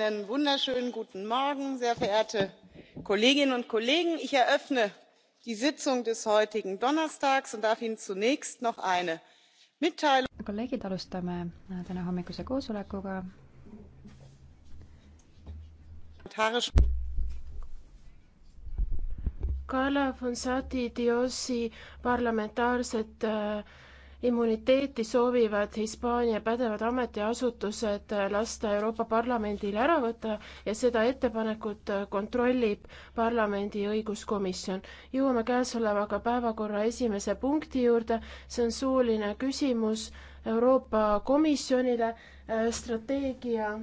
einen wunderschönen guten morgen sehr verehrte kolleginnen und kollegen! ich eröffne die sitzung des heutigen donnerstags und darf ihnen zunächst noch eine mitteilung. kolleegid alustame tänahommikuse koosolekuga. Kala Fonsati Diossi parlamentaarset äh, immuniteeti soovivad Hispaania pädevad ametiasutused lasta Euroopa Parlamendil ära võtta ja seda ettepanekut kontrollib parlamendi õiguskomisjon. jõuame käesolevaga päevakorra esimese punkti juurde, see on suuline küsimus Euroopa Komisjonile äh, strateegia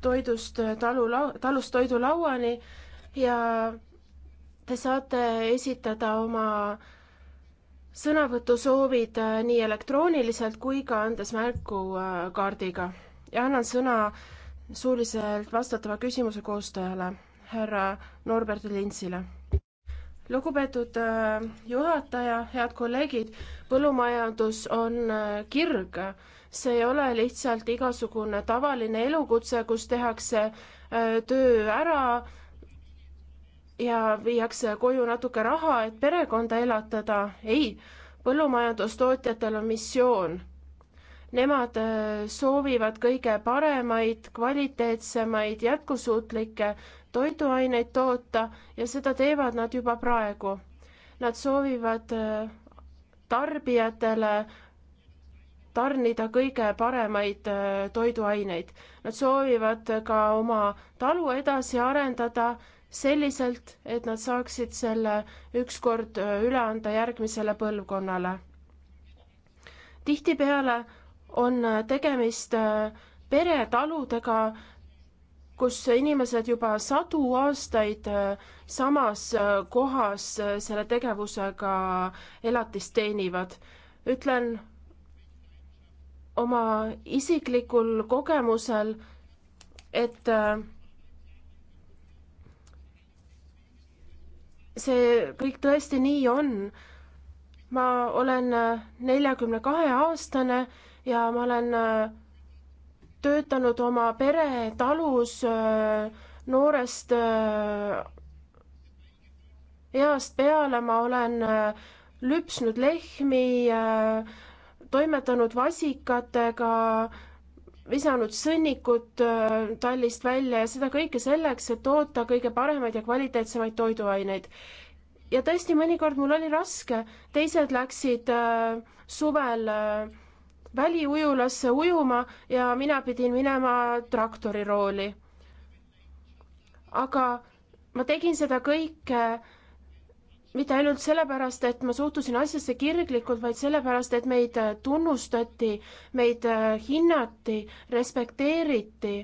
toidust äh, talu, talust toidulauani ja Te saate esitada oma sõnavõtusoovid äh, nii elektrooniliselt kui ka andes märku äh, kaardiga ja annan sõna suuliselt vastatava küsimuse koostajale, härra Norbert Lintsile lugupeetud äh, juhataja, head kolleegid, põllumajandus on kirg, see ei ole lihtsalt igasugune tavaline elukutse, kus tehakse töö ära ja viiakse koju natuke raha, et perekonda elatada. ei, põllumajandustootjatel on missioon. Nemad äh, soovivad kõige paremaid, kvaliteetsemaid, jätkusuutlikke toiduaineid toota ja seda teevad nad juba praegu. Nad soovivad äh, tarbijatele tarnida kõige paremaid äh, toiduaineid. Nad soovivad ka oma talu edasi arendada selliselt, et nad saaksid selle ükskord üle anda järgmisele põlvkonnale. tihtipeale on tegemist peretaludega, kus inimesed juba sadu aastaid samas kohas selle tegevusega elatist teenivad. ütlen oma isiklikul kogemusel, et äh, see kõik tõesti nii on. ma olen äh, neljakümne kahe aastane ja ma olen äh, töötanud oma pere talus äh, noorest east peale, ma olen lüpsnud lehmi, toimetanud vasikatega visanud sõnnikut äh, tallist välja ja seda kõike selleks, et toota kõige paremaid ja kvaliteetsemaid toiduaineid. ja tõesti, mõnikord mul oli raske, teised läksid äh, suvel äh, väliujulasse ujuma ja mina pidin minema traktori rooli. aga ma tegin seda kõike äh, mitte ainult sellepärast, et ma suhtusin asjasse kirglikult, vaid sellepärast, et meid äh, tunnustati, meid äh, hinnati, respekteeriti.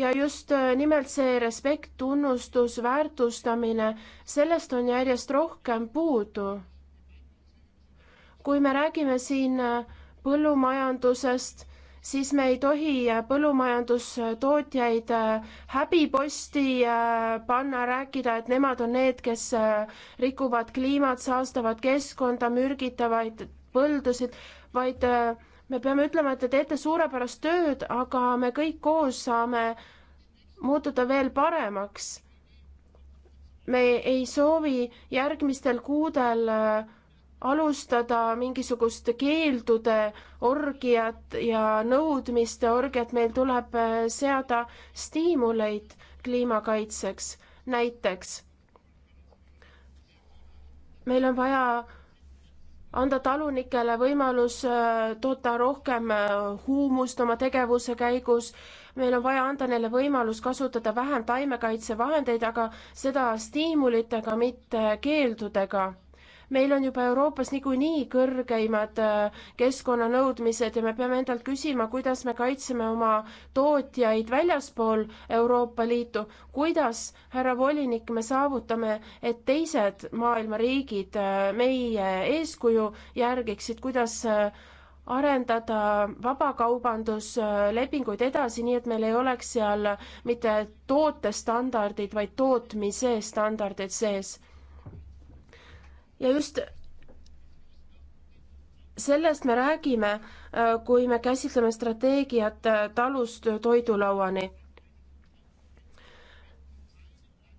ja just äh, nimelt see respekt, tunnustus, väärtustamine, sellest on järjest rohkem puudu. kui me räägime siin põllumajandusest siis me ei tohi äh, põllumajandustootjaid äh, häbiposti äh, panna, rääkida, et nemad on need, kes rikuvad kliimat, saastavad keskkonda, mürgitavad põldusid, vaid me peame ütlema, et te teete suurepärast tööd, aga me kõik koos saame muutuda veel paremaks. me ei soovi järgmistel kuudel äh, alustada mingisugust keeldude orgiat ja nõudmiste orgiat, meil tuleb äh, seada stiimuleid kliimakaitseks. näiteks meil on vaja anda talunikele võimalus äh, toota rohkem äh, huumust oma tegevuse käigus, meil on vaja anda neile võimalus kasutada vähem taimekaitsevahendeid, aga seda stiimulitega, mitte keeldudega meil on juba Euroopas niikuinii kõrgeimad äh, keskkonnanõudmised ja me peame endalt küsima, kuidas me kaitseme oma tootjaid väljaspool Euroopa Liitu, kuidas, härra volinik, me saavutame, et teised maailma riigid äh, meie eeskuju järgiksid, kuidas äh, arendada vabakaubanduslepinguid edasi, nii et meil ei oleks seal mitte tootestandardid, vaid tootmise standardid sees ja just sellest me räägime, äh, kui me käsitleme strateegiat äh, talust äh, toidulauani.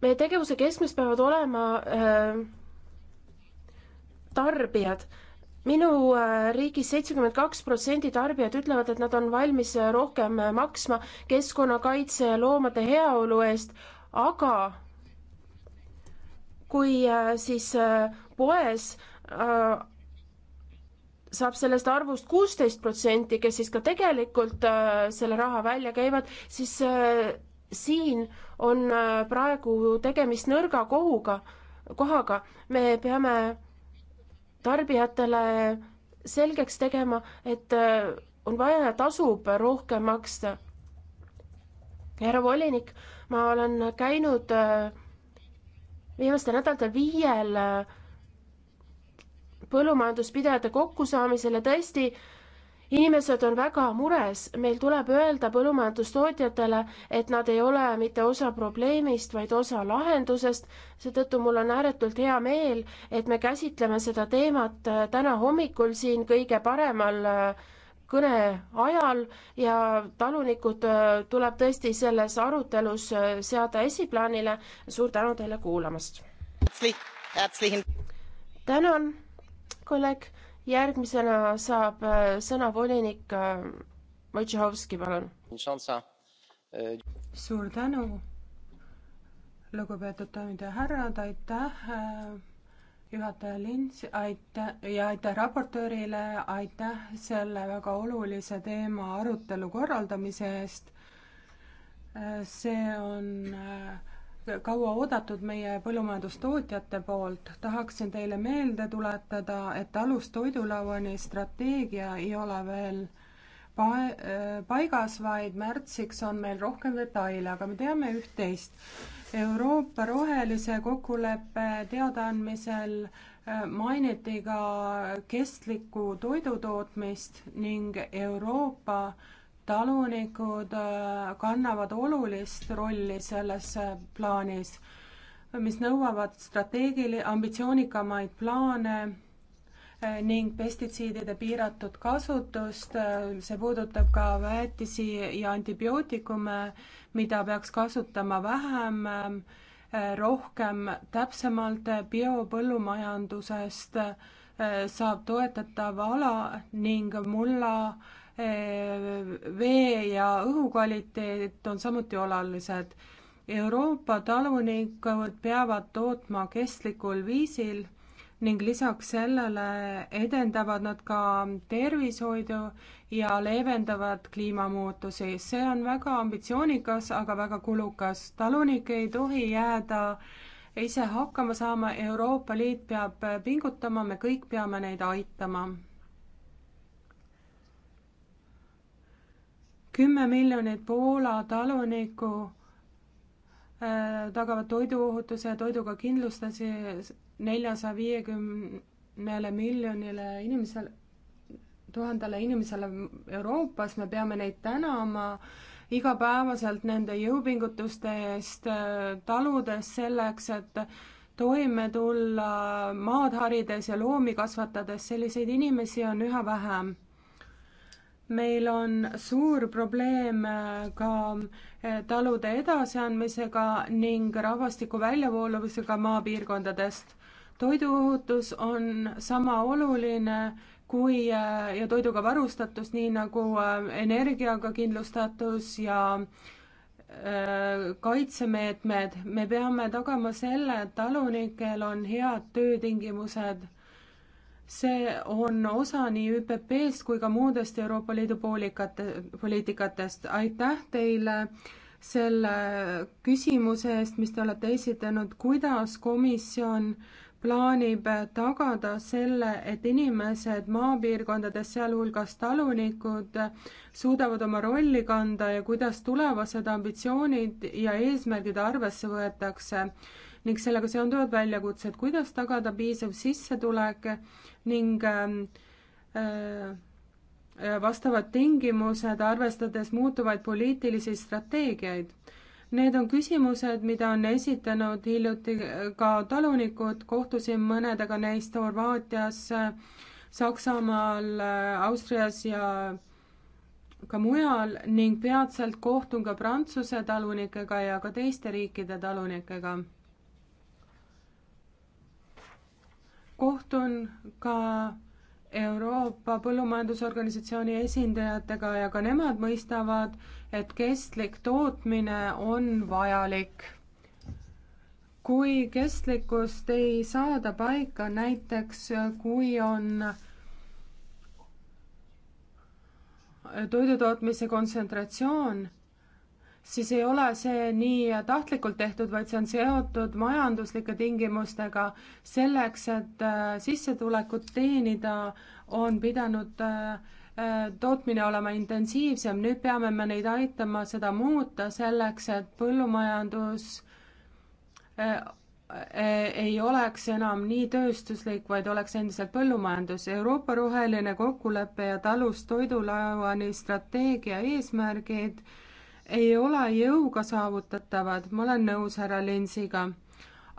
meie tegevuse keskmes peavad olema tarbijad minu riigis seitsekümmend kaks protsenti tarbijad ütlevad, et nad on valmis rohkem maksma keskkonnakaitse ja loomade heaolu eest, aga kui äh, siis äh, poes äh, saab sellest arvust kuusteist protsenti, kes siis ka tegelikult selle raha välja käivad, siis siin on praegu tegemist nõrga kohuga, kohaga. me peame tarbijatele selgeks tegema, et on vaja ja tasub rohkem maksta. härra volinik, ma olen käinud äh, viimastel nädalatel viiel äh, põllumajanduspidajate kokkusaamisel ja tõesti, inimesed on väga mures, meil tuleb öelda põllumajandustootjatele, et nad ei ole mitte osa probleemist, vaid osa lahendusest. seetõttu mul on ääretult hea meel, et me käsitleme seda teemat äh, täna hommikul siin kõige paremal äh, kõne ajal ja talunikud äh, tuleb tõesti selles arutelus äh, seada esiplaanile. suur tänu teile kuulamast. tänan, kolleeg. järgmisena saab äh, sõna volinik Wojciechowski, palun. suur tänu, lugupeetud daamid ja härrad, aitäh juhataja Lints, aitäh ja aitäh raportöörile, aitäh selle väga olulise teema arutelu korraldamise eest. see on äh, kauaoodatud meie põllumajandustootjate poolt. tahaksin teile meelde tuletada, et alus toidulauani strateegia ei ole veel pa-, äh, paigas, vaid märtsiks on meil rohkem detaile, aga me teame üht-teist Euroopa rohelise kokkuleppe teadaandmisel äh, mainiti ka kestlikku toidutootmist ning Euroopa talunikud äh, kannavad olulist rolli selles äh, plaanis, mis nõuavad strateegili-, ambitsioonikamaid plaane ning pestitsiidide piiratud kasutust, see puudutab ka väetisi ja antibiootikume, mida peaks kasutama vähem, rohkem, täpsemalt biopõllumajandusest eh, saab toetatav ala ning mulla eh, vee ja õhukvaliteet on samuti olulised. Euroopa talunikud peavad tootma kestlikul viisil ning lisaks sellele edendavad nad ka tervishoidu ja leevendavad kliimamuutusi. see on väga ambitsioonikas, aga väga kulukas. talunik ei tohi jääda ise hakkama saama, Euroopa Liit peab pingutama, me kõik peame neid aitama. kümme miljonit Poola talunikku Äh, tagavad toiduohutuse ja toiduga kindlustasi neljasaja viiekümnele miljonile inimesele, tuhandele inimesele Euroopas, me peame neid tänama igapäevaselt nende jõupingutuste eest äh, taludes selleks, et toime tulla maad harides ja loomi kasvatades, selliseid inimesi on üha vähem meil on suur probleem äh, ka äh, talude edasiandmisega ning rahvastiku väljavoolavusega maapiirkondadest. toiduohutus on sama oluline kui äh, ja toiduga varustatus, nii nagu energiaga kindlustatus ja kaitsemeetmed, me peame tagama selle, et talunikel on head töötingimused see on osa nii ÜPP-st kui ka muudest Euroopa Liidu poolikate, poliitikatest. aitäh teile selle küsimuse eest, mis te olete esitanud, kuidas komisjon plaanib tagada selle, et inimesed maapiirkondades, sealhulgas talunikud, suudavad oma rolli kanda ja kuidas tulevased ambitsioonid ja eesmärgid arvesse võetakse ning sellega seonduvad väljakutsed, kuidas tagada piisav sissetulek ning ähm, äh, vastavad tingimused, arvestades muutuvaid poliitilisi strateegiaid. Need on küsimused, mida on esitanud hiljuti äh, ka talunikud, kohtusin mõnedega neist Horvaatias, Saksamaal, äh, Austrias ja ka mujal ning peatselt kohtun ka Prantsuse talunikega ja ka teiste riikide talunikega kohtun ka Euroopa Põllumajandusorganisatsiooni esindajatega ja ka nemad mõistavad, et kestlik tootmine on vajalik. kui kestlikkust ei saada paika, näiteks kui on toidutootmise kontsentratsioon siis ei ole see nii tahtlikult tehtud, vaid see on seotud majanduslike tingimustega. selleks, et äh, sissetulekut teenida, on pidanud äh, äh, tootmine olema intensiivsem, nüüd peame me neid aitama seda muuta selleks, et põllumajandus ei oleks enam nii tööstuslik, vaid oleks endiselt põllumajandus. Euroopa roheline kokkulepe ja talust toidulauani strateegia eesmärgid äh, ei ole jõuga saavutatavad, ma olen nõus härra Linsiga,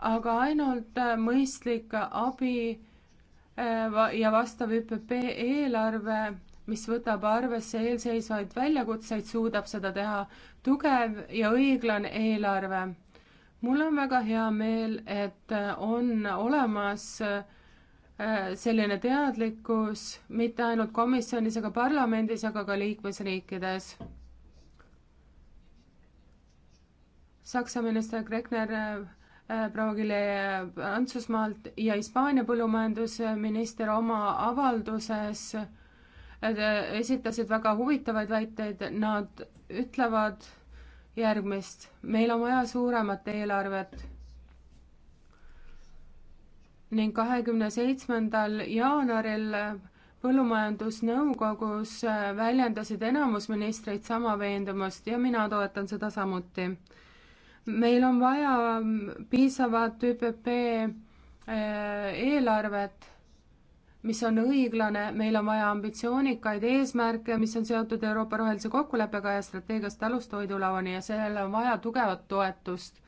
aga ainult äh, mõistlik abi äh, ja vastav ÜPP eelarve, mis võtab arvesse eelseisvaid väljakutseid, suudab seda teha. tugev ja õiglane eelarve. mul on väga hea meel, et äh, on olemas selline teadlikkus mitte ainult komisjonis, aga parlamendis, aga ka liikmesriikides Saksa minister Kreckner äh, proua Kile äh, Prantsusmaalt ja Hispaania põllumajandusminister oma avalduses äh, esitasid väga huvitavaid väiteid, nad ütlevad järgmist, meil on vaja suuremat eelarvet ning kahekümne seitsmendal jaanuaril põllumajandusnõukogus väljendasid enamus ministreid sama veendumust ja mina toetan seda samuti meil on vaja piisavat ÜPP eh, eelarvet, mis on õiglane, meil on vaja ambitsioonikaid eesmärke, mis on seotud Euroopa rohelise kokkuleppega ja strateegiast alustoidulauani ja sellele on vaja tugevat toetust.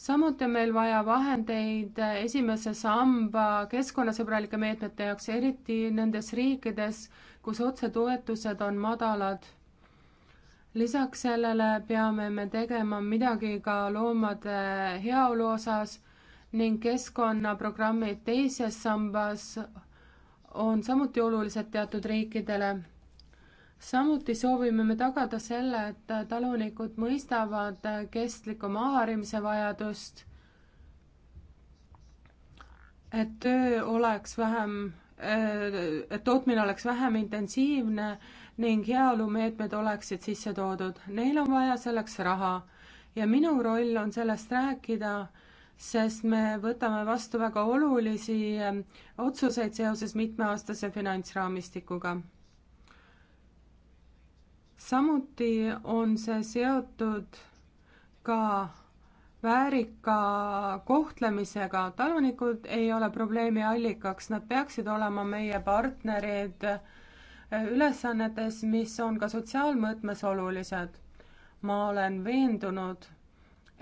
samuti on meil vaja vahendeid esimese samba keskkonnasõbralike meetmete jaoks, eriti nendes riikides, kus otsetoetused on madalad lisaks sellele peame me tegema midagi ka loomade heaolu osas ning keskkonnaprogrammid teises sambas on samuti olulised teatud riikidele. samuti soovime me tagada selle, et talunikud mõistavad kestliku mahaharimise vajadust, et töö oleks vähem, et tootmine oleks vähem intensiivne ning heaolumeetmed oleksid sisse toodud. Neil on vaja selleks raha ja minu roll on sellest rääkida, sest me võtame vastu väga olulisi ähm, otsuseid seoses mitmeaastase finantsraamistikuga. samuti on see seotud ka väärika kohtlemisega. talunikud ei ole probleemi allikaks, nad peaksid olema meie partnerid äh, ülesannetes, mis on ka sotsiaalmõõtmes olulised. ma olen veendunud,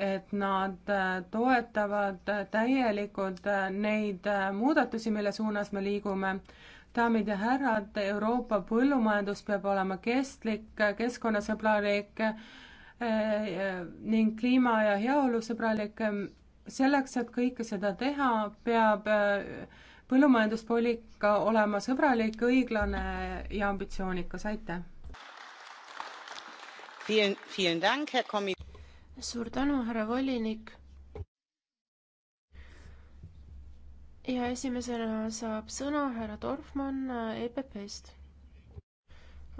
et nad äh, toetavad äh, täielikult äh, neid muudatusi, mille suunas me liigume. daamid ja härrad, Euroopa põllumajandus peab olema kestlik, keskkonnasõbralik ning kliima- ja heaolusõbralik. selleks, et kõike seda teha, peab põllumajanduspoliitika olema sõbralik, õiglane ja ambitsioonikas, aitäh! suur tänu, härra volinik! ja esimesena saab sõna härra Dorfmann äh, EPP-st.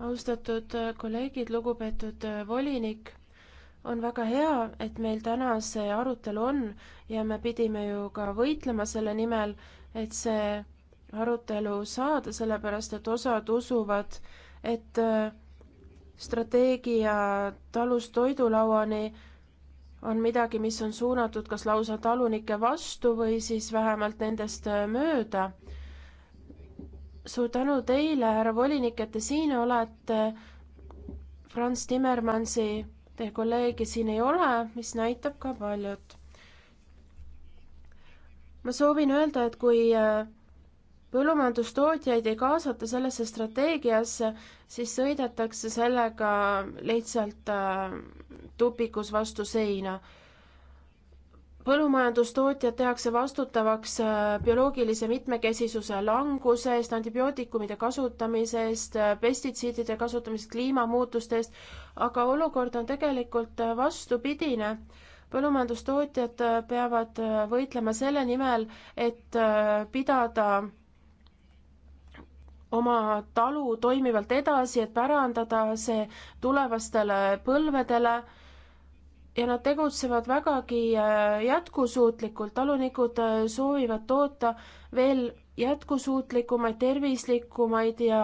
austatud äh, kolleegid, lugupeetud äh, volinik, on väga hea, et meil täna see arutelu on ja me pidime ju ka võitlema selle nimel et see arutelu saada, sellepärast et osad usuvad, et äh, strateegia talust toidulauani on midagi, mis on suunatud kas lausa talunike vastu või siis vähemalt nendest äh, mööda. suur tänu teile, härra volinik, et te siin olete. Franz Timmermansi, teie kolleegi siin ei ole, mis näitab ka paljut ma soovin öelda, et kui äh, põllumajandustootjaid ei kaasata sellesse strateegiasse, siis sõidetakse sellega lihtsalt äh, tupikus vastu seina. põllumajandustootjad tehakse vastutavaks äh, bioloogilise mitmekesisuse languse eest, antibiootikumide kasutamise eest, pestitsiidide kasutamise, kliimamuutuste eest, aga olukord on tegelikult vastupidine põllumajandustootjad äh, peavad äh, võitlema selle nimel, et äh, pidada oma talu toimivalt edasi, et pärandada see tulevastele põlvedele ja nad tegutsevad vägagi jätkusuutlikult, talunikud soovivad toota veel jätkusuutlikumaid, tervislikumaid ja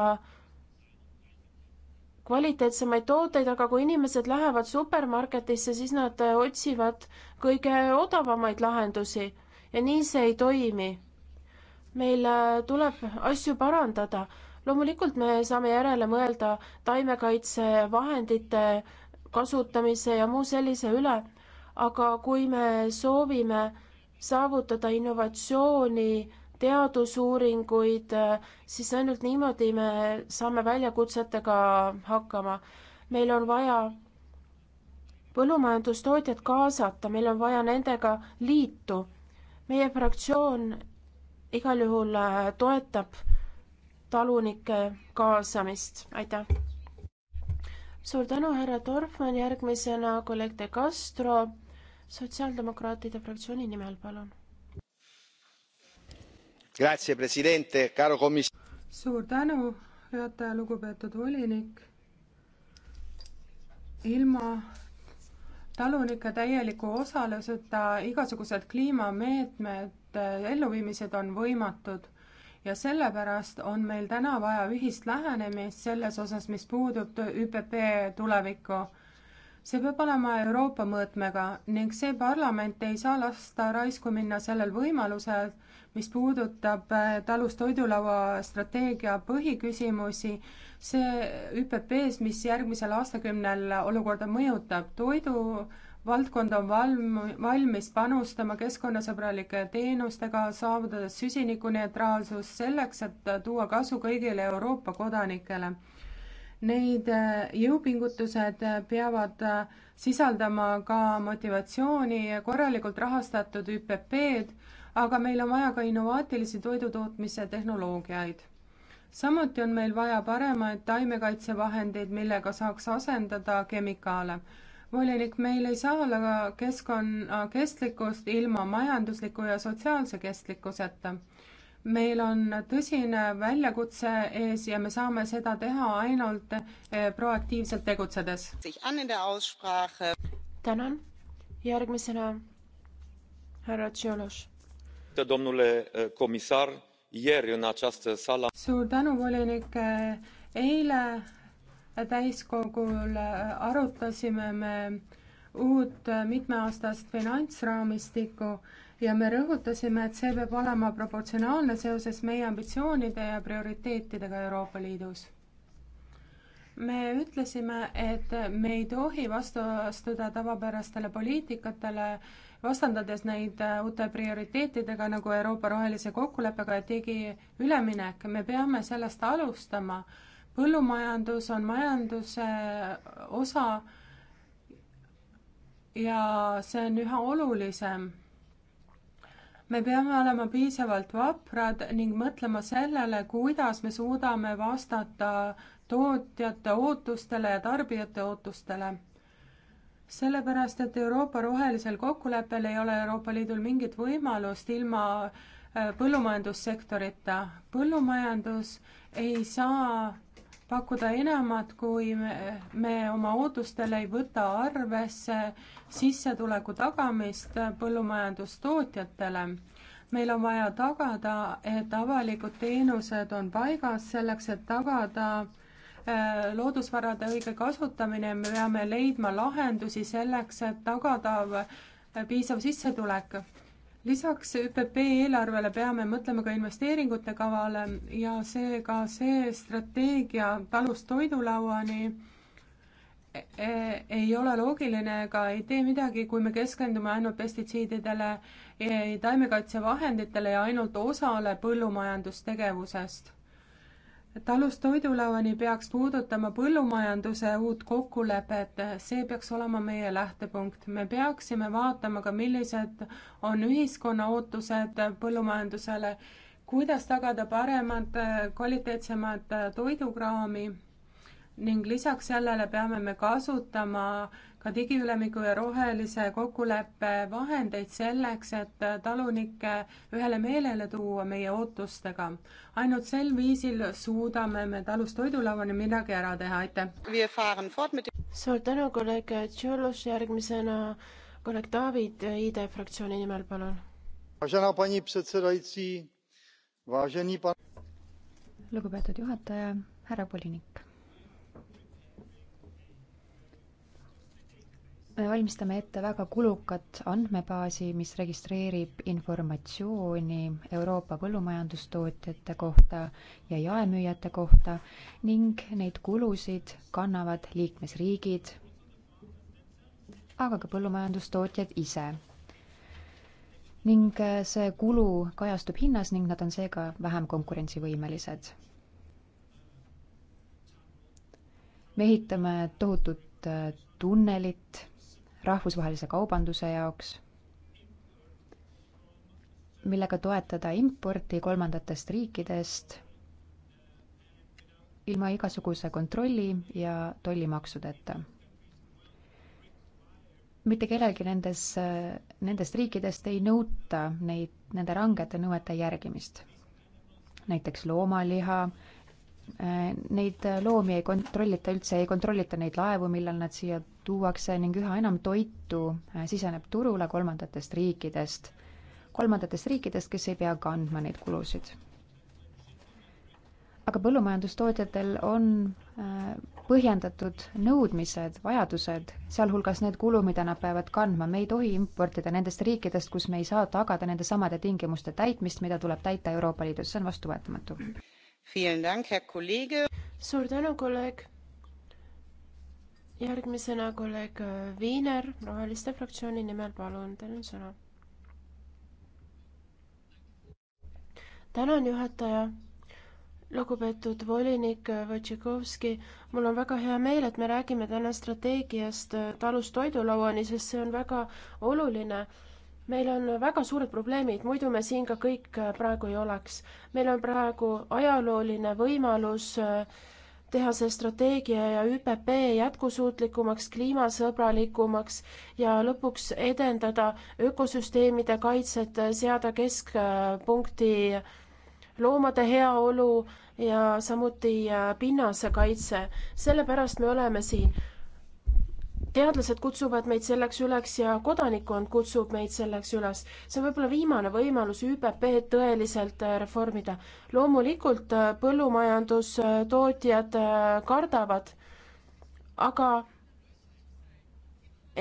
kvaliteetsemaid tooteid, aga kui inimesed lähevad supermarketisse, siis nad äh, otsivad kõige odavamaid lahendusi ja nii see ei toimi. meil äh, tuleb asju parandada. loomulikult me saame järele mõelda taimekaitsevahendite kasutamise ja muu sellise üle, aga kui me soovime saavutada innovatsiooni teadusuuringuid, siis ainult niimoodi me saame väljakutsetega hakkama. meil on vaja põllumajandustootjad kaasata, meil on vaja nendega liitu. meie fraktsioon igal juhul äh, toetab talunike kaasamist, aitäh. suur tänu, härra Dorfmann, järgmisena kolleeg De Castro sotsiaaldemokraatide fraktsiooni nimel, palun suur tänu, juhataja, lugupeetud volinik. ilma talunike täieliku osaluseta igasugused kliimameetmed äh, elluviimised on võimatud ja sellepärast on meil täna vaja ühist lähenemist selles osas, mis puudub ÜPP tulevikku. see peab olema Euroopa mõõtmega ning see parlament ei saa lasta raisku minna sellel võimalusel, mis puudutab äh, talust toidulaua strateegia põhiküsimusi, see ÜPP-s, mis järgmisel aastakümnel olukorda mõjutab, toidu valdkond on valm-, valmis panustama keskkonnasõbralike teenustega, saavutades süsinikuneutraalsus selleks, et tuua kasu kõigile Euroopa kodanikele. Neid äh, jõupingutused peavad äh, sisaldama ka motivatsiooni korralikult rahastatud ÜPP-d aga meil on vaja ka innovaatilisi toidutootmise tehnoloogiaid. samuti on meil vaja paremaid taimekaitsevahendeid, millega saaks asendada kemikaale. volinik, meil ei saa olla ka keskkonna kestlikkust ilma majandusliku ja sotsiaalse kestlikkuseta meil on tõsine väljakutse ees ja me saame seda teha ainult eh, proaktiivselt tegutsedes. tänan, järgmisena härra Tšološ domnule e, comisar ieri în această sală. suur tänu volinik eile täiskogul e, arutasime me uut e, mitmeaastast finantsraamistikku ja me rõhutasime, et see peab olema proportsionaalne seoses meie ambitsioonide ja prioriteetidega Euroopa Liidus. me ütlesime, et me ei tohi vastu astuda tavapärastele poliitikatele vastandades neid äh, uute prioriteetidega nagu Euroopa rohelise kokkuleppega ja digiüleminek, me peame sellest alustama. põllumajandus on majanduse äh, osa ja see on üha olulisem. me peame olema piisavalt vaprad ning mõtlema sellele, kuidas me suudame vastata tootjate ootustele ja tarbijate ootustele sellepärast, et Euroopa rohelisel kokkuleppel ei ole Euroopa Liidul mingit võimalust ilma äh, põllumajandussektorita. põllumajandus ei saa pakkuda enamat, kui me, me oma ootustele ei võta arvesse sissetuleku tagamist põllumajandustootjatele. meil on vaja tagada, et avalikud teenused on paigas selleks, et tagada äh, Äh, loodusvarade õige kasutamine, me peame leidma lahendusi selleks, et tagada äh, piisav sissetulek. lisaks ÜPP eelarvele peame mõtlema ka investeeringute kavale ja seega see strateegia talust toidulauani e, e, ei ole loogiline ega ei tee midagi, kui me keskendume ainult pestitsiididele, taimekaitsevahenditele ja ainult osale põllumajandustegevusest et alustoidulauani peaks puudutama põllumajanduse uut kokkulepet, see peaks olema meie lähtepunkt. me peaksime vaatama ka, millised on ühiskonna ootused põllumajandusele, kuidas tagada paremat, kvaliteetsemat toidukraami ning lisaks sellele peame me kasutama ka digiülemiku ja rohelise kokkuleppe vahendeid selleks, et talunikke ühele meelele tuua meie ootustega. ainult sel viisil suudame me talust toidulauani midagi ära teha, aitäh! suur tänu, kolleeg Tšollus, järgmisena kolleeg David ID fraktsiooni nimel, palun. lugupeetud juhataja, härra volinik me valmistame ette väga kulukat andmebaasi, mis registreerib informatsiooni Euroopa põllumajandustootjate kohta ja jaemüüjate kohta ning neid kulusid kannavad liikmesriigid, aga ka põllumajandustootjad ise. ning äh, see kulu kajastub hinnas ning nad on seega vähem konkurentsivõimelised. me ehitame tohutut äh, tunnelit rahvusvahelise kaubanduse jaoks, millega toetada importi kolmandatest riikidest ilma igasuguse kontrolli ja tollimaksudeta. mitte kellelgi nendes, nendest riikidest ei nõuta neid, nende rangete nõuete järgimist. näiteks loomaliha, eh, neid loomi ei kontrollita üldse, ei kontrollita neid laevu, millel nad siia tuuakse ning üha enam toitu äh, siseneb turule kolmandatest riikidest, kolmandatest riikidest, kes ei pea kandma neid kulusid. aga põllumajandustootjatel on äh, põhjendatud nõudmised, vajadused, sealhulgas need kulu, mida nad peavad kandma, me ei tohi importida nendest riikidest, kus me ei saa tagada nende samade tingimuste täitmist, mida tuleb täita Euroopa Liidus, see on vastuvõetamatu. suur tänu, kolleeg järgmisena kolleeg Viiner Roheliste fraktsiooni nimel, palun, teil on sõna. tänan, juhataja. lugupeetud volinik Wojtšikovski, mul on väga hea meel, et me räägime täna strateegiast talust toidulauani, sest see on väga oluline meil on väga suured probleemid, muidu me siin ka kõik praegu ei oleks. meil on praegu ajalooline võimalus äh, teha see strateegia ja ÜPP jätkusuutlikumaks, kliimasõbralikumaks ja lõpuks edendada ökosüsteemide kaitset, seada keskpunkti loomade heaolu ja samuti pinnase kaitse. sellepärast me oleme siin teadlased kutsuvad meid selleks üleks ja kodanikkond kutsub meid selleks üles. see on võib-olla viimane võimalus ÜPP-d tõeliselt äh, reformida. loomulikult äh, põllumajandustootjad äh, kardavad, aga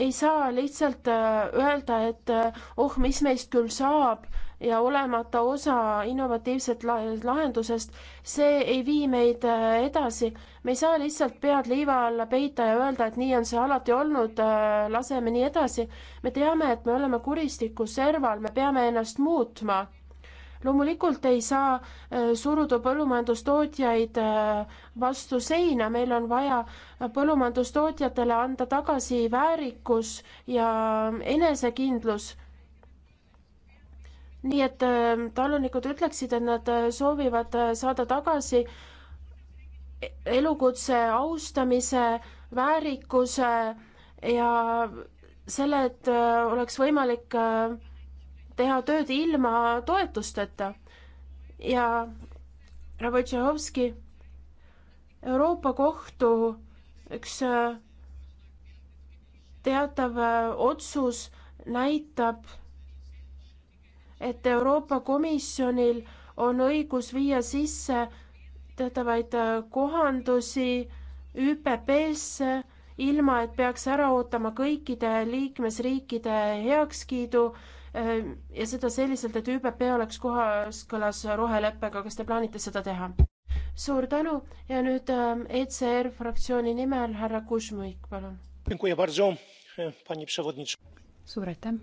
ei saa lihtsalt öelda, et oh, mis meist küll saab ja olemata osa innovatiivsest lahendusest, see ei vii meid äh, edasi. me ei saa lihtsalt pead liiva alla peita ja öelda, et nii on see alati olnud, äh, laseme nii edasi. me teame, et me oleme kuristiku serval, me peame ennast muutma loomulikult ei saa äh, suruda põllumajandustootjaid vastu seina, meil on vaja põllumajandustootjatele anda tagasi väärikus ja enesekindlus nii et ähm, talunikud ütleksid, et nad äh, soovivad äh, saada tagasi elukutse austamise, väärikuse ja selle, et äh, oleks võimalik teha tööd ilma toetusteta. ja Rabotšehovski, Euroopa Kohtu üks teatav otsus näitab, et Euroopa Komisjonil on õigus viia sisse teatavaid äh, kohandusi ÜPP-sse, ilma et peaks ära ootama kõikide liikmesriikide heakskiidu äh, ja seda selliselt, et ÜPP oleks kooskõlas roheleppega, kas te plaanite seda teha? suur tänu ja nüüd äh, ECR fraktsiooni nimel härra Kuzmik, palun. suur aitäh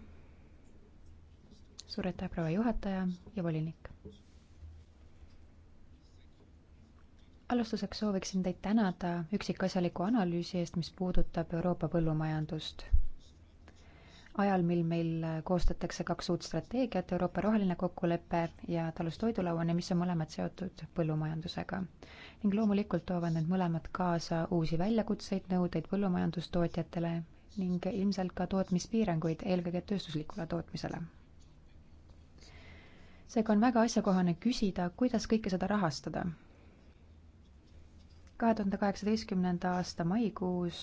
suur aitäh, proua juhataja ja volinik. alustuseks sooviksin teid tänada üksikasjaliku analüüsi eest, mis puudutab Euroopa põllumajandust. ajal, mil meil koostatakse kaks uut strateegiat, Euroopa roheline kokkulepe ja talust toidulauani, mis on mõlemad seotud põllumajandusega. ning loomulikult toovad need mõlemad kaasa uusi väljakutseid, nõudeid põllumajandustootjatele ning ilmselt ka tootmispiiranguid, eelkõige tööstuslikule tootmisele seega on väga asjakohane küsida, kuidas kõike seda rahastada. kahe tuhande kaheksateistkümnenda aasta maikuus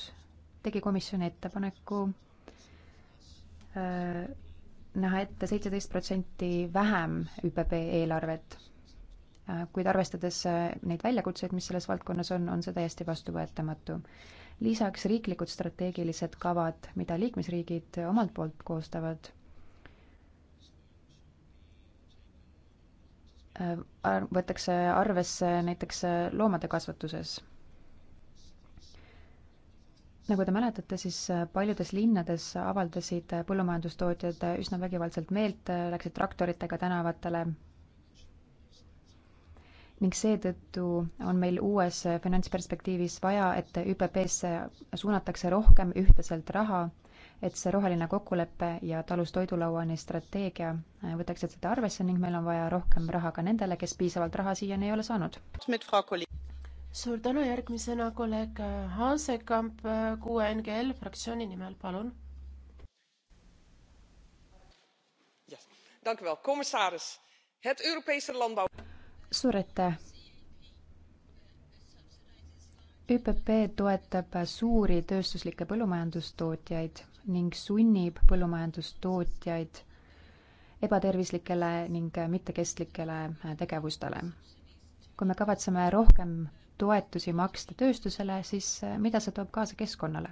tegi komisjon ettepaneku äh, näha ette seitseteist protsenti vähem ÜPP eelarvet äh,, kuid arvestades äh, neid väljakutseid, mis selles valdkonnas on, on see täiesti vastuvõetamatu. lisaks riiklikud strateegilised kavad, mida liikmesriigid omalt poolt koostavad Äh, võetakse arvesse näiteks äh, loomade kasvatuses. nagu te mäletate, siis äh, paljudes linnades avaldasid põllumajandustootjad üsna vägivaldselt meelt, läksid traktoritega tänavatele ning seetõttu on meil uues finantsperspektiivis vaja, et ÜPP-sse suunatakse rohkem ühtlaselt raha et see roheline kokkulepe ja talust toidulauani strateegia äh, võtaksid seda arvesse ning meil on vaja rohkem raha ka nendele, kes piisavalt raha siiani ei ole saanud. suur tänu, järgmisena kolleeg äh, Haasekamp äh, QNGL fraktsiooni nimel, palun. suur aitäh ÜPP toetab suuri tööstuslikke põllumajandustootjaid ning sunnib põllumajandustootjaid ebatervislikele ning mittekestlikele äh, tegevustele. kui me kavatseme rohkem toetusi maksta tööstusele, siis äh, mida see toob kaasa keskkonnale?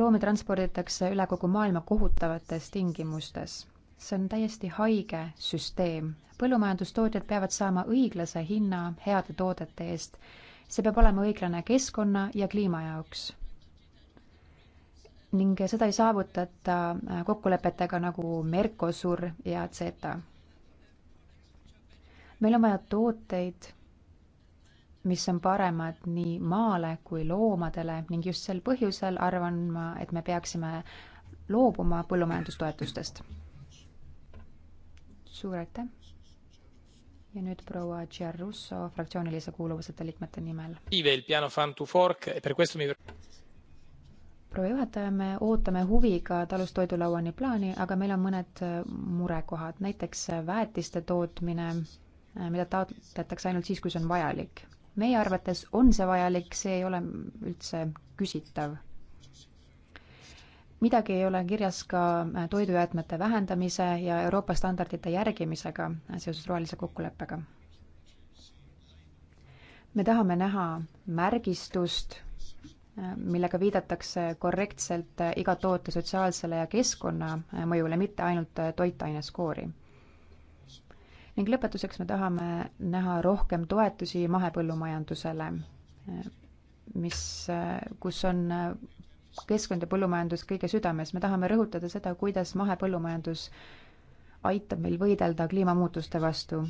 loomi transporditakse üle kogu maailma kohutavates tingimustes see on täiesti haige süsteem. põllumajandustootjad peavad saama õiglase hinna heade toodete eest. see peab olema õiglane keskkonna ja kliima jaoks. ning seda ei saavutata kokkulepetega nagu Mercosur ja CETA. meil on vaja tooteid, mis on paremad nii maale kui loomadele ning just sel põhjusel arvan ma, et me peaksime loobuma põllumajandustoetustest suur aitäh! ja nüüd proua Giarrusso fraktsioonilise kuuluvuseta liikmete nimel. E proua juhataja, me ootame huviga talust toidulauani plaani, aga meil on mõned äh, murekohad, näiteks äh, väetiste tootmine, äh, mida taotletakse ainult siis, kui see on vajalik. meie arvates on see vajalik, see ei ole üldse küsitav midagi ei ole kirjas ka äh, toidujäätmete vähendamise ja Euroopa standardite järgimisega äh, seoses rohelise kokkuleppega. me tahame näha märgistust, äh, millega viidatakse korrektselt iga toote sotsiaalsele ja keskkonnamõjule, mitte ainult toitaineskoori. ning lõpetuseks me tahame näha rohkem toetusi mahepõllumajandusele, mis, kus on keskkond ja põllumajandus kõige südames. me tahame rõhutada seda, kuidas mahepõllumajandus aitab meil võidelda kliimamuutuste vastu.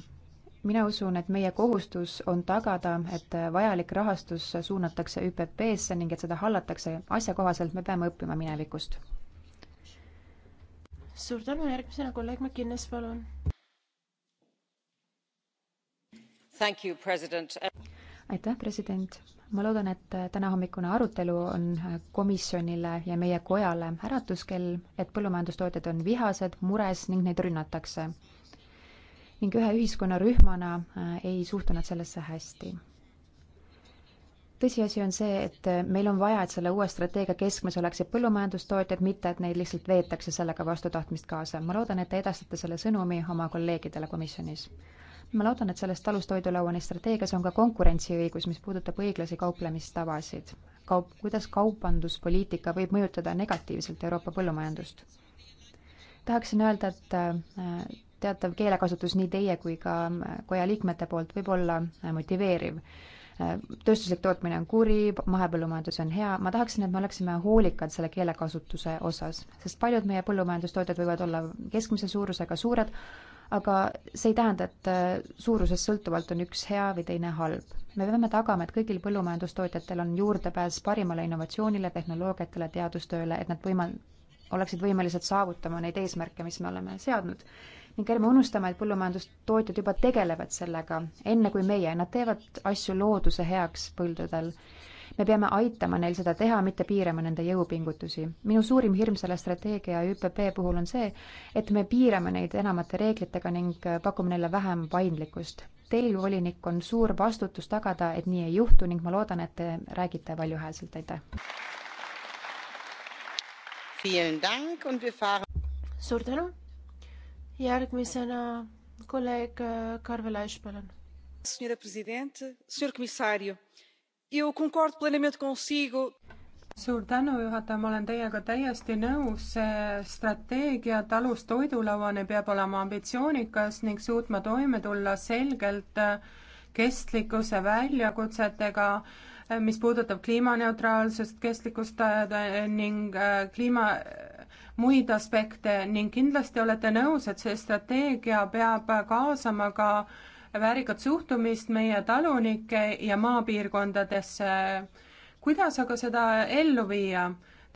mina usun, et meie kohustus on tagada, et vajalik rahastus suunatakse ÜPP-sse ning et seda hallatakse asjakohaselt, me peame õppima minevikust. suur tänu, järgmisena kolleeg McInnes, palun. aitäh, president ma loodan, et tänahommikune arutelu on komisjonile ja meie kojale äratuskell, et põllumajandustootjad on vihased, mures ning neid rünnatakse. ning ühe ühiskonnarühmana äh, ei suhtu nad sellesse hästi. tõsiasi on see, et meil on vaja, et selle uue strateegia keskmes oleksid põllumajandustootjad, mitte et neid lihtsalt veetakse sellega vastu tahtmist kaasa. ma loodan, et te edastate selle sõnumi oma kolleegidele komisjonis ma loodan, et selles talustoidulauani strateegias on ka konkurentsiõigus, mis puudutab õiglasi kauplemistavasid. kaup, kuidas kaubanduspoliitika võib mõjutada negatiivselt Euroopa põllumajandust? tahaksin öelda, et äh, teatav keelekasutus nii teie kui ka äh, koja liikmete poolt võib olla äh, motiveeriv. tööstuslik tootmine on kuri, mahepõllumajandus on hea, ma tahaksin, et me oleksime hoolikad selle keelekasutuse osas, sest paljud meie põllumajandustootjad võivad olla keskmise suurusega suured, aga see ei tähenda, et äh, suurusest sõltuvalt on üks hea või teine halb. me peame tagama, et kõigil põllumajandustootjatel on juurdepääs parimale innovatsioonile, tehnoloogiatele, teadustööle, et nad võimal-, oleksid võimelised saavutama neid eesmärke, mis me oleme seadnud. ning ärme unustame, et põllumajandustootjad juba tegelevad sellega, enne kui meie, nad teevad asju looduse heaks põldudel me peame aitama neil seda teha, mitte piirama nende jõupingutusi. minu suurim hirm selle strateegia ja ÜPP puhul on see, et me piirame neid enamate reeglitega ning äh, pakume neile vähem paindlikkust. Teil, volinik, on suur vastutus tagada, et nii ei juhtu ning ma loodan, et te räägite valjuhäälselt, aitäh! suur tänu! järgmisena kolleeg äh, Karve Laiš, palun suur tänu, juhataja, ma olen teiega täiesti nõus, see strateegia talust toidulauani peab olema ambitsioonikas ning suutma toime tulla selgelt kestlikkuse väljakutsetega, mis puudutab kliimaneutraalsust, kestlikkust äh, ning äh, kliima muid aspekte ning kindlasti olete nõus, et see strateegia peab kaasama ka äh, väärikat suhtumist meie talunike ja maapiirkondadesse. kuidas aga seda ellu viia?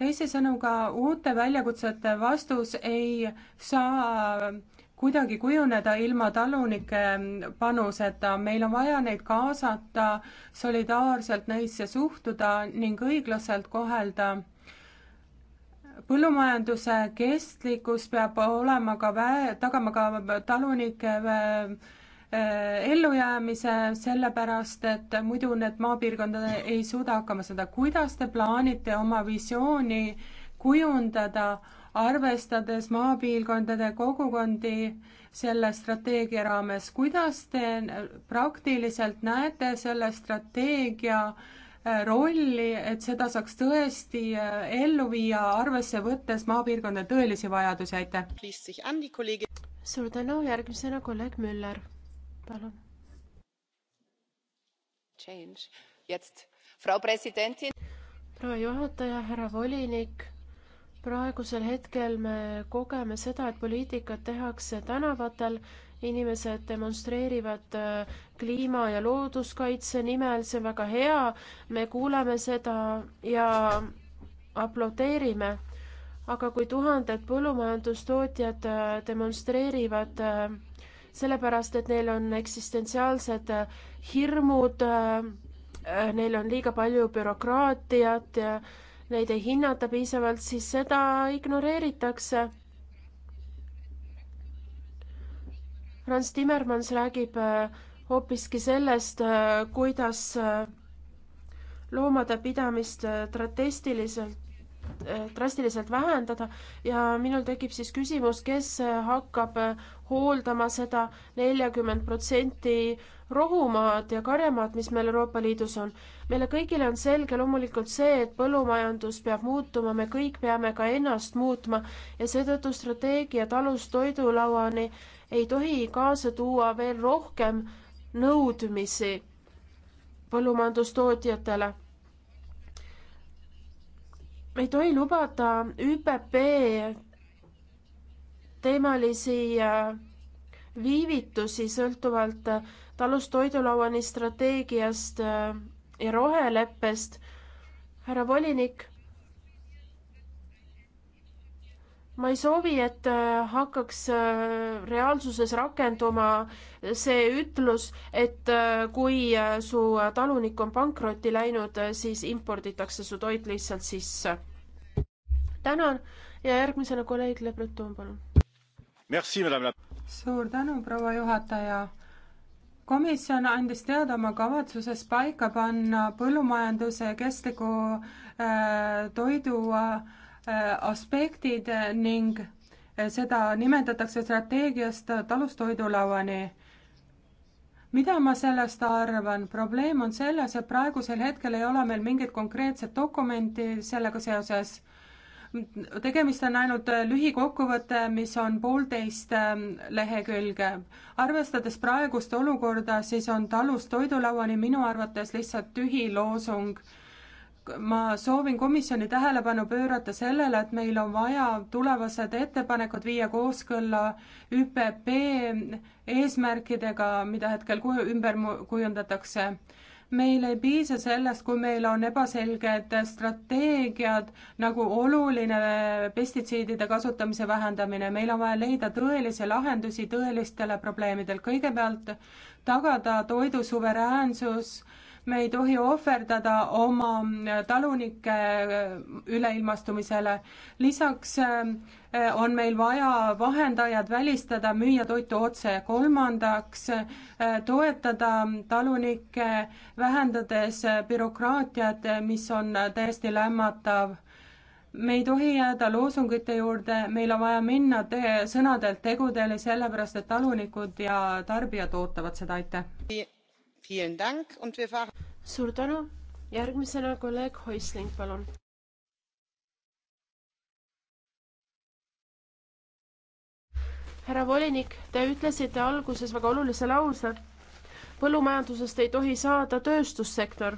teisisõnu, ka uute väljakutsete vastus ei saa kuidagi kujuneda ilma talunike panuseta, meil on vaja neid kaasata, solidaarselt neisse suhtuda ning õiglaselt kohelda. põllumajanduse kestlikkus peab olema ka, tagama ka talunike Äh, ellujäämise, sellepärast et muidu need maapiirkondad ei suuda hakkama saada. kuidas te plaanite oma visiooni kujundada, arvestades maapiirkondade kogukondi selle strateegia raames, kuidas te praktiliselt näete selle strateegia äh, rolli, et seda saaks tõesti äh, ellu viia, arvesse võttes maapiirkondade tõelisi vajadusi, aitäh! suur tänu, järgmisena kolleeg Müller palun. proua juhataja, härra volinik praegusel hetkel me kogeme seda, et poliitikat tehakse tänavatel, inimesed demonstreerivad äh, kliima ja looduskaitse nimel, see on väga hea, me kuuleme seda ja aplodeerime. aga kui tuhanded põllumajandustootjad äh, demonstreerivad äh, sellepärast, et neil on eksistentsiaalsed äh, hirmud, äh, äh, neil on liiga palju bürokraatiat ja neid ei hinnata piisavalt, siis seda ignoreeritakse. Franz Timmermans räägib hoopiski sellest, kuidas loomade pidamist strateegiliselt Eh, drastiliselt vähendada ja minul tekib siis küsimus, kes eh, hakkab eh, hooldama seda neljakümmend protsenti rohumaad ja karjamaad, mis meil Euroopa Liidus on. meile kõigile on selge loomulikult see, et põllumajandus peab muutuma, me kõik peame ka ennast muutma ja seetõttu strateegia talust toidulauani ei tohi kaasa tuua veel rohkem nõudmisi põllumajandustootjatele ei tohi lubada ÜPP teemalisi äh, viivitusi sõltuvalt äh, talust toidulauani strateegiast äh, ja roheleppest. härra volinik, ma ei soovi, et hakkaks reaalsuses rakenduma see ütlus, et kui su talunik on pankrotti läinud, siis imporditakse su toit lihtsalt sisse tänan ja järgmisena kolleeg Le Breton, palun. suur tänu, proua juhataja komisjon andis teada oma kavatsuses paika panna põllumajanduse ja kestliku äh, toidu äh, aspektid ning äh, seda nimetatakse strateegiast talust toidulauani. mida ma sellest arvan? probleem on selles, et praegusel hetkel ei ole meil mingit konkreetset dokumenti sellega seoses tegemist on ainult äh, lühikokkuvõte, mis on poolteist ähm, lehekülge. arvestades praegust olukorda, siis on talust toidulauani minu arvates lihtsalt tühi loosung. ma soovin komisjoni tähelepanu pöörata sellele, et meil on vaja tulevased ettepanekud viia kooskõlla ÜPP eesmärkidega, mida hetkel ümber kujundatakse meil ei piisa sellest, kui meil on ebaselged strateegiad nagu oluline pestitsiidide kasutamise vähendamine, meil on vaja leida tõelisi lahendusi tõelistele probleemidele, kõigepealt tagada toidu suveräänsus äh, me ei tohi ohverdada oma talunike üleilmastumisele. lisaks äh, on meil vaja vahendajad välistada, müüa toitu otse. kolmandaks, äh, toetada talunikke, vähendades bürokraatiat, mis on täiesti lämmatav me ei tohi jääda loosungite juurde, meil on vaja minna te sõnadelt tegudele, sellepärast et talunikud ja tarbijad ootavad seda, aitäh suur tänu, järgmisena kolleeg Häusling, palun. härra volinik, te ütlesite alguses väga olulise lause. põllumajandusest ei tohi saada tööstussektor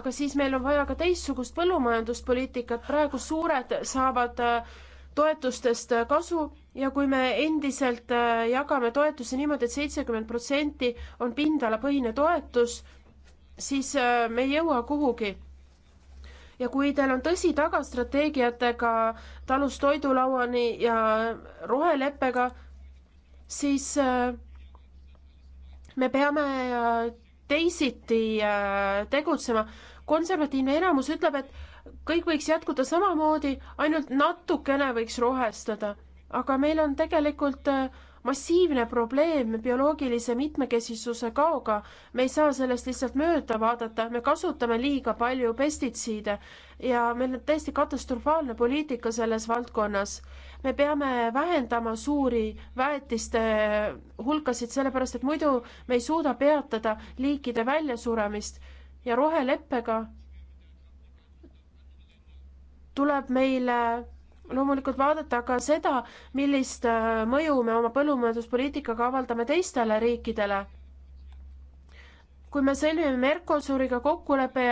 aga siis meil on vaja ka teistsugust põllumajanduspoliitikat, praegu suured saavad äh, toetustest äh, kasu ja kui me endiselt äh, jagame toetusi niimoodi et, et seitsekümmend protsenti on pindalapõhine toetus, siis äh, me ei jõua kuhugi. ja kui teil on tõsi taga strateegiatega talust toidulauani ja roheleppega, siis me peame teisiti tegutsema. konservatiivne enamus ütleb, et kõik võiks jätkuda samamoodi, ainult natukene võiks rohestada, aga meil on tegelikult äh, massiivne probleem bioloogilise mitmekesisuse kaoga. me ei saa sellest lihtsalt mööda vaadata, me kasutame liiga palju pestitsiide ja meil on täiesti katastrofaalne poliitika selles valdkonnas. me peame vähendama suuri väetiste äh, hulkasid, sellepärast et muidu me ei suuda peatada liikide väljasuramist ja roheleppega tuleb meile loomulikult vaadata ka seda, millist äh, mõju me oma põllumajanduspoliitikaga avaldame teistele riikidele. kui me sõlmime Mercosuriga kokkuleppe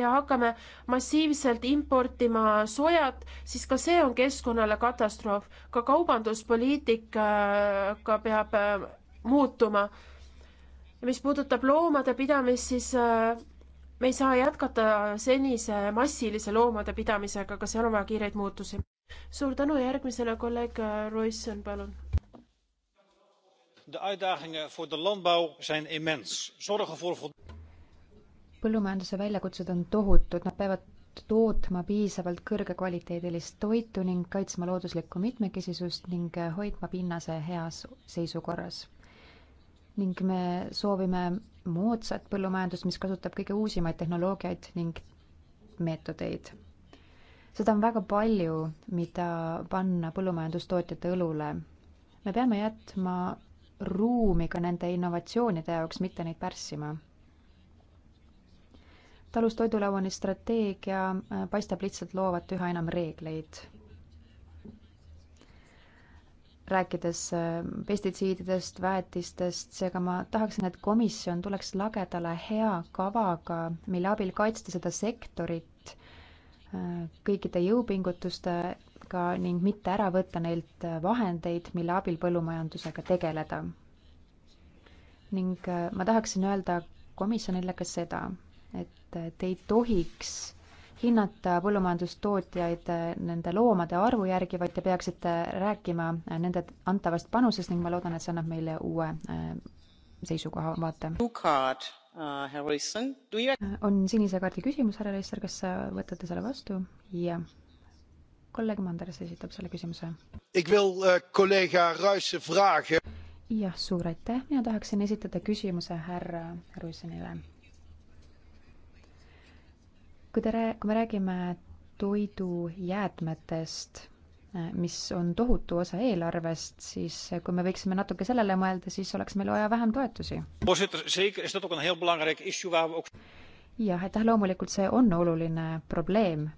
ja hakkame massiivselt importima sojat, siis ka see on keskkonnale katastroof. ka kaubanduspoliitika äh, peab äh, muutuma. mis puudutab loomade pidamist, siis me ei saa jätkata senise massilise loomade pidamisega, aga seal on vaja kiireid muutusi. suur tänu ja järgmisele kolleeg Roisson, palun. põllumajanduse väljakutsed on tohutud, nad peavad tootma piisavalt kõrgekvaliteedilist toitu ning kaitsma looduslikku mitmekesisust ning hoidma pinnase heas seisukorras ning me soovime moodsat põllumajandust, mis kasutab kõige uusimaid tehnoloogiaid ning meetodeid. seda on väga palju, mida panna põllumajandustootjate õlule. me peame jätma ruumi ka nende innovatsioonide jaoks, mitte neid pärssima. talus toidulauani strateegia äh, paistab lihtsalt loovat üha enam reegleid rääkides äh, pestitsiididest, väetistest, seega ma tahaksin, et komisjon tuleks lagedale hea kavaga, mille abil kaitsta seda sektorit äh, kõikide jõupingutustega ning mitte ära võtta neilt äh, vahendeid, mille abil põllumajandusega tegeleda. ning ma tahaksin öelda komisjonile ka seda, et te ei tohiks hinnata põllumajandustootjaid nende loomade arvu järgi, vaid te peaksite rääkima nende antavast panusest ning ma loodan, et see annab meile uue äh, seisukoha, vaate. Äh, on sinise kaardi küsimus, härra Reister, kas äh, võtate selle vastu? jah. kolleeg Manders esitab selle küsimuse. jah, suur aitäh, mina tahaksin esitada küsimuse härra Ruisenile kui te rää-, kui me räägime toidujäätmetest, mis on tohutu osa eelarvest, siis kui me võiksime natuke sellele mõelda, siis oleks meil vaja vähem toetusi. jah, aitäh, loomulikult see on oluline probleem.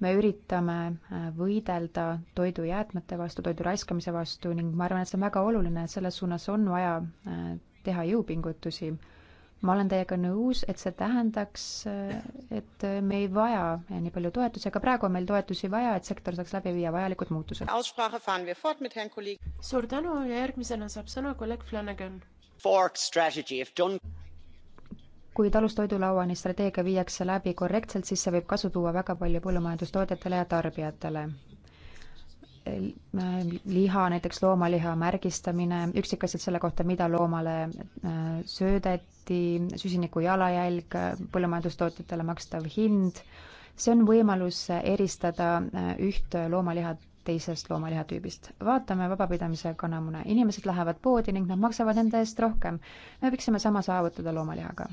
me üritame äh, võidelda toidujäätmete vastu, toidu raiskamise vastu ning ma arvan, et see on väga oluline, et selles suunas on vaja äh, teha jõupingutusi ma olen teiega nõus, et see tähendaks, et me ei vaja nii palju toetusi, aga praegu on meil toetusi vaja, et sektor saaks läbi viia vajalikud muutused. suur tänu ja järgmisena saab sõna kolleeg Flanagan. kui talustoidulauani strateegia viiakse läbi korrektselt, siis see võib kasu tuua väga palju põllumajandustoodetele ja tarbijatele Äh, liha, näiteks loomaliha märgistamine, üksikasjad selle kohta, mida loomale äh, söödeti, süsiniku jalajälg, põllumajandustootjatele makstav hind, see on võimalus eristada äh, üht loomaliha teisest loomalihatüübist. vaatame vabapidamise kanamune, inimesed lähevad poodi ning nad maksavad enda eest rohkem. me võiksime sama saavutada loomalihaga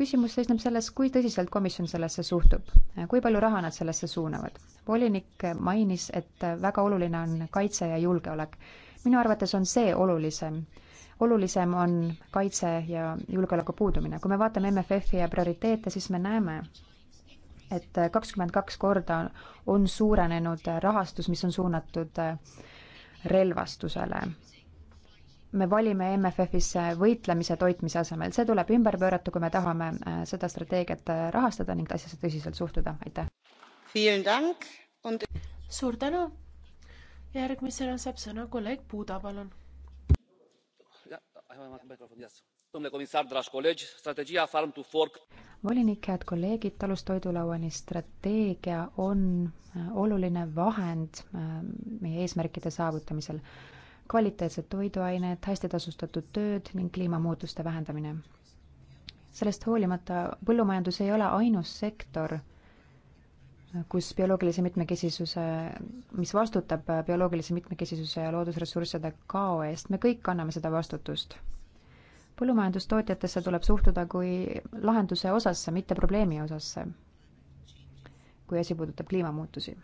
küsimus seisneb selles, kui tõsiselt komisjon sellesse suhtub, kui palju raha nad sellesse suunavad. volinik mainis, et väga oluline on kaitse ja julgeolek. minu arvates on see olulisem. olulisem on kaitse ja julgeoleku puudumine. kui me vaatame MFF-i ja prioriteete, siis me näeme, et kakskümmend kaks korda on suurenenud rahastus, mis on suunatud relvastusele me valime MFF-is äh, võitlemise toitmise asemel, see tuleb ümber pöörata, kui me tahame äh, seda strateegiat äh, rahastada ning asjasse tõsiselt suhtuda, aitäh. suur tänu. järgmisena saab sõna kolleeg Puuda, palun. volinik, head kolleegid, talust toidulauani strateegia on oluline vahend meie eesmärkide saavutamisel kvaliteetsed toiduained, hästi tasustatud tööd ning kliimamuutuste vähendamine. sellest hoolimata põllumajandus ei ole ainus sektor, kus bioloogilise mitmekesisuse, mis vastutab bioloogilise mitmekesisuse ja loodusressursside kao eest, me kõik kanname seda vastutust. põllumajandustootjatesse tuleb suhtuda kui lahenduse osasse, mitte probleemi osasse, kui asi puudutab kliimamuutusi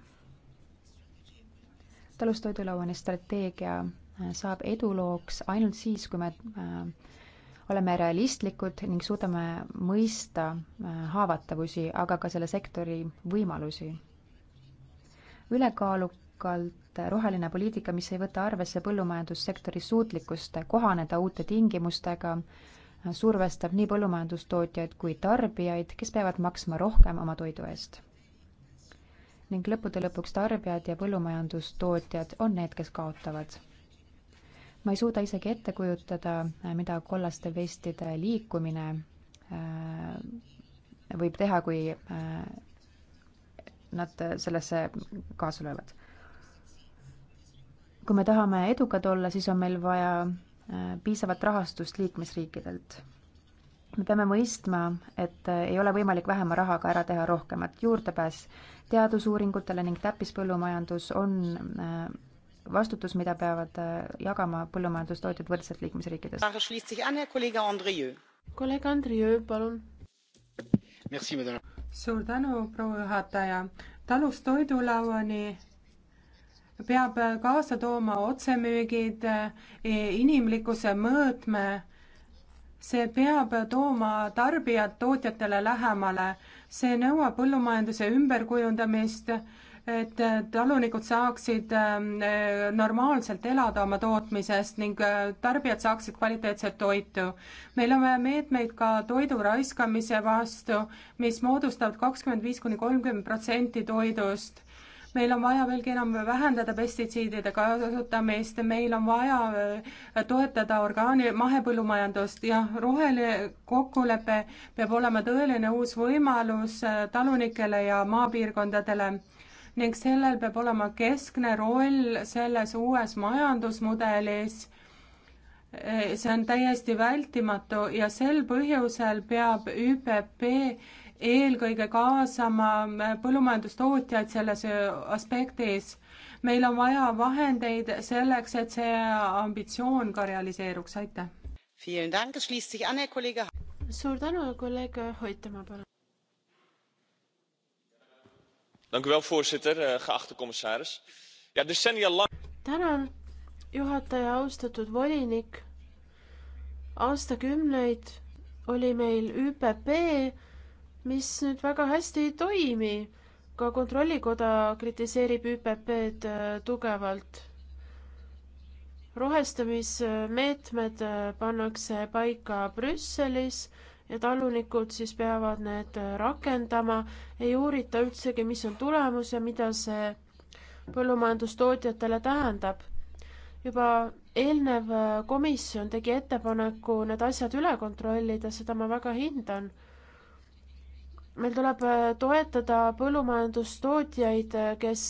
talustoidulauani strateegia saab edulooks ainult siis, kui me äh, oleme realistlikud ning suudame mõista äh, haavatavusi, aga ka selle sektori võimalusi. ülekaalukalt roheline poliitika, mis ei võta arvesse põllumajandussektori suutlikkust kohaneda uute tingimustega, äh, survestab nii põllumajandustootjaid kui tarbijaid, kes peavad maksma rohkem oma toidu eest. ning lõppude lõpuks tarbijad ja põllumajandustootjad on need, kes kaotavad ma ei suuda isegi ette kujutada, mida kollaste vestide liikumine äh, võib teha, kui äh, nad sellesse kaasa löövad. kui me tahame edukad olla, siis on meil vaja äh, piisavat rahastust liikmesriikidelt. me peame mõistma, et ei ole võimalik vähema rahaga ära teha rohkemat, juurdepääs teadusuuringutele ning täppispõllumajandus on vastutus, mida peavad äh, jagama põllumajandustootjad võrdselt liikmesriikides. kolleeg Andriöö, palun. suur tänu, proua juhataja. talust toidulauani peab kaasa tooma otsemüügid, e, inimlikkuse mõõtme, see peab tooma tarbijad tootjatele lähemale, see nõuab põllumajanduse ümberkujundamist et äh, talunikud saaksid äh, normaalselt elada oma tootmisest ning äh, tarbijad saaksid kvaliteetset toitu. meil on vaja meetmeid ka toidu raiskamise vastu, mis moodustavad kakskümmend viis kuni kolmkümmend protsenti toidust. meil on vaja veelgi enam vähendada pestitsiidide kasutamist, meil on vaja toetada orgaani, mahepõllumajandust ja roheline kokkulepe peab olema tõeline uus võimalus talunikele ja maapiirkondadele ning sellel peab olema keskne roll selles uues majandusmudelis. see on täiesti vältimatu ja sel põhjusel peab ÜPP eelkõige kaasama põllumajandustootjaid selles aspektis. meil on vaja vahendeid selleks, et see ambitsioon ka realiseeruks, aitäh. suur tänu, kolleeg Hoitamaa, palun. Eh, tänan, juhataja, austatud volinik. aastakümneid oli meil ÜPP, mis nüüd väga hästi ei toimi. ka Kontrollikoda kritiseerib ÜPP-d eh, tugevalt. rohestamismeetmed eh, pannakse paika Brüsselis ja talunikud siis peavad need äh, rakendama, ei uurita üldsegi, mis on tulemus ja mida see põllumajandustootjatele tähendab. juba eelnev äh, komisjon tegi ettepaneku need asjad üle kontrollida, seda ma väga hindan. meil tuleb äh, toetada põllumajandustootjaid, kes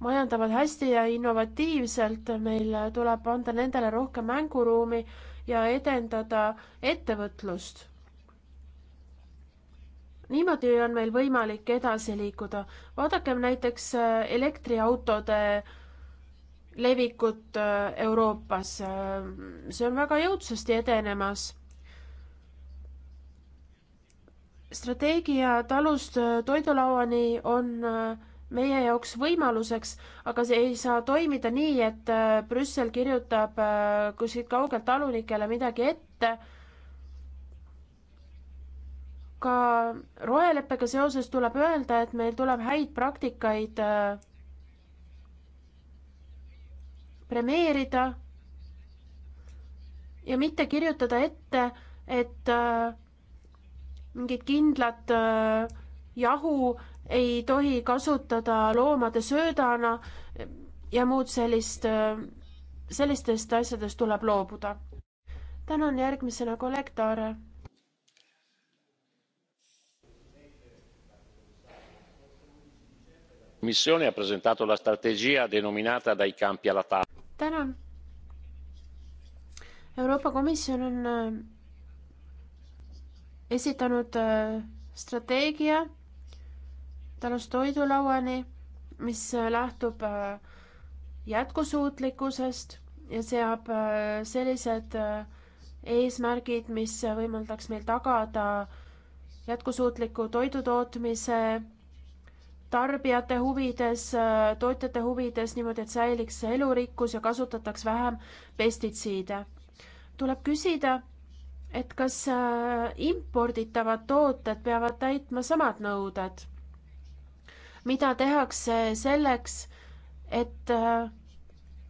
majandavad hästi ja innovatiivselt, meil tuleb anda nendele rohkem mänguruumi ja edendada ettevõtlust niimoodi on meil võimalik edasi liikuda. vaadakem näiteks äh, elektriautode levikut äh, Euroopas. Äh, see on väga jõudsasti edenemas. strateegia talust toidulauani on meie jaoks võimaluseks, aga see ei saa toimida nii, et Brüssel kirjutab kuskilt kaugelt talunikele midagi ette ka roheleppega seoses tuleb öelda, et meil tuleb häid praktikaid äh, premeerida ja mitte kirjutada ette, et äh, mingit kindlat äh, jahu ei tohi kasutada loomade söödana ja muud sellist, sellistest asjadest tuleb loobuda. tänan järgmisena kollektaare Missione ha presentato la strategia denominata Dai campi alla tavola. tänan. Euroopa Komisjon on äh, esitanud äh, strateegia talust toidulauani, mis äh, lähtub jätkusuutlikkusest ja seab sellised eesmärgid, mis võimaldaks meil tagada jätkusuutliku toidutootmise tarbijate huvides, äh, tootjate huvides, niimoodi, et säiliks elurikkus ja kasutataks vähem pestitsiide. tuleb küsida, et kas äh, imporditavad tooted peavad täitma samad nõuded? mida tehakse selleks, et äh,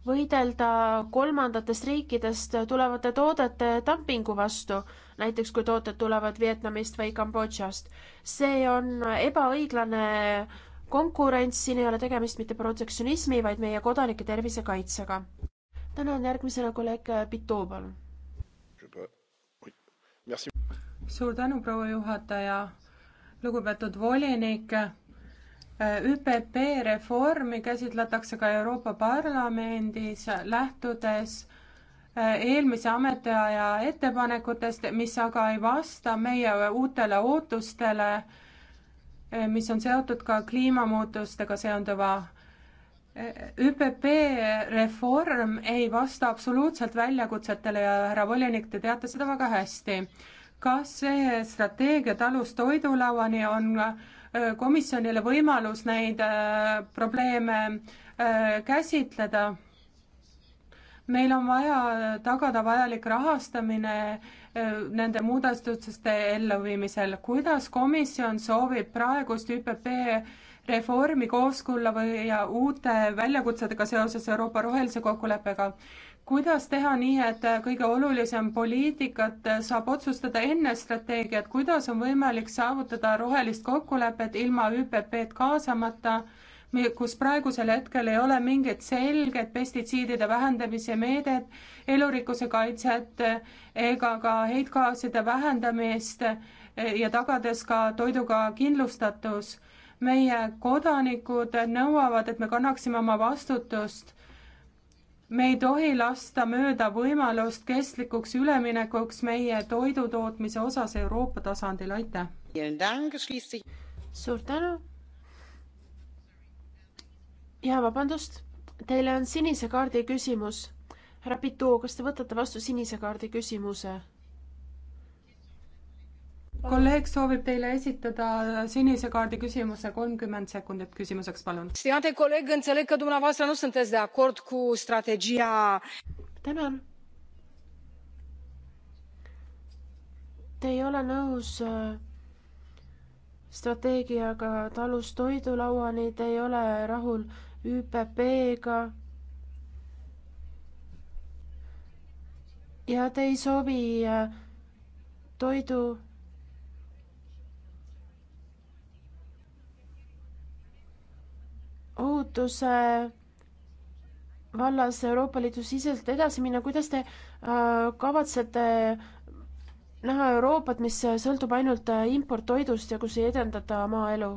võidelda kolmandatest riikidest tulevate toodete dumpingu vastu, näiteks kui tooted tulevad Vietnamist või Kambodžast. see on ebaõiglane konkurents, siin ei ole tegemist mitte protektsionismi, vaid meie kodanike tervise kaitsega. tänan järgmisena kolleeg Pitu, palun. suur tänu, proua juhataja. lugupeetud volinik ÜPP reformi käsitletakse ka Euroopa Parlamendis, lähtudes äh, eelmise ametiaja ettepanekutest, mis aga ei vasta meie uutele ootustele Eh, mis on seotud ka kliimamuutustega seonduva eh, ÜPP reform ei vasta absoluutselt väljakutsetele ja härra volinik, te teate seda väga hästi. kas see strateegia talust toidulauani on eh, komisjonile võimalus neid probleeme käsitleda? meil on vaja tagada vajalik rahastamine nende muudatuste elluviimisel. kuidas komisjon soovib praegust ÜPP reformi kooskõlla või ja uute väljakutsedega seoses Euroopa rohelise kokkuleppega? kuidas teha nii, et kõige olulisem poliitikat saab otsustada enne strateegiat, kuidas on võimalik saavutada rohelist kokkulepet ilma ÜPP-d kaasamata kus praegusel hetkel ei ole mingit selget pestitsiidide vähendamise meedet, elurikkuse kaitset eh, ega ka heitgaaside vähendamist eh, ja tagades ka toiduga kindlustatus. meie kodanikud nõuavad, et me kannaksime oma vastutust me ei tohi lasta mööda võimalust kestlikuks üleminekuks meie toidutootmise osas Euroopa tasandil, aitäh! suur tänu! ja vabandust, teile on sinise kaardi küsimus. härra Pitu, kas te võtate vastu sinise kaardi küsimuse? kolleeg soovib teile esitada sinise kaardi küsimuse, kolmkümmend sekundit küsimuseks, palun. tänan. Te ei ole nõus äh, strateegiaga talust toidulauani, te ei ole rahul ÜPP-ga. ja ta ei sobi äh, toidu ohutuse vallas Euroopa Liidu siseselt edasi minna, kuidas te äh, kavatsete näha Euroopat, mis sõltub ainult äh, importtoidust ja kus ei edendata maaelu?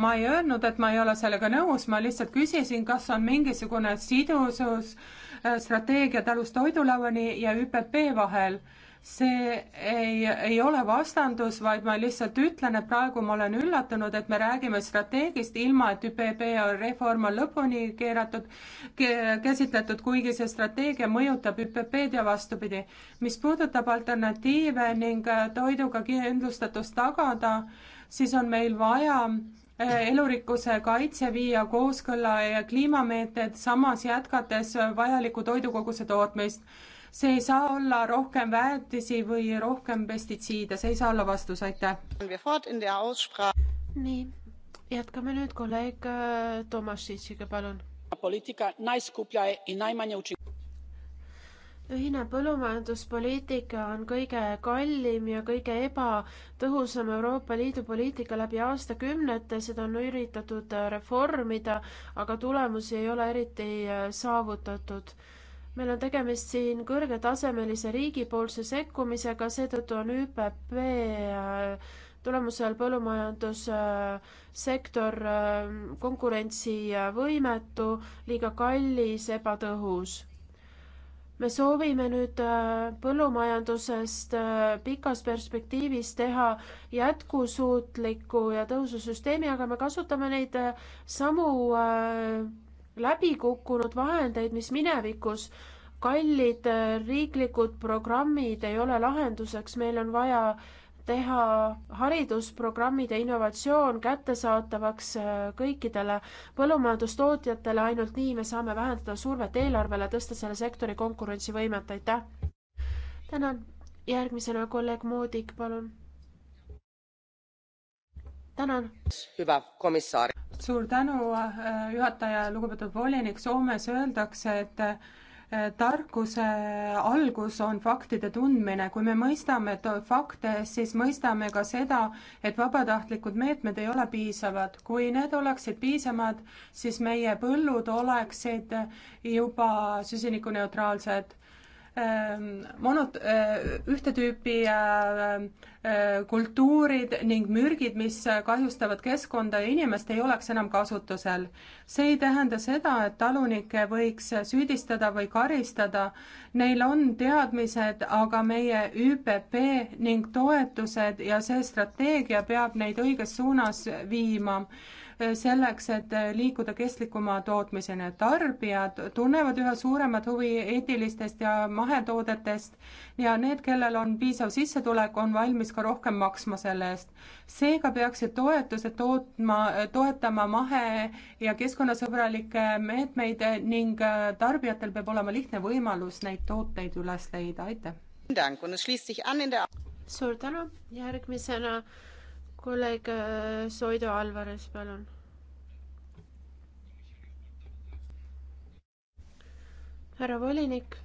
ma ei öelnud, et ma ei ole sellega nõus, ma lihtsalt küsisin, kas on mingisugune sidusus äh, strateegia talust toidulauani ja ÜPP vahel. see ei, ei ole vastandus, vaid ma lihtsalt ütlen, et praegu ma olen üllatunud, et me räägime strateegist ilma, et ÜPP reform on lõpuni keeratud, käsitletud, kuigi see strateegia mõjutab ÜPP-d ja vastupidi. mis puudutab alternatiive ning äh, toiduga kindlustatust tagada, siis on meil vaja Äh, elurikkuse kaitse viia kooskõlla ja kliimameetmed, samas jätkates vajaliku toidukoguse tootmist. see ei saa olla rohkem väetisi või rohkem pestitsiide, see ei saa olla vastus, aitäh. nii, jätkame nüüd kolleeg äh, Tomašitšiga, palun. poliitika najskuplja je i najmanje uči- ühine põllumajanduspoliitika on kõige kallim ja kõige ebatõhusam Euroopa Liidu poliitika läbi aastakümnete, seda on üritatud reformida, aga tulemusi ei ole eriti äh, saavutatud. meil on tegemist siin kõrgetasemelise riigipoolse sekkumisega, seetõttu on ÜPP äh, tulemusel põllumajandussektor äh, konkurentsivõimetu, liiga kallis, ebatõhus me soovime nüüd äh, põllumajandusest äh, pikas perspektiivis teha jätkusuutliku ja tõususüsteemi, aga me kasutame neid äh, samu läbikukkunud vahendeid, mis minevikus kallid riiklikud programmid ei ole lahenduseks, meil on vaja äh, teha haridusprogrammid ja innovatsioon kättesaatavaks äh, kõikidele põllumajandustootjatele, ainult nii me saame vähendada survet eelarvele, tõsta selle sektori konkurentsivõimet, aitäh! tänan, järgmisena kolleeg Moodik, palun. tänan. hüva, komissar. suur tänu, äh, juhataja, lugupeetud volinik, Soomes öeldakse, et tarkuse algus on faktide tundmine. kui me mõistame fakte, siis mõistame ka seda, et vabatahtlikud meetmed ei ole piisavad. kui need oleksid piisavad, siis meie põllud oleksid juba süsinikuneutraalsed Ähm, monot-, äh, ühte tüüpi äh, äh, kultuurid ning mürgid, mis kahjustavad keskkonda ja inimest, ei oleks enam kasutusel. see ei tähenda seda, et talunikke võiks süüdistada või karistada, neil on teadmised, aga meie ÜPP ning toetused ja see strateegia peab neid õiges suunas viima selleks, et liikuda kestlikuma tootmiseni. tarbijad tunnevad üha suuremat huvi eetilistest ja mahetoodetest ja need, kellel on piisav sissetulek, on valmis ka rohkem maksma selle eest. seega peaksid toetused tootma, toetama mahe- ja keskkonnasõbralikke meetmeid ning äh, tarbijatel peab olema lihtne võimalus neid tooteid üles leida, aitäh! suur tänu, järgmisena kolleeg äh, Soido Alvarez, palun. härra volinik,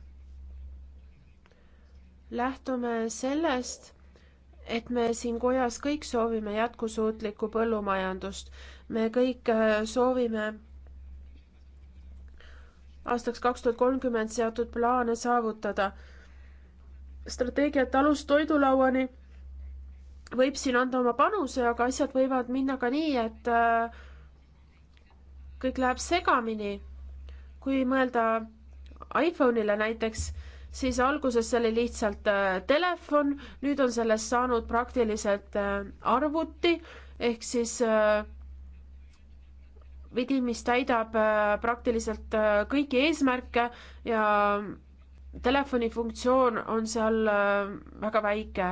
lähtume sellest, et me siin kojas kõik soovime jätkusuutlikku põllumajandust. me kõik äh, soovime aastaks kaks tuhat kolmkümmend seatud plaane saavutada. strateegiat alustoidulauani võib siin anda oma panuse, aga asjad võivad minna ka nii, et äh, kõik läheb segamini. kui mõelda iPhone'ile näiteks, siis alguses see oli lihtsalt äh, telefon, nüüd on sellest saanud praktiliselt äh, arvuti ehk siis vidin, mis täidab praktiliselt kõiki eesmärke ja telefoni funktsioon on seal väga väike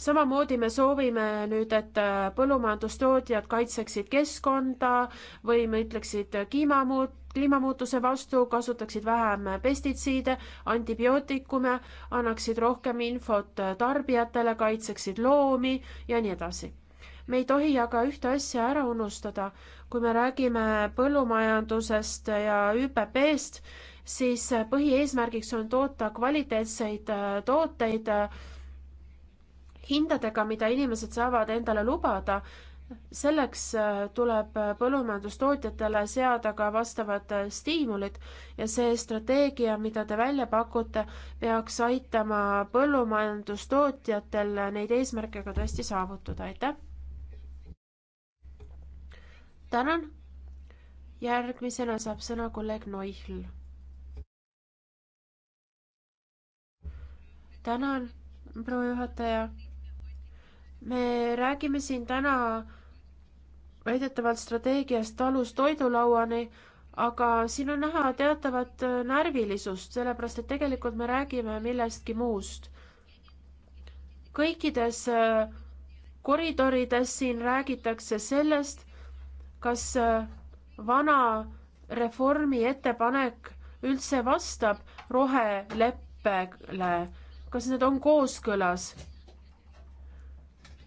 samamoodi me soovime nüüd, et äh, põllumajandustootjad kaitseksid keskkonda või mõtleksid äh, kliimamuut-, kliimamuutuse vastu, kasutaksid vähem äh, pestitsiide, antibiootikume, annaksid rohkem infot tarbijatele, kaitseksid loomi ja nii edasi. me ei tohi aga ühte asja ära unustada, kui me räägime põllumajandusest ja ÜPP-st, siis põhieesmärgiks on toota kvaliteetseid tooteid hindadega, mida inimesed saavad endale lubada, selleks äh, tuleb põllumajandustootjatele seada ka vastavad äh, stiimulid ja see strateegia, mida te välja pakute, peaks aitama põllumajandustootjatel äh, neid eesmärke ka tõesti saavutada, aitäh! tänan! järgmisena saab sõna kolleeg Noihl. tänan, proua juhataja me räägime siin täna väidetavalt strateegiast alus toidulauani, aga siin on näha teatavat äh, närvilisust, sellepärast et tegelikult me räägime millestki muust. kõikides äh, koridorides siin räägitakse sellest, kas äh, vana reformi ettepanek üldse vastab roheleppele, kas need on kooskõlas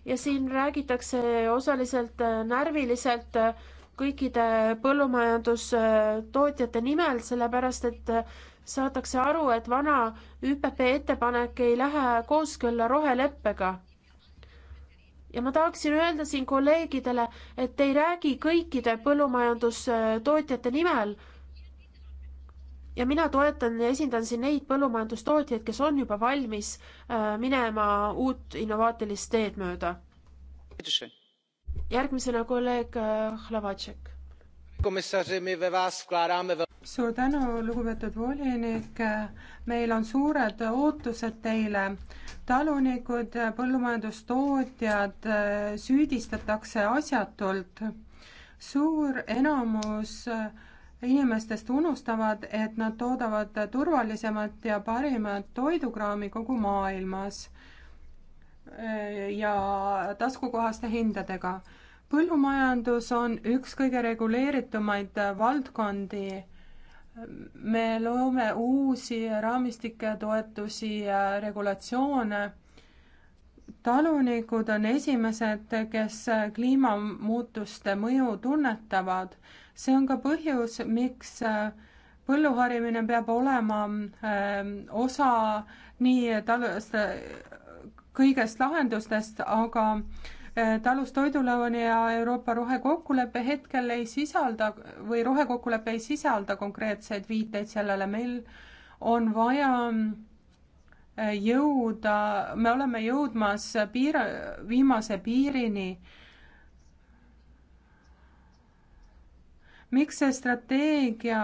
ja siin räägitakse osaliselt äh, närviliselt äh, kõikide põllumajandustootjate nimel, sellepärast et äh, saadakse aru, et vana ÜPP ettepanek ei lähe kooskõlla roheleppega. ja ma tahaksin öelda siin kolleegidele, et ei räägi kõikide põllumajandustootjate nimel ja mina toetan ja esindan siin neid põllumajandustootjaid, kes on juba valmis äh, minema uut innovaatilist teed mööda. järgmisena kolleeg äh, Hlavatšek. suur tänu, lugupeetud volinik. meil on suured ootused teile. talunikud, põllumajandustootjad äh, süüdistatakse asjatult. suur enamus äh, inimestest unustavad, et nad toodavad turvalisemat ja parimat toidukraami kogu maailmas ja taskukohaste hindadega. põllumajandus on üks kõige reguleeritumaid valdkondi. me loome uusi raamistikke, toetusi ja regulatsioone talunikud on esimesed, kes kliimamuutuste mõju tunnetavad see on ka põhjus, miks äh, põlluharimine peab olema öö, ähm, osa nii talust, äh, kõigest lahendustest, aga äh, talust toidulauani ja Euroopa rohekokkulepe hetkel ei sisalda või rohekokkulepe ei sisalda konkreetseid viiteid sellele, meil on vaja jõuda, me oleme jõudmas piir, viimase piirini äh, miks see strateegia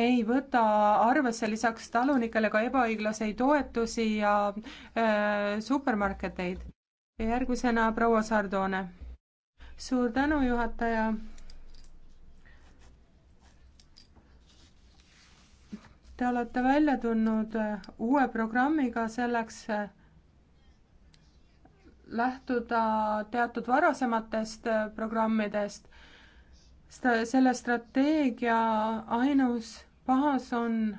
ei võta arvesse lisaks talunikele ka ebaõiglaseid toetusi ja äh, supermarketeid? järgmisena proua Sardoone. suur tänu, juhataja Te olete välja tulnud äh, uue programmiga selleks äh, lähtuda teatud varasematest äh, programmidest selle strateegia ainus pahas on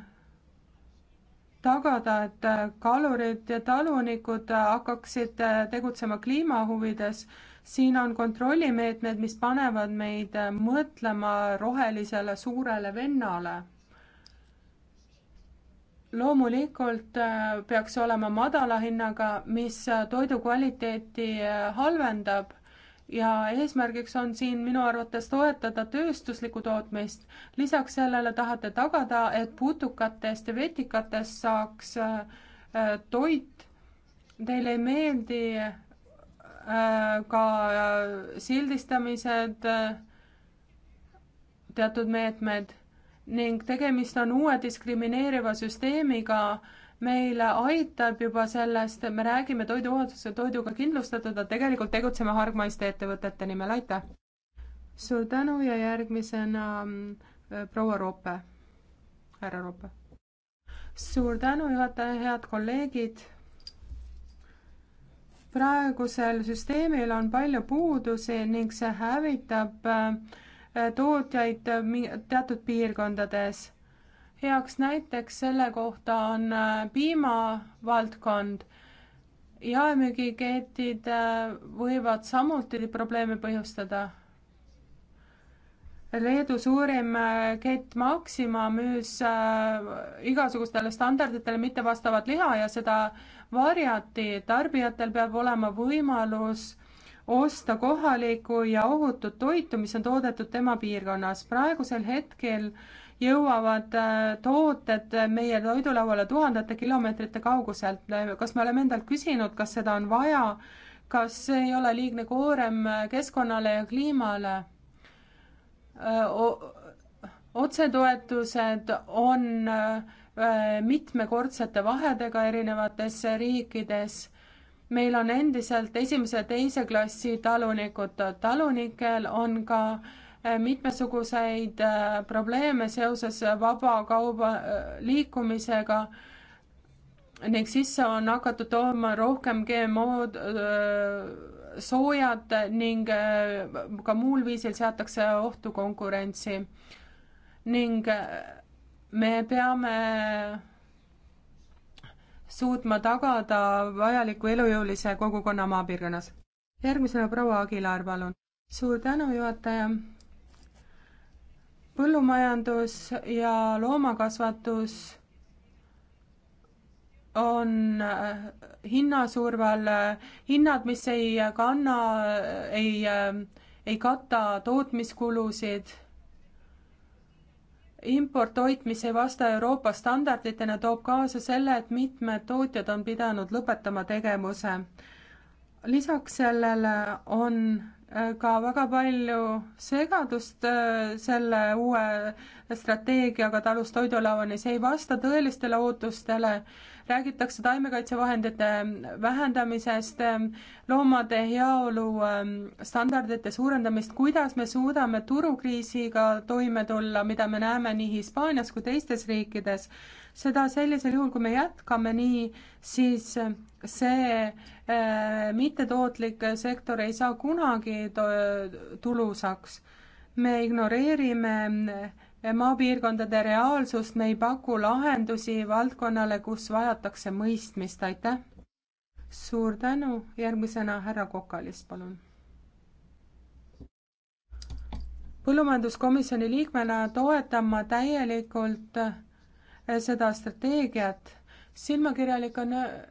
tagada, et kalurid ja talunikud hakkaksid tegutsema kliima huvides. siin on kontrollimeetmed, mis panevad meid mõtlema rohelisele suurele vennale. loomulikult peaks olema madala hinnaga, mis toidu kvaliteeti halvendab ja eesmärgiks on siin minu arvates toetada tööstuslikku tootmist. lisaks sellele tahate tagada, et putukatest ja vetikatest saaks äh, toit. Teile ei meeldi äh, ka äh, sildistamised, teatud meetmed ning tegemist on uue diskrimineeriva süsteemiga meile aitab juba sellest, me räägime toiduohutuse toiduga kindlustatud, aga tegelikult tegutseme hargmaiste ettevõtete nimel, aitäh! suur tänu ja järgmisena mm, äh, proua Roope, härra Roope. suur tänu, juhataja, head kolleegid! praegusel süsteemil on palju puudusi ning see hävitab äh, tootjaid äh, teatud piirkondades heaks näiteks selle kohta on äh, piimavaldkond. jaemüügiketid äh, võivad samuti probleeme põhjustada. Leedu suurim äh, kett Maxima müüs igasugustele standarditele mittevastavat liha ja seda varjati. tarbijatel peab olema võimalus osta kohalikku ja ohutut toitu, mis on toodetud tema piirkonnas. praegusel hetkel äh, jõuavad äh, tooted meie toidulauale tuhandete kilomeetrite kauguselt. kas me oleme endalt küsinud, kas seda on vaja, kas see ei ole liigne koorem keskkonnale ja kliimale? Äh, otsetoetused on äh, mitmekordsete vahedega erinevates riikides meil on endiselt esimese, teise klassi talunikud, talunikel on ka Äh, mitmesuguseid äh, probleeme seoses vaba kauba äh, liikumisega ning sisse on hakatud tooma rohkem GMO-d, soojad ning ka muul viisil seatakse ohtu konkurentsi. ning me peame suutma tagada vajaliku elujõulise kogukonna maapiirkonnas. järgmisena proua Agilaar, palun. suur tänu, juhataja põllumajandus ja loomakasvatus on äh, hinnasurve all, äh, hinnad, mis ei kanna, äh, ei, ei kata tootmiskulusid importtoit, mis ei vasta Euroopa standarditele, toob kaasa selle, et mitmed tootjad on pidanud lõpetama tegevuse. lisaks sellele on ka väga palju segadust äh, selle uue strateegiaga talust toidulauani, see ei vasta tõelistele ootustele. räägitakse taimekaitsevahendite vähendamisest, ähm, loomade heaolu ähm, standardite suurendamist, kuidas me suudame turukriisiga toime tulla, mida me näeme nii Hispaanias kui teistes riikides seda sellisel juhul, kui me jätkame nii, siis see äh, mittetootlik sektor ei saa kunagi tulusaks. me ignoreerime äh, maapiirkondade reaalsust, me ei paku lahendusi valdkonnale, kus vajatakse mõistmist, aitäh! suur tänu, järgmisena härra Kokalis, palun! põllumajanduskomisjoni liikmena toetan ma täielikult seda strateegiat. silmakirjalik on äh,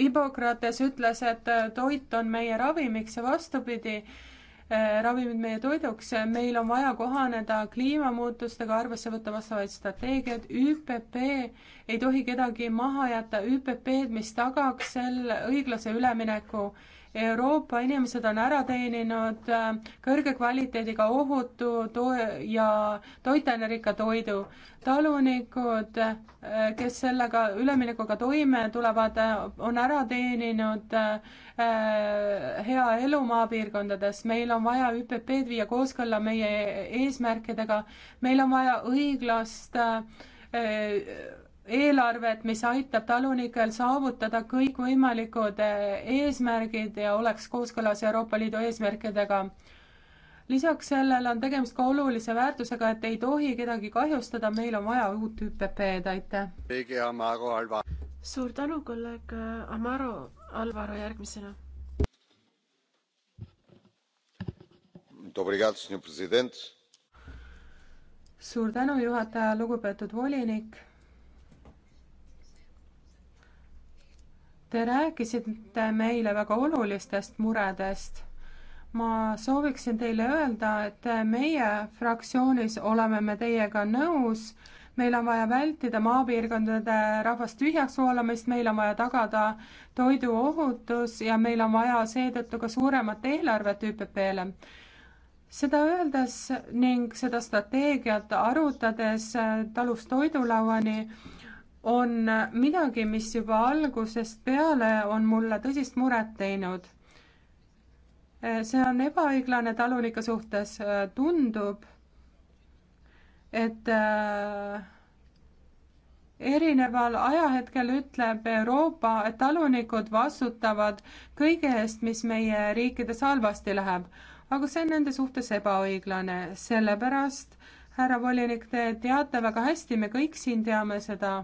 Hippokrates ütles, et äh, toit on meie ravimiks ja vastupidi, äh, ravimid meie toiduks, meil on vaja kohaneda kliimamuutustega, arvesse võtta vastavaid strateegiaid, ÜPP ei tohi kedagi maha jätta, ÜPP-d, mis tagaks selle õiglase ülemineku Euroopa inimesed on ära teeninud äh, kõrge kvaliteediga ohutu to- ja toitainerikka toidu. talunikud, äh, kes sellega üleminekuga toime tulevad, äh, on ära teeninud hea elu maapiirkondades, meil on vaja ÜPP-d viia kooskõlla meie eesmärkidega, meil on vaja õiglast eelarvet, mis aitab talunikel saavutada kõikvõimalikud eh, eesmärgid ja oleks kooskõlas Euroopa Liidu eesmärkidega. lisaks sellele on tegemist ka olulise väärtusega, et ei tohi kedagi kahjustada, meil on vaja uut ÜPP-d, aitäh. suur tänu, kolleeg äh, Amaro Alvaro, järgmisena. suur tänu, juhataja, lugupeetud volinik Te rääkisite meile väga olulistest muredest. ma sooviksin teile öelda, et meie fraktsioonis oleme me teiega nõus, meil on vaja vältida maapiirkondade rahvast tühjaks voolamist, meil on vaja tagada toiduohutus ja meil on vaja seetõttu ka suuremat eelarvet ÜPP-le seda öeldes ning seda strateegiat arutades talust toidulauani on midagi, mis juba algusest peale on mulle tõsist muret teinud. see on ebaõiglane talunike suhtes, tundub, et äh, erineval ajahetkel ütleb Euroopa, et talunikud vastutavad kõige eest, mis meie riikides halvasti läheb. aga see on nende suhtes ebaõiglane, sellepärast härra volinik, te teate väga hästi, me kõik siin teame seda,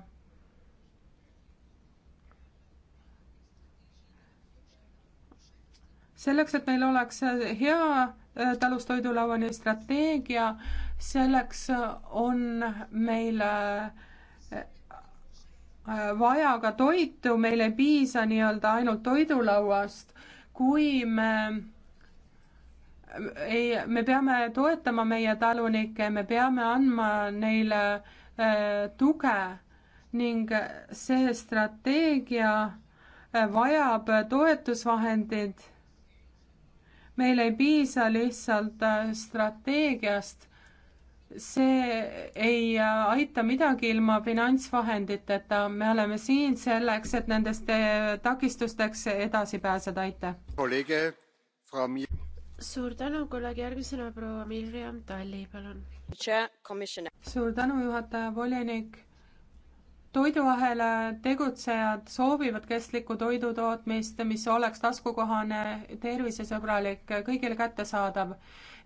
selleks, et meil oleks hea äh, talust toidulauani strateegia, selleks äh, on meil äh, vaja ka toitu, meil ei piisa nii-öelda ainult toidulauast, kui me ei, me peame toetama meie talunikke, me peame andma neile tuge ning see strateegia vajab toetusvahendid meil ei piisa lihtsalt äh, strateegiast, see ei äh, aita midagi ilma finantsvahenditeta, me oleme siin selleks, et nendest äh, takistusteks edasi pääseda, aitäh. suur tänu, kolleeg, järgmisena proua Mirjam Talli, palun. suur tänu, juhataja, volinik toiduahela tegutsejad soovivad kestlikku toidutootmist, mis oleks taskukohane, tervisesõbralik, kõigile kättesaadav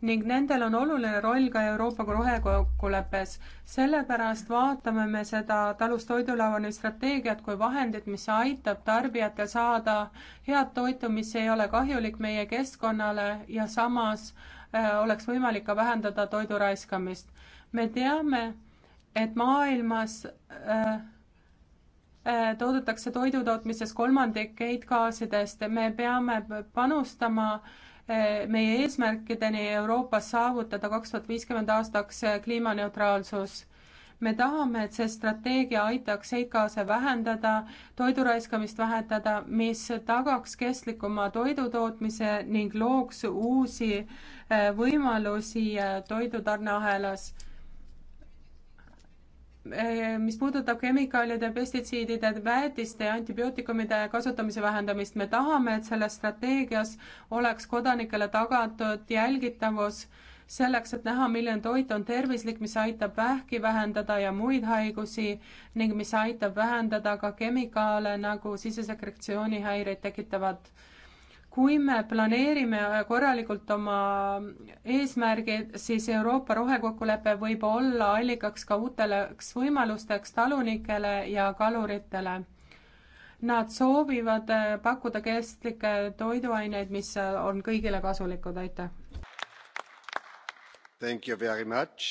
ning nendel on oluline roll ka Euroopa rohekokkuleppes. sellepärast vaatame me seda talust toidulauani strateegiat kui vahendit, mis aitab tarbijatel saada head toitu, mis ei ole kahjulik meie keskkonnale ja samas äh, oleks võimalik ka vähendada toidu raiskamist. me teame, et maailmas äh, Äh, toodetakse toidutootmises kolmandik heitgaasidest, me peame panustama äh, meie eesmärkideni Euroopas saavutada kaks tuhat viiskümmend aastaks äh, kliimaneutraalsus me tahame, et see strateegia aitaks heitgaase vähendada, toidu raiskamist vähendada, mis tagaks kestlikuma toidutootmise ning looks uusi võimalusi toidutarneahelas Äh, mis puudutab kemikaalide, pestitsiidide, väetiste ja antibiootikumide kasutamise vähendamist, me tahame, et selles strateegias oleks kodanikele tagatud jälgitavus selleks, et näha, milline toit on tervislik, mis aitab vähki vähendada ja muid haigusi ning mis aitab vähendada ka kemikaale nagu sisesekretsioonihäireid tekitavad kui me planeerime korralikult oma eesmärgid, siis Euroopa rohekokkulepe võib olla allikaks ka uuteks võimalusteks talunikele ja kaluritele. Nad soovivad eh, pakkuda kestlikke toiduaineid, mis eh, on kõigile kasulikud, aitäh. Thank you very much.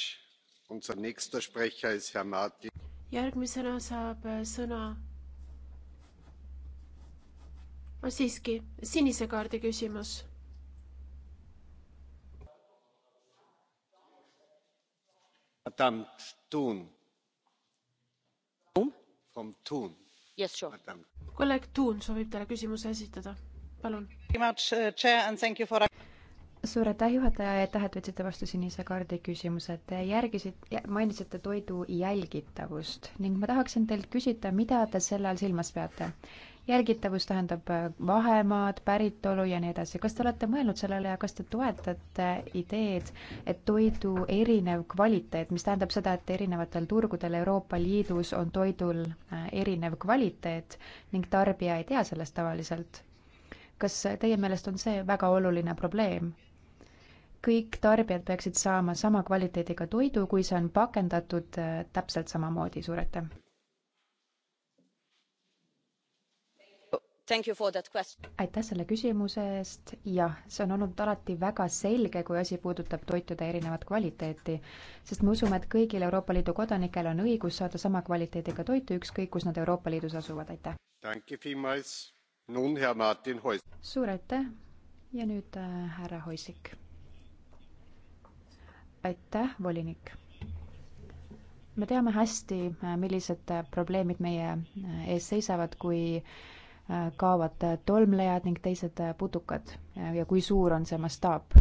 Unser nächster Sprecher ist Herr Martin. järgmisena saab eh, sõna siiski sinise kaardi küsimus. Yes, sure. kolleeg Tuun soovib teile küsimuse esitada, palun. Uh, suur aitäh, juhataja, aitäh, et võtsite vastu sinise kaardi küsimuse. Te järgisite, mainisite toidu jälgitavust ning ma tahaksin teilt küsida, mida te selle all silmas peate jälgitavus tähendab äh, vahemaad, päritolu ja nii edasi. kas te olete mõelnud sellele ja kas te toetate ideed, et toidu erinev kvaliteet, mis tähendab seda, et erinevatel turgudel Euroopa Liidus on toidul äh, erinev kvaliteet ning tarbija ei tea sellest tavaliselt? kas teie meelest on see väga oluline probleem? kõik tarbijad peaksid saama sama kvaliteediga toidu, kui see on pakendatud äh, täpselt samamoodi, suur aitäh! aitäh selle küsimuse eest, jah, see on olnud alati väga selge, kui asi puudutab toitude erinevat kvaliteeti, sest me usume, et kõigil Euroopa Liidu kodanikel on õigus saada sama kvaliteediga toitu, ükskõik kus nad Euroopa Liidus asuvad, aitäh. suur aitäh ja nüüd äh, härra Hoisik. aitäh, volinik me teame hästi, äh, millised äh, probleemid meie äh, ees seisavad, kui kaovad tolmlejad ning teised putukad ja kui suur on see mastaap?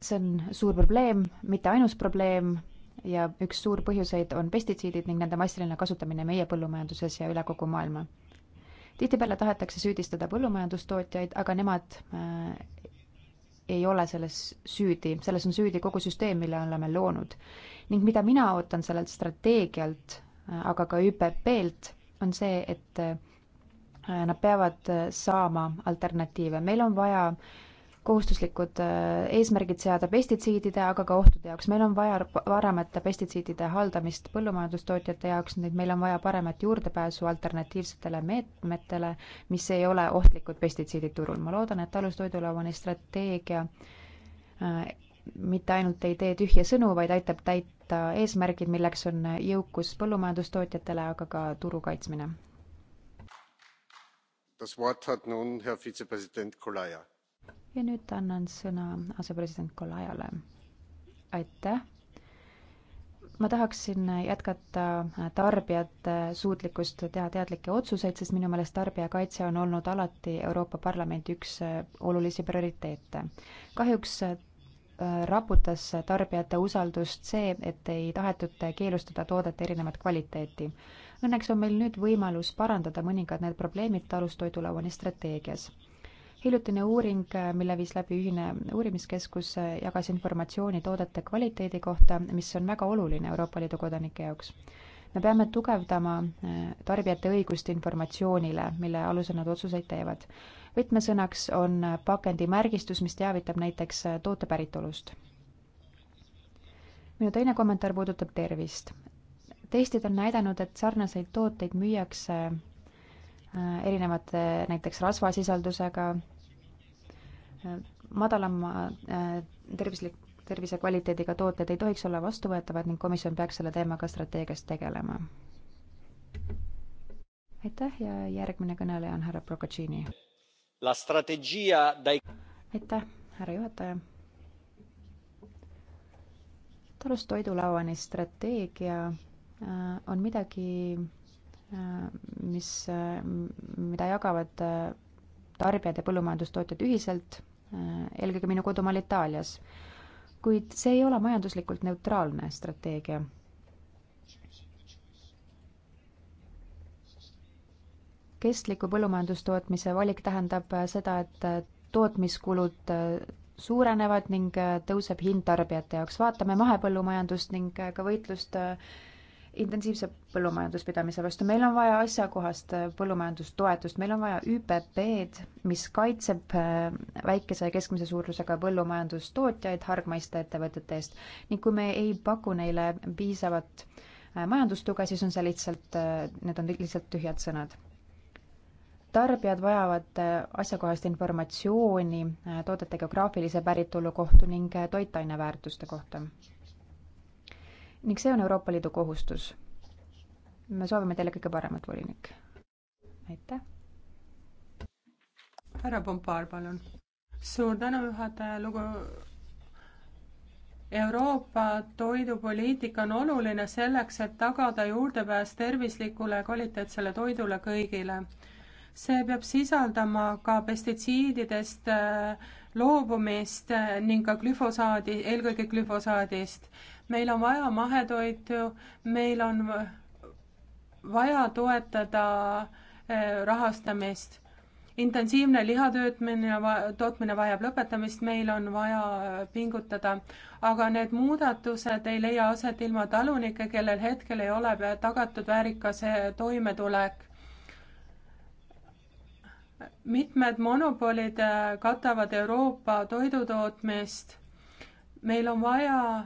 see on suur probleem, mitte ainus probleem ja üks suur põhjuseid on pestitsiidid ning nende massiline kasutamine meie põllumajanduses ja üle kogu maailma. tihtipeale tahetakse süüdistada põllumajandustootjaid, aga nemad äh, ei ole selles süüdi, selles on süüdi kogu süsteem, mille oleme loonud. ning mida mina ootan sellelt strateegialt, äh, aga ka ÜPP-lt, on see, et äh, nad peavad äh, saama alternatiive, meil on vaja kohustuslikud äh, eesmärgid seada pestitsiidide, aga ka ohtude jaoks. meil on vaja paremate pestitsiidide haldamist põllumajandustootjate jaoks, nüüd meil on vaja paremat juurdepääsu alternatiivsetele meetmetele, mis ei ole ohtlikud pestitsiidid turul. ma loodan, et alustoidulauani strateegia mitte ainult ei tee tühje sõnu, vaid aitab täita eesmärgid, milleks on jõukus põllumajandustootjatele, aga ka turu kaitsmine. ja nüüd annan sõna asepresident Kolajale. aitäh. ma tahaksin jätkata tarbijate suutlikkust teha teadlikke otsuseid, sest minu meelest tarbijakaitse on olnud alati Euroopa Parlamendi üks olulisi prioriteete. kahjuks raputas tarbijate usaldust see, et ei tahetud keelustada toodete erinevat kvaliteeti. Õnneks on meil nüüd võimalus parandada mõningad need probleemid talustoidulauani strateegias. hiljutine uuring, mille viis läbi ühine uurimiskeskus, jagas informatsiooni toodete kvaliteedi kohta, mis on väga oluline Euroopa Liidu kodanike jaoks. me peame tugevdama eh, tarbijate õigust informatsioonile, mille alusel nad otsuseid teevad võtmesõnaks on pakendimärgistus, mis teavitab näiteks toote päritolust. minu teine kommentaar puudutab tervist. testid on näidanud, et sarnaseid tooteid müüakse äh, erinevate näiteks rasvasisaldusega, äh, madalama äh, tervislik, tervise kvaliteediga tooted ei tohiks olla vastuvõetavad ning komisjon peaks selle teemaga strateegias tegelema. aitäh ja järgmine kõneleja on härra Procaccini strategia... aitäh, härra juhataja. talust toidulauani strateegia äh, on midagi, äh, mis, äh, mida jagavad tarbijad ja põllumajandustootjad ühiselt, eelkõige minu kodumaal Itaalias. kuid see ei ole majanduslikult neutraalne strateegia kestliku põllumajandustootmise valik tähendab äh, seda, et äh, tootmiskulud äh, suurenevad ning tõuseb hind tarbijate jaoks. vaatame mahepõllumajandust ning ka võitlust intensiivse põllumajanduspidamise vastu. meil on vaja asjakohast põllumajandustoetust, meil on vaja ÜPP-d, mis kaitseb väikese ja keskmise suurusega põllumajandustootjaid hargmaiste ettevõtete eest ning kui me ei paku neile piisavat majandustuge, siis on see lihtsalt, need on lihtsalt tühjad sõnad tarbijad vajavad äh, asjakohast informatsiooni äh, toodete geograafilise päritolu kohta ning äh, toitaineväärtuste kohta. ning see on Euroopa Liidu kohustus. me soovime teile kõige paremat, volinik. aitäh. härra Pompaar, palun. suur tänu, juhataja, lugu Euroopa toidupoliitika on oluline selleks, et tagada juurdepääs tervislikule kvaliteetsele toidule kõigile see peab sisaldama ka pestitsiididest äh, loobumist äh, ning ka glüfosaadi, eelkõige glüfosaadist. meil on vaja mahetoitu, meil on vaja toetada äh, rahastamist. intensiivne lihatöötmine, tootmine vajab lõpetamist, meil on vaja pingutada, aga need muudatused ei leia aset ilma talunike, kellel hetkel ei ole tagatud väärikas toimetulek mitmed monopolid äh, katavad Euroopa toidutootmist. meil on vaja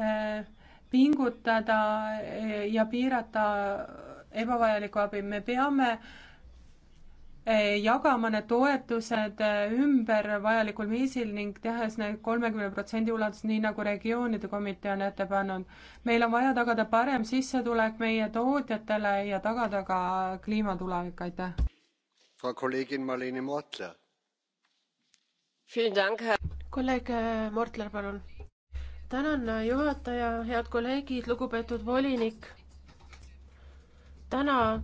äh, pingutada äh, ja piirata ebavajalikku abi, me peame jagama need toetused ümber vajalikul viisil ning tehes need kolmekümne protsendi ulatuses, nii nagu regioonide komitee on ette pannud. meil on vaja tagada parem sissetulek meie tootjatele ja tagada ka kliima tulevik, aitäh! kolleeg äh, Mortler, palun. tänan, äh, juhataja, head kolleegid, lugupeetud volinik. täna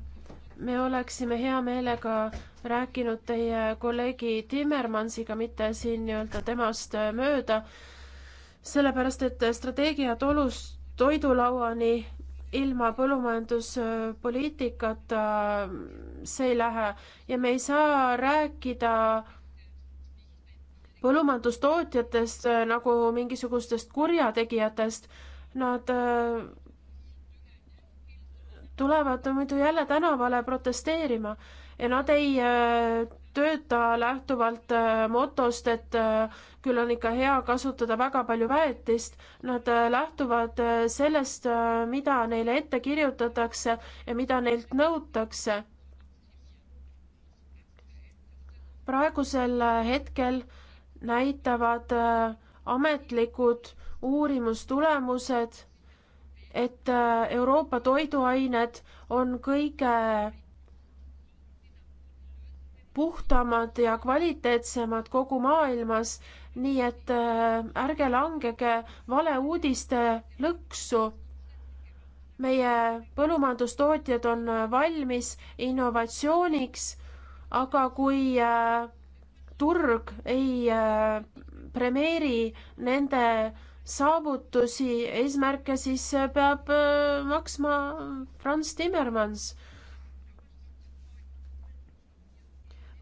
me oleksime hea meelega rääkinud teie kolleegi Timmermansiga, mitte siin nii-öelda temast äh, mööda, sellepärast et strateegia tolust toidulauani ilma põllumajanduspoliitikata äh, see ei lähe ja me ei saa rääkida põllumajandustootjatest äh, nagu mingisugustest kurjategijatest. Nad äh, tulevad muidu jälle tänavale protesteerima ja nad ei äh, tööta lähtuvalt motost, et küll on ikka hea kasutada väga palju väetist. Nad lähtuvad sellest, mida neile ette kirjutatakse ja mida neilt nõutakse. praegusel äh, hetkel näitavad äh, ametlikud uurimustulemused, et äh, Euroopa toiduained on kõige puhtamad ja kvaliteetsemad kogu maailmas, nii et ärge langege valeuudiste lõksu. meie põllumajandustootjad on valmis innovatsiooniks aga kui äh, turg ei äh, premeeri nende saavutusi, eesmärke, siis äh, peab maksma Franz Timmermans.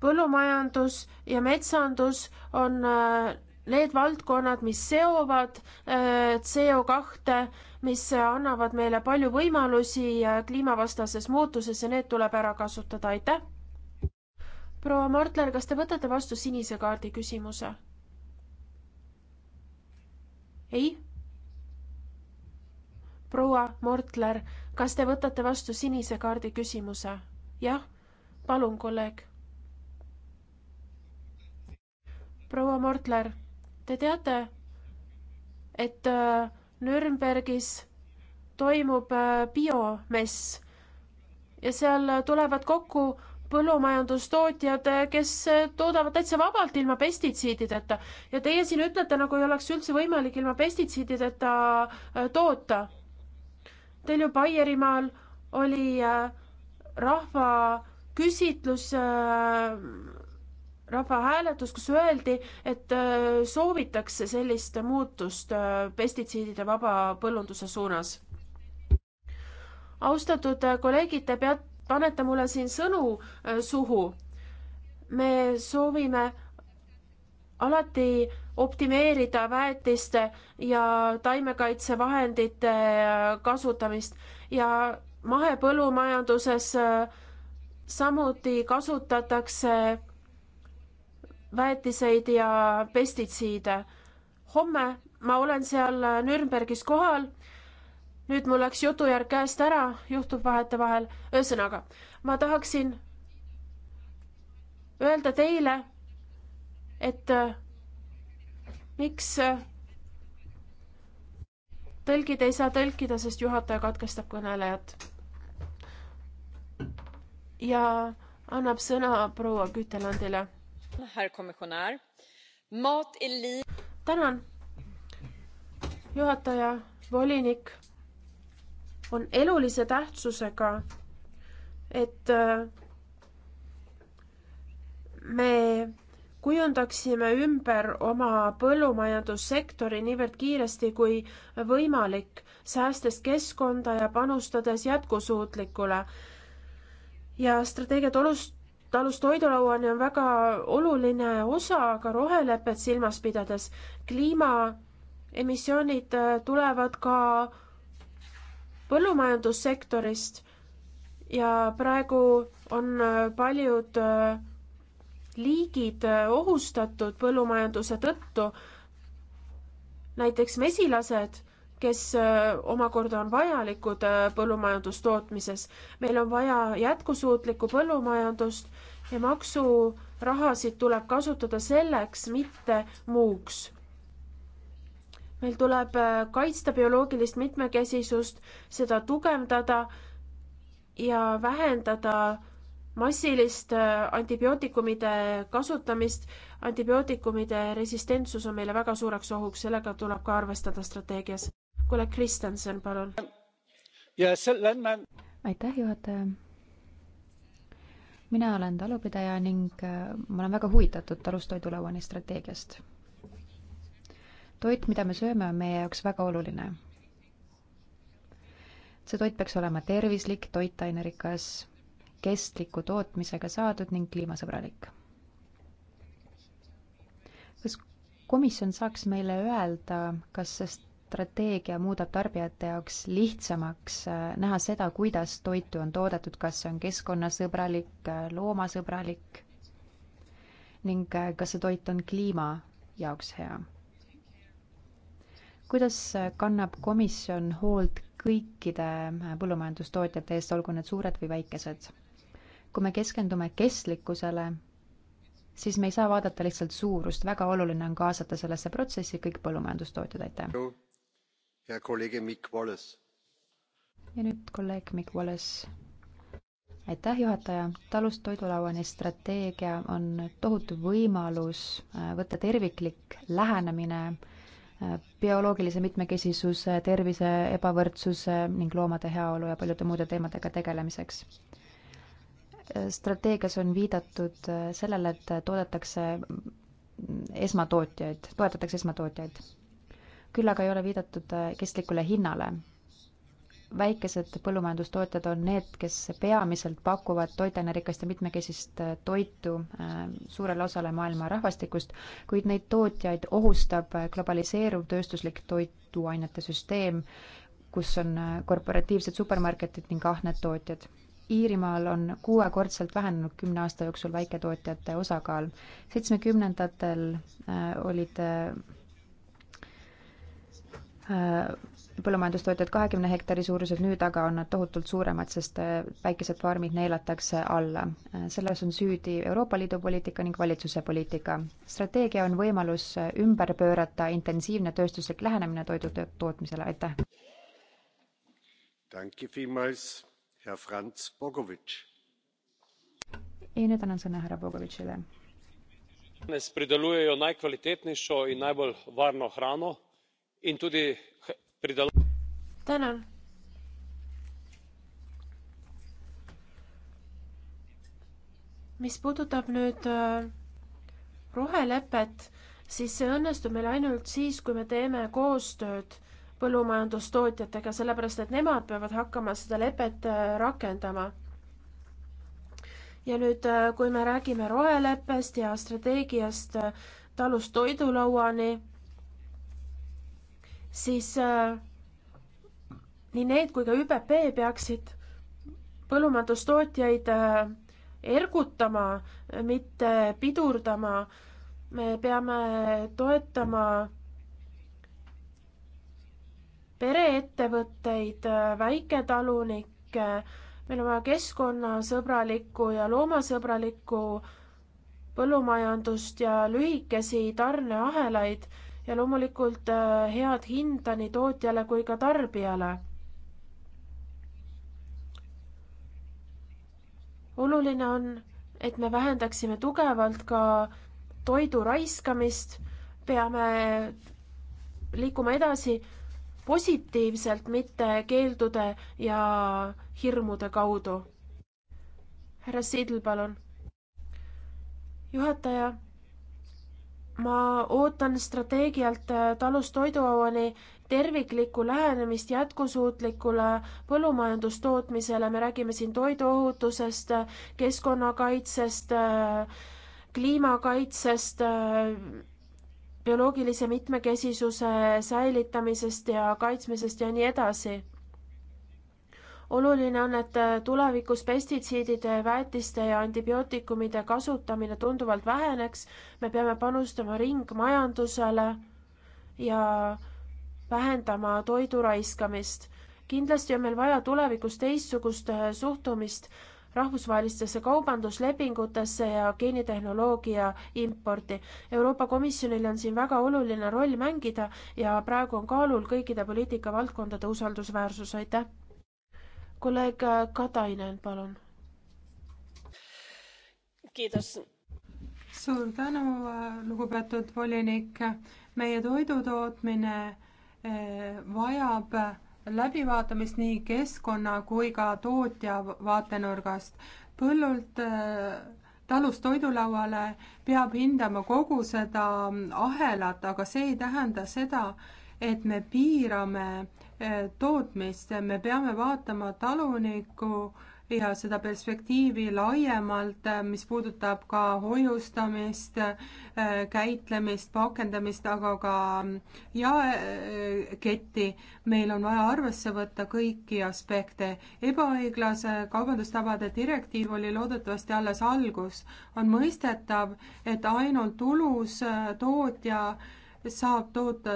põllumajandus ja metsandus on need valdkonnad, mis seovad CO kahte, mis annavad meile palju võimalusi kliimavastases muutuses ja need tuleb ära kasutada, aitäh! proua Martler, kas te võtate vastu sinise kaardi küsimuse? ei? proua Mortler, kas te võtate vastu sinise kaardi küsimuse? jah, palun, kolleeg. proua Mortler, te teate, et äh, Nürnbergis toimub äh, biomess ja seal äh, tulevad kokku põllumajandustootjad, kes toodavad täitsa vabalt ilma pestitsiidideta ja teie siin ütlete, nagu ei oleks üldse võimalik ilma pestitsiidideta äh, toota. Teil ju Baierimaal oli äh, rahvaküsitlus, äh, rahvahääletus, kus öeldi, et soovitakse sellist muutust pestitsiidide vaba põllunduse suunas austatud kolleegid, te peate panete mulle siin sõnu äh, suhu. me soovime alati optimeerida väetiste ja taimekaitsevahendite äh, kasutamist ja mahepõllumajanduses äh, samuti kasutatakse väetiseid ja pestitsiide. homme ma olen seal Nürnbergis kohal nüüd mul läks jutujärg käest ära, juhtub vahetevahel. ühesõnaga, ma tahaksin öelda teile, et äh, miks äh, tõlgid ei saa tõlkida, sest juhataja katkestab kõnelejat. ja annab sõna proua Kütelandile. tänan, juhataja, volinik on elulise tähtsusega, et äh, me kujundaksime ümber oma põllumajandussektori niivõrd kiiresti kui võimalik, säästes keskkonda ja panustades jätkusuutlikule. ja strateegia talust, talust toidulauani on väga oluline osa ka rohelepet silmas pidades. kliimaemissioonid äh, tulevad ka põllumajandussektorist ja praegu on äh, paljud äh, liigid äh, ohustatud põllumajanduse tõttu. näiteks mesilased, kes omakorda on vajalikud põllumajandustootmises. meil on vaja jätkusuutlikku põllumajandust ja maksurahasid tuleb kasutada selleks, mitte muuks meil tuleb äh, kaitsta bioloogilist mitmekesisust, seda tugevdada ja vähendada massilist äh, antibiootikumide kasutamist. antibiootikumide resistentsus on meile väga suureks ohuks, sellega tuleb ka arvestada strateegias. kuule, Kristjanson, palun. aitäh, juhataja. mina olen talupidaja ning äh, ma olen väga huvitatud talustoidulauani strateegiast toit, mida me sööme, on meie jaoks väga oluline. see toit peaks olema tervislik, toitainerikas, kestliku tootmisega saadud ning kliimasõbralik. kas komisjon saaks meile öelda, kas see strateegia muudab tarbijate jaoks lihtsamaks äh, näha seda, kuidas toitu on toodetud, kas see on keskkonnasõbralik, äh, loomasõbralik ning äh, kas see toit on kliima jaoks hea kuidas kannab komisjon hoolt kõikide põllumajandustootjate eest, olgu need suured või väikesed? kui me keskendume kestlikkusele, siis me ei saa vaadata lihtsalt suurust, väga oluline on kaasata sellesse protsessi kõik põllumajandustootjad, aitäh. ja nüüd kolleeg Mikk Wallace. aitäh, juhataja. talust toidulauani strateegia on tohutu võimalus äh, võtta terviklik lähenemine bioloogilise mitmekesisuse, tervise ebavõrdsuse ning loomade heaolu ja paljude muude teemadega tegelemiseks. strateegias on viidatud sellele, et toodetakse esmatootjaid, toetatakse esmatootjaid. küll aga ei ole viidatud kestlikule hinnale väikesed põllumajandustootjad on need, kes peamiselt pakuvad toiduainerikast ja mitmekesist äh, toitu äh, suurele osale maailma rahvastikust, kuid neid tootjaid ohustab äh, globaliseeruv tööstuslik toiduainete süsteem, kus on korporatiivsed supermarketid ning ahned tootjad. Iirimaal on kuuekordselt vähenenud kümne aasta jooksul väiketootjate osakaal. seitsmekümnendatel olid põllumajandustootjad kahekümne hektari suurused, nüüd aga on nad tohutult suuremad, sest äh, päikesefarmid neelatakse alla. Äh, selles on süüdi Euroopa Liidu poliitika ning valitsuse poliitika. strateegia on võimalus äh, ümber pöörata intensiivne tööstuslik lähenemine toidu tootmisele, aitäh! ja nüüd annan sõna härra Bogovitšile. danes pridelujejo najkvalitetnejšo in najbolj varno hrano in tudi tänan. mis puudutab nüüd äh, rohelepet, siis see õnnestub meil ainult siis, kui me teeme koostööd põllumajandustootjatega, sellepärast et nemad peavad hakkama seda lepet äh, rakendama. ja nüüd, äh, kui me räägime roheleppest ja strateegiast talust toidulauani siis äh, nii need kui ka ÜPP peaksid põllumajandustootjaid äh, ergutama, mitte pidurdama. me peame toetama pereettevõtteid, äh, väiketalunikke, meil on vaja keskkonnasõbralikku ja loomasõbralikku põllumajandust ja lühikesi tarneahelaid ja loomulikult äh, head hinda nii tootjale kui ka tarbijale. oluline on, et me vähendaksime tugevalt ka toidu raiskamist, peame liikuma edasi positiivselt, mitte keeldude ja hirmude kaudu. härra Siidl, palun. juhataja ma ootan strateegialt äh, talust toiduauani terviklikku lähenemist jätkusuutlikule põllumajandustootmisele, me räägime siin toiduohutusest, keskkonnakaitsest, äh, kliimakaitsest, äh, bioloogilise mitmekesisuse säilitamisest ja kaitsmisest ja nii edasi oluline on, et tulevikus pestitsiidide, väetiste ja antibiootikumide kasutamine tunduvalt väheneks. me peame panustama ringmajandusele ja vähendama toidu raiskamist. kindlasti on meil vaja tulevikus teistsugust äh, suhtumist rahvusvahelistesse kaubanduslepingutesse ja geenitehnoloogia importi. Euroopa Komisjonil on siin väga oluline roll mängida ja praegu on kaalul kõikide poliitikavaldkondade usaldusväärsus, aitäh! kolleeg Katainen, palun. suur tänu, lugupeetud volinik. meie toidutootmine eh, vajab läbivaatamist nii keskkonna kui ka tootja vaatenurgast. põllult eh, talust toidulauale peab hindama kogu seda ahelat, aga see ei tähenda seda, et me piirame Eh, tootmist, me peame vaatama talunikku ja seda perspektiivi laiemalt, eh, mis puudutab ka hoiustamist, eh, käitlemist, pakendamist, aga ka mm, jaeketti. meil on vaja arvesse võtta kõiki aspekte. ebaõiglase kaubandustavade direktiiv oli loodetavasti alles algus. on mõistetav, et ainult tulus tootja saab toota,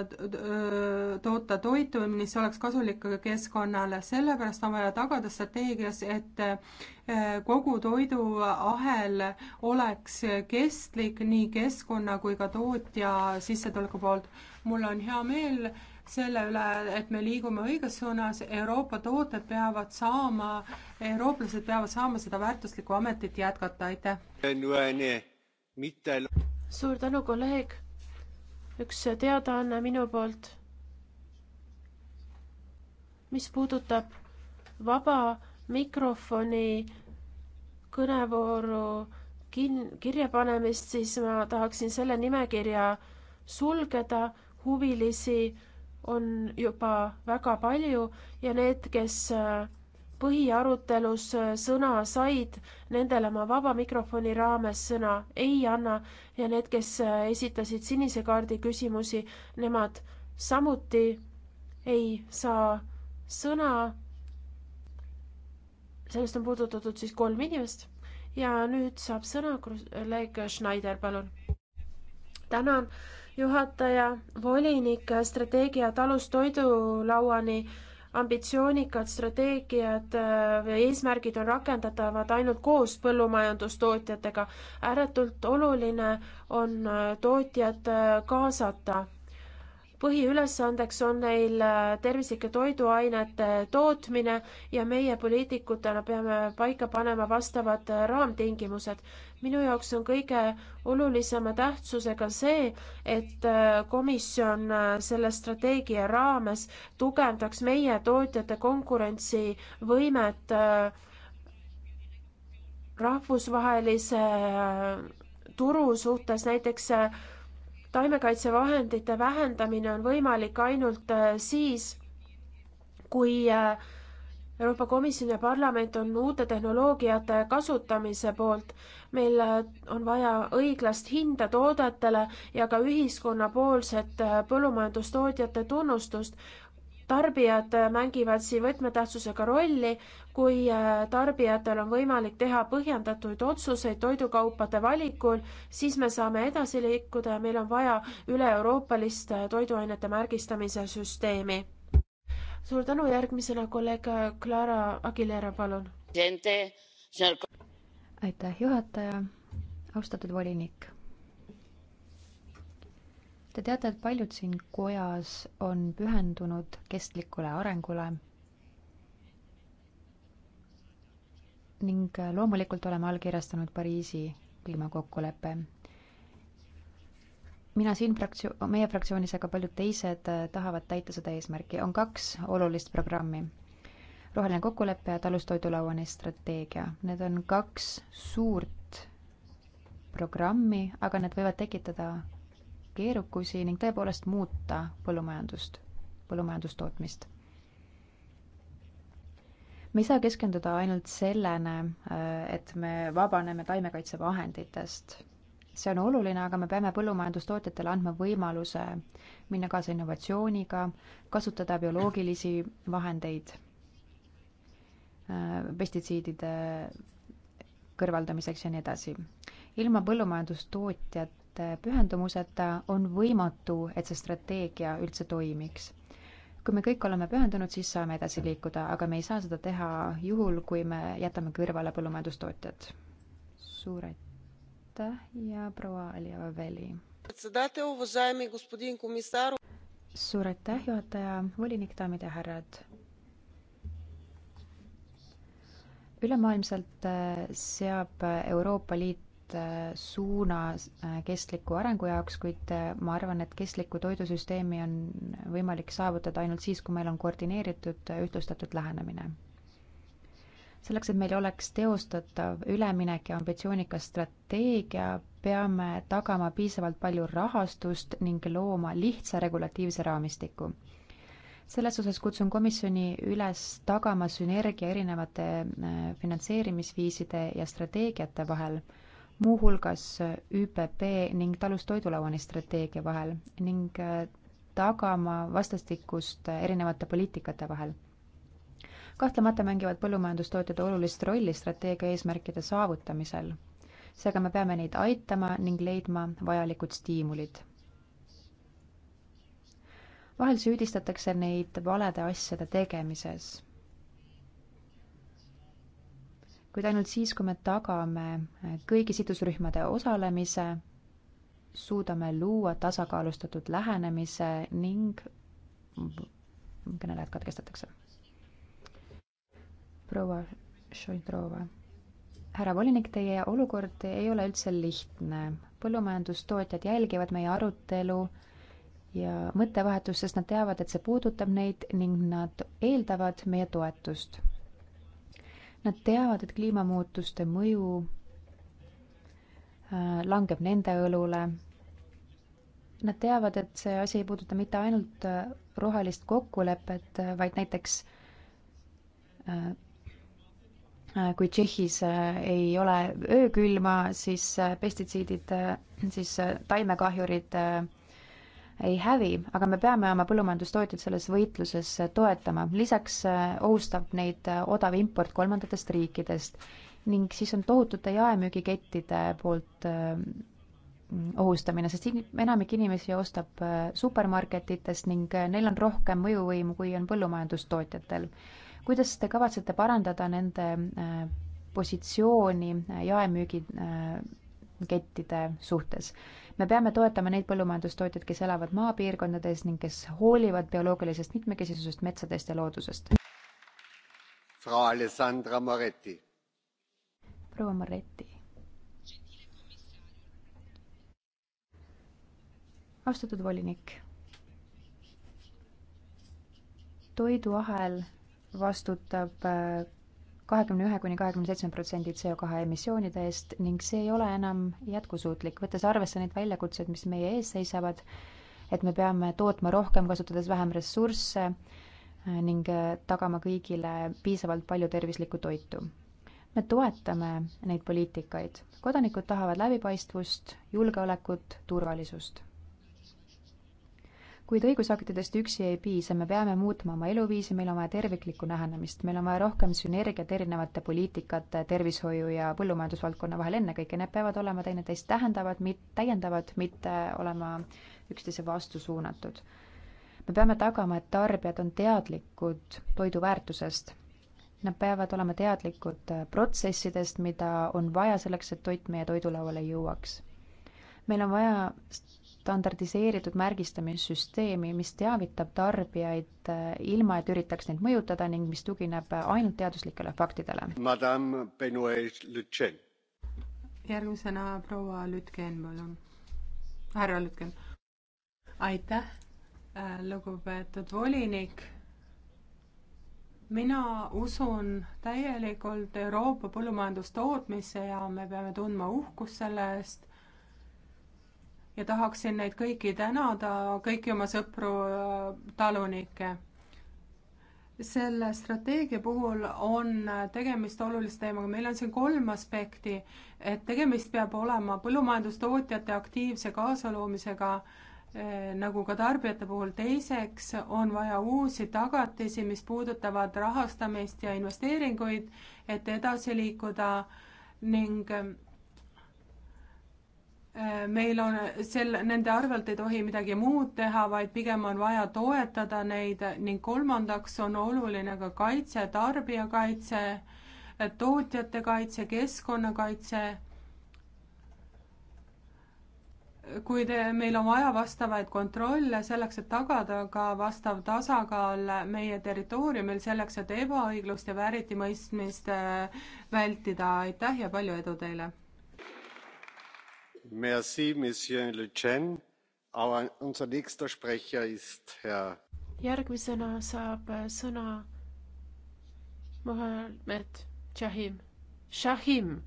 toota toitu, mis oleks kasulik keskkonnale, sellepärast on vaja tagada strateegias, et eh, kogu toiduahel oleks kestlik nii keskkonna kui ka tootja sissetuleku poolt. mul on hea meel selle üle, et me liigume õiges suunas, Euroopa tooted peavad saama, eurooplased peavad saama seda väärtuslikku ametit jätkata, aitäh! suur tänu, kolleeg! üks teadaanne minu poolt, mis puudutab vaba mikrofoni kõnevooru kin-, kirjapanemist, siis ma tahaksin selle nimekirja sulgeda, huvilisi on juba väga palju ja need, kes äh, põhiarutelus äh, sõna said, nendele ma vaba mikrofoni raames sõna ei anna ja need, kes äh, esitasid sinise kaardi küsimusi, nemad samuti ei saa sõna. sellest on puudutatud siis kolm inimest ja nüüd saab sõna kolleeg Schneider, palun. tänan, juhataja, volinik, strateegia talust toidulauani ambitsioonikad strateegiad ja äh, eesmärgid on rakendatavad ainult koos põllumajandustootjatega. ääretult oluline on äh, tootjad äh, kaasata põhiülesandeks on neil äh, tervislike toiduainete tootmine ja meie poliitikutena peame paika panema vastavad äh, raamtingimused. minu jaoks on kõige olulisema tähtsusega see, et äh, komisjon selle strateegia raames tugevdaks meie tootjate konkurentsivõimet rahvusvahelise turu suhtes, näiteks taimekaitsevahendite vähendamine on võimalik ainult äh, siis, kui äh, Euroopa Komisjon ja parlament on uute tehnoloogiate kasutamise poolt. meil äh, on vaja õiglast hinda toodetele ja ka ühiskonnapoolset põllumajandustootjate tunnustust tarbijad äh, mängivad siin võtmetähtsusega rolli, kui äh, tarbijatel on võimalik teha põhjendatuid otsuseid toidukaupade valikul, siis me saame edasi liikuda ja meil on vaja üle-euroopalist äh, toiduainete märgistamise süsteemi. suur tänu, järgmisena kolleeg Clara Aguilera, palun. aitäh, juhataja, austatud volinik Te teate, et paljud siin kojas on pühendunud kestlikule arengule ning loomulikult oleme allkirjastanud Pariisi kliimakokkuleppe. mina siin fraktsioon, meie fraktsioonis, aga paljud teised eh, tahavad täita seda eesmärki. on kaks olulist programmi. roheline kokkulepe ja talustoidulauani strateegia. Need on kaks suurt programmi, aga need võivad tekitada keerukusi ning tõepoolest muuta põllumajandust, põllumajandustootmist. me ei saa keskenduda ainult sellele, äh, et me vabaneme taimekaitsevahenditest. see on oluline, aga me peame põllumajandustootjatele andma võimaluse minna kaasa innovatsiooniga, kasutada bioloogilisi vahendeid äh, pestitsiidide kõrvaldamiseks ja nii edasi. ilma põllumajandustootjat suurte pühendumuseta on võimatu, et see strateegia üldse toimiks. kui me kõik oleme pühendunud, siis saame edasi liikuda, aga me ei saa seda teha juhul, kui me jätame kõrvale põllumajandustootjad. suur aitäh ja proua Aljava Veli. suur aitäh, juhataja, volinik, daamid ja härrad ülemaailmselt eh, seab Euroopa Liit Äh, suuna äh, kestliku arengu jaoks, kuid äh, ma arvan, et kestlikku toidusüsteemi on võimalik saavutada ainult siis, kui meil on koordineeritud ühtlustatud lähenemine. selleks, et meil oleks teostatav üleminek ja ambitsioonikas strateegia, peame tagama piisavalt palju rahastust ning looma lihtsa regulatiivse raamistiku selles osas kutsun komisjoni üles tagama sünergia erinevate finantseerimisviiside ja strateegiate vahel muuhulgas ÜPP ning talust toidulauani strateegia vahel ning äh, tagama vastastikust äh, erinevate poliitikate vahel. kahtlemata mängivad põllumajandustootjad olulist rolli strateegia eesmärkide saavutamisel. seega me peame neid aitama ning leidma vajalikud stiimulid. vahel süüdistatakse neid valede asjade tegemises kuid ainult siis, kui me tagame eh, kõigi sidusrühmade osalemise, suudame luua tasakaalustatud lähenemise ning kõnelejad katkestatakse. proua Šoidrova, härra volinik, teie olukord ei ole üldse lihtne. põllumajandustootjad jälgivad meie arutelu ja mõttevahetust, sest nad teavad, et see puudutab neid ning nad eeldavad meie toetust Nad teavad, et kliimamuutuste mõju äh, langeb nende õlule. Nad teavad, et see asi ei puuduta mitte ainult äh, rohelist kokkulepet, äh, vaid näiteks kui Tšehhis ei ole öökülma, siis pestitsiidid, siis taimekahjurid ei hävi, aga me peame oma põllumajandustootjaid selles võitluses toetama. lisaks äh, ohustab neid äh, odav import kolmandatest riikidest ning siis on tohutute jaemüügikettide poolt äh, ohustamine, sest enamik inimesi ostab supermarketitest ning neil on rohkem mõjuvõimu, kui on põllumajandustootjatel. kuidas te kavatsete parandada nende positsiooni jaemüügikettide suhtes? me peame toetama neid põllumajandustootjaid, kes elavad maapiirkondades ning kes hoolivad bioloogilisest mitmekesisusest, metsadest ja loodusest. proua Alessandra Moretti. proua Moretti. austatud volinik. toiduahel vastutab äh, kahekümne ühe kuni kahekümne seitsme protsendi CO2 emissioonide eest ning see ei ole enam jätkusuutlik, võttes arvesse neid väljakutseid, mis meie ees seisavad, et me peame tootma rohkem, kasutades vähem ressursse äh, ning äh, tagama kõigile piisavalt palju tervislikku toitu. me toetame neid poliitikaid. kodanikud tahavad läbipaistvust, julgeolekut, turvalisust kuid õigusaktidest üksi ei piisa, me peame muutma oma eluviisi, meil on vaja terviklikku lähenemist, meil on vaja rohkem sünergiat erinevate poliitikate, tervishoiu ja põllumajandusvaldkonna vahel ennekõike, need peavad olema teineteist tähendavad, mit-, täiendavad, mitte olema üksteise vastu suunatud. me peame tagama, et tarbijad on teadlikud toidu väärtusest. Nad peavad olema teadlikud protsessidest, mida on vaja selleks, et toit meie toidulauale jõuaks. meil on vaja standardiseeritud märgistamissüsteemi, mis teavitab tarbijaid eh, ilma, et üritaks neid mõjutada ning mis tugineb ainult teaduslikele faktidele. järgmisena proua Lütgen, palun. härra Lütgen. aitäh, äh, lugupeetud volinik mina usun täielikult Euroopa põllumajandustootmisse ja me peame tundma uhkust selle eest ja tahaksin neid kõiki tänada, kõiki oma sõpru talunikke. selle strateegia puhul on tegemist olulise teemaga, meil on siin kolm aspekti, et tegemist peab olema põllumajandustootjate aktiivse kaasaloomisega, eh, nagu ka tarbijate puhul, teiseks on vaja uusi tagatisi, mis puudutavad rahastamist ja investeeringuid, et edasi liikuda ning meil on sel, nende arvelt ei tohi midagi muud teha, vaid pigem on vaja toetada neid ning kolmandaks on oluline ka kaitse, tarbijakaitse, tootjate kaitse, keskkonnakaitse. kuid meil on vaja vastavaid kontrolle selleks, et tagada ka vastav tasakaal meie territooriumil, selleks et ebaõiglust ja vääritimõistmist äh, vältida. aitäh ja palju edu teile! järgmisena saab sõna Mohammed Shahim. Shahim,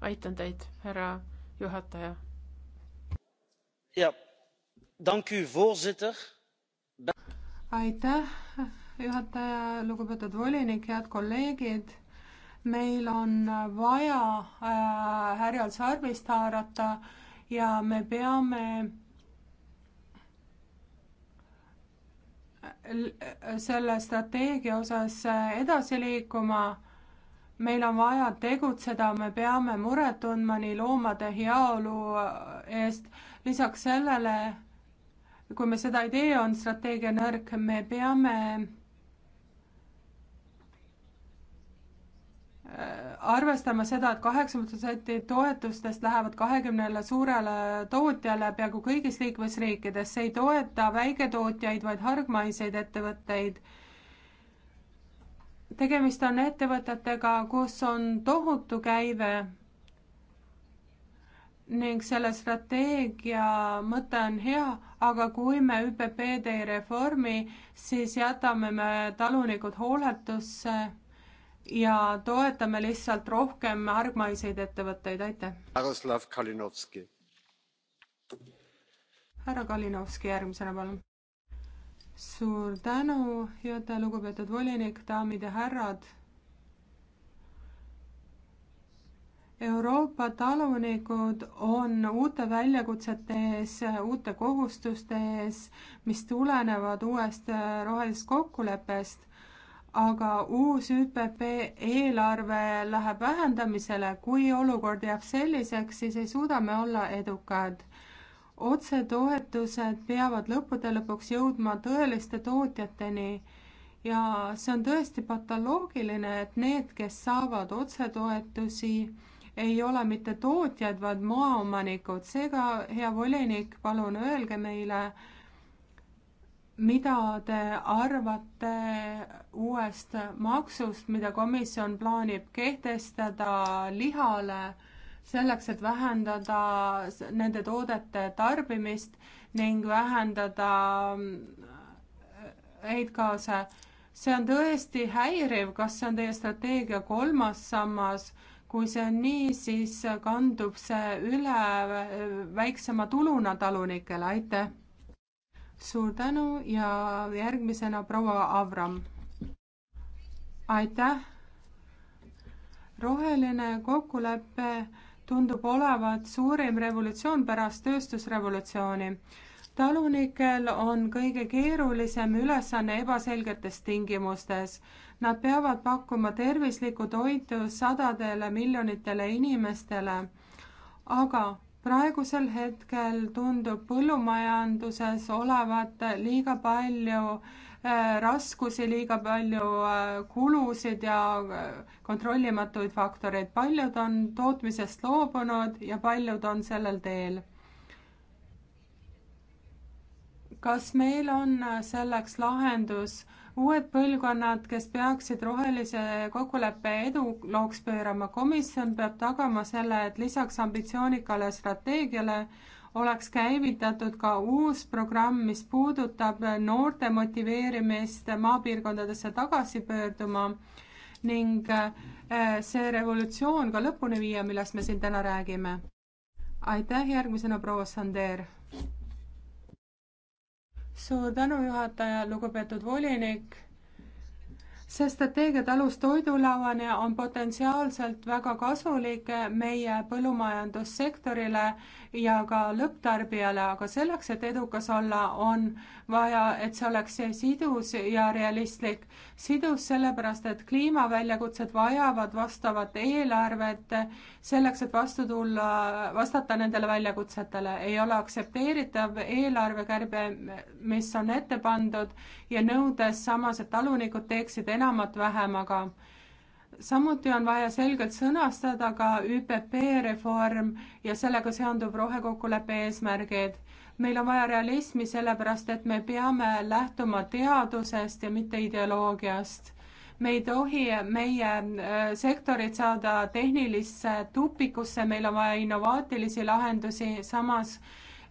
aitan teid, härra juhataja. aitäh, juhataja, lugupeetud volinik, head kolleegid meil on vaja äh, härjal sarvist haarata ja me peame äh, selle strateegia osas äh, edasi liikuma. meil on vaja tegutseda, me peame muret tundma nii loomade heaolu äh, eest, lisaks sellele, kui me seda ei tee, on strateegia nõrk, me peame Äh, arvestama seda et, et kaheksakümmend protsenti toetustest lähevad kahekümnele suurele tootjale peaaegu kõigis liikmesriikides, see ei toeta väiketootjaid, vaid hargmaiseid ettevõtteid. tegemist on ettevõtetega, kus on tohutu käive ning selle strateegia mõte on hea, aga kui me ÜPP-d ei reformi, siis jätame me talunikud hooletusse ja toetame lihtsalt rohkem hargmaiseid ettevõtteid, aitäh. Jaroslav Kalinovski. härra Kalinovski järgmisena, palun. suur tänu, Jõte, lugupeetud volinik, daamid ja härrad. Euroopa talunikud on uute väljakutsete ees, uute kohustuste ees, mis tulenevad uuest rohelisest kokkuleppest aga uus ÜPP eelarve läheb vähendamisele, kui olukord jääb selliseks, siis ei suuda me olla edukad. otsetoetused peavad lõppude lõpuks jõudma tõeliste tootjateni ja see on tõesti patoloogiline, et need, kes saavad otsetoetusi, ei ole mitte tootjad, vaid maaomanikud, seega hea volinik, palun öelge meile, mida te arvate uuest maksust, mida komisjon plaanib kehtestada lihale selleks, et vähendada nende toodete tarbimist ning vähendada äh, heitgaase? see on tõesti häiriv, kas see on teie strateegia kolmas sammas? kui see on nii, siis kandub see üle äh, väiksema tuluna talunikele, aitäh suur tänu ja järgmisena proua Avram. aitäh. roheline kokkulepe tundub olevat suurim revolutsioon pärast tööstusrevolutsiooni. talunikel on kõige keerulisem ülesanne ebaselgetes tingimustes. Nad peavad pakkuma tervislikku toitu sadadele miljonitele inimestele. aga praegusel hetkel tundub põllumajanduses olevat liiga palju äh, raskusi, liiga palju äh, kulusid ja äh, kontrollimatuid faktoreid. paljud on tootmisest loobunud ja paljud on sellel teel. kas meil on selleks lahendus? uued põlvkonnad, kes peaksid rohelise kokkuleppe edulooks pöörama. komisjon peab tagama selle, et lisaks ambitsioonikale strateegiale oleks käivitatud ka uus programm, mis puudutab noorte motiveerimist maapiirkondadesse tagasi pöörduma ning äh, see revolutsioon ka lõpuni viia, millest me siin täna räägime. aitäh, järgmisena proua Sander suur tänu, juhataja, lugupeetud volinik. see strateegia talust toidulauani on potentsiaalselt väga kasulik meie põllumajandussektorile ja ka lõpptarbijale, aga selleks, et edukas olla, on vaja, et see oleks sidus ja realistlik. sidus sellepärast, et kliimaväljakutsed vajavad vastavat eelarvet selleks, et vastu tulla, vastata nendele väljakutsetele. ei ole aktsepteeritav eelarvekärbe, mis on ette pandud ja nõudes samas, et talunikud teeksid enamat vähemaga samuti on vaja selgelt sõnastada ka ÜPP reform ja sellega seonduv rohekokkuleppe eesmärgid. meil on vaja realismi, sellepärast et me peame lähtuma teadusest ja mitte ideoloogiast. me ei tohi meie äh, sektorit saada tehnilisse tupikusse, meil on vaja innovaatilisi lahendusi, samas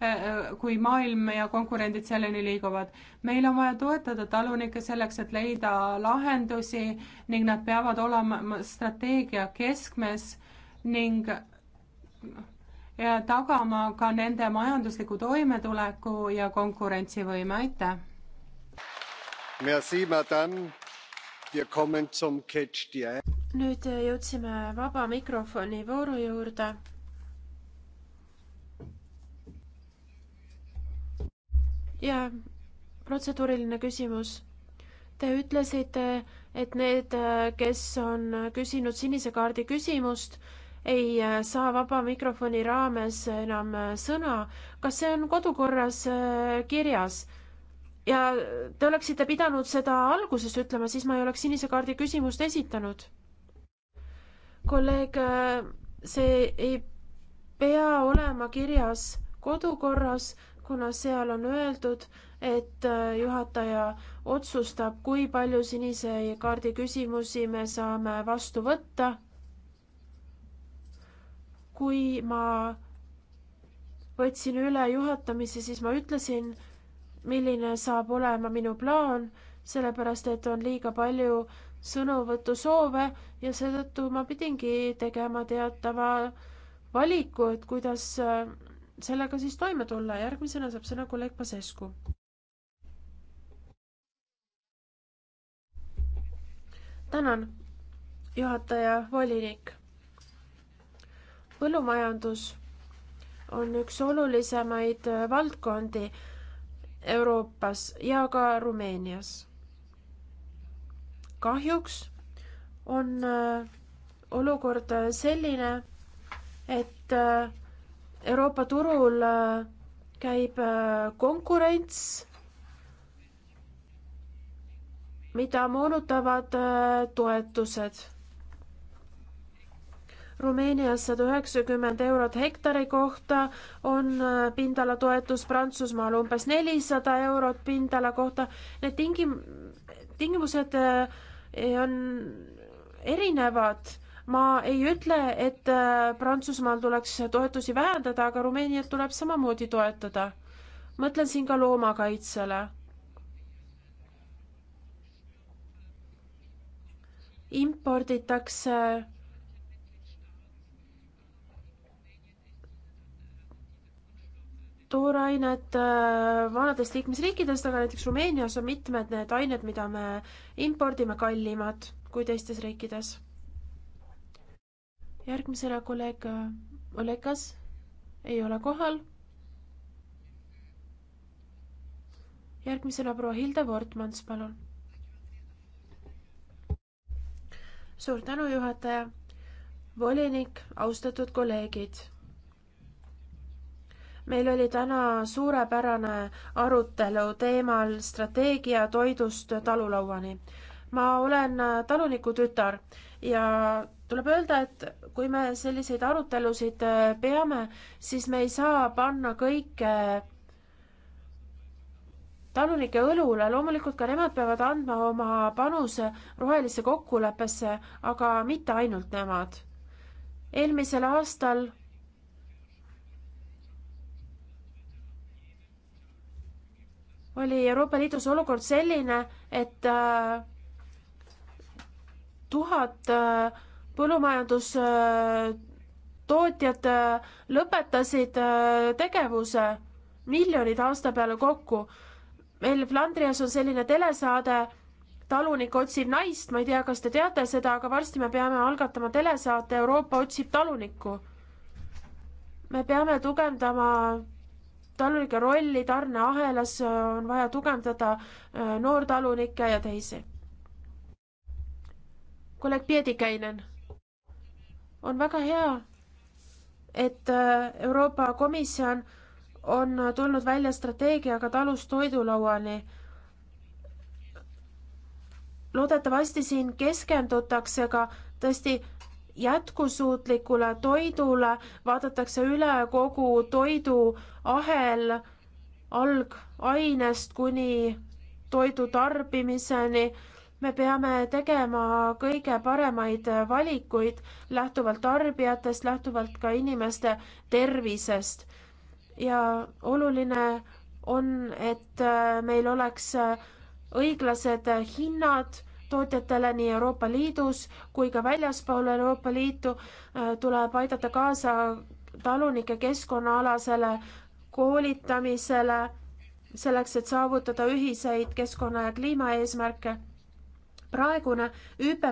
Äh, äh, kui maailm ja konkurendid selleni liiguvad. meil on vaja toetada talunikke selleks, et leida lahendusi ning nad peavad olema strateegia keskmes ning ja tagama ka nende majandusliku toimetuleku ja konkurentsivõime, aitäh! nüüd jõudsime vaba mikrofoni vooru juurde ja protseduuriline küsimus. Te ütlesite, et need, kes on küsinud sinise kaardi küsimust, ei saa vaba mikrofoni raames enam sõna. kas see on kodukorras äh, kirjas? ja te oleksite pidanud seda alguses ütlema, siis ma ei oleks sinise kaardi küsimust esitanud. kolleeg, äh, see ei pea olema kirjas kodukorras, kuna seal on öeldud, et äh, juhataja otsustab, kui palju sinise kaardi küsimusi me saame vastu võtta. kui ma võtsin üle juhatamise, siis ma ütlesin, milline saab olema minu plaan, sellepärast et on liiga palju sõnavõtusoove ja seetõttu ma pidingi tegema teatava valiku, et kuidas äh, sellega siis toime tulla. järgmisena saab sõna kolleeg Pasescu. tänan, juhataja, volinik. põllumajandus on üks olulisemaid valdkondi Euroopas ja ka Rumeenias. kahjuks on äh, olukord äh, selline, et äh, Euroopa turul äh, käib äh, konkurents, mida moonutavad äh, toetused. Rumeenias sada üheksakümmend eurot hektari kohta on pindalatoetus, Prantsusmaal umbes nelisada eurot pindala kohta. Need tingim-, tingimused on erinevad ma ei ütle, et äh, Prantsusmaal tuleks toetusi vähendada, aga Rumeeniat tuleb samamoodi toetada. mõtlen siin ka loomakaitsele. imporditakse toorainet äh, vanadest liikmesriikidest, aga näiteks Rumeenias on mitmed need ained, mida me impordime, kallimad kui teistes riikides järgmisena kolleeg äh, Olekas ei ole kohal. järgmisena proua Hilda Wortmans, palun. suur tänu, juhataja, volinik, austatud kolleegid. meil oli täna suurepärane arutelu teemal strateegia toidust talulauani. ma olen äh, taluniku tütar ja tuleb öelda, et kui me selliseid arutelusid äh, peame, siis me ei saa panna kõike talunike õlule, loomulikult ka nemad peavad andma oma panuse rohelisse kokkuleppesse, aga mitte ainult nemad. eelmisel aastal oli Euroopa Liidus olukord selline, et äh, tuhat äh, põllumajandustootjad äh, äh, lõpetasid äh, tegevuse, miljonid aasta peale kokku. meil Flandrias on selline telesaade Talunik otsib naist, ma ei tea, kas te teate seda, aga varsti me peame algatama telesaate Euroopa otsib talunikku. me peame tugevdama talunike rolli tarneahelas, on vaja tugevdada noortalunikke ja teisi. kolleeg Piedikäinen on väga hea, et äh, Euroopa Komisjon on tulnud välja strateegiaga talust toidulauani. loodetavasti siin keskendutakse ka tõesti jätkusuutlikule toidule, vaadatakse üle kogu toiduahel algainest kuni toidu tarbimiseni me peame tegema kõige paremaid valikuid lähtuvalt tarbijatest, lähtuvalt ka inimeste tervisest. ja oluline on, et äh, meil oleks äh, õiglased hinnad tootjatele nii Euroopa Liidus kui ka väljaspool Euroopa Liitu, äh, tuleb aidata kaasa talunike keskkonnaalasele koolitamisele, selleks et saavutada ühiseid keskkonna ja kliimaeesmärke praegune ÜPP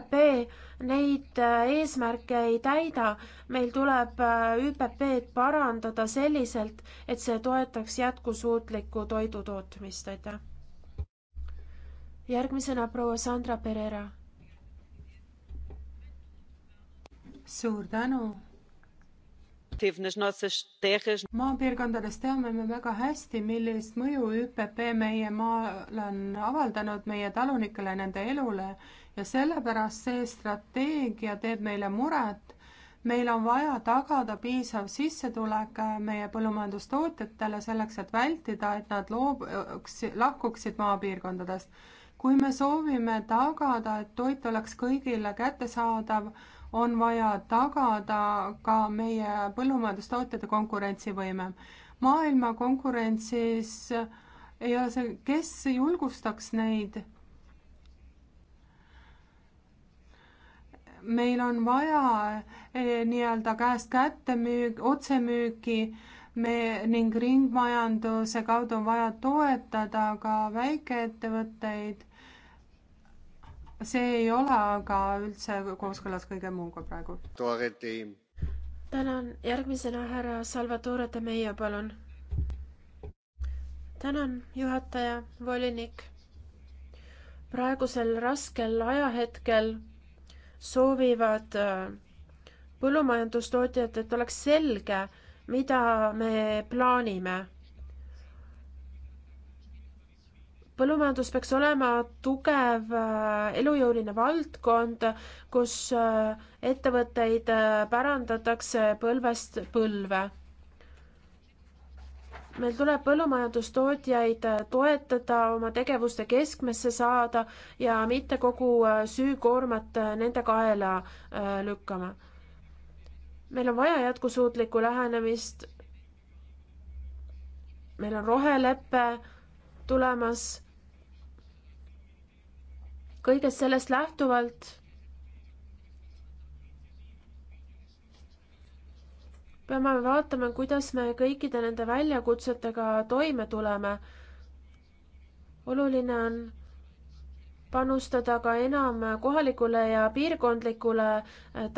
neid äh, eesmärke ei täida, meil tuleb äh, ÜPP-d parandada selliselt, et see toetaks jätkusuutlikku toidutootmist, aitäh. järgmisena proua Sandra Perera. suur tänu maapiirkondades teame me väga hästi, millist mõju ÜPP meie maal on avaldanud meie talunikele, nende elule ja sellepärast see strateegia teeb meile muret. meil on vaja tagada piisav sissetulek meie põllumajandustootjatele selleks, et vältida, et nad loobuks, lahkuksid maapiirkondadest. kui me soovime tagada, et toit oleks kõigile kättesaadav on vaja tagada ka meie põllumajandustootjate konkurentsivõime. maailma konkurentsis ei ole see, kes julgustaks neid meil on vaja eh, nii-öelda käest kätte müük, otsemüüki, me ning ringmajanduse kaudu on vaja toetada ka väikeettevõtteid see ei ole aga üldse kooskõlas kõige muuga praegu. tänan, järgmisena härra Salvatore Temeia, palun. tänan, juhataja, volinik. praegusel raskel ajahetkel soovivad äh, põllumajandustootjad, et oleks selge, mida me plaanime põllumajandus peaks olema tugev äh, elujõuline valdkond, kus äh, ettevõtteid äh, pärandatakse põlvest põlve. meil tuleb põllumajandustootjaid toetada, oma tegevuste keskmesse saada ja mitte kogu süükoormat nende kaela lükkama. meil on vaja jätkusuutlikku lähenemist. meil on rohelepe tulemas kõigest sellest lähtuvalt peame vaatama, kuidas me kõikide nende väljakutsetega toime tuleme. oluline on panustada ka enam kohalikule ja piirkondlikule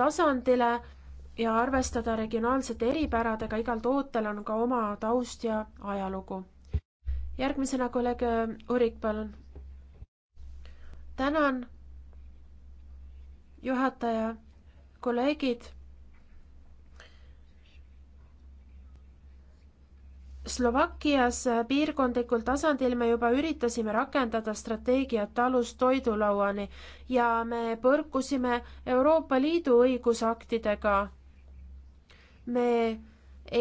tasandile ja arvestada regionaalsete eripäradega, igal tootel on ka oma taust ja ajalugu. järgmisena kolleeg Urik, palun tänan, juhataja, kolleegid. Slovakkias piirkondlikul tasandil me juba üritasime rakendada strateegiat alustoidulauani ja me põrkusime Euroopa Liidu õigusaktidega. me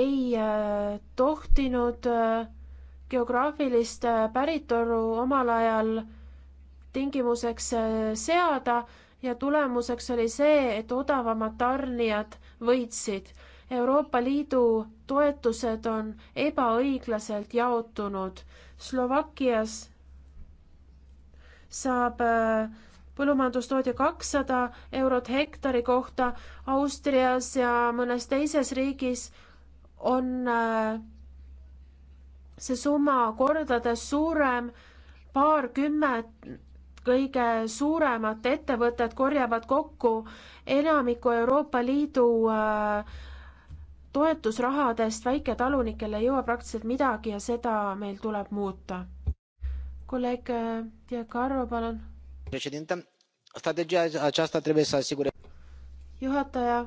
ei äh, tohtinud äh, geograafilist äh, päritolu omal ajal tingimuseks äh, seada ja tulemuseks oli see, et odavamad tarnijad võitsid. Euroopa Liidu toetused on ebaõiglaselt jaotunud. Slovakkias saab äh, põllumajandustootja kakssada eurot hektari kohta, Austrias ja mõnes teises riigis on äh, see summa kordades suurem, paarkümmend kõige suuremad ettevõtted korjavad kokku enamiku Euroopa Liidu äh, toetusrahadest väiketalunikele ei jõua praktiliselt midagi ja seda meil tuleb muuta. kolleeg äh, Diakarva, palun. juhataja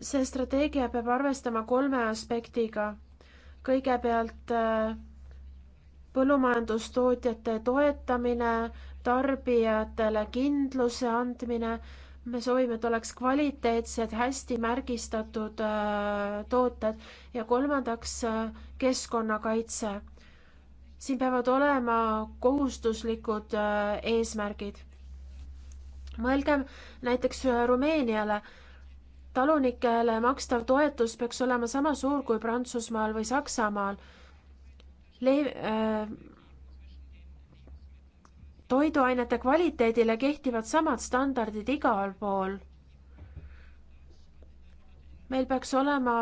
see strateegia peab arvestama kolme aspektiga. kõigepealt äh, põllumajandustootjate toetamine, tarbijatele kindluse andmine, me soovime, et oleks kvaliteetsed, hästi märgistatud äh, tooted ja kolmandaks äh, keskkonnakaitse. siin peavad olema kohustuslikud äh, eesmärgid. mõelgem näiteks Rumeeniale talunikele makstav toetus peaks olema sama suur kui Prantsusmaal või Saksamaal le-, äh, toiduainete kvaliteedile kehtivad samad standardid igal pool. meil peaks olema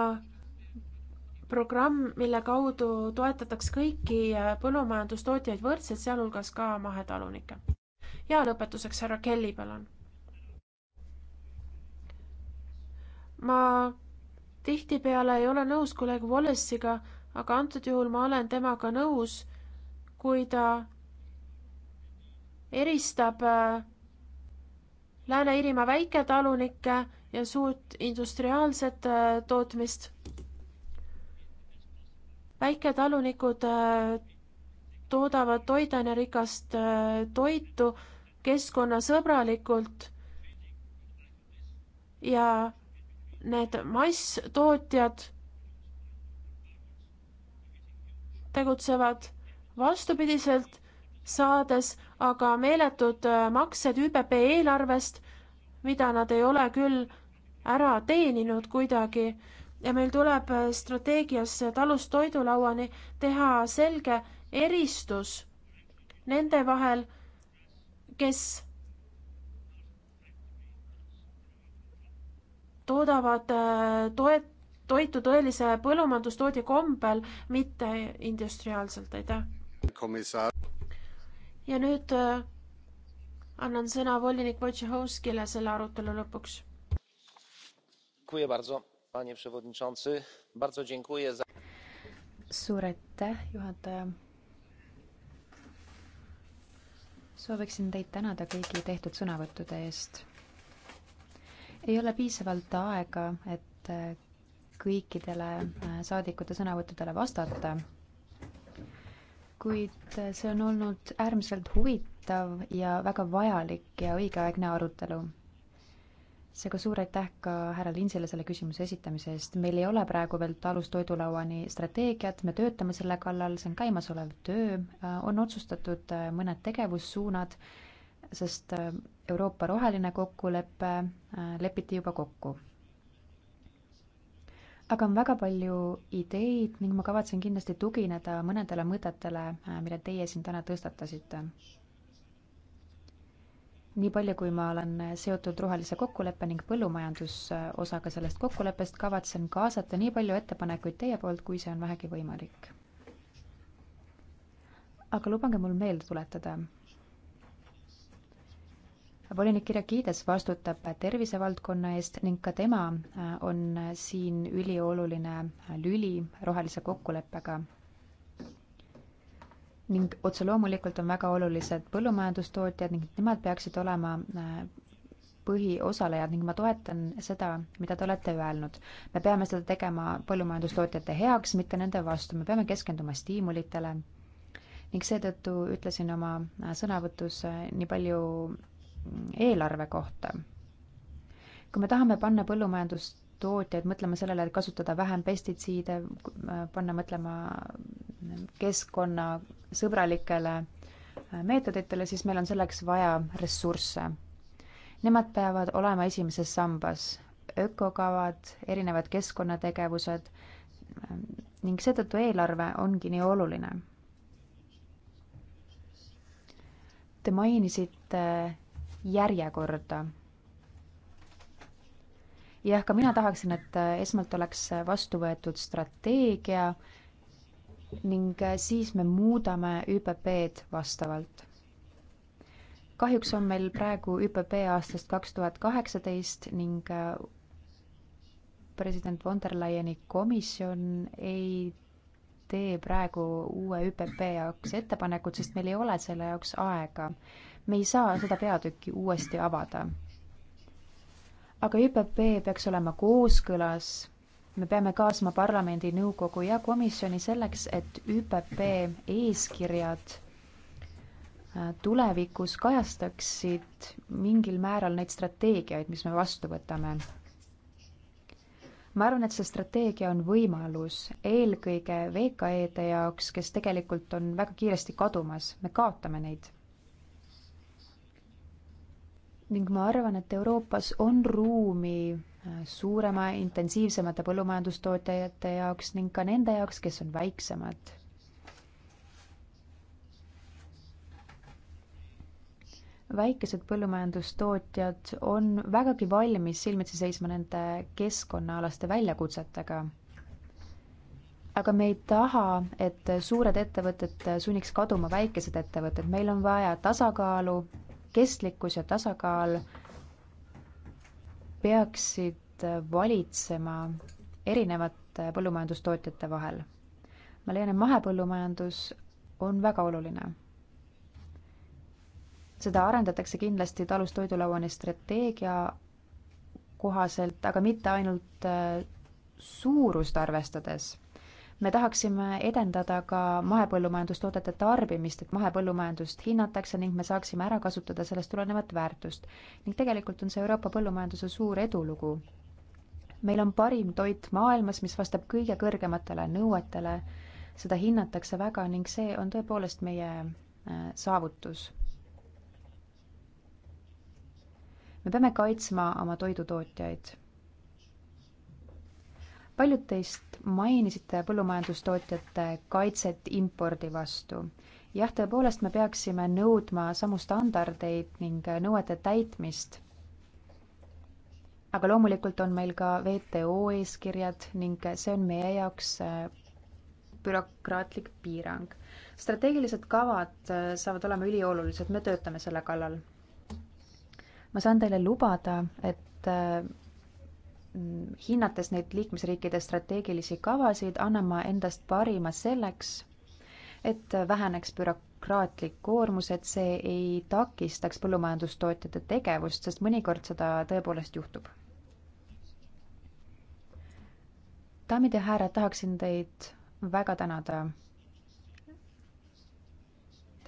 programm, mille kaudu toetataks kõiki äh, põllumajandustootjaid võrdselt, sealhulgas ka mahetalunikke. ja lõpetuseks härra Kelly, palun. ma tihtipeale ei ole nõus kolleeg Wallace'iga aga antud juhul ma olen temaga nõus, kui ta eristab äh, Lääne-Iirimaa väiketalunikke ja suurt industriaalset äh, tootmist. väiketalunikud äh, toodavad toiduainerikast toitu keskkonnasõbralikult ja need masstootjad tegutsevad vastupidiselt, saades aga meeletud äh, maksed ÜPP eelarvest, mida nad ei ole küll ära teeninud kuidagi ja meil tuleb äh, strateegias äh, talust toidulauani teha selge eristus nende vahel, kes toodavad toet-, toitu tõelise põllumajandustoodi kombel, mitte industriaalselt, aitäh. ja nüüd äh, annan sõna volinik Wojciechowskile selle arutelu lõpuks. suur aitäh, juhataja sooviksin teid tänada kõigi tehtud sõnavõttude eest. ei ole piisavalt aega, et äh, kõikidele äh, saadikute sõnavõttudele vastata. kuid äh, see on olnud äärmiselt huvitav ja väga vajalik ja õigeaegne arutelu. seega suur aitäh ka härra Linsile selle küsimuse esitamise eest. meil ei ole praegu veel alustoidulauani strateegiat, me töötame selle kallal, see on käimasolev töö, äh, on otsustatud mõned tegevussuunad, sest Euroopa roheline kokkulepe lepiti juba kokku aga on väga palju ideid ning ma kavatsen kindlasti tugineda mõnedele mõtetele, äh, mille teie siin täna tõstatasite. nii palju, kui ma olen seotud rohelise kokkuleppe ning põllumajandusosaga sellest kokkuleppest, kavatsen kaasata nii palju ettepanekuid teie poolt, kui see on vähegi võimalik. aga lubage mul meelde tuletada volinik Kirakides vastutab tervisevaldkonna eest ning ka tema äh, on siin ülioluline lüli rohelise kokkuleppega ning otse loomulikult on väga olulised põllumajandustootjad ning nemad peaksid olema äh, põhiosalejad ning ma toetan seda, mida te olete öelnud. me peame seda tegema põllumajandustootjate heaks, mitte nende vastu, me peame keskenduma stiimulitele. ning seetõttu ütlesin oma äh, sõnavõtus nii palju eelarve kohta. kui me tahame panna põllumajandustootjaid mõtlema sellele, et kasutada vähem pestitsiide, panna mõtlema keskkonnasõbralikele meetoditele, siis meil on selleks vaja ressursse. Nemad peavad olema esimeses sambas, ökokavad, erinevad keskkonnategevused ning seetõttu eelarve ongi nii oluline. Te mainisite järjekorda. jah, ka mina tahaksin, et äh, esmalt oleks äh, vastu võetud strateegia ning äh, siis me muudame ÜPP-d vastavalt. kahjuks on meil praegu ÜPP aastast kaks tuhat kaheksateist ning president von der Leyeni komisjon ei tee praegu uue ÜPP jaoks ettepanekut, sest meil ei ole selle jaoks aega me ei saa seda peatükki uuesti avada. aga ÜPP peaks olema kooskõlas, me peame kaasma parlamendi, nõukogu ja komisjoni selleks, et ÜPP eeskirjad äh, tulevikus kajastaksid mingil määral neid strateegiaid, mis me vastu võtame ma arvan, et see strateegia on võimalus eelkõige VKE-de jaoks, kes tegelikult on väga kiiresti kadumas, me kaotame neid ning ma arvan, et Euroopas on ruumi äh, suurema, intensiivsemate põllumajandustootjate jaoks ning ka nende jaoks, kes on väiksemad. väikesed põllumajandustootjad on vägagi valmis silmitsi seisma nende keskkonnaalaste väljakutsetega. aga me ei taha, et suured ettevõtted sunniks kaduma väikesed ettevõtted, meil on vaja tasakaalu kestlikkus ja tasakaal peaksid valitsema erinevate põllumajandustootjate vahel. ma leian, et mahepõllumajandus on väga oluline. seda arendatakse kindlasti talust toidulauani strateegia kohaselt, aga mitte ainult äh, suurust arvestades me tahaksime edendada ka mahepõllumajandustoodete tarbimist, et mahepõllumajandust hinnatakse ning me saaksime ära kasutada sellest tulenevat väärtust. ning tegelikult on see Euroopa põllumajanduse suur edulugu. meil on parim toit maailmas, mis vastab kõige kõrgematele nõuetele, seda hinnatakse väga ning see on tõepoolest meie äh, saavutus. me peame kaitsma oma toidutootjaid paljud teist mainisite põllumajandustootjate kaitset impordi vastu. jah, tõepoolest me peaksime nõudma samu standardeid ning nõuete täitmist. aga loomulikult on meil ka WTO eeskirjad ning see on meie jaoks äh, bürokraatlik piirang. strateegilised kavad äh, saavad olema üliolulised, me töötame selle kallal. ma saan teile lubada, et äh, hinnates neid liikmesriikide strateegilisi kavasid, annan ma endast parima selleks, et väheneks bürokraatlik koormus, et see ei takistaks põllumajandustootjate tegevust, sest mõnikord seda tõepoolest juhtub. daamid ja härrad, tahaksin teid väga tänada.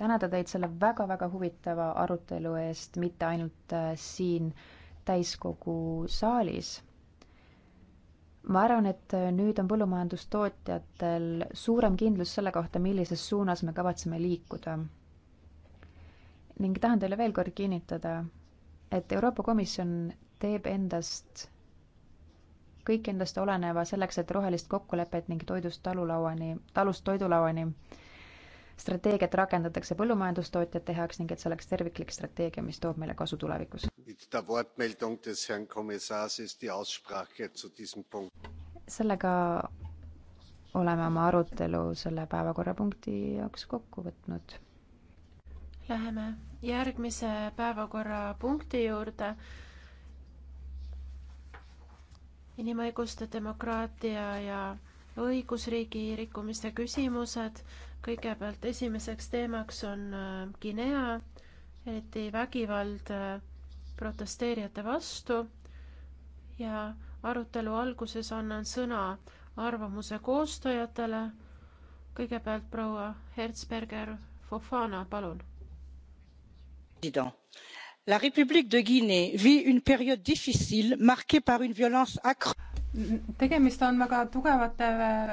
tänada teid selle väga-väga huvitava arutelu eest, mitte ainult äh, siin täiskogu saalis ma arvan, et äh, nüüd on põllumajandustootjatel suurem kindlus selle kohta, millises suunas me kavatseme liikuda. ning tahan teile veel kord kinnitada, et Euroopa Komisjon teeb endast, kõik endast oleneva selleks, et rohelist kokkulepet ning toidust talulauani, talust toidulauani strateegiat rakendatakse põllumajandustootjate heaks ning et see oleks terviklik strateegia, mis toob meile kasu tulevikus. sellega oleme oma arutelu selle päevakorrapunkti jaoks kokku võtnud. Läheme järgmise päevakorrapunkti juurde inimõiguste, demokraatia ja õigusriigi rikkumiste küsimused kõigepealt esimeseks teemaks on äh, Guinea, eriti vägivald äh, protesteerijate vastu ja arutelu alguses annan sõna arvamuse koostajatele. kõigepealt proua Herzberger Fofana, palun. La République de Guinée vit une période difficile marquée par une violence accrue tegemist on väga tugevate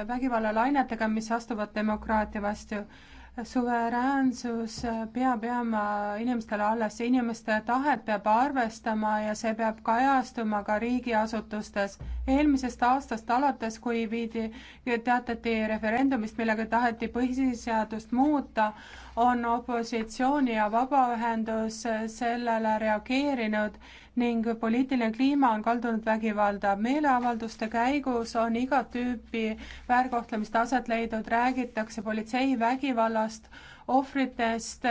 vägivallalainetega, mis astuvad demokraatia vastu. suveräänsus peab jääma inimestele alles, inimeste tahet peab arvestama ja see peab kajastuma ka riigiasutustes. eelmisest aastast alates, kui viidi, teatati referendumist, millega taheti põhiseadust muuta, on opositsioon ja vabaühendus sellele reageerinud ning poliitiline kliima on kaldunud vägivalda. meeleavalduste käigus on igat tüüpi väärkohtlemist aset leidnud, räägitakse politsei vägivallast, ohvritest,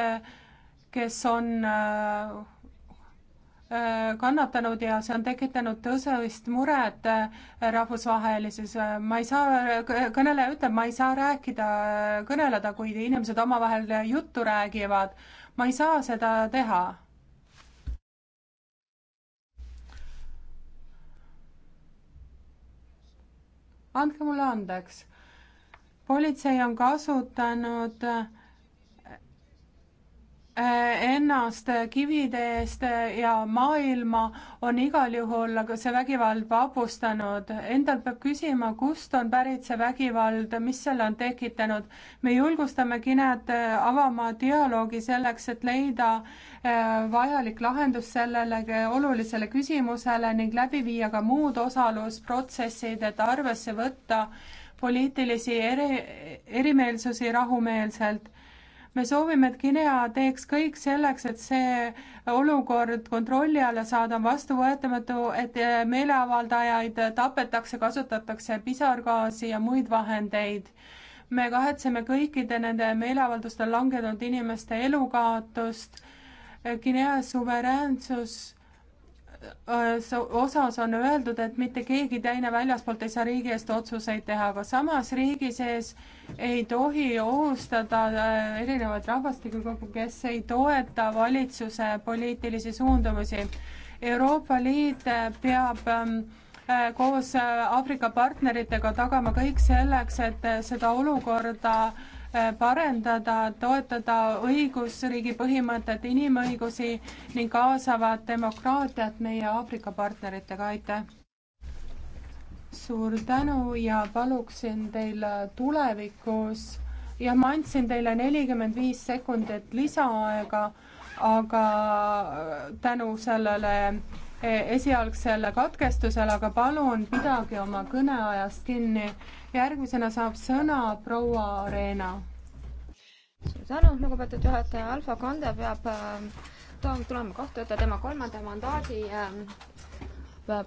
kes on äh, äh, kannatanud ja see on tekitanud tõsist muret äh, rahvusvahelises. ma ei saa, kõneleja ütleb, ma ei saa rääkida, kõneleda, kui inimesed omavahel juttu räägivad. ma ei saa seda teha andke mulle andeks. politsei on kasutanud äh, Äh, ennast kivide eest ja maailma on igal juhul see vägivald vapustanud. Endal peab küsima, kust on pärit see vägivald, mis selle on tekitanud. me julgustame Kinet äh, avama dialoogi selleks, et leida äh, vajalik lahendus sellele olulisele küsimusele ning läbi viia ka muud osalusprotsessid, et arvesse võtta poliitilisi eri, erimeelsusi rahumeelselt me soovime, et Guinea teeks kõik selleks, et see olukord kontrolli alla saada, on vastuvõetamatu, et eh, meeleavaldajaid tapetakse, kasutatakse pisargaasi ja muid vahendeid. me kahetseme kõikide nende meeleavaldustel langenud inimeste elukaotust. Guinea suveräänsus osas on öeldud, et mitte keegi teine väljaspoolt ei saa riigi eest otsuseid teha, aga samas riigi sees ei tohi ohustada äh, erinevaid rahvastikukogu, kes ei toeta valitsuse poliitilisi suundumusi. Euroopa Liit äh, peab ähm, äh, koos Aafrika partneritega tagama kõik selleks, et seda olukorda Äh, parendada, toetada õigusriigi põhimõtet, inimõigusi ning kaasavat demokraatiat meie Aafrika partneritega, aitäh! suur tänu ja paluksin teil tulevikus ja ma andsin teile nelikümmend viis sekundit lisaaega, aga tänu sellele e, esialgsele katkestusele, aga palun pidage oma kõneajast kinni järgmisena saab sõna proua Reena. suur tänu, lugupeetud juhataja, Alfa Konde peab äh, tulema kohtu ette, tema kolmanda mandaadi äh,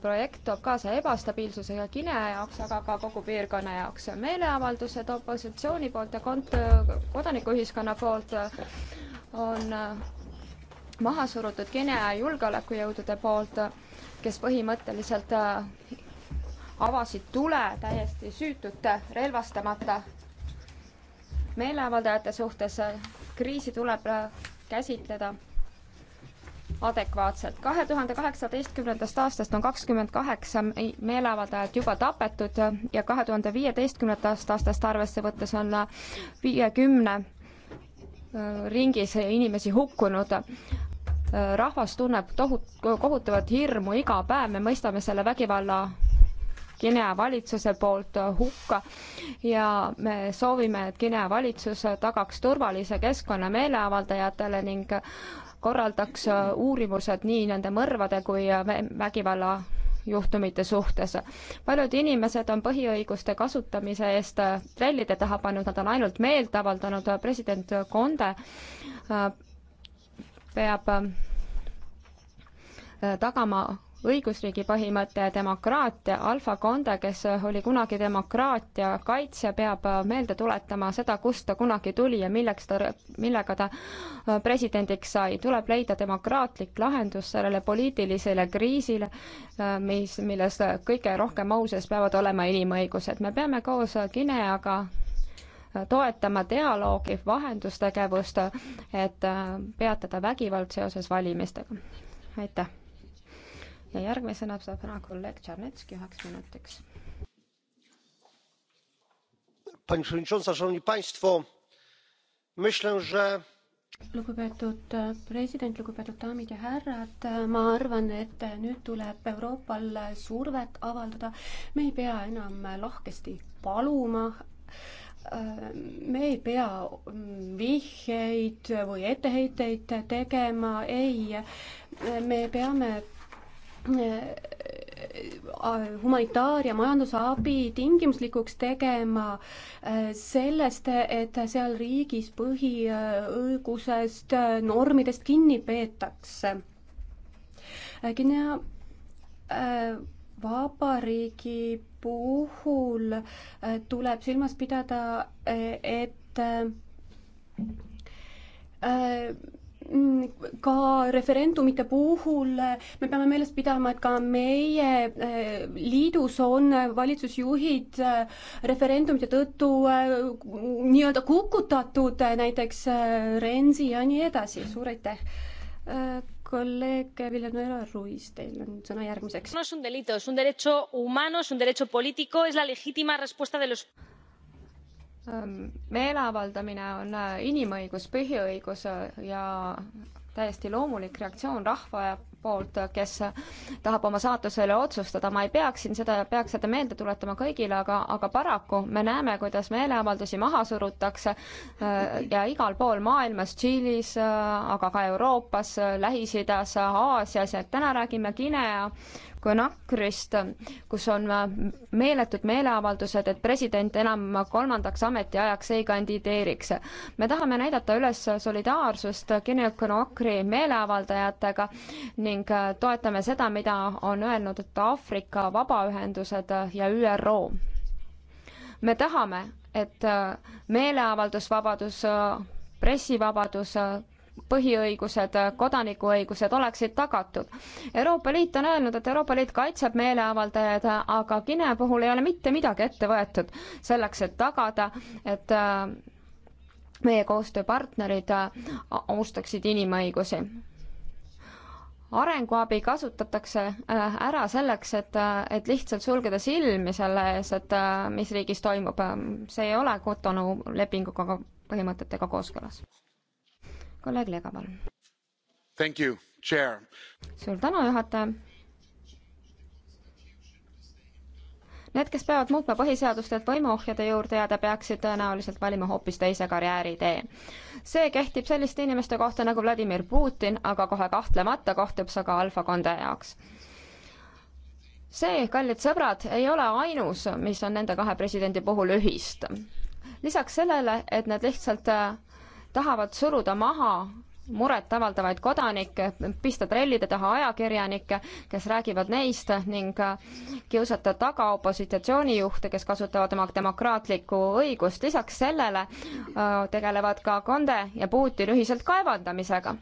projekt toob kaasa ebastabiilsuse ka Guinea jaoks, aga ka kogu piirkonna jaoks. meeleavaldused opositsiooni poolt ja kont-, kodanikuühiskonna poolt äh, on äh, maha surutud Guinea julgeolekujõudude poolt, kes põhimõtteliselt äh, avasid tule täiesti süütute, relvastamata meeleavaldajate suhtes. kriisi tuleb käsitleda adekvaatselt. kahe tuhande kaheksateistkümnendast aastast on kakskümmend kaheksa meeleavaldajat juba tapetud ja kahe tuhande viieteistkümnendast aastast arvesse võttes on viiekümne äh, ringis inimesi hukkunud. Äh, rahvas tunneb tohut-, kohutavat hirmu iga päev, me mõistame selle vägivalla Guinea valitsuse poolt hukka ja me soovime, et Guinea valitsus tagaks turvalise keskkonna meeleavaldajatele ning korraldaks uurimused nii nende mõrvade kui vägivalla juhtumite suhtes. paljud inimesed on põhiõiguste kasutamise eest trellide taha pannud, nad on ainult meelt avaldanud, president Conde äh, peab äh, tagama õigusriigi põhimõte ja demokraatia, Alfa Konde, kes oli kunagi demokraatia kaitsja, peab meelde tuletama seda, kust ta kunagi tuli ja milleks ta, millega ta äh, presidendiks sai. tuleb leida demokraatlik lahendus sellele poliitilisele kriisile, äh, mis, milles kõige rohkem au sees peavad olema inimõigused. me peame koos Guineaga äh, toetama dialoogi, vahendustegevust, et peatada vägivald seoses valimistega. aitäh! ja järgmisena saab sõna kolleeg Tšarnetski üheks minutiks. Pani przewodnicząca, szanowni państwo, myślę, że lugupeetud äh, president, lugupeetud daamid ja härrad, äh, ma arvan, et äh, nüüd tuleb Euroopal survet avaldada. me ei pea enam lahkesti paluma. me ei pea mm, vihjeid või etteheiteid tegema, ei. me peame humanitaar- ja majandusabi tingimuslikuks tegema äh, sellest, et seal riigis põhiõigusest, äh, normidest kinni peetakse. Äh, Guinea Vabariigi puhul tuleb silmas pidada, et Mm, ka referendumite puhul eh, me peame meeles pidama, et ka meie eh, liidus on valitsusjuhid eh, referendumite tõttu nii-öelda kukutatud, näiteks Renzi ja nii edasi, suur aitäh. kolleeg Villanueva Ruiz, teil on sõna järgmiseks. Ähm, meeleavaldamine on äh, inimõigus, põhiõigus äh, ja täiesti loomulik reaktsioon rahva poolt, äh, kes tahab oma saatuse üle otsustada. ma ei peaks siin seda, peaks seda meelde tuletama kõigile, aga, aga paraku me näeme, kuidas meeleavaldusi maha surutakse ja igal pool maailmas, Tšiilis, aga ka Euroopas, Lähis-Idas, Aasias, et täna räägime Guinea kui Nakrist, kus on äh, meeletud meeleavaldused, et president enam kolmandaks ametiajaks ei kandideeriks. me tahame näidata üles solidaarsust Guinea-Conakry meeleavaldajatega ning äh, toetame seda, mida on öelnud Aafrika vabaühendused ja ÜRO. me tahame, et äh, meeleavaldusvabadus, pressivabadus põhiõigused, kodanikuõigused oleksid tagatud. Euroopa Liit on öelnud, et Euroopa Liit kaitseb meeleavaldajaid, aga Guinea puhul ei ole mitte midagi ette võetud selleks, et tagada, et äh, meie koostööpartnerid äh, austaksid inimõigusi arenguabi kasutatakse äh, ära selleks, et, et lihtsalt sulgeda silmi selle ees, et mis riigis toimub. see ei ole Cotonou lepinguga põhimõtetega kooskõlas kolleeg Lega, palun. suur tänu, juhataja. Need, kes peavad muutma põhiseadust, et võimuohjade juurde jääda, peaksid tõenäoliselt valima hoopis teise karjääritee. see kehtib selliste inimeste kohta nagu Vladimir Putin, aga kohe kahtlemata kohtub see ka Alfa Konde jaoks see, kallid sõbrad, ei ole ainus, mis on nende kahe presidendi puhul ühist. lisaks sellele, et nad lihtsalt äh, tahavad suruda maha muretavaldavaid kodanikke, pista trellide taha ajakirjanikke, kes räägivad neist ning kiusata taga opositsioonijuhte, kes kasutavad oma demokraatlikku õigust. lisaks sellele äh, tegelevad ka Konde ja Putin ühiselt kaevandamisega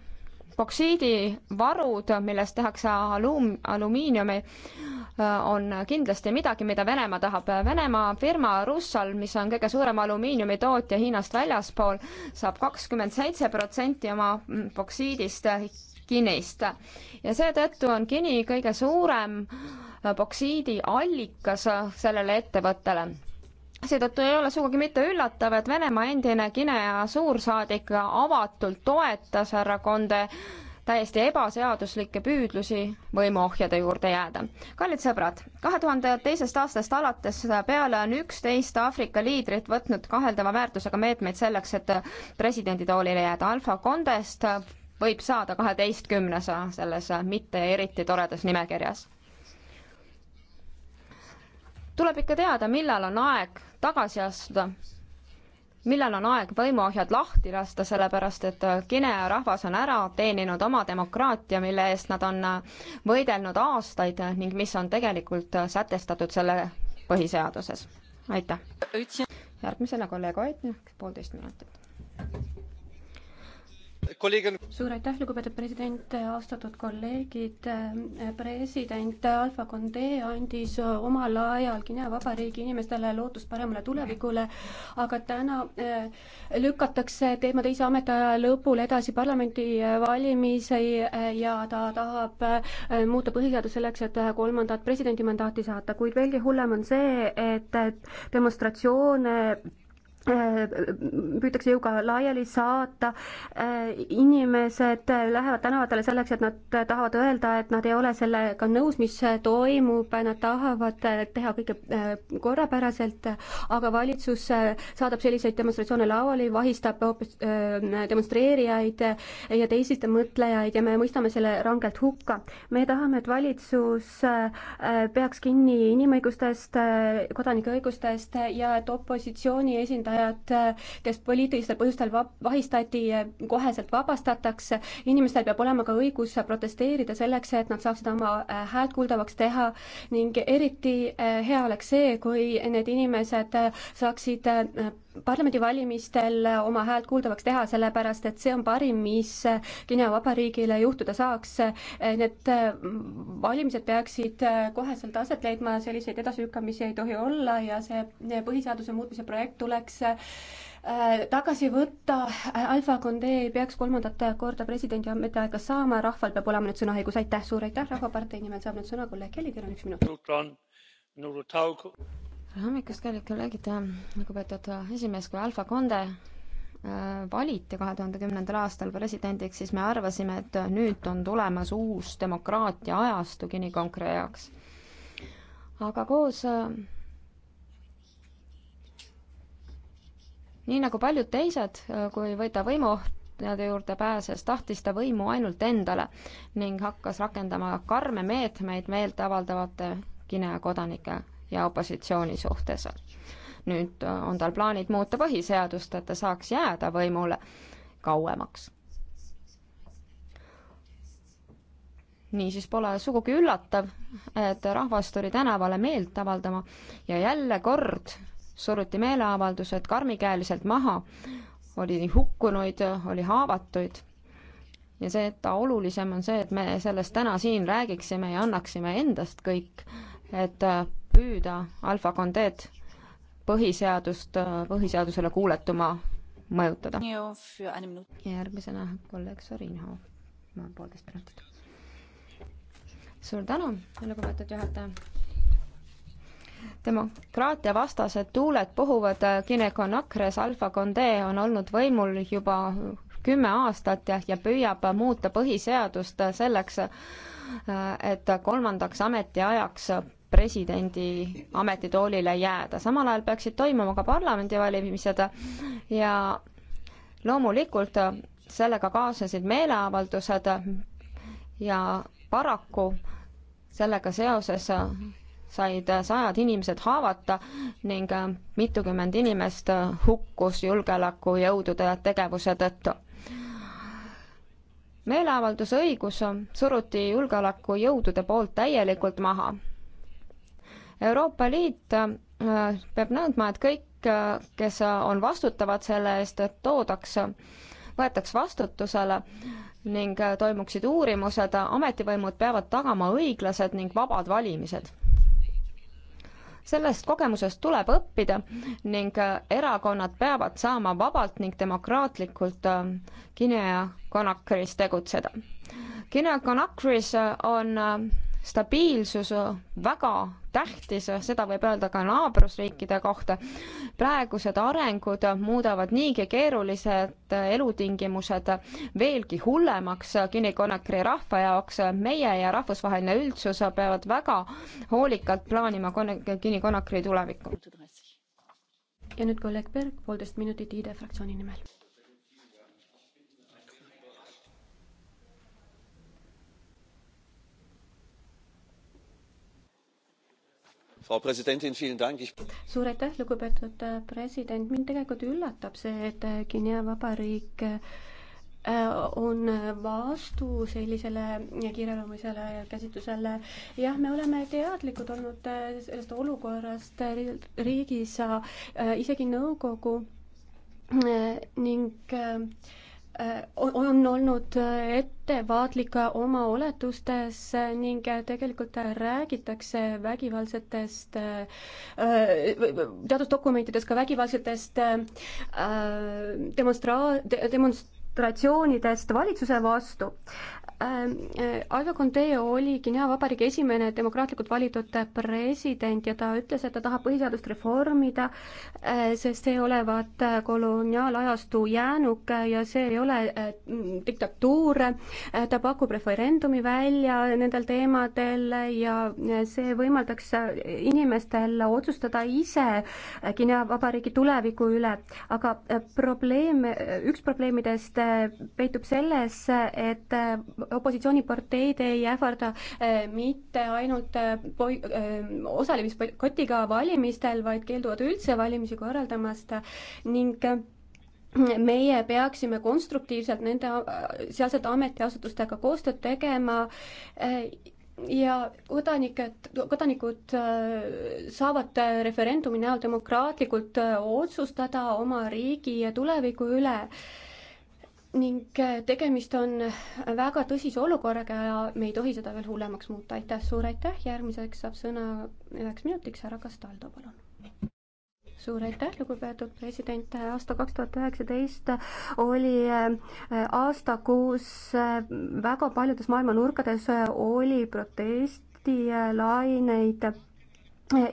boksiidivarud, millest tehakse aluum-, alumiiniumi, äh, on kindlasti midagi, mida Venemaa tahab. Venemaa firma Russal, mis on kõige suurem alumiiniumitootja Hiinast väljaspool, saab kakskümmend seitse protsenti oma boksiidist mm, äh, kinnist. ja seetõttu on kini kõige suurem boksiidi äh, allikas sellele ettevõttele seetõttu ei ole sugugi mitte üllatav, et Venemaa endine Guinea suursaadik avatult toetas härra Konde täiesti ebaseaduslikke püüdlusi võimuohjade juurde jääda. kallid sõbrad, kahe tuhande teisest aastast alates peale on üksteist Aafrika liidrit võtnud kaheldava väärtusega meetmeid selleks, et presidenditoolile jääda. Alfa Condest võib saada kaheteistkümnes selles mitte eriti toredas nimekirjas. tuleb ikka teada, millal on aeg tagasi astuda. millal on aeg võimuohjad lahti lasta, sellepärast et Guinea rahvas on ära teeninud oma demokraatia, mille eest nad on võidelnud aastaid ning mis on tegelikult sätestatud selle põhiseaduses. aitäh! järgmisena kolleeg Oetnik, poolteist minutit suur aitäh, lugupeetud president, austatud kolleegid. president Alfa Condé andis omal ajal Guinea Vabariigi inimestele lootust paremale tulevikule, aga täna eh, lükatakse tema teise ametiaja lõpul edasi parlamendivalimisi eh, eh, ja ta tahab muuta põhiseadust selleks, et kolmandat presidendi mandaati saata, kuid veelgi hullem on see, et demonstratsioone Äh, püütakse jõuga laiali saata, äh, inimesed lähevad tänavatele selleks, et nad tahavad öelda, et nad ei ole sellega nõus, mis toimub, nad tahavad teha kõike äh, korrapäraselt, aga valitsus saadab selliseid demonstratsioone lauale, vahistab hoopis demonstreerijaid ja teisiste mõtlejaid ja me mõistame selle rangelt hukka. me tahame, et valitsus peaks kinni inimõigustest, kodanike õigustest ja et opositsiooni esindajad esindajad, kes poliitilistel põhjustel vahistati, koheselt vabastatakse. inimestel peab olema ka õigus protesteerida selleks, et nad saaksid oma äh, häält kuuldavaks teha ning eriti äh, hea oleks see, kui need inimesed äh, saaksid parlamendivalimistel oma häält kuuldavaks teha, sellepärast et see on parim, mis Guinea Vabariigile juhtuda saaks. Need valimised peaksid koheselt aset leidma, selliseid edasilükkamisi ei tohi olla ja see põhiseaduse muutmise projekt tuleks äh, tagasi võtta, Alfa Condé ei peaks kolmandat korda presidendi ametiaega saama, rahval peab olema nüüd sõnaõigus, aitäh, suur aitäh, Rahvapartei nimel saab nüüd sõna kolleeg Kelly, teil on üks minut tere hommikust, kallid kolleegid, lugupeetud esimees, kui Alfa Konde äh, valiti kahe tuhande kümnendal aastal presidendiks, siis me arvasime, et nüüd on tulemas uus demokraatia ajastu Gini-Konkre jaoks. aga koos äh, nii nagu paljud teised, äh, kui võita võimu nende juurde pääses, tahtis ta võimu ainult endale ning hakkas rakendama karme meetmeid meelt avaldavate Guinea kodanike ja opositsiooni suhtes. nüüd äh, on tal plaanid muuta põhiseadust, et ta saaks jääda võimule kauemaks. niisiis pole sugugi üllatav, et rahvas tuli tänavale meelt avaldama ja jälle kord suruti meeleavaldused karmikäeliselt maha, oli hukkunuid, oli haavatuid ja see, et ta olulisem on see, et me sellest täna siin räägiksime ja annaksime endast kõik, et äh, püüda Alfa Condet põhiseadust, põhiseadusele kuuletuma mõjutada. järgmisena kolleeg Sorinho, poolteist minutit. suur tänu, lugupeetud juhataja. demokraatia vastased tuuled puhuvad Guinea-Conakry's, Alfa Condé on olnud võimul juba kümme aastat ja, ja püüab muuta põhiseadust selleks, et kolmandaks ametiajaks presidendi ametitoolile jääda. samal ajal peaksid toimuma ka parlamendivalimised ja loomulikult sellega kaasnesid meeleavaldused ja paraku sellega seoses said sajad inimesed haavata ning mitukümmend inimest hukkus julgeolekujõudude tegevuse tõttu. meeleavaldusõigus suruti julgeolekujõudude poolt täielikult maha Euroopa Liit äh, peab nõudma, et kõik, äh, kes äh, on vastutavad selle eest, et toodaks, võetaks vastutusele ning toimuksid uurimused, ametivõimud peavad tagama õiglased ning vabad valimised. sellest kogemusest tuleb õppida ning erakonnad peavad saama vabalt ning demokraatlikult Guinea Conakry's tegutseda. Guinea Conakry's on stabiilsus väga tähtis, seda võib öelda ka naabrusriikide kohta. praegused arengud muudavad niigi keerulised elutingimused veelgi hullemaks Guinea-Conakry rahva jaoks. meie ja rahvusvaheline üldsus peavad väga hoolikalt plaanima Guinea-Conakry tulevikku. ja nüüd kolleeg Berg, poolteist minutit ID e fraktsiooni nimel suur aitäh, lugupeetud äh, president, mind tegelikult üllatab see, et äh, Guinea Vabariik äh, on vastu sellisele kiireloomulisele käsitlusele. jah, me oleme teadlikud olnud sellest olukorrast riigis, isegi nõukogu ning Äh, on olnud äh, ettevaatlik oma oletustes äh, ning tegelikult räägitakse vägivaldsetest, teatud dokumentides ka vägivaldsetest demonstra-, demonstratsioonidest valitsuse vastu. Ähm, äh, Alva Conde oli Guinea Vabariigi esimene demokraatlikult valitud president ja ta ütles, et ta tahab põhiseadust reformida, äh, sest see olevat äh, koloniaalajastu jäänuk ja see ei ole diktatuur. ta pakub referendumi välja nendel teemadel ja see võimaldaks inimestel otsustada ise Guinea Vabariigi tuleviku üle. aga probleem, üks probleemidest peitub selles, et opositsiooniparteid ei ähvarda eh, mitte ainult eh, poi-, eh, osalemisboikotiga valimistel, vaid keelduvad üldse valimisi korraldamast ning meie peaksime konstruktiivselt nende sealsete ametiasutustega koostööd tegema ja kodanikud, kodanikud saavad referendumi näol demokraatlikult otsustada oma riigi tuleviku üle ning äh, tegemist on äh, väga tõsise olukorraga ja me ei tohi seda veel hullemaks muuta. aitäh, suur aitäh, järgmiseks saab sõna üheks minutiks härra Castaldo, palun. suur aitäh, lugupeetud president, aasta kaks tuhat üheksateist oli äh, aasta, kus väga paljudes maailma nurkades oli protestilaineid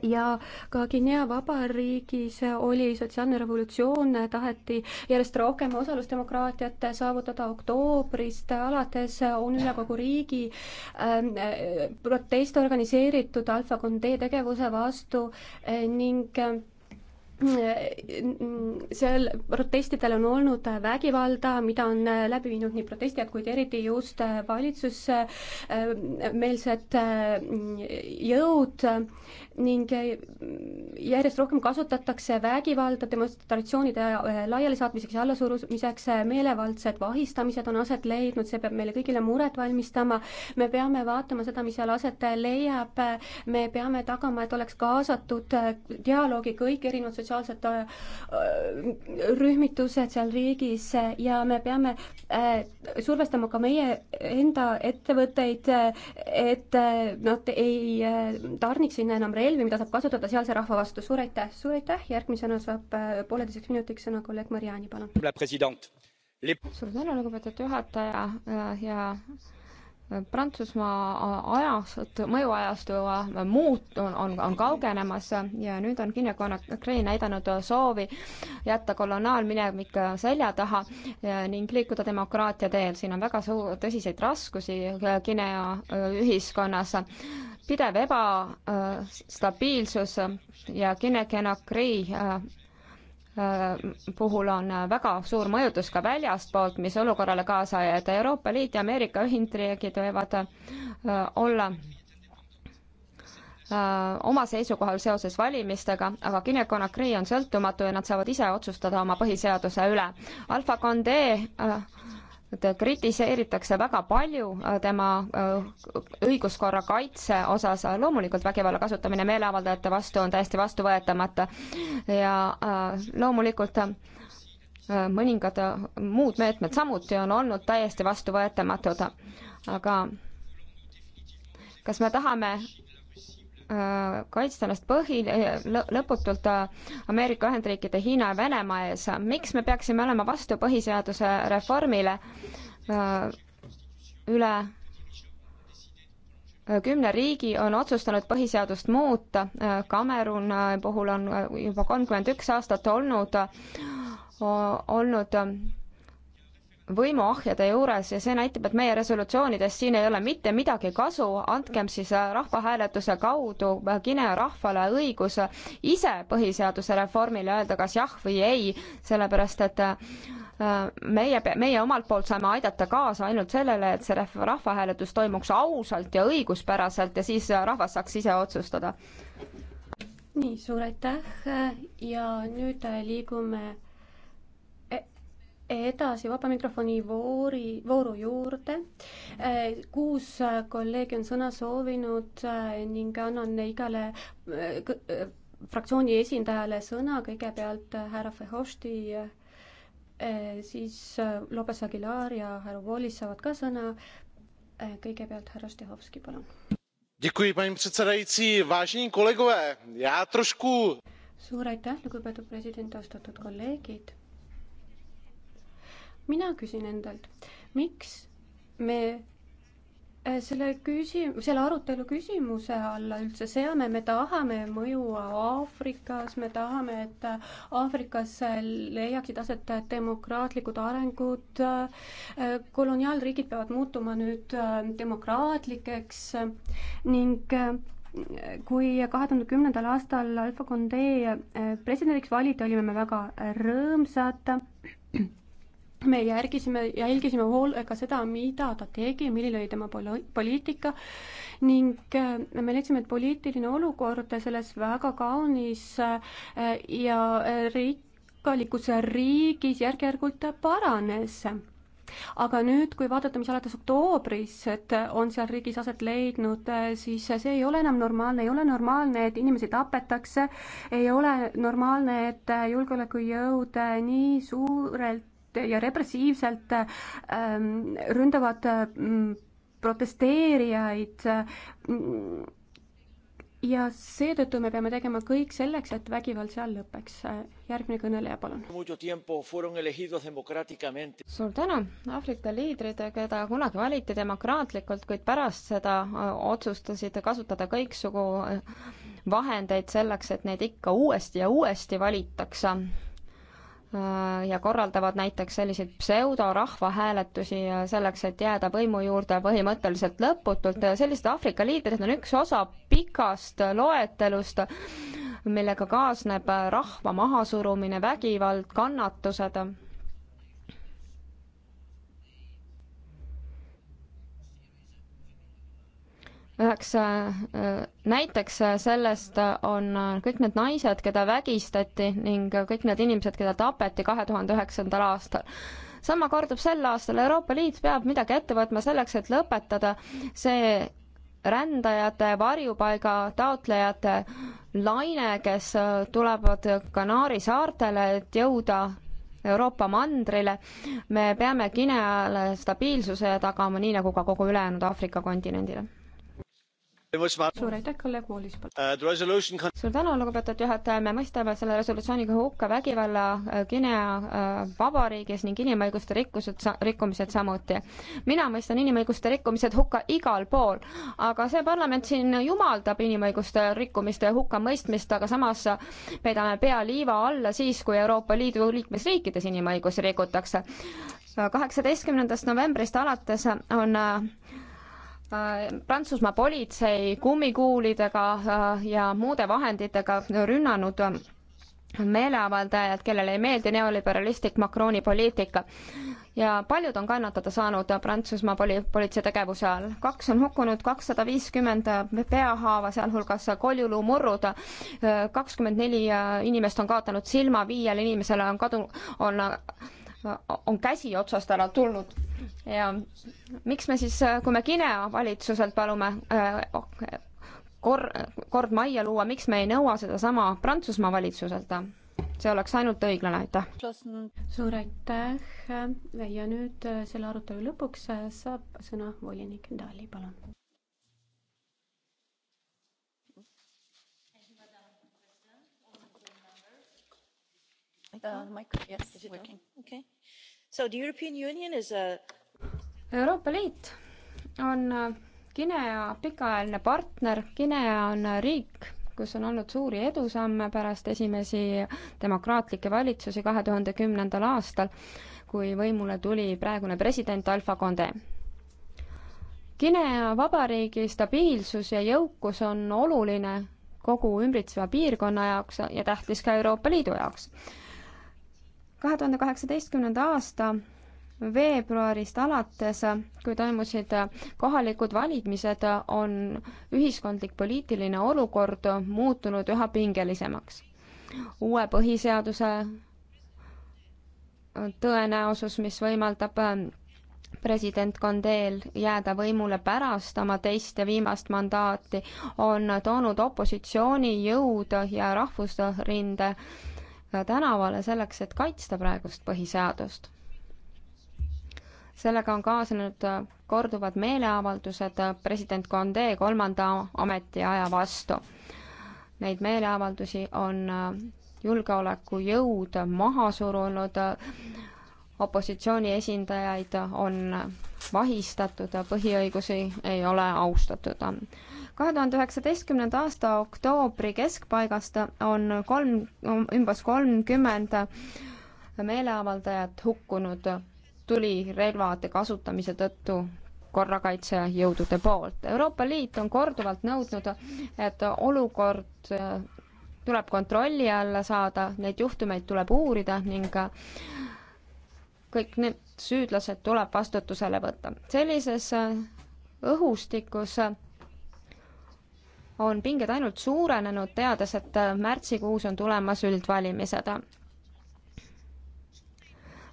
ja ka Guinea Vabariigis oli sotsiaalne revolutsioon, taheti järjest rohkem osalusdemokraatiat saavutada oktoobrist alates, on üle kogu riigi äh, proteste organiseeritud Alfa Condé tegevuse vastu äh, ning äh, seal protestidel on olnud vägivalda, mida on läbi viinud nii protestijad, kuid eriti just valitsusmeelsed äh, äh, jõud ning eh, järjest rohkem kasutatakse vägivalda demonstratsioonide eh, laialisaatmiseks ja allasurumiseks, eh, meelevaldsed vahistamised on aset leidnud, see peab meile kõigile muret valmistama, me peame vaatama seda, mis seal aset leiab, me peame tagama, et oleks kaasatud dialoogi kõik erinevad sotsiaalsed rühmitused seal riigis ja me peame survestama ka meie enda ettevõtteid, et nad ei tarniks sinna enam relvi, relvi, mida saab kasutada sealse rahva vastu. suur aitäh, suur aitäh, järgmisena saab äh, pooleteiseks minutiks sõna kolleeg Mariani, palun. suur tänu, lugupeetud juhataja ja, äh, ja äh, Prantsusmaa ajast, mõjuajastu muut-, on, on, on kaugenemas ja nüüd on Guinea-Conakry näidanud soovi jätta kolonaalminevik selja taha ning liikuda demokraatia teel. siin on väga suur, tõsiseid raskusi Guinea ühiskonnas pidev ebastabiilsus äh, ja kinekenakrii äh, äh, puhul on väga suur mõjutus ka väljastpoolt, mis olukorrale kaasa ajada. Euroopa Liit ja Ameerika Ühendriigid võivad olla oma seisukohal seoses valimistega, aga Kinekonakri on sõltumatu ja nad saavad ise otsustada oma põhiseaduse üle. Alfa Condé kritiseeritakse väga palju äh, tema äh, õiguskorra kaitse osas, loomulikult vägivalla kasutamine meeleavaldajate vastu on täiesti vastuvõetamatu ja äh, loomulikult mõningad muud meetmed samuti on olnud täiesti vastuvõetamatud, aga kas me tahame Äh, kaitsta ennast põhi, äh, lõputult äh, Ameerika Ühendriikide, Hiina ja Venemaa ees. miks me peaksime olema vastu põhiseaduse reformile üle kümne riigi on otsustanud põhiseadust muuta, Kamerun puhul on juba kolmkümmend üks aastat olnud, olnud võimuahjade juures ja see näitab, et meie resolutsioonidest siin ei ole mitte midagi kasu, andkem siis äh, rahvahääletuse kaudu äh, Guinea rahvale õigus äh, ise põhiseaduse reformile öelda kas jah või ei, sellepärast et meie, meie omalt poolt saame aidata kaasa ainult sellele, et see rahvahääletus toimuks ausalt ja õiguspäraselt ja siis rahvas saaks ise otsustada. nii, suur aitäh ja nüüd liigume edasi vaba mikrofoni voori, vooru juurde. Eh, kuus eh, kolleegi on sõna soovinud eh, ning annan igale fraktsiooni esindajale sõna, kõigepealt härra Fehosti, siis Lopez Aguilar ja härra Wallis saavad ka sõna. kõigepealt härra Stehovski, palun. suur aitäh, lugupeetud president, austatud kolleegid mina küsin endalt, miks me äh, selle küsi-, selle arutelu küsimuse alla üldse seame, me tahame mõju Aafrikas, me tahame, et Aafrikas leiaksid aset demokraatlikud arengud, äh, koloniaalriigid peavad muutuma nüüd äh, demokraatlikeks ning kui kahe tuhande kümnendal aastal Alpha Condé presidendiks valiti, olime me väga rõõmsad me järgisime, jälgisime hoolega seda, mida ta tegi, milline oli tema poli-, poliitika ning äh, me leidsime, et poliitiline olukord selles väga kaunis äh, ja äh, rikkalikus riigis järk-järgult paranes aga nüüd, kui vaadata, mis alates oktoobrist on seal riigis aset leidnud, siis see ei ole enam normaalne, ei ole normaalne, et inimesi tapetakse, ei ole normaalne, et julgeolekujõud nii suurelt jõuliselt ja repressiivselt ähm, ründavad mm, protesteerijaid. ja seetõttu me peame tegema kõik selleks, et vägivald seal lõpeks. järgmine kõneleja, palun. suur tänu, Aafrika liidrid, keda kunagi valiti demokraatlikult, kuid pärast seda äh, otsustasid kasutada kõiksugu äh, vahendeid selleks, et neid ikka uuesti ja uuesti valitakse Äh, ja korraldavad näiteks selliseid pseudorahvahääletusi äh, selleks, et jääda võimu juurde põhimõtteliselt lõputult. Äh, sellised Aafrika liidrid on üks osa pikast loetelust, millega kaasneb rahva mahasurumine, vägivald, kannatused üheks äh, näiteks äh, sellest äh, on kõik need naised, keda vägistati ning kõik need inimesed, keda tapeti kahe tuhande üheksandal aastal. sama kordub sel aastal, Euroopa Liit peab midagi ette võtma selleks, et lõpetada see rändajate, varjupaiga taotlejate laine, kes tulevad Kanaari saartele, et jõuda Euroopa mandrile. me peame Guineale stabiilsuse tagama, nii nagu ka kogu ülejäänud Aafrika kontinendile suur aitäh, kolleeg Wallis, palun. Uh, suur tänu, lugupeetud juhataja, me mõistame selle resolutsiooniga hukka vägivalla uh, Guinea uh, Vabariigis ning inimõiguste rikkused, rikkumised samuti. mina mõistan inimõiguste rikkumised hukka igal pool, aga see parlament siin jumaldab inimõiguste rikkumiste hukkamõistmist, aga samas peidame pea liiva alla siis, kui Euroopa Liidu liikmesriikides inimõigusi rikutakse. kaheksateistkümnendast novembrist alates on Äh, Prantsusmaa politsei kummikuulidega äh, ja muude vahenditega rünnanud äh, meeleavaldajad, kellele ei meeldi neoliberalistlik Macroni poliitika. ja paljud on kannatada saanud Prantsusmaa poli-, politsei tegevuse all. kaks on hukkunud, kakssada viiskümmend peahaava, sealhulgas koljuluumurrud, kakskümmend neli inimest on kaotanud silma, viiel inimesel on kadu, on on käsi otsast ära tulnud. ja miks me siis, kui me Guinea valitsuselt palume äh, kor-, kord majja luua, miks me ei nõua sedasama Prantsusmaa valitsuselt? see oleks ainult õiglane, aitäh. suur aitäh ja nüüd äh, selle arutelu lõpuks äh, saab sõna volinik Dali, palun Euroopa Liit on äh, Guinea pikaajaline partner, Guinea on äh, riik, kus on olnud suuri edusamme pärast esimesi demokraatlikke valitsusi kahe tuhande kümnendal aastal, kui võimule tuli praegune president Alpha Condé. Guinea Vabariigi stabiilsus ja jõukus on oluline kogu ümbritseva piirkonna jaoks ja tähtis ka Euroopa Liidu jaoks kahe tuhande kaheksateistkümnenda aasta veebruarist alates, kui toimusid kohalikud valimised, on ühiskondlik poliitiline olukord muutunud üha pingelisemaks. uue põhiseaduse tõenäosus, mis võimaldab president Kandeel jääda võimule pärast oma teist ja viimast mandaati, on toonud opositsioonijõud ja rahvusrinde tänavale selleks, et kaitsta praegust põhiseadust. sellega on kaasnenud äh, korduvad meeleavaldused äh, president Condé kolmanda ametiaja vastu. Neid meeleavaldusi on äh, julgeolekujõud maha surunud, opositsiooni esindajaid on vahistatud, põhiõigusi ei ole austatud kahe tuhande üheksateistkümnenda aasta oktoobri keskpaigast on kolm, umbes kolmkümmend meeleavaldajat hukkunud tulirelvade kasutamise tõttu korrakaitsejõudude poolt. Euroopa Liit on korduvalt nõudnud, et olukord tuleb kontrolli alla saada, neid juhtumeid tuleb uurida ning kõik need süüdlased tuleb vastutusele võtta. sellises õhustikus on pinged ainult suurenenud, teades, et äh, märtsikuus on tulemas üldvalimised.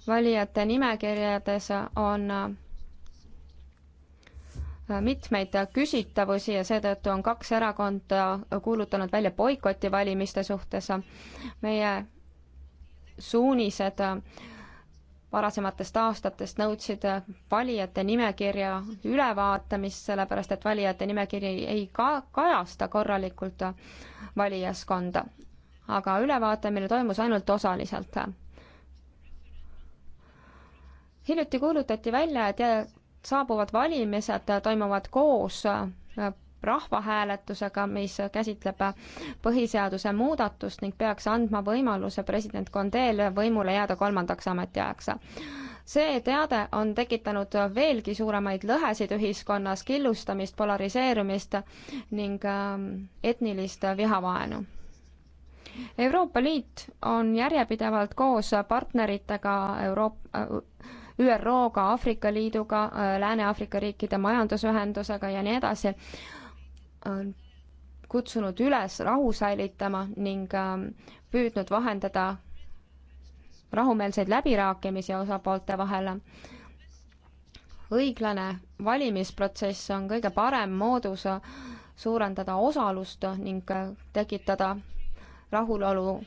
valijate nimekirjades on äh, mitmeid küsitavusi ja seetõttu on kaks erakonda kuulutanud välja boikoti valimiste suhtes. meie suunised äh, varasematest aastatest nõudsid valijate nimekirja ülevaatamist, sellepärast et valijate nimekiri ei ka-, kajasta korralikult valijaskonda. aga ülevaatamine toimus ainult osaliselt. hiljuti kuulutati välja, et saabuvad valimised toimuvad koos rahvahääletusega, mis käsitleb põhiseaduse muudatust ning peaks andma võimaluse president Condé'l võimule jääda kolmandaks ametiajaks see teade on tekitanud veelgi suuremaid lõhesid ühiskonnas, killustamist, polariseerumist ning ähm, etnilist vihavaenu. Euroopa Liit on järjepidevalt koos partneritega Euroop-, ÜRO-ga, Aafrika Liiduga, äh, Lääne-Aafrika riikide majandusühendusega ja nii edasi, kutsunud üles rahu säilitama ning ähm, püüdnud vahendada rahumeelseid läbirääkimisi osapoolte vahel. õiglane valimisprotsess on kõige parem moodus suurendada osalust ning äh, tekitada rahulolu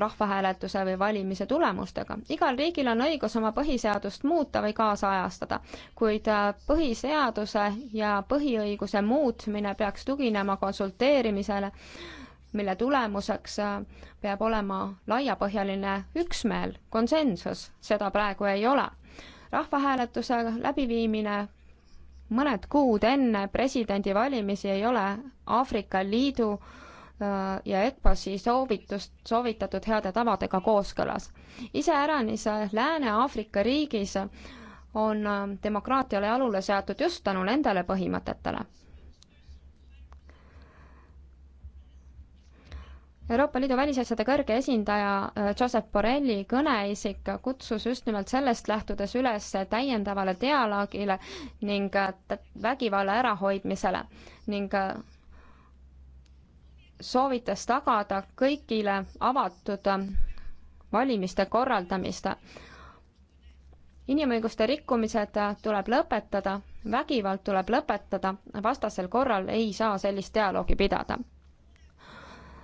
rahvahääletuse või valimise tulemustega. igal riigil on õigus oma põhiseadust muuta või kaasajastada, kuid äh, põhiseaduse ja põhiõiguse muutmine peaks tuginema konsulteerimisele, mille tulemuseks äh, peab olema laiapõhjaline üksmeel, konsensus, seda praegu ei ole. rahvahääletuse läbiviimine mõned kuud enne presidendivalimisi ei ole Aafrika Liidu äh, Äh, ja ECPAS-i soovitust, soovitatud heade tavadega kooskõlas. iseäranis äh, Lääne-Aafrika riigis on äh, demokraatiale jalule seatud just tänu nendele põhimõtetele. Euroopa Liidu välisasjade kõrge esindaja Josep Borrelli kõneisik kutsus just nimelt sellest lähtudes üles täiendavale dialoogile ning vägivalla ärahoidmisele ning soovitas tagada kõigile avatud valimiste korraldamist. inimõiguste rikkumised tuleb lõpetada, vägivald tuleb lõpetada, vastasel korral ei saa sellist dialoogi pidada.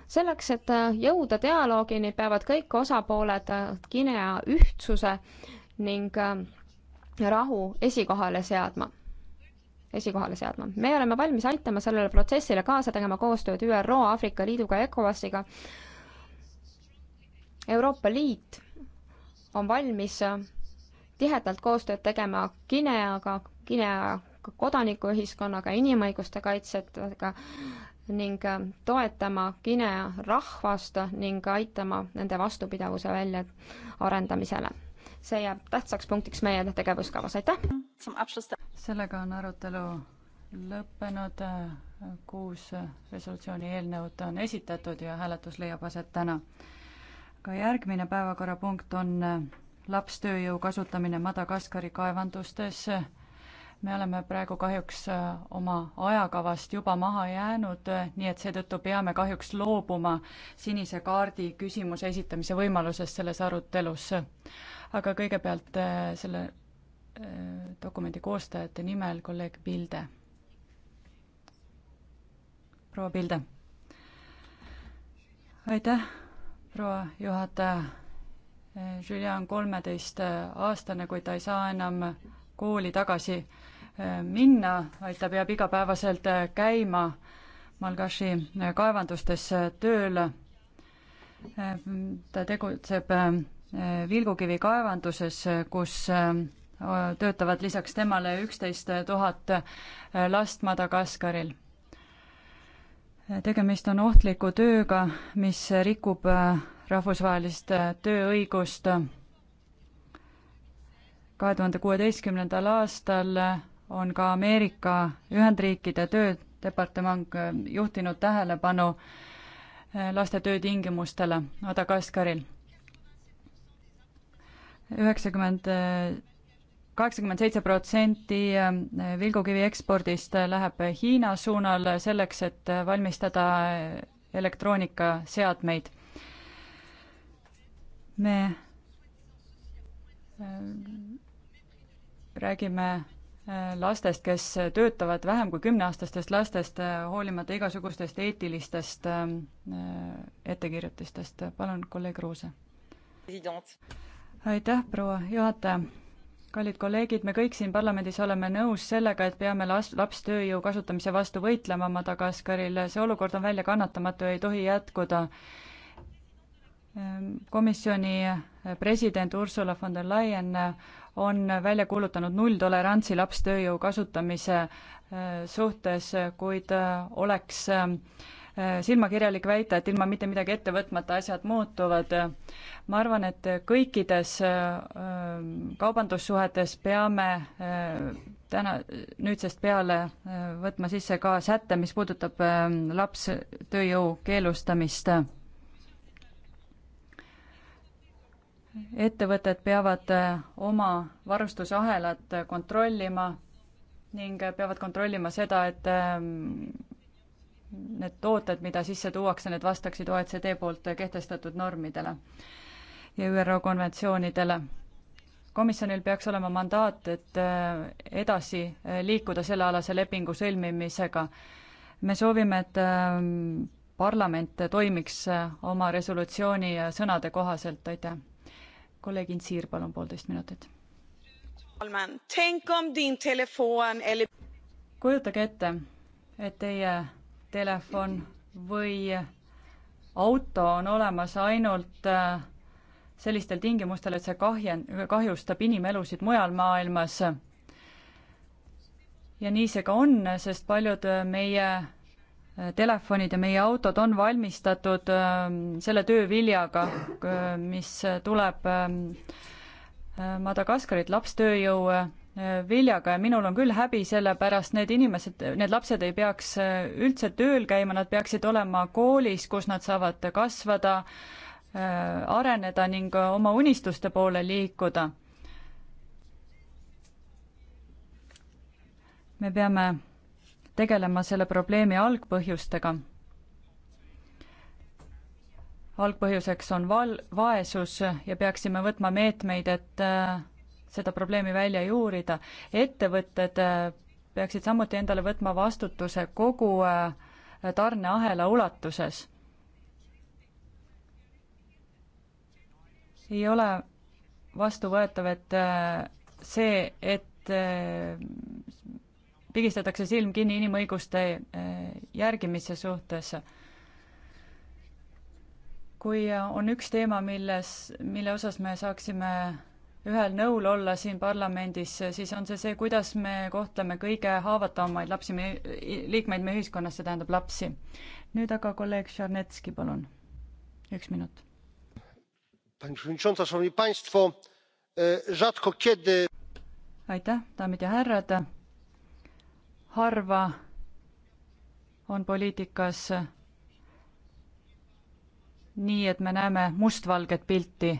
selleks, et jõuda dialoogini, peavad kõik osapooled Guinea ühtsuse ning rahu esikohale seadma esikohale seadma. me oleme valmis aitama sellele protsessile kaasa tegema koostööd ÜRO, Aafrika Liiduga, ECOWASiga. Euroopa Liit on valmis tihedalt koostööd tegema Guineaga, Guinea kodanikuühiskonnaga, inimõiguste kaitsjatega ning toetama Guinea rahvast ning aitama nende vastupidavuse välja arendamisele see jääb tähtsaks punktiks meie tegevuskavas, aitäh! sellega on arutelu lõppenud, kuus resolutsiooni eelnõud on esitatud ja hääletus leiab aset täna. ka järgmine päevakorrapunkt on lapstööjõu kasutamine Madagaskari kaevandustes me oleme praegu kahjuks oma ajakavast juba maha jäänud, nii et seetõttu peame kahjuks loobuma sinise kaardi küsimuse esitamise võimalusest selles arutelus aga kõigepealt äh, selle äh, dokumendi koostajate nimel kolleeg Pilde. proua Pilde. aitäh, proua juhataja. Äh, Julia on kolmeteistaastane, kuid ta ei saa enam kooli tagasi minna, vaid ta peab igapäevaselt käima Malgaši kaevandustes tööl. ta tegutseb Vilgukivi kaevanduses, kus äh, töötavad lisaks temale üksteist tuhat äh, last Madagaskaril. tegemist on ohtliku tööga, mis rikub äh, rahvusvahelist tööõigust. kahe tuhande kuueteistkümnendal aastal on ka Ameerika Ühendriikide töödepartement juhtinud tähelepanu laste töötingimustele Madagaskaril üheksakümmend, kaheksakümmend seitse protsenti äh, vilgukivi ekspordist läheb Hiina suunal selleks, et valmistada elektroonikaseadmeid. me äh, räägime äh, lastest, kes töötavad vähem kui kümneaastastest lastest, hoolimata igasugustest eetilistest ettekirjutistest. palun, kolleeg Ruuse aitäh, proua juhataja. kallid kolleegid, me kõik siin parlamendis oleme nõus sellega, et peame las-, lapstööjõu kasutamise vastu võitlema Madagaskaril, see olukord on väljakannatamatu, ei tohi jätkuda. Ehm, komisjoni president Ursula von der Leyen on välja kuulutanud nulltolerantsi lapstööjõu kasutamise ehm, suhtes, kuid ehm, oleks äh, Äh, silmakirjalik väita, et ilma mitte midagi ette võtmata asjad muutuvad. ma arvan, et kõikides äh, äh, kaubandussuhetes peame täna, nüüdsest peale võtma sisse ka sätte, mis puudutab lapstööjõu keelustamist ettevõtted peavad oma varustusahelat kontrollima ning peavad kontrollima seda, et need tooted, mida sisse tuuakse, need vastaksid OECD poolt kehtestatud normidele ja ÜRO konventsioonidele. komisjonil peaks olema mandaat, et äh, edasi äh, liikuda sellealase lepingu sõlmimisega. me soovime, et äh, parlament toimiks oma resolutsiooni sõnade kohaselt, aitäh. kolleeg Intsiir, palun poolteist minutit. kujutage ette, et teie telefon või auto on olemas ainult äh, sellistel tingimustel, et see kahjen-, kahjustab inimelusid mujal maailmas. ja nii see ka on, sest paljud äh, meie äh, telefonid ja meie autod on valmistatud selle töö viljaga, mis tuleb Madagaskarit lapstööjõu viljaga ja minul on küll häbi selle pärast, need inimesed, need lapsed ei peaks äh, üldse tööl käima, nad peaksid olema koolis, kus nad saavad kasvada, äh, areneda ning äh, oma unistuste poole liikuda. me peame tegelema selle probleemi algpõhjustega. algpõhjuseks on val-, vaesus ja peaksime võtma meetmeid, et äh, seda probleemi välja juurida. ettevõtted äh, peaksid samuti endale võtma vastutuse kogu äh, tarneahela ulatuses. ei ole vastuvõetav, et äh, see, et pigistatakse silm kinni inimõiguste järgimise suhtes kui on üks teema, milles, mille osas me saaksime ühel nõul olla siin parlamendis, siis on see see, kuidas me kohtleme kõige haavatavamaid lapsi, meie, liikmeid meie ühiskonnas, see tähendab lapsi. nüüd aga kolleeg Šarnetski, palun, üks minut. E, aitäh, daamid ja härrad. harva on poliitikas nii, et me näeme mustvalget pilti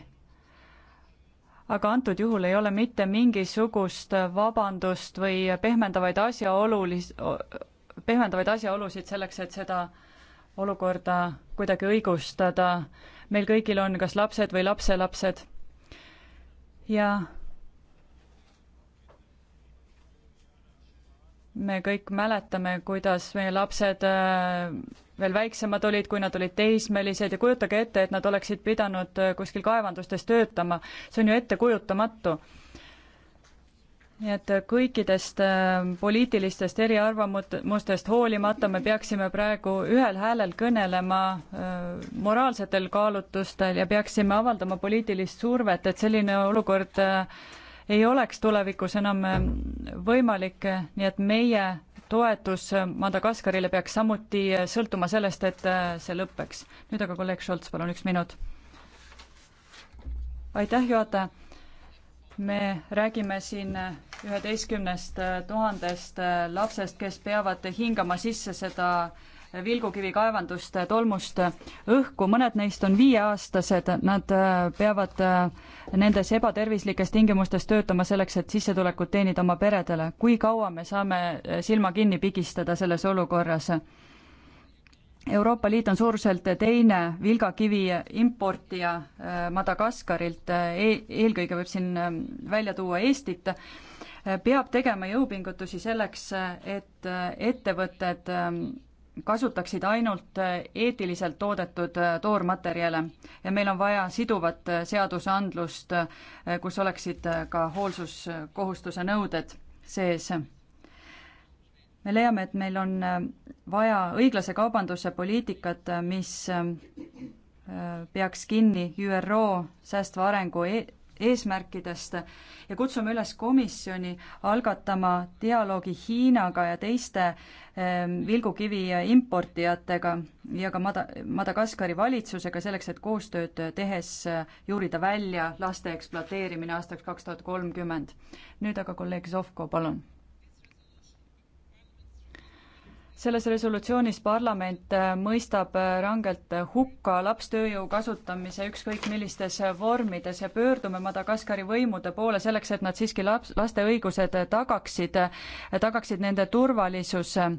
aga antud juhul ei ole mitte mingisugust vabandust või pehmendavaid asjaolulis-, pehmendavaid asjaolusid selleks, et seda olukorda kuidagi õigustada. meil kõigil on kas lapsed või lapselapsed ja me kõik mäletame, kuidas meie lapsed äh, veel väiksemad olid, kui nad olid teismelised ja kujutage ette, et nad oleksid pidanud äh, kuskil kaevandustes töötama, see on ju ettekujutamatu. nii et äh, kõikidest äh, poliitilistest eriarvamustest hoolimata me peaksime praegu ühel häälel kõnelema moraalsetel kaalutlustel ja peaksime avaldama poliitilist survet, et selline olukord ei oleks tulevikus enam võimalik, nii et meie toetus Madagaskarile peaks samuti sõltuma sellest, et äh, see lõpeks. nüüd aga kolleeg Šolts, palun üks minut. aitäh, juhataja. me räägime siin üheteistkümnest tuhandest äh, lapsest, kes peavad hingama sisse seda äh, vilgukivi kaevandust tolmust õhku, mõned neist on viieaastased, nad äh, peavad äh, nendes ebatervislikes tingimustes töötama selleks, et sissetulekut teenida oma peredele. kui kaua me saame äh, silma kinni pigistada selles olukorras? Euroopa Liit on suuruselt teine vilgakivi importija Madagaskarilt, e-, eelkõige võib siin välja tuua Eestit, peab tegema jõupingutusi selleks, et ettevõtted kasutaksid ainult äh, eetiliselt toodetud äh, toormaterjale ja meil on vaja siduvat äh, seadusandlust, kus oleksid ka hoolsuskohustuse nõuded sees. me leiame, et meil on vaja õiglase kaubanduse poliitikat, mis peaks kinni ÜRO säästva arengu e eesmärkidest ja kutsume üles komisjoni algatama dialoogi Hiinaga ja teiste ehm, vilgukivi importijatega ja ka Mada-, Madagaskari valitsusega selleks, et koostööd tehes eh, juurida välja laste ekspluateerimine aastaks kaks tuhat kolmkümmend. nüüd aga kolleeg Zovko, palun selles resolutsioonis parlament äh, mõistab äh, rangelt äh, hukka lapstööjõu kasutamise ükskõik millistes vormides ja pöördume Madagaskari võimude poole selleks, et nad siiski laps, laste õigused tagaksid, tagaksid nende turvalisuse.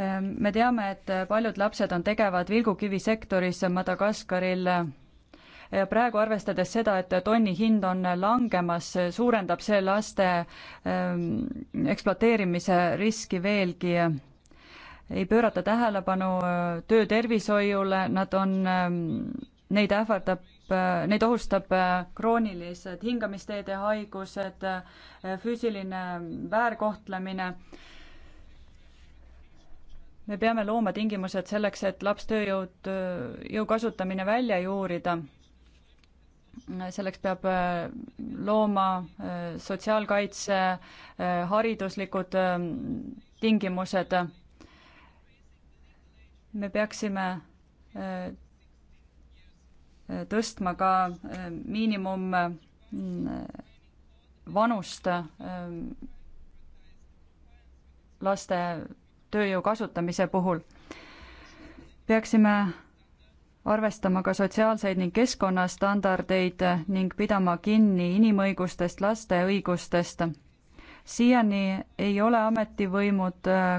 Ähm, me teame, et paljud lapsed on tegevad vilgukivisektoris Madagaskaril ja praegu arvestades seda, et tonni hind on langemas, suurendab see laste ähm, ekspluateerimise riski veelgi ei pöörata tähelepanu äh, töötervishoiule, nad on, ähm, neid ähvardab, äh, neid ohustab äh, kroonilised hingamisteede haigused, füüsiline väärkohtlemine. me peame looma tingimused selleks, et laps tööjõud, jõu kasutamine välja juurida selleks peab looma sotsiaalkaitse, hariduslikud tingimused me peaksime äh, äh, tõstma ka äh, miinimum vanust laste tööjõu kasutamise puhul. peaksime arvestama ka sotsiaalseid ning keskkonnastandardeid ning pidama kinni inimõigustest, laste õigustest. siiani ei ole ametivõimud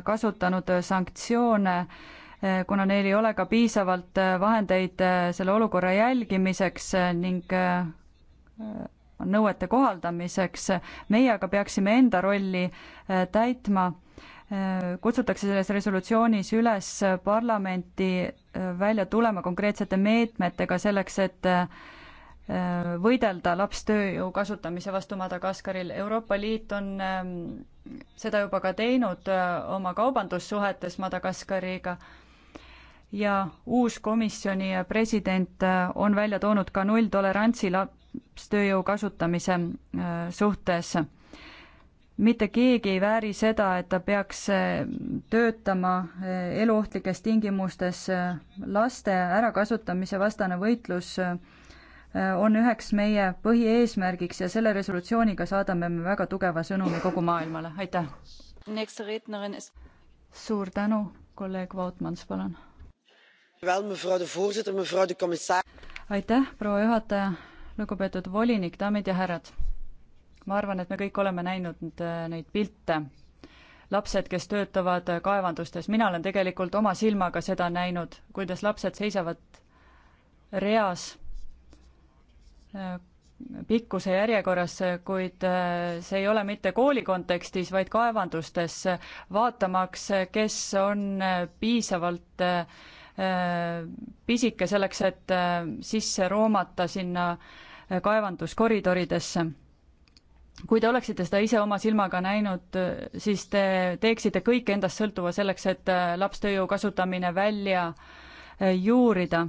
kasutanud sanktsioone Eh, kuna neil ei ole ka piisavalt eh, vahendeid eh, selle olukorra jälgimiseks ning nõuete kohaldamiseks. meie aga peaksime enda rolli täitma. kutsutakse selles resolutsioonis üles parlamenti välja tulema konkreetsete meetmetega selleks, et võidelda lapstööjõu kasutamise vastu Madagaskaril. Euroopa Liit on seda juba ka teinud oma kaubandussuhetes Madagaskariga ja uus komisjoni president äh, on välja toonud ka nulltolerantsi lapstööjõu kasutamise äh, suhtes. mitte keegi ei vääri seda, et ta peaks äh, töötama eluohtlikes tingimustes. laste ärakasutamise vastane võitlus on üheks meie põhieesmärgiks ja selle resolutsiooniga saadame me väga tugeva sõnumi kogu maailmale, aitäh! suur tänu, kolleeg Vautmans, palun! aitäh, proua juhataja, lugupeetud volinik, daamid ja härrad. ma arvan, et me kõik oleme näinud äh, neid pilte. lapsed, kes töötavad äh, kaevandustes, mina olen tegelikult oma silmaga seda näinud, kuidas lapsed seisavad reas äh, pikkuse järjekorras, kuid see ei ole mitte kooli kontekstis, vaid kaevandustes, vaatamaks, kes on piisavalt Äh, pisike selleks, et äh, sisse roomata sinna äh, kaevanduskoridoridesse. kui te oleksite seda ise oma silmaga näinud, siis te teeksite kõik endast sõltuva selleks, et lapstööjõu kasutamine välja juurida.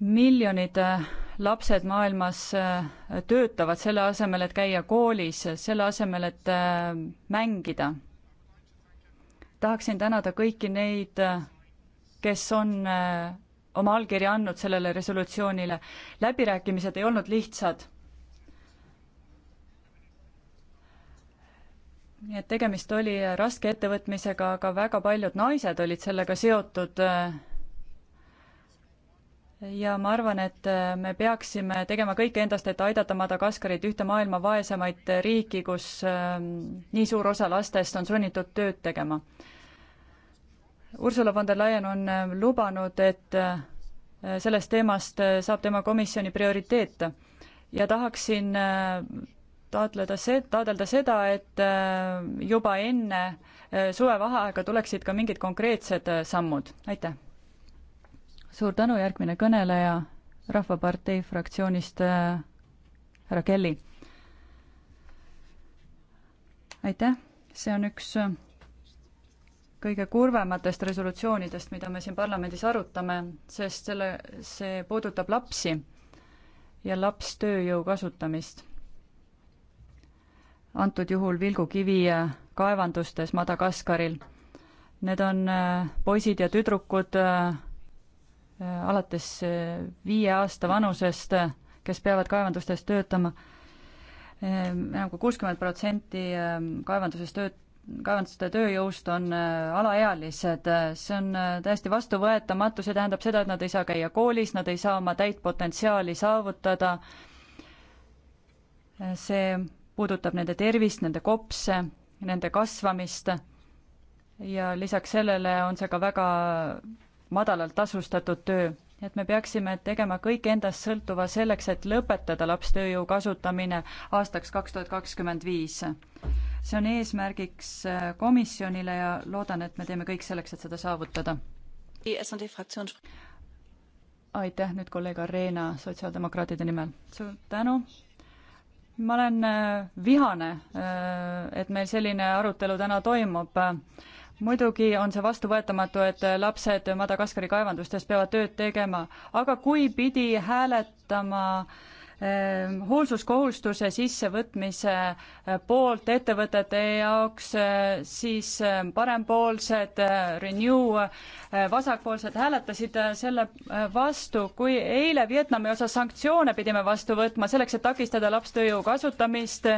miljonid lapsed maailmas töötavad selle asemel, et käia koolis, selle asemel, et mängida. tahaksin tänada kõiki neid kes on äh, oma allkirja andnud sellele resolutsioonile. läbirääkimised ei olnud lihtsad. nii et tegemist oli äh, raske ettevõtmisega, aga väga paljud naised olid sellega seotud. Äh. ja ma arvan, et me peaksime tegema kõike endast, et aidata Madagaskarit, ühte maailma vaesemaid riiki, kus nii suur osa lastest on sunnitud tööd tegema Ursula von der Leyen on äh, lubanud, et äh, sellest teemast äh, saab tema komisjoni prioriteet ja tahaksin taotleda see, taotleda seda, et juba enne suvevaheaega tuleksid ka mingid konkreetsed sammud, aitäh! suur tänu, järgmine kõneleja Rahvapartei fraktsioonist härra Kelly. aitäh, see on üks kõige kurvematest resolutsioonidest, mida me siin parlamendis arutame, sest selle, see puudutab lapsi ja lapstööjõu kasutamist. antud juhul vilgukivi kaevandustes Madagaskaril. Need on äh, poisid ja tüdrukud äh, äh, alates viie aasta vanusest, kes peavad kaevandustes töötama enam kui kuuskümmend protsenti kaevanduses tööt-, kaevanduste tööjõust on äh, alaealised, äh, see on äh, täiesti vastuvõetamatu, see tähendab seda, et nad ei saa käia koolis, nad ei saa oma täit potentsiaali saavutada, see puudutab nende tervist, nende kopse, nende kasvamist ja lisaks sellele on see ka väga madalalt tasustatud töö. et me peaksime tegema kõik endast sõltuva selleks, et lõpetada lapstööjõu kasutamine aastaks kaks tuhat kakskümmend viis see on eesmärgiks äh, komisjonile ja loodan, et me teeme kõik selleks, et seda saavutada. aitäh nüüd kolleeg Arena sotsiaaldemokraatide nimel. suur tänu ma olen äh, vihane, äh, et meil selline arutelu täna toimub. muidugi on see vastuvõetamatu, et lapsed Madagaskari kaevandustes peavad tööd tegema, aga kui pidi hääletama äh, Ehm, hoolsuskohustuse sissevõtmise eh, poolt ettevõtete jaoks, eh, siis eh, parempoolsed, Renew, vasakpoolsed hääletasid selle vastu, kui eile Vietnami osas sanktsioone pidime vastu võtma selleks, et takistada lapstööjõu kasutamist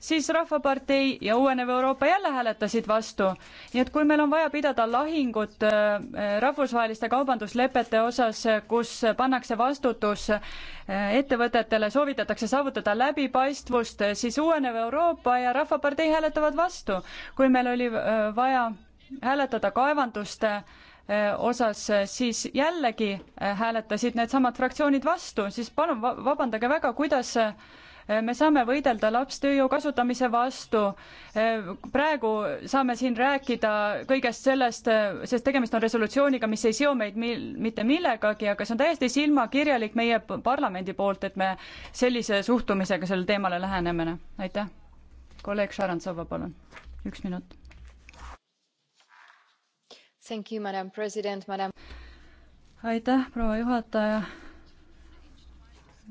siis Rahvapartei ja Uuenev Euroopa jälle hääletasid vastu. nii et kui meil on vaja pidada lahingut äh, äh, rahvusvaheliste kaubanduslepete osas, äh, kus pannakse vastutus ettevõtetele, soovitatakse saavutada läbipaistvust, siis Uuenev Euroopa ja Rahvapartei hääletavad vastu. kui meil oli vaja hääletada kaevanduste osas, siis jällegi hääletasid needsamad fraktsioonid vastu, siis palun vabandage väga, kuidas me saame võidelda lapstööjõu kasutamise vastu. E, praegu saame siin rääkida kõigest sellest, e, sest tegemist on resolutsiooniga, mis ei seo meid mil-, mitte millegagi, aga see on täiesti silmakirjalik meie parlamendi poolt, et me sellise suhtumisega sellele teemale läheneme. aitäh. kolleeg Šarantsova, palun, üks minut. Thank you, madam president, madam. aitäh, proua juhataja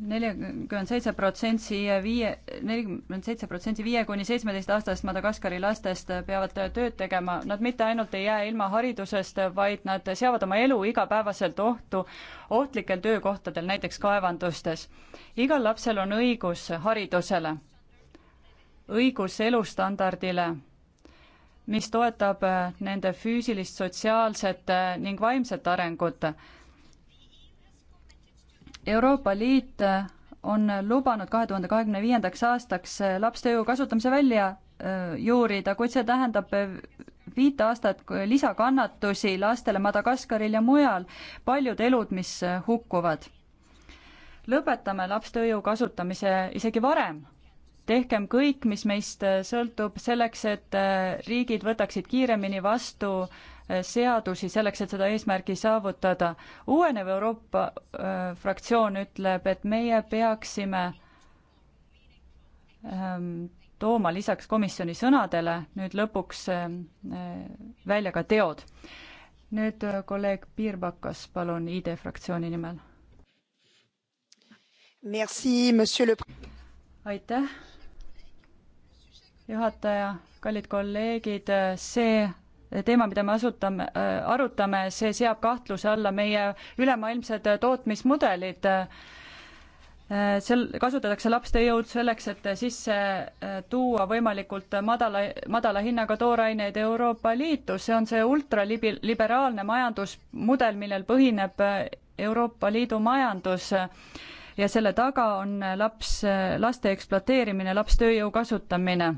nelikümmend seitse protsenti viie, nelikümmend seitse protsenti viie kuni seitsmeteistaastast Madagaskari lastest peavad tööd tegema, nad mitte ainult ei jää ilma haridusest, vaid nad seavad oma elu igapäevaselt ohtu ohtlikel töökohtadel, näiteks kaevandustes. igal lapsel on õigus haridusele, õigus elustandardile, mis toetab nende füüsilist, sotsiaalset ning vaimset arengut Euroopa Liit on lubanud kahe tuhande kahekümne viiendaks aastaks lapstööjõu kasutamise välja juurida, kuid see tähendab viit aastat lisakannatusi lastele Madagaskaril ja mujal, paljud elud, mis hukkuvad. lõpetame lapstööjõu kasutamise isegi varem. tehkem kõik, mis meist sõltub, selleks et riigid võtaksid kiiremini vastu seadusi selleks, et seda eesmärgi saavutada. uuenev Euroopa äh, fraktsioon ütleb, et meie peaksime ähm, tooma lisaks komisjoni sõnadele nüüd lõpuks äh, välja ka teod. nüüd äh, kolleeg Piirbakas, palun, ID fraktsiooni nimel. aitäh, juhataja, kallid kolleegid, äh, see teema, mida me asutame, äh, arutame, see seab kahtluse alla meie ülemaailmsed äh, tootmismudelid. Äh, seal kasutatakse lapstejõud selleks, et sisse tuua võimalikult madala, madala hinnaga tooraineid Euroopa Liitu, see on see ultralibi-, liberaalne majandusmudel, millel põhineb Euroopa Liidu majandus ja selle taga on laps, laste ekspluateerimine, lapstööjõu kasutamine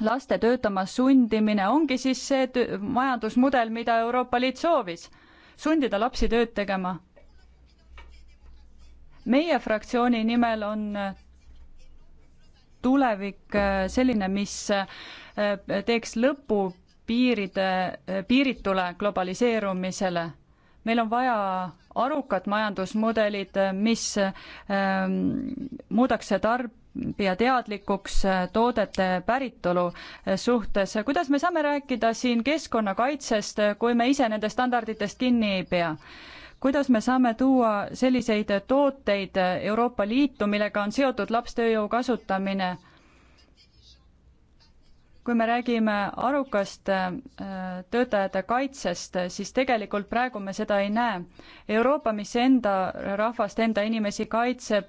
laste töötama sundimine ongi siis see majandusmudel, mida Euroopa Liit soovis, sundida lapsi tööd tegema. meie fraktsiooni nimel on tulevik äh, selline, mis äh, teeks lõpu piiride, äh, piiritule globaliseerumisele. meil on vaja arukat majandusmudelit, mis ähm, muudaks tarb-, tarbija teadlikuks äh, toodete päritolu äh, suhtes. kuidas me saame rääkida siin keskkonnakaitsest, äh, kui me ise nendest standarditest kinni ei pea? kuidas me saame tuua selliseid tooteid Euroopa Liitu, millega on seotud lapstööjõu kasutamine? kui me räägime arukast äh, töötajate kaitsest, siis tegelikult praegu me seda ei näe. Euroopa, mis enda rahvast, enda inimesi kaitseb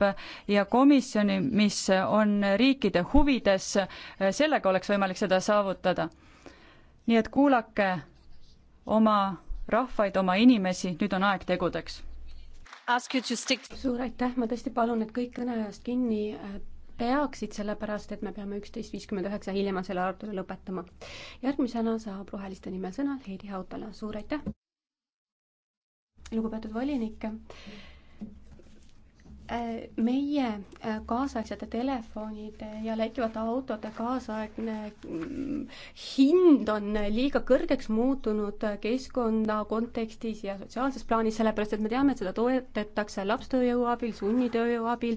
ja komisjoni, mis on riikide huvides, äh, sellega oleks võimalik seda saavutada. nii et kuulake oma rahvaid, oma inimesi, nüüd on aeg tegudeks. suur aitäh, ma tõesti palun, et kõik kõne ajast kinni äh, peaksid, sellepärast et me peame üksteist viiskümmend üheksa hiljemalt selle arutelu lõpetama. järgmisena saab Roheliste nimel sõna Heidi Hautala, suur aitäh! lugupeetud volinik, meie äh, kaasaegsete telefonide ja läikivate autode kaasaegne mm, hind on liiga kõrgeks muutunud äh, keskkonna kontekstis ja sotsiaalses plaanis, sellepärast et me teame, et seda toetatakse lapstööjõu abil, sunnitööjõu abil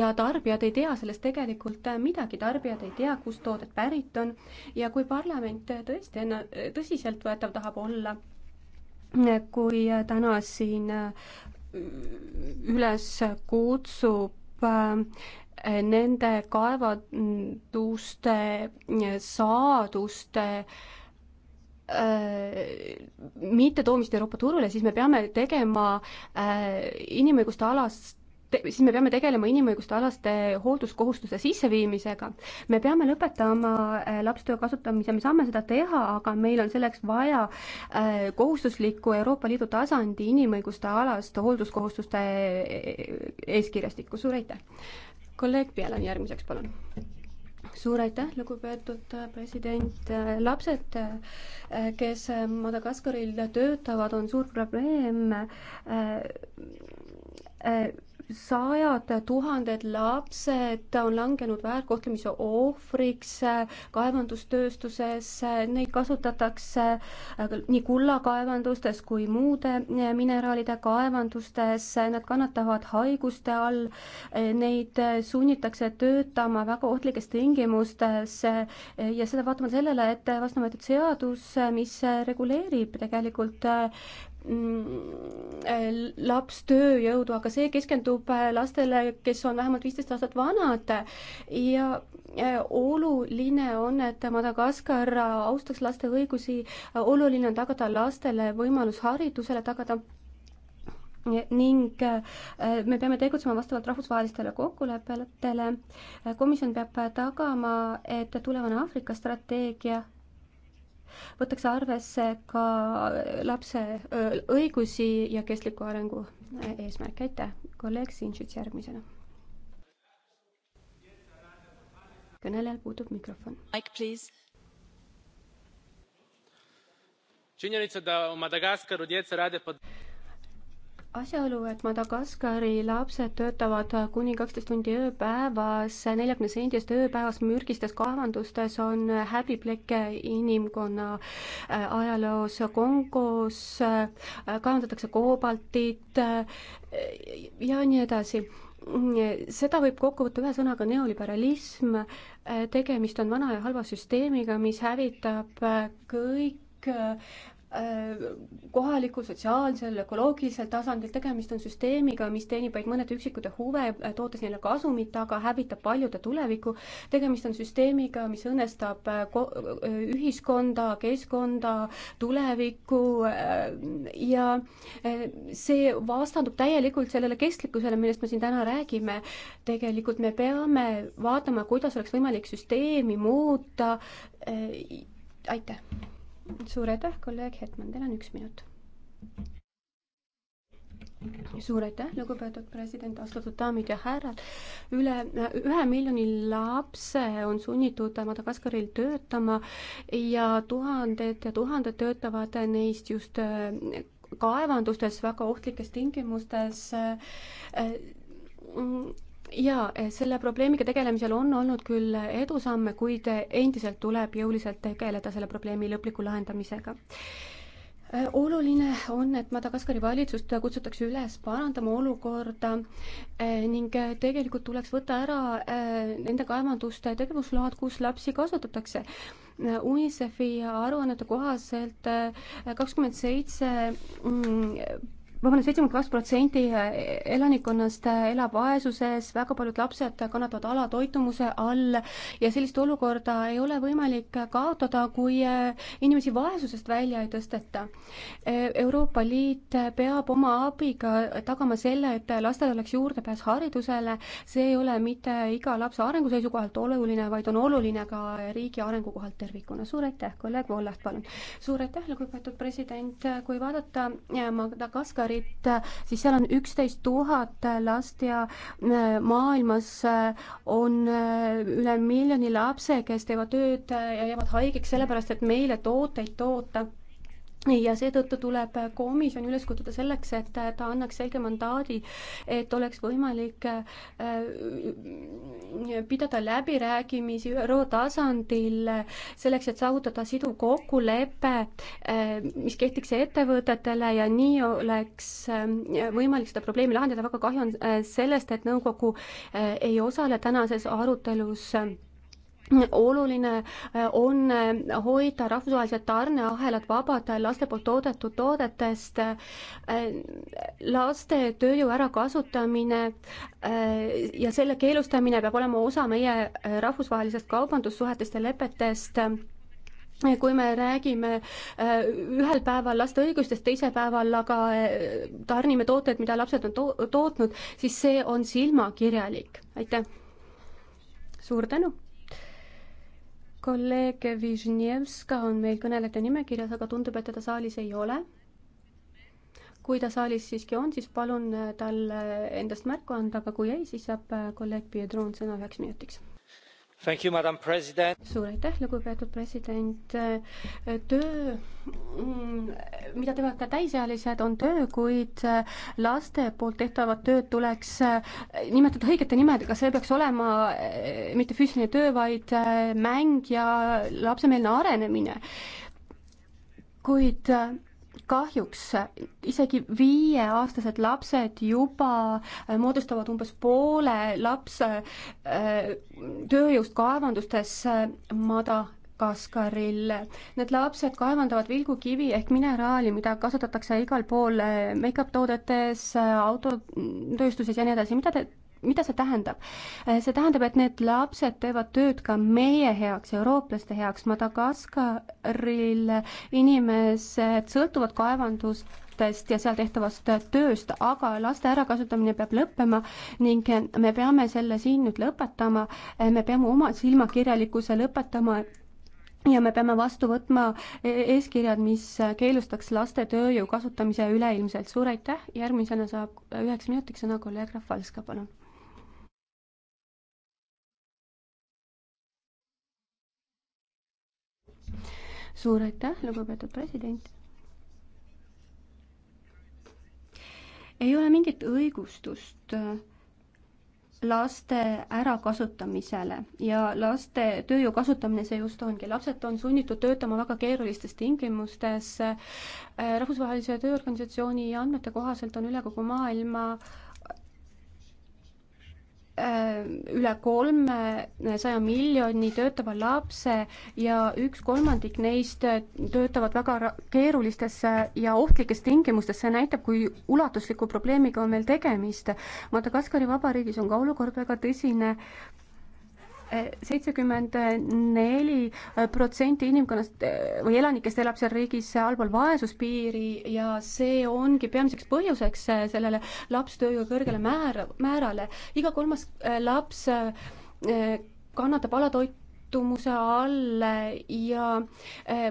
ja tarbijad ei tea sellest tegelikult äh, midagi, tarbijad ei tea, kust toodet pärit on ja kui parlament tõesti enna-, tõsiseltvõetav tahab olla, kui täna siin üles kutsub äh, nende kaevanduste äh, saaduste äh, mittetoomist Euroopa turule, siis me peame tegema inimõiguste alast te-, siis me peame tegelema inimõiguste alaste hoolduskohustuse sisseviimisega. me peame lõpetama äh, lapstöö kasutamise, me saame seda teha, aga meil on selleks vaja äh, kohustuslikku Euroopa Liidu tasandi inimõiguste alast hoolduskohustuste äh, eeskirjastikku, suur aitäh! kolleeg Pielan järgmiseks, palun suur aitäh, lugupeetud president. lapsed, kes Madagaskaril töötavad, on suur probleem sajad tuhanded lapsed on langenud väärkohtlemise ohvriks kaevandustööstuses, neid kasutatakse nii kullakaevandustes kui muude eh, mineraalide kaevandustes, nad kannatavad haiguste all, eh, neid eh, sunnitakse töötama väga ohtlikes tingimustes ja seda vaatamata sellele, et vastu võetud seadus, mis reguleerib tegelikult Mm, laps tööjõudu, aga see keskendub äh, lastele, kes on vähemalt viisteist aastat vanad ja äh, oluline on, et Madagaskar austaks laste õigusi, oluline on tagada lastele võimalus haridusele tagada ning äh, me peame tegutsema vastavalt rahvusvahelistele kokkulepetele. komisjon peab tagama, et tulevane Aafrika strateegia võetakse arvesse ka lapse õigusi ja kestliku arengu äh, eesmärke. aitäh, kolleeg Sinšits järgmisena. kõnelejal puudub mikrofon. Mike, please injenica da u madagascaru djeca rade pod asjaolu, et Madagaskari lapsed töötavad kuni kaksteist tundi ööpäevas neljakümne sendist ööpäevas mürgistes kaevandustes, on häbiplekk inimkonna äh, ajaloos. Kongos äh, kaevandatakse koobaltit äh, ja nii edasi seda võib kokku võtta ühe sõnaga neoliberalism, tegemist on vana ja halva süsteemiga, mis hävitab kõik Äh, kohalikul, sotsiaalsel, ökoloogilisel tasandil, tegemist on süsteemiga, mis teenib vaid mõnede üksikute huve, äh, tootes neile kasumit, aga hävitab paljude tulevikku. tegemist on süsteemiga, mis õõnestab äh, ühiskonda, keskkonda, tulevikku ja see vastandub täielikult sellele kestlikkusele, millest me siin täna räägime. tegelikult me peame vaatama, kuidas oleks võimalik süsteemi muuta. aitäh! suur aitäh, kolleeg Hetman, teil on üks minut. suur aitäh, lugupeetud president, austatud daamid ja härrad. üle ühe miljoni lapse on sunnitud Madagaskaril töötama ja tuhanded ja tuhanded töötavad neist just eh, kaevandustes väga ohtlikes tingimustes eh, jaa, eh, selle probleemiga tegelemisel on olnud küll edusamme, kuid endiselt tuleb jõuliselt tegeleda selle probleemi lõpliku lahendamisega. Eh, oluline on, et Madagaskari valitsust kutsutakse üles parandama olukorda eh, ning tegelikult tuleks võtta ära nende kaevanduste tegevusload, kus lapsi kasvatatakse UNICEF-i aruannete kohaselt kakskümmend seitse mm, vabandust, seitsekümmend kaks protsenti eh, elanikkonnast eh, elab vaesuses, väga paljud lapsed kannatavad alatoitumuse all ja sellist olukorda ei ole võimalik kaotada, kui eh, inimesi vaesusest välja ei tõsteta. Euroopa Liit peab oma abiga tagama selle, et lastel oleks juurdepääs haridusele, see ei ole mitte iga lapse arengu seisukohalt oluline, vaid on oluline ka riigi arengu kohalt tervikuna. suur aitäh, kolleeg Vollaht, palun! suur aitäh, lugupeetud president, kui vaadata Madagaskari dollarit, siis seal on üksteist tuhat last ja äh, maailmas äh, on äh, üle miljoni lapse, kes teevad tööd ja jäävad haigeks sellepärast, et meile tooteid toota ja seetõttu tuleb komisjon üles kutsuda selleks, et ta annaks selge mandaadi, et oleks võimalik äh, pidada läbirääkimisi ÜRO tasandil selleks, et saavutada siduv kokkulepe, äh, mis kehtiks ettevõtetele ja nii oleks äh, võimalik seda probleemi lahendada. väga kahju on sellest, et nõukogu ei osale tänases arutelus oluline äh, on äh, hoida rahvusvahelised tarneahelad vabad äh, laste poolt toodetud toodetest, laste tööjõu ärakasutamine ja selle keelustamine peab olema osa meie rahvusvahelisest kaubandussuhetest ja lepetest kui me räägime ühel päeval laste õigustest, teisel päeval aga tarnime tooteid, mida lapsed on to tootnud, siis see on silmakirjalik. aitäh! suur tänu! kolleeg Vižnjevska on meil kõnelejate nimekirjas, aga tundub, et teda saalis ei ole. kui ta saalis siiski on, siis palun talle endast märku anda, aga kui ei, siis saab kolleeg Piedron sõna üheks minutiks suur aitäh, lugupeetud president. töö, mm, mida teevad ka täisealised, on töö, kuid äh, laste poolt tehtavat tööd tuleks äh, nimetada õigete nimedega, see peaks olema äh, mitte füüsiline töö, vaid mäng ja lapsemeelne arenemine. kuid kahjuks isegi viieaastased lapsed juba moodustavad umbes poole lapse äh, tööjõust kaevandustes äh, Madagaskaril. Need lapsed kaevandavad vilgukivi ehk mineraali, mida kasutatakse igal pool äh, make-up toodetes, autotööstuses ja nii edasi. mida te mida see tähendab? Eh, see tähendab, et need lapsed teevad tööd ka meie heaks, eurooplaste heaks, Madagaskaril inimesed sõltuvad kaevandustest ja seal tehtavast tööst, aga laste ärakasutamine peab lõppema ning me peame selle siin nüüd lõpetama, eh, me peame oma silmakirjalikkuse lõpetama ja me peame vastu võtma e-, eeskirjad, mis keelustaks laste tööjõu kasutamise üleilmselt. suur aitäh, järgmisena saab üheks minutiks sõna kolleeg Rafalska, palun suur aitäh, lugupeetud president. ei ole mingit õigustust äh, laste ärakasutamisele ja laste tööjõu kasutamine see just ongi. lapsed on sunnitud töötama väga keerulistes tingimustes. Äh, rahvusvahelise Tööorganisatsiooni andmete kohaselt on üle kogu maailma äh, Äh, üle kolmesaja miljoni töötava lapse ja üks kolmandik neist töötavad väga keerulistes ja ohtlikes tingimustes, see näitab, kui ulatusliku probleemiga on meil tegemist. Madagaskari vabariigis on ka olukord väga tõsine seitsekümmend neli protsenti inimkonnast eh, või elanikest elab seal riigis allpool vaesuspiiri ja see ongi peamiseks põhjuseks eh, sellele lapstööjõu kõrgele määra, määrale. iga kolmas eh, laps kannatab alatoit pettumuse all ja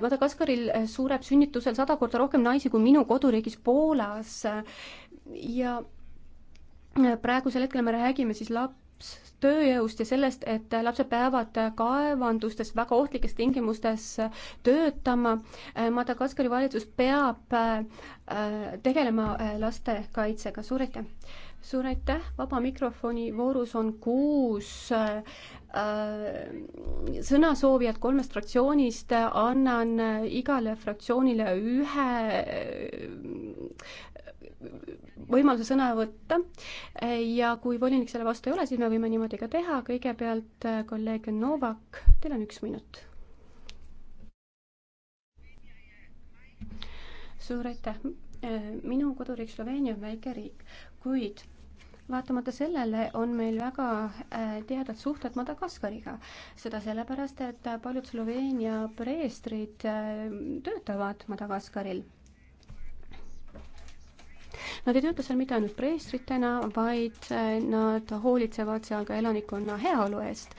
Madagaskaril sureb sünnitusel sada korda rohkem naisi kui minu koduriigis Poolas. ja praegusel hetkel me räägime siis laps tööjõust ja sellest, et lapsed peavad kaevandustes väga ohtlikes tingimustes töötama. Madagaskari valitsus peab äh, tegelema äh, laste kaitsega, suur aitäh! suur aitäh, vaba mikrofoni voorus on kuus äh, sõnasoovijat kolmest fraktsioonist, annan äh, igale fraktsioonile ühe võimaluse sõna võtta ja kui volinik selle vastu ei ole, siis me võime niimoodi ka teha, kõigepealt äh, kolleeg Novak, teil on üks minut. suur aitäh, äh, minu koduriik Sloveenia on väike riik, kuid vaatamata sellele on meil väga äh, teadvad suhted Madagaskariga. seda sellepärast, et paljud Sloveenia preestrid töötavad Madagaskaril Nad ei tööta seal mitte ainult preestritena, vaid äh, nad hoolitsevad seal ka elanikkonna heaolu eest.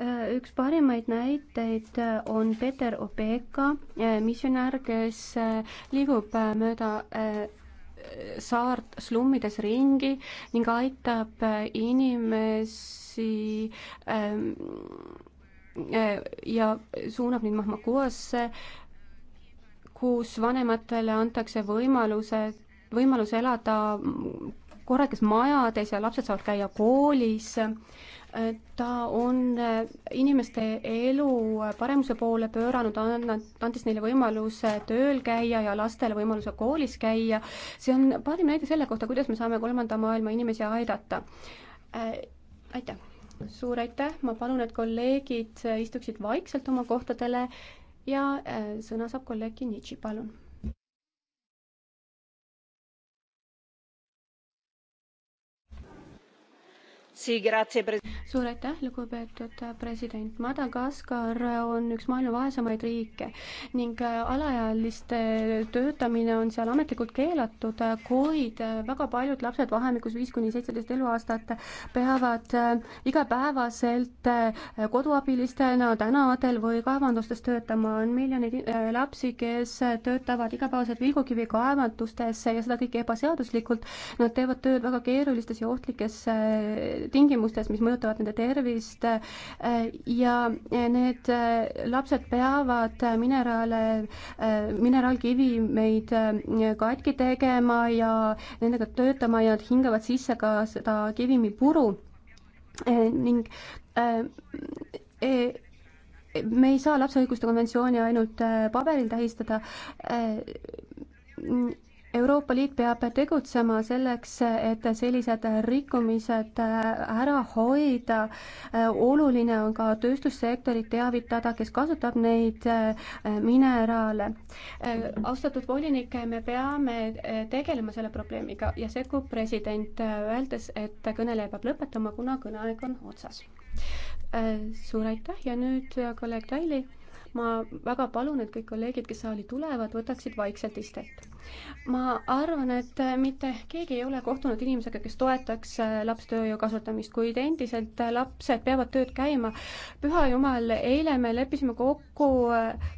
Äh, üks parimaid näiteid äh, on Peter Opeka, misjonär, kes liigub mööda saart slummides ringi ning aitab inimesi ähm, ja suunab neid Mahmakuasse, kus vanematele antakse võimalused võimalus elada korralikes majades ja lapsed saavad käia koolis. ta on inimeste elu paremuse poole pööranud, andis neile võimaluse tööl käia ja lastele võimaluse koolis käia. see on parim näide selle kohta, kuidas me saame kolmanda maailma inimesi aidata. aitäh, suur aitäh, ma palun, et kolleegid istuksid vaikselt oma kohtadele ja äh, sõna saab kolleeg Kinnitši, palun suur aitäh, lugupeetud president. Madagaskar on üks maailma vaesemaid riike ning äh, alaealiste töötamine on seal ametlikult keelatud, äh, kuid äh, väga paljud lapsed vahemikus viis kuni seitseteist eluaastat peavad igapäevaselt koduabilistena tänavatel või kaevandustes töötama. on miljoneid lapsi, kes töötavad igapäevaselt vilgukivi kaevandustes ja seda kõike ebaseaduslikult. Nad teevad tööd väga keerulistes ja ohtlikes tingimustes, mis mõjutavad nende tervist äh, ja äh, need äh, lapsed peavad mineraale, mineraalkivimeid katki tegema ja nendega töötama ja nad hingavad sisse ka seda kivimipuru ning e, me ei saa lapse õiguste konventsiooni ainult paberil tähistada Euroopa Liit peab tegutsema selleks, et sellised rikkumised ära hoida. oluline on ka tööstussektorit teavitada, kes kasutab neid äh, mineraale. Äh, austatud volinik, me peame äh, tegelema selle probleemiga ja sekkub president, öeldes, et kõneleja peab lõpetama, kuna kõneaeg on otsas. suur aitäh ja nüüd kolleeg Raili ma väga palun, et kõik kolleegid, kes saali tulevad, võtaksid vaikselt istet ma arvan, et mitte keegi ei ole kohtunud inimesega, kes toetaks äh, lapstööjõu kasutamist, kuid endiselt lapsed peavad tööd käima. püha jumal, eile me leppisime kokku äh,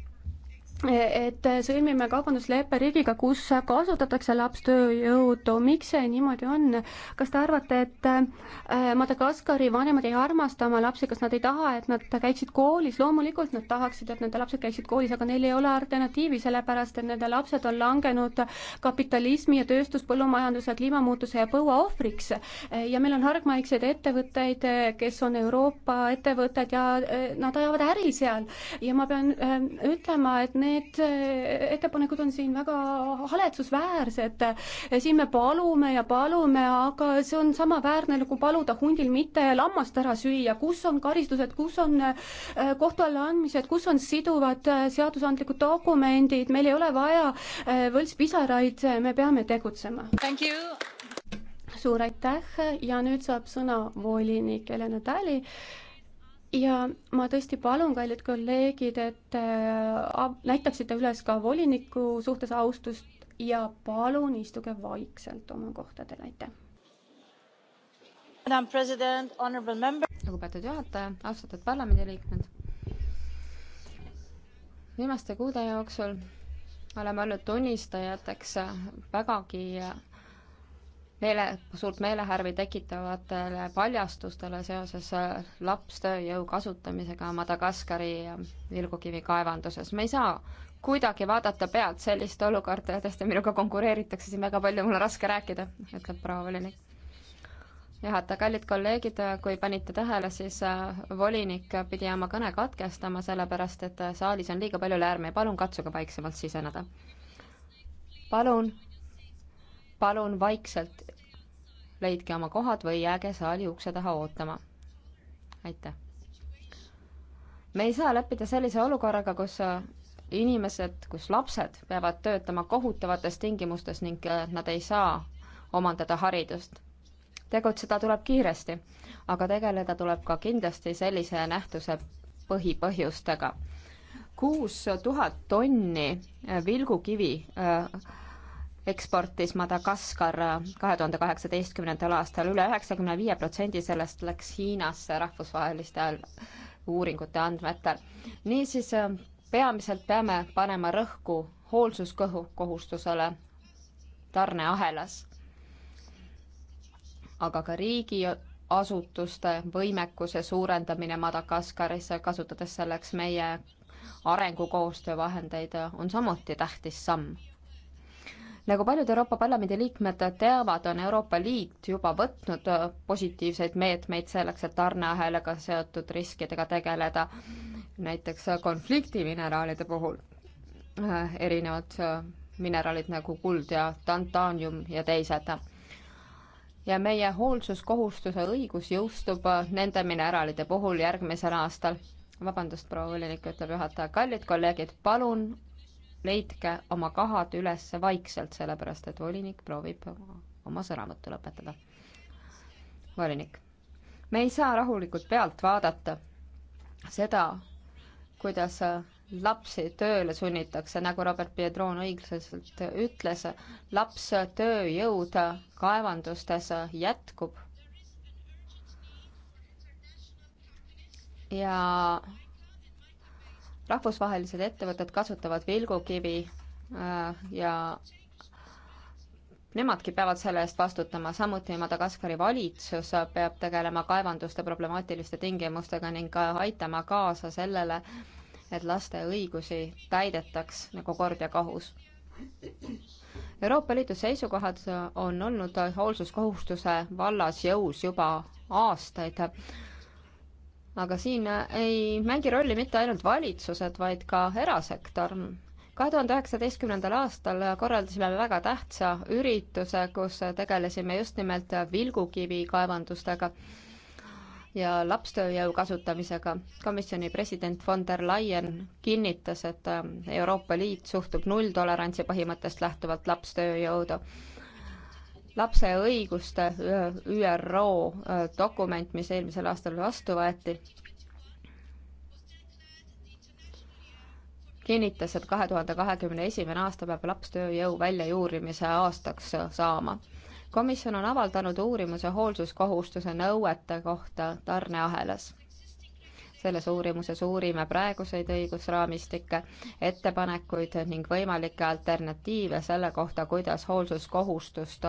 et sõlmime kaubandusleppe riigiga, kus kasutatakse lapstööjõudu, miks see niimoodi on? kas te arvate, et äh, Madagaskari vanemad ei armasta oma lapsi, kas nad ei taha, et nad käiksid koolis, loomulikult nad tahaksid, et nende lapsed käiksid koolis, aga neil ei ole alternatiivi, sellepärast et nende lapsed on langenud kapitalismi ja tööstus, põllumajanduse, kliimamuutuse ja põua ohvriks. ja meil on hargmaikseid ettevõtteid, kes on Euroopa ettevõtted ja äh, nad ajavad äri seal ja ma pean äh, ütlema, et need need äh, ettepanekud on siin väga haletsusväärsed. siin me palume ja palume, aga see on samaväärne nagu paluda hundil mitte lammast ära süüa, kus on karistused, kus on äh, kohtu alla andmised, kus on siduvad äh, seadusandlikud dokumendid, meil ei ole vaja võltspisaraid, me peame tegutsema. suur aitäh ja nüüd saab sõna volinik Helena Tali ja ma tõesti palun, kallid kolleegid, et äh, näitaksite üles ka voliniku suhtes austust ja palun istuge vaikselt oma kohtadel, aitäh. lugupeetud juhataja, austatud parlamendiliikmed. viimaste kuude jooksul oleme olnud tunnistajateks vägagi meele, suurt meelehärvi tekitavatele paljastustele seoses äh, lapstööjõu kasutamisega Madagaskari vilgukivi kaevanduses. me ei saa kuidagi vaadata pealt sellist olukorda ja tõesti minuga konkureeritakse siin väga palju, mul on raske rääkida, ütleb proua volinik. juhataja, kallid kolleegid, kui panite tähele, siis äh, volinik pidi oma kõne katkestama, sellepärast et äh, saalis on liiga palju lärmi, palun katsuge vaiksemalt siseneda. palun palun vaikselt leidke oma kohad või jääge saali ukse taha ootama. aitäh. me ei saa leppida sellise olukorraga, kus äh, inimesed, kus lapsed peavad töötama kohutavates tingimustes ning äh, nad ei saa omandada haridust. tegutseda tuleb kiiresti, aga tegeleda tuleb ka kindlasti sellise nähtuse põhipõhjustega. kuus tuhat tonni vilgukivi äh, eksportis Madagaskar kahe tuhande kaheksateistkümnendal aastal üle üheksakümne viie protsendi sellest läks Hiinasse rahvusvahelistel uuringute andmetel. niisiis äh, peamiselt peame panema rõhku hoolsuskõhu kohustusele tarneahelas, aga ka riigi asutuste võimekuse suurendamine Madagaskaris, kasutades selleks meie arengukoostöövahendeid, äh, on samuti tähtis samm nagu paljud Euroopa Parlamendi liikmed teavad, on Euroopa Liit juba võtnud äh, positiivseid meetmeid selleks, et tarneahelaga seotud riskidega tegeleda, näiteks äh, konfliktimineraalide puhul äh, erinevad mineraalid nagu kuld ja tantaanium ja teised ja meie hoolsuskohustuse õigus jõustub nende mineraalide puhul järgmisel aastal. vabandust, proua volinik, ütleb juhataja, kallid kolleegid, palun leidke oma kahad üles vaikselt, sellepärast et volinik proovib oma sõnavõttu lõpetada. volinik, me ei saa rahulikult pealt vaadata seda, kuidas lapsi tööle sunnitakse, nagu Robert Piedron õiglaselt ütles, laps tööjõud kaevandustes jätkub. ja rahvusvahelised ettevõtted kasutavad vilgukivi äh, ja nemadki peavad selle eest vastutama, samuti Madagaskari valitsus peab tegelema kaevanduste problemaatiliste tingimustega ning ka aitama kaasa sellele, et laste õigusi täidetaks nagu kord ja kohus. Euroopa Liidu seisukohad on olnud hoolsuskohustuse vallas jõus juba aastaid aga siin äh, ei mängi rolli mitte ainult valitsused, vaid ka erasektor. kahe tuhande üheksateistkümnendal aastal korraldasime väga tähtsa ürituse, kus tegelesime just nimelt vilgukivi kaevandustega ja lapstööjõu kasutamisega. komisjoni president von der Leyen kinnitas, et äh, Euroopa Liit suhtub nulltolerantsi põhimõttest lähtuvalt lapstööjõudu lapse õiguste ÜRO dokument, mis eelmisel aastal vastu võeti, kinnitas, et kahe tuhande kahekümne esimene aasta peab lapstööjõu väljajuurimise aastaks saama. komisjon on avaldanud uurimuse hoolsuskohustuse nõuete kohta tarneahelas selles uurimuses uurime praeguseid õigusraamistikke, ettepanekuid ning võimalikke alternatiive selle kohta, kuidas hoolsuskohustust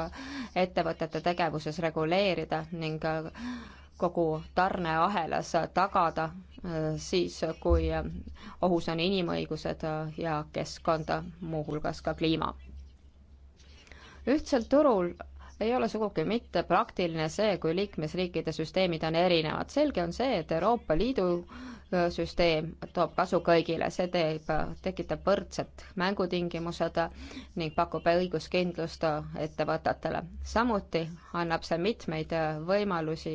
ettevõtete tegevuses reguleerida ning äh, kogu tarneahelas tagada äh, siis, kui äh, ohus on inimõigused ja keskkond, muuhulgas ka kliima. ühtsel turul ei ole sugugi mitte praktiline see, kui liikmesriikide süsteemid on erinevad. selge on see, et Euroopa Liidu süsteem toob kasu kõigile, see teeb, tekitab võrdsed mängutingimused ning pakub õiguskindlust ettevõtetele. samuti annab see mitmeid võimalusi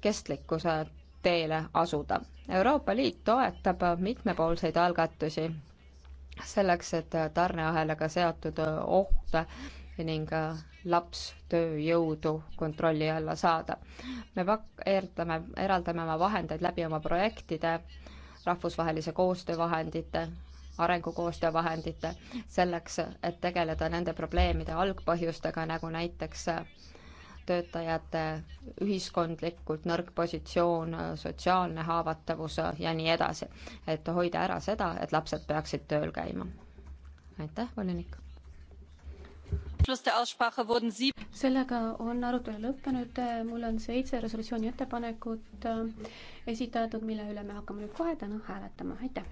kestlikkuse teele asuda. Euroopa Liit toetab mitmepoolseid algatusi selleks, et tarneahelaga seotud ohte ning äh, laps tööjõudu kontrolli alla saada. me pak-, eraldame, eraldame oma vahendeid läbi oma projektide, rahvusvahelise koostöö vahendite, arengukoostöö vahendite, selleks, et tegeleda nende probleemide algpõhjustega, nagu näiteks äh, töötajate ühiskondlikult nõrk positsioon, sotsiaalne haavatavus äh, ja nii edasi. et hoida ära seda, et lapsed peaksid tööl käima. aitäh, volinik! sellega on arutelu lõppenud, mul on seitse resolutsiooni ettepanekut äh, esitatud, mille üle me hakkame nüüd kohe täna hääletama, aitäh!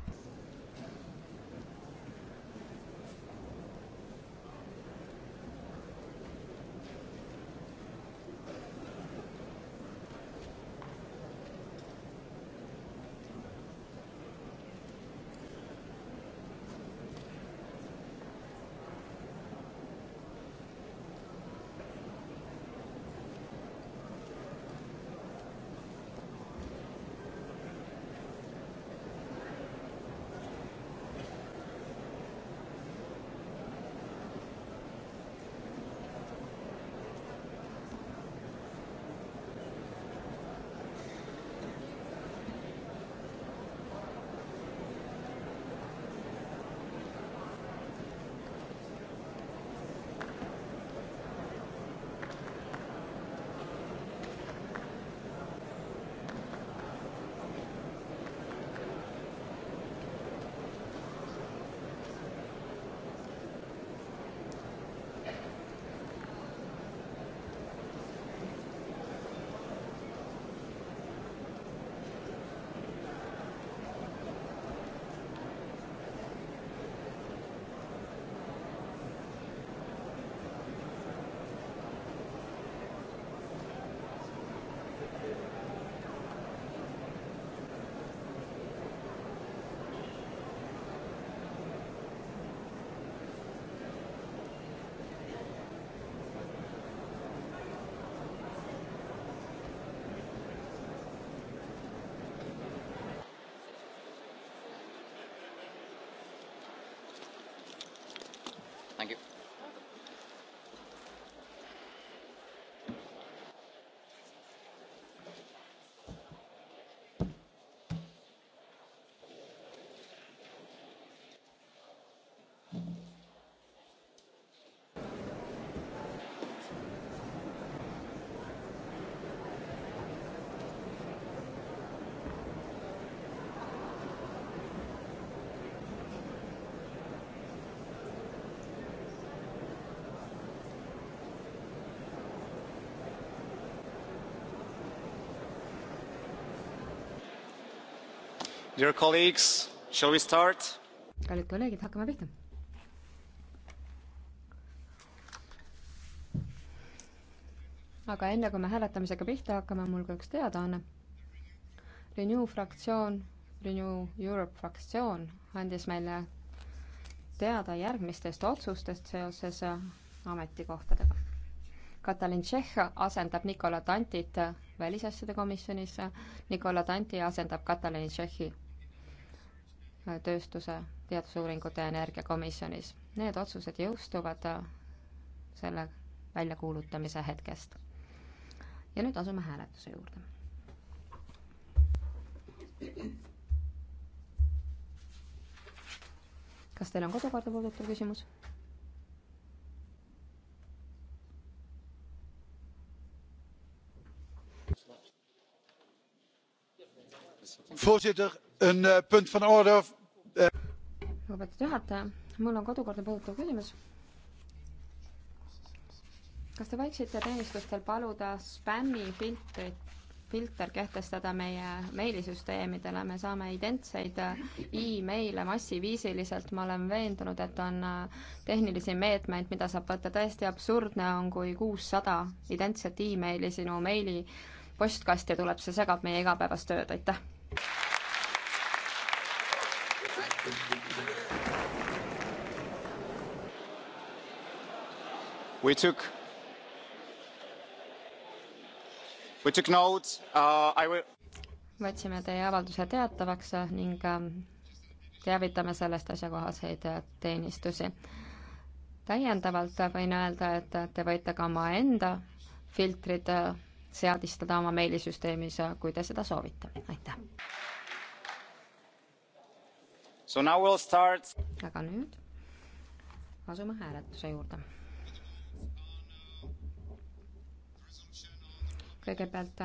Dear colleagues, shall we start? kallid kolleegid, hakkame pihta. aga enne kui me hääletamisega pihta hakkame, on mul ka üks teadaanne. Renew fraktsioon, Renew Europe fraktsioon andis meile teada järgmistest otsustest seoses äh, ametikohtadega. Katalin Tšehha asendab Nikola Tantit välisasjade komisjonis, Nikola Tanti asendab Katalin Tšehhi tööstuse teadusuuringute ja energiakomisjonis. Need otsused jõustuvad äh, selle väljakuulutamise hetkest. ja nüüd asume hääletuse juurde. kas teil on kodukorda puudutav küsimus? voorzitter Een eh, punt van orde. Eh, lugupeetud juhataja, mul on kodukorda puudutav küsimus. kas te võiksite teenistustel paluda spämmifiltrit filter kehtestada meie meilisüsteemidele, me saame identseid eh, emaile massiviisiliselt, ma olen veendunud, et on tehnilisi meetmeid, mida saab võtta, täiesti absurdne on, kui kuussada identset emaili sinu meili postkasti tuleb, see segab meie igapäevast tööd, aitäh! We took We took notes. Uh, I will... võtsime teie avalduse teatavaks uh, ning um, teavitame sellest asjakohaseid uh, teenistusi. täiendavalt uh, võin öelda, et te võite ka omaenda filtrid seadistada oma meilisüsteemis, kui te seda soovite. aitäh! We'll start... aga nüüd asume hääletuse juurde. kõigepealt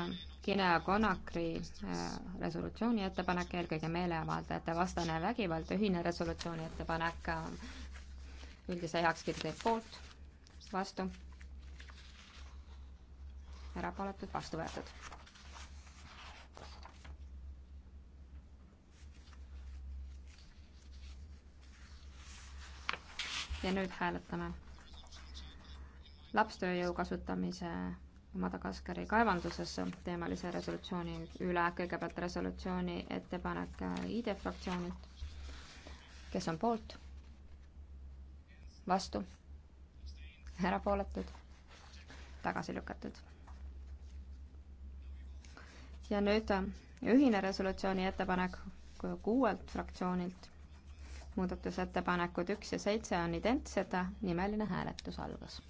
Guinea äh, Conakry äh, resolutsiooni ettepanek, eelkõige meeleavaldajate vastane vägivald, ühine resolutsiooni ettepanek äh, üldise heakskiidu teeb poolt, vastu, erapooletud, vastu võetud ja nüüd hääletame lapstööjõu kasutamise Madagaskari kaevanduses teemalise resolutsiooni üle, kõigepealt resolutsiooni ettepanek ID e fraktsioonilt. kes on poolt? vastu? erapooletud? tagasi lükatud? ja nüüd ühine resolutsiooni ettepanek kuuelt fraktsioonilt muudatusettepanekud üks ja seitse on identsed, nimeline hääletus algas.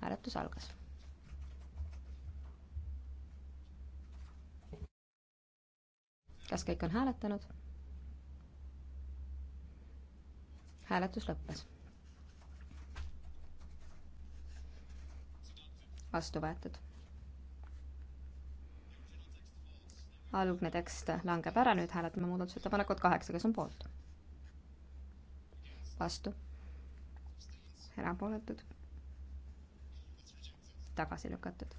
hääletus algas. kas kõik on hääletanud? hääletus lõppes. vastu võetud. algne tekst langeb ära, nüüd hääletame muudatusettepanekut kaheksa, kes on poolt vastu, erapooletud, tagasi lükatud.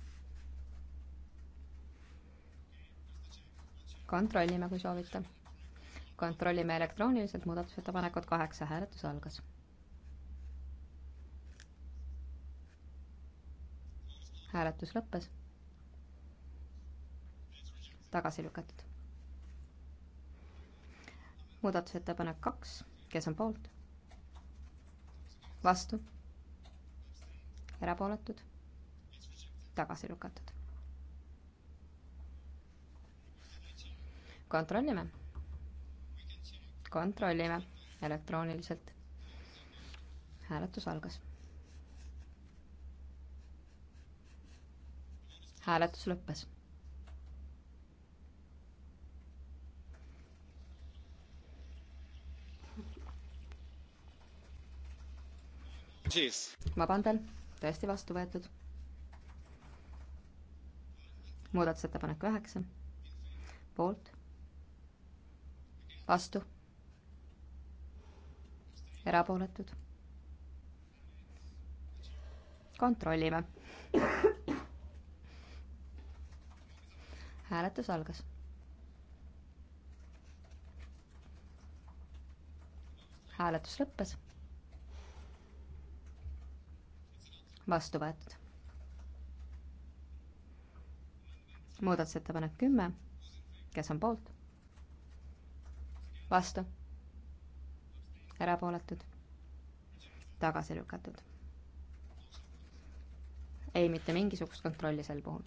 kontrollime, kui soovite. kontrollime elektrooniliselt muudatusettepanekut kaheksa, hääletus algas. hääletus lõppes. tagasi lükatud muudatusettepanek kaks, kes on poolt? vastu, erapooletud, tagasi lükatud. kontrollime, kontrollime elektrooniliselt. hääletus algas. hääletus lõppes vabandan, täiesti vastu võetud. muudatusettepanek üheksa, poolt, vastu, erapooletud. kontrollime. hääletus algas hääletus lõppes. vastu võetud. muudatusettepanek kümme, kes on poolt? vastu? erapooletud? tagasi lükatud? ei, mitte mingisugust kontrolli sel puhul.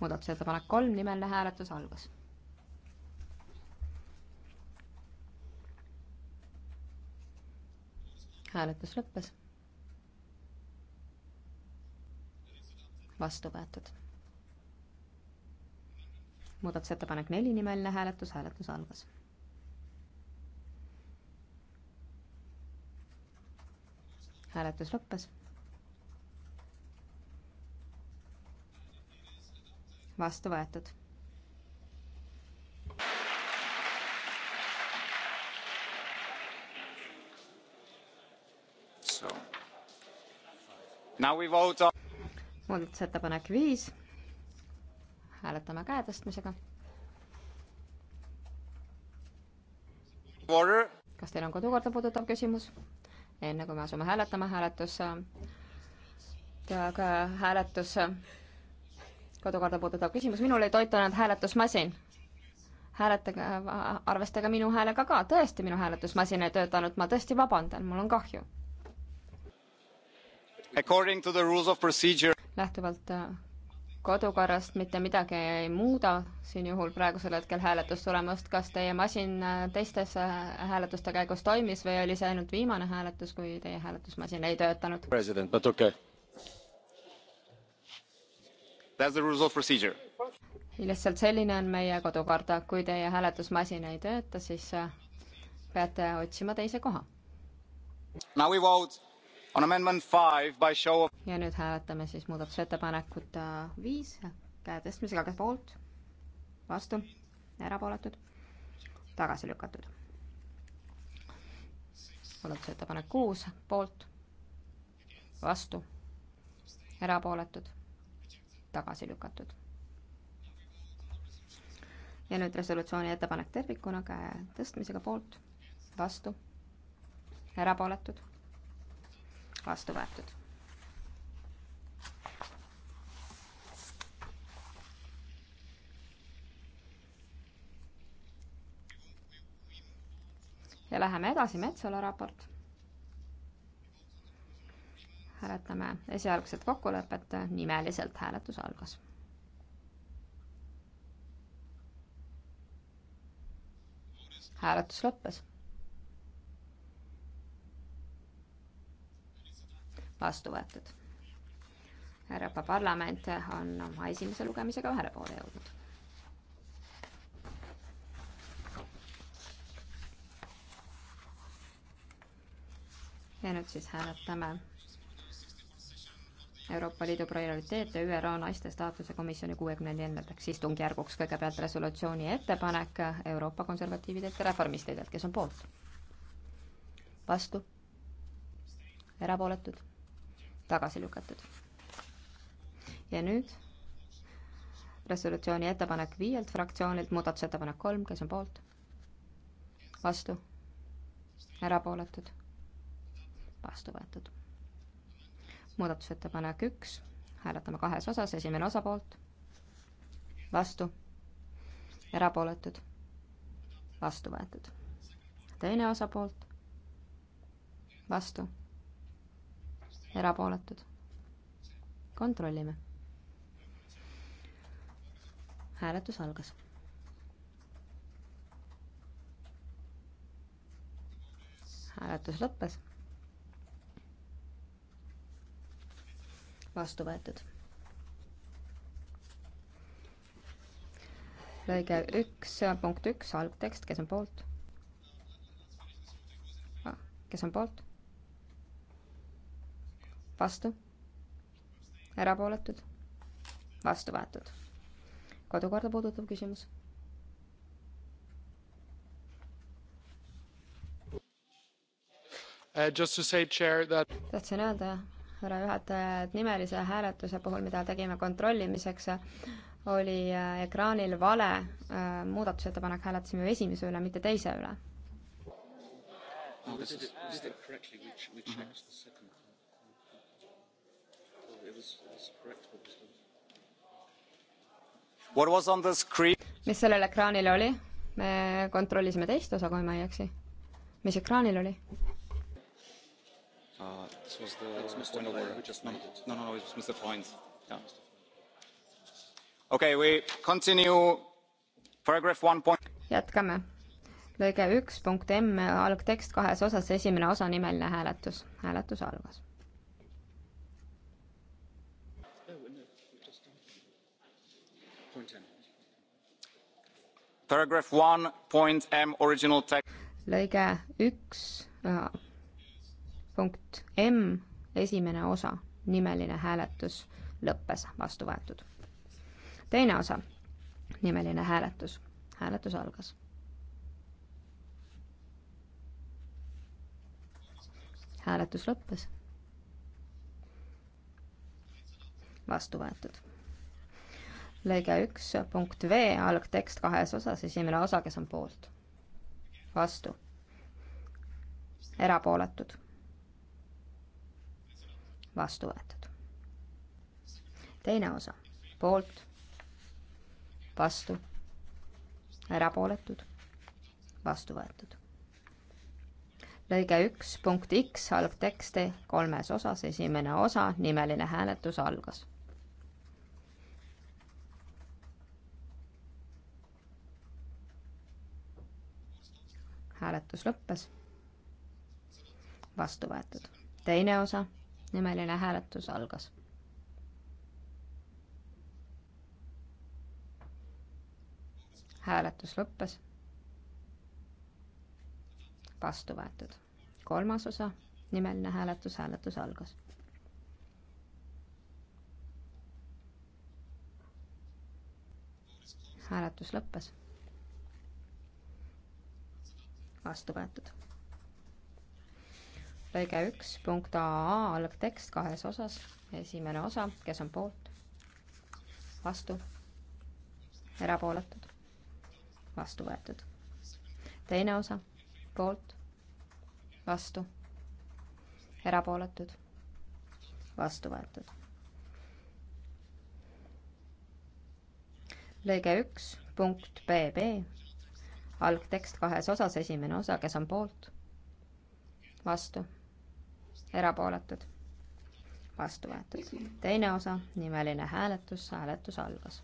muudatusettepanek kolm, nimeline hääletus algas hääletus lõppes vastu võetud. muudatusettepanek neli, nimeline hääletus, hääletus algas. hääletus lõppes. vastu võetud now we vote on muudatusettepanek viis, hääletame käe tõstmisega. kas teil on kodukorda puudutav küsimus? enne kui me asume hääletama, hääletus, hääletus, kodukorda puudutav küsimus, minul ei toitunud hääletusmasin hääletage, arvestage minu häälega ka, tõesti minu hääletusmasin ei töötanud, ma tõesti vabandan, mul on kahju. According to the rules of procedure lähtuvalt äh, kodukorrast mitte midagi ei muuda, siin juhul praegusel hetkel hääletustulemust, kas teie masin äh, teistes äh, hääletuste käigus toimis või oli see ainult viimane hääletus, kui teie hääletusmasin ei töötanud? president, but okay. That's the rules of procedure. lihtsalt selline on meie kodukord, kui teie hääletusmasin ei tööta, siis peate otsima teise koha. Now we vote ja nüüd hääletame siis muudatusettepanekut viis, käe tõstmisega, kes poolt, vastu, erapooletud, tagasi lükatud. muudatusettepanek kuus, poolt, vastu, erapooletud, tagasi lükatud. ja nüüd resolutsiooni ettepanek tervikuna, käe tõstmisega poolt, vastu, erapooletud vastu võetud. ja läheme edasi, Metsola raport. hääletame esialgset kokkulepet, nimeliselt hääletus algas hääletus lõppes vastu võetud. Euroopa Parlament on oma esimese lugemisega ühele poole jõudnud. ja nüüd siis hääletame Euroopa Liidu prioriteete ÜRO naiste staatuse komisjoni kuuekümne neljandaks istungjärguks. kõigepealt resolutsiooni ettepanek Euroopa konservatiividelt ja reformistidelt, kes on poolt? vastu? erapooletud? tagasi lükatud. ja nüüd resolutsiooni ettepanek viielt fraktsioonilt, muudatusettepanek kolm, kes on poolt? vastu? erapooletud? vastu võetud. muudatusettepanek üks, hääletame kahes osas, esimene osa poolt, vastu, erapooletud, vastu võetud. teine osa poolt, vastu erapooletud. kontrollime. hääletus algas. hääletus lõppes. vastu võetud. lõige üks, punkt üks, algtekst, kes on poolt? Ah, kes on poolt? vastu, erapooletud, vastu võetud. kodukorda puudutav küsimus. Uh, tahtsin öelda, härra juhataja, et nimelise hääletuse puhul, mida tegime kontrollimiseks, oli äh, ekraanil vale äh, muudatusettepanek, hääletasime esimese üle, mitte teise üle mis sellel ekraanil oli? me kontrollisime teist osa, kui ma ei eksi. mis ekraanil oli? Uh, this was the it's Mr. one over. We just no, no, no, no, it was Mr. Freund. Yeah. Okay, we continue. Paragraph one point. jätkame. lõige üks punkt M algtekst kahes osas, esimene osa nimeline hääletus. hääletus algas. paragrahv one point M original text. lõige üks äh, punkt M esimene osa, nimeline hääletus lõppes, vastu võetud. teine osa, nimeline hääletus, hääletus algas. hääletus lõppes. vastu võetud lõige üks punkt V, algtekst kahes osas, esimene osa, kes on poolt? vastu. erapooletud. vastu võetud. teine osa, poolt, vastu, erapooletud, vastu võetud. lõige üks punkt X, algteksti kolmes osas, esimene osa, nimeline hääletus algas hääletus lõppes. vastu võetud. teine osa, nimeline hääletus algas. hääletus lõppes. vastu võetud. kolmas osa, nimeline hääletus, hääletus algas hääletus lõppes vastu võetud. lõige üks punkt AA algtekst kahes osas, esimene osa, kes on poolt, vastu, erapooletud, vastu võetud. teine osa, poolt, vastu, erapooletud, vastu võetud. lõige üks punkt BB algtekst kahes osas, esimene osa, kes on poolt, vastu, erapooletud, vastu võetud. teine osa, nimeline hääletus, hääletus algas.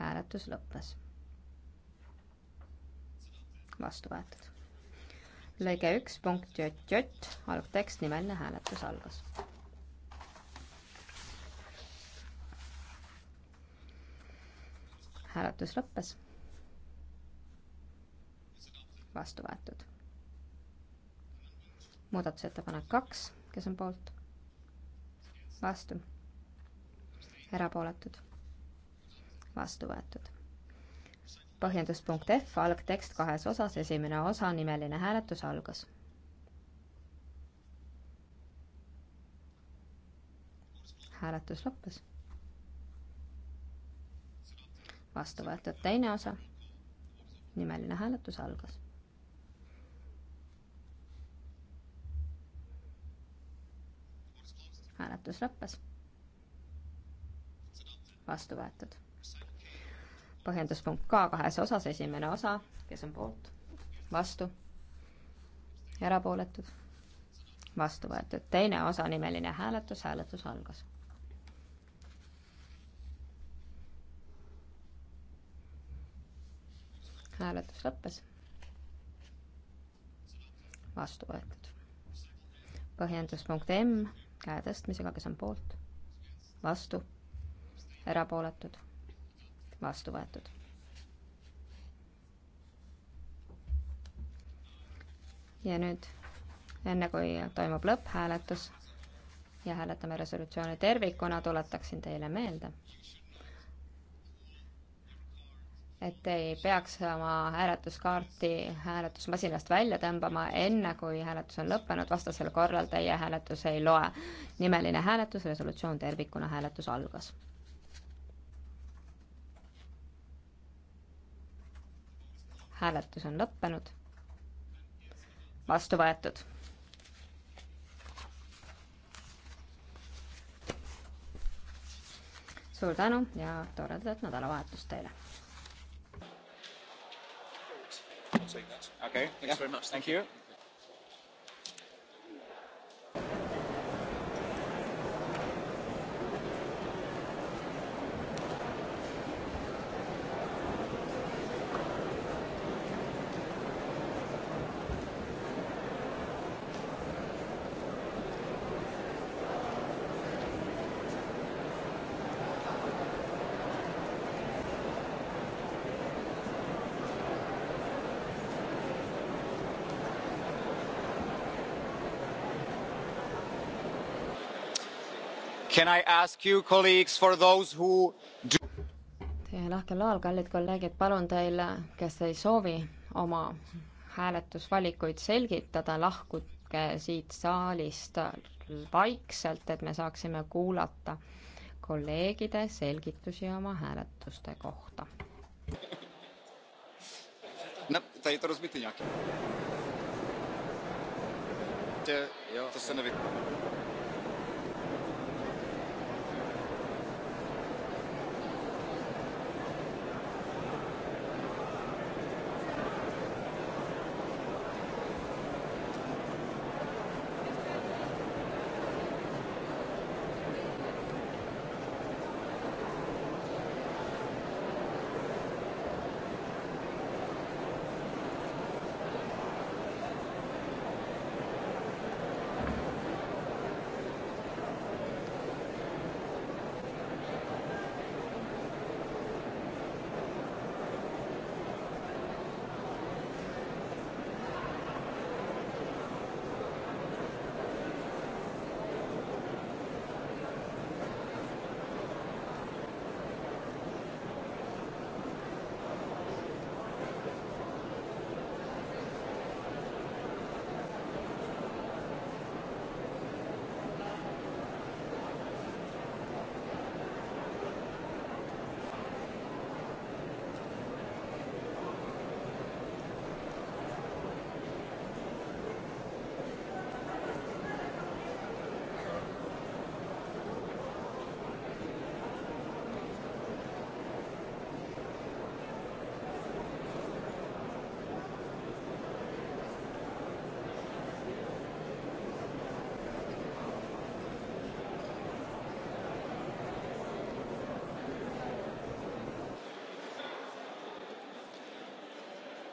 hääletus lõppes. vastu võetud. lõige üks punkt jott jott, algtekst, nimeline hääletus algas hääletus lõppes. vastu võetud. muudatusettepanek kaks, kes on poolt? vastu. erapooletud. vastu võetud. põhjenduspunkt F, algtekst kahes osas, esimene osa, nimeline hääletus algas. hääletus lõppes vastu võetud teine osa. nimeline hääletus algas. hääletus lõppes. vastu võetud. põhjenduspunkt K kahes osas, esimene osa, kes on poolt, vastu, erapooletud, vastu võetud, teine osa nimeline hääletus, hääletus algas hääletus lõppes. vastu võetud. põhjendus punkt M käe tõstmisega, kes on poolt, vastu, erapooletud, vastu võetud. ja nüüd enne kui toimub lõpphääletus ja hääletame resolutsiooni tervikuna, tuletaksin teile meelde, et ei peaks oma hääletuskaarti hääletusmasinast välja tõmbama enne, kui hääletus on lõppenud, vastasel korral teie hääletus ei loe. nimeline hääletus, resolutsioon tervikuna, hääletus algas. hääletus on lõppenud. vastu võetud suur tänu ja toredat nädalavahetust teile! something. Okay. Thanks yeah. very much. Thank, Thank you. you. lahkel loal, kallid kolleegid, palun teil, kes ei soovi oma hääletusvalikuid selgitada, lahkuge siit saalist vaikselt, et me saaksime kuulata kolleegide selgitusi oma hääletuste kohta. No, tady to rozbity nějaký. Jo, to se nevykládá.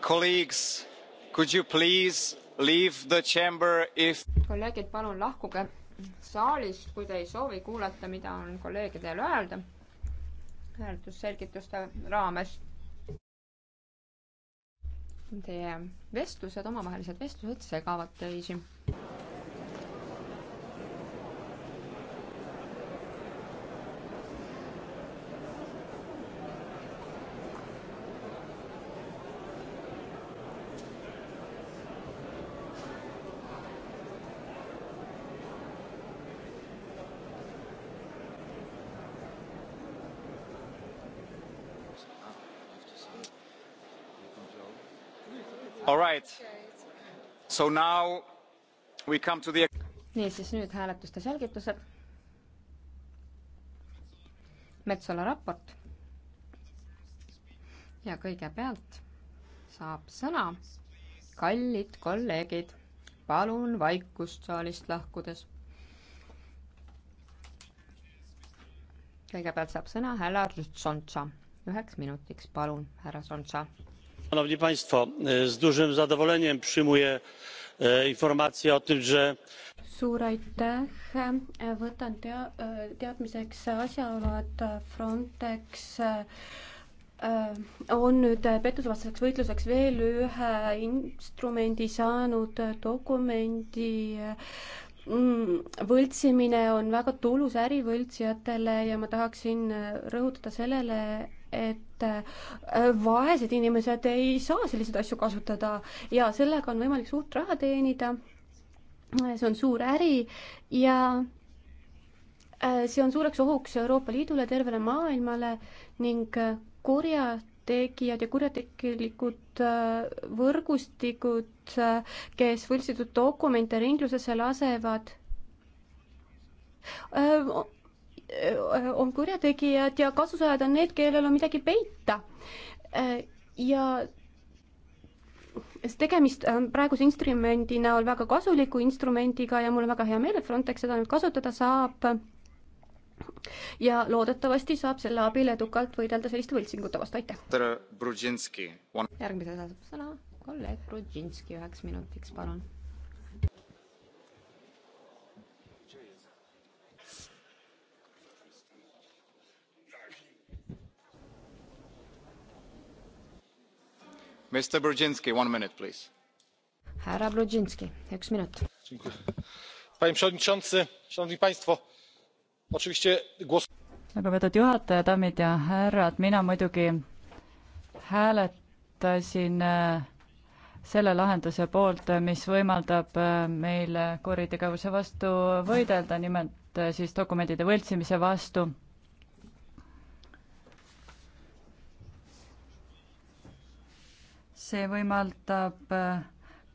colleagues, could you please leave the chamber if kolleegid, palun lahkuge saalist, kui te ei soovi kuulata, mida on kolleegidel öelda hääletusselgituste raames. Teie vestlused, omavahelised vestlused segavad teisi. The... niisiis, nüüd hääletuste selgitused. Metsola raport. ja kõigepealt saab sõna kallid kolleegid, palun vaikust saalist lahkudes. kõigepealt saab sõna härra Sontsa, üheks minutiks, palun, härra Sontsa z dużym zadowoleniem przyjmuję e, informację o tym że. suur aitäh e, võtan tea- e, teadmiseks asjaolu et frontex on nüüd pettusevastaseks võitluseks veel ühe instrumendi saanud dokumendi mm, võltsimine on väga tulus ärivõltsijatele ja ma tahaksin rõhutada sellele, et äh, vaesed inimesed ei saa selliseid asju kasutada ja sellega on võimalik suurt raha teenida. see on suur äri ja äh, see on suureks ohuks Euroopa Liidule, tervele maailmale ning äh, kurjategijad ja kurjategelikud võrgustikud, kes võltsitud dokumente ringlusesse lasevad, Äh, on kurjategijad ja kasusaajad on need, kellel on midagi peita. Äh, ja tegemist on praeguse instrumendi näol väga kasuliku instrumendiga ja mul on väga hea meel, et Frontex seda nüüd kasutada saab ja loodetavasti saab selle abil edukalt võidelda selliste võltsingute vastu, aitäh! järgmisena saab sõna kolleeg Brudžinski üheks minutiks, palun panie przewodniczący! szanowni państwo! oczywiście lugupeetud juhataja daamid ja härrad mina muidugi hääletasin äh, selle lahenduse poolt mis võimaldab äh, meil kuritegevuse vastu võidelda nimelt äh, siis dokumentide võltsimise vastu see võimaldab äh,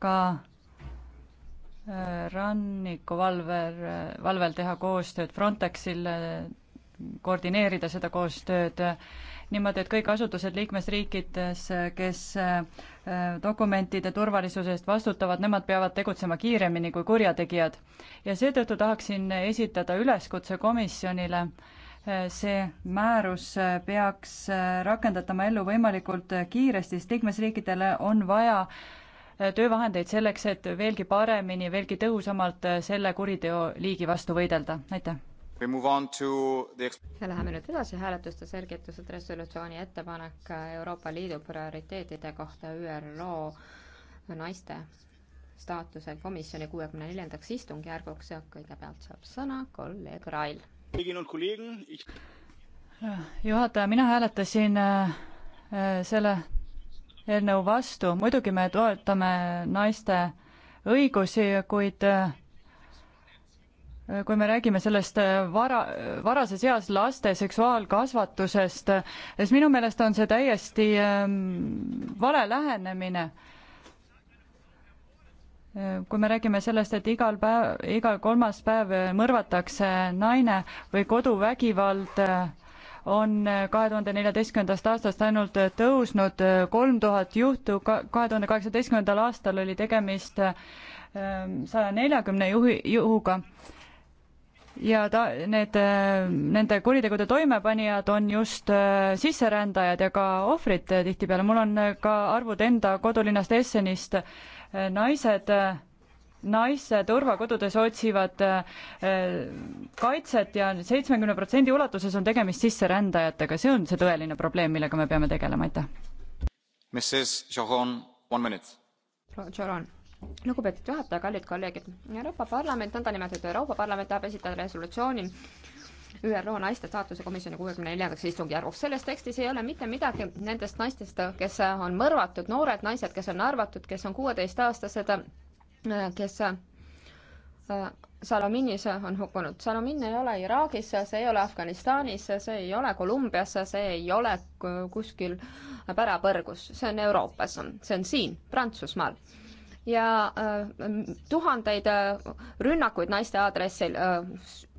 ka äh, rannikuvalver, äh, valvel teha koostööd Frontexil, koordineerida seda koostööd niimoodi, et kõik asutused liikmesriikides, kes dokumentide turvalisuse eest vastutavad, nemad peavad tegutsema kiiremini kui kurjategijad. ja seetõttu tahaksin esitada üleskutse komisjonile äh, Eh, see määrus eh, peaks eh, rakendatama ellu võimalikult kiiresti, sest liikmesriikidele on vaja töövahendeid selleks, et veelgi paremini, veelgi tõhusamalt selle kuriteoliigi vastu võidelda, aitäh. The... Läheme nüüd edasi hääletuste selgitused, resolutsiooni ettepanek Euroopa Liidu prioriteetide kohta ÜRO naiste staatuse komisjoni kuuekümne neljandaks istungjärguks ja kõigepealt saab sõna kolleeg Rail juhataja, mina hääletasin äh, äh, selle eelnõu vastu, muidugi me toetame naiste õigusi, kuid äh, kui me räägime sellest vara, varases eas laste seksuaalkasvatusest, siis minu meelest on see täiesti ähm, vale lähenemine kui me räägime sellest, et igal päev, igal kolmas päev mõrvatakse naine või koduvägivald on kahe tuhande neljateistkümnendast aastast ainult tõusnud kolm tuhat juhtu, kahe tuhande kaheksateistkümnendal aastal oli tegemist ähm, saja neljakümne juhi, juhuga ja ta, need, nende kuritegude toimepanijad on just äh, sisserändajad ja ka ohvrid tihtipeale. mul on ka arvud enda kodulinnast Essenist naised naised turvakodudes otsivad eh, kaitset ja seitsmekümne protsendi ulatuses on tegemist sisserändajatega, see on see tõeline probleem, millega me peame tegelema, aitäh. lugupeetud juhataja, kallid kolleegid, Euroopa Parlament, nõndanimetatud Euroopa Parlament tahab esitada resolutsiooni ÜRO naiste staatuse komisjoni kuuekümne neljandaks istungjärguks. selles tekstis ei ole mitte midagi nendest naistest, kes on mõrvatud, noored naised, kes on arvatud, kes on kuueteistaastased, kes äh, Salaminis on hukkunud. Salamin ei ole Iraagis, see ei ole Afganistanis, see ei ole Kolumbias, see ei ole kuskil pärapõrgus, see on Euroopas, see on siin, Prantsusmaal. ja äh, tuhandeid äh, rünnakuid naiste aadressil äh,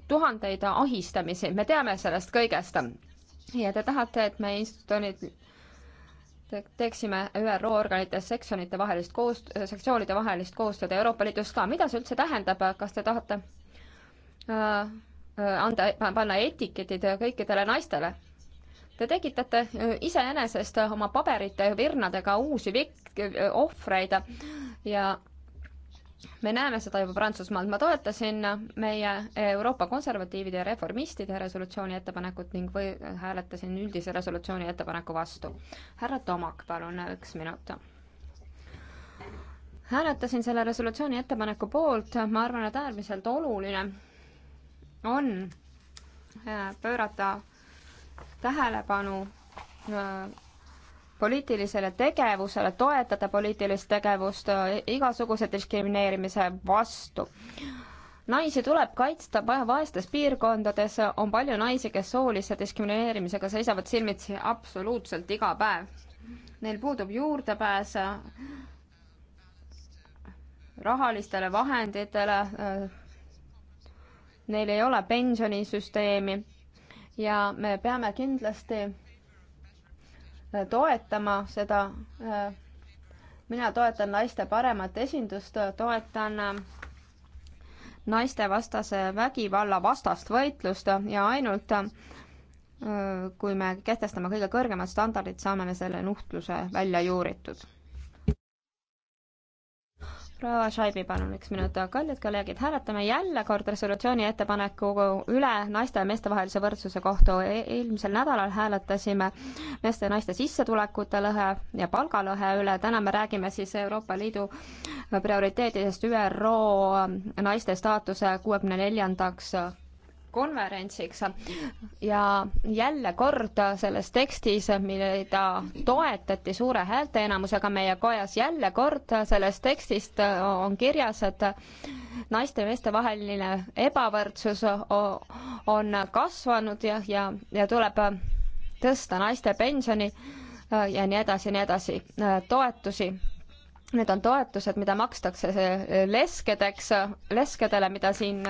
tuhandeid ahistamisi, me teame sellest kõigest. ja te tahate, et meie institutsioonid teeksime ÜRO organites sektsionite vahelist koost-, sektsioonide vahelist koostööd Euroopa Liidus ka, mida see üldse tähendab, kas te tahate äh, äh anda, e-, panna etiketid kõikidele naistele? Te tekitate äh, iseenesest oma paberite virnadega uusi vik-, ohvreid ja me näeme seda juba Prantsusmaal, ma toetasin meie Euroopa konservatiivide ja reformistide resolutsiooni ettepanekut ning või hääletasin üldise resolutsiooni ettepaneku vastu. härra Tomak, palun üks minut. hääletasin selle resolutsiooni ettepaneku poolt, ma arvan, et äärmiselt oluline on äh, pöörata tähelepanu äh, poliitilisele tegevusele, toetada poliitilist tegevust äh, igasuguse diskrimineerimise vastu naisi tuleb kaitsta vaestes piirkondades, on palju naisi, kes soolise diskrimineerimisega seisavad silmitsi absoluutselt iga päev. Neil puudub juurdepääs äh, rahalistele vahenditele, äh, neil ei ole pensionisüsteemi ja me peame kindlasti toetama seda. Äh, mina toetan naiste paremat esindust, toetan äh, naistevastase vägivalla vastast võitlust ja ainult äh, kui me kehtestame kõige kõrgemad standardid, saame me selle nuhtluse välja juuritud proua Šaibi, palun üks minut. kallid kolleegid, hääletame jälle kord resolutsiooni ettepaneku üle naiste ja meeste vahelise võrdsuse kohta e. eelmisel nädalal hääletasime meeste ja naiste sissetulekute lõhe ja palgalõhe üle. täna me räägime siis Euroopa Liidu prioriteetidest ÜRO naiste staatuse kuuekümne neljandaks konverentsiks ja jälle kord selles tekstis, mille ta toetati suure häälteenamusega meie kojas, jälle kord selles tekstist on kirjas, et naiste ja meeste vaheline ebavõrdsus on kasvanud ja, ja, ja tuleb tõsta naiste pensioni äh, ja nii edasi ja nii edasi, äh, toetusi need on toetused, mida makstakse äh, leskedeks, leskedele, mida siin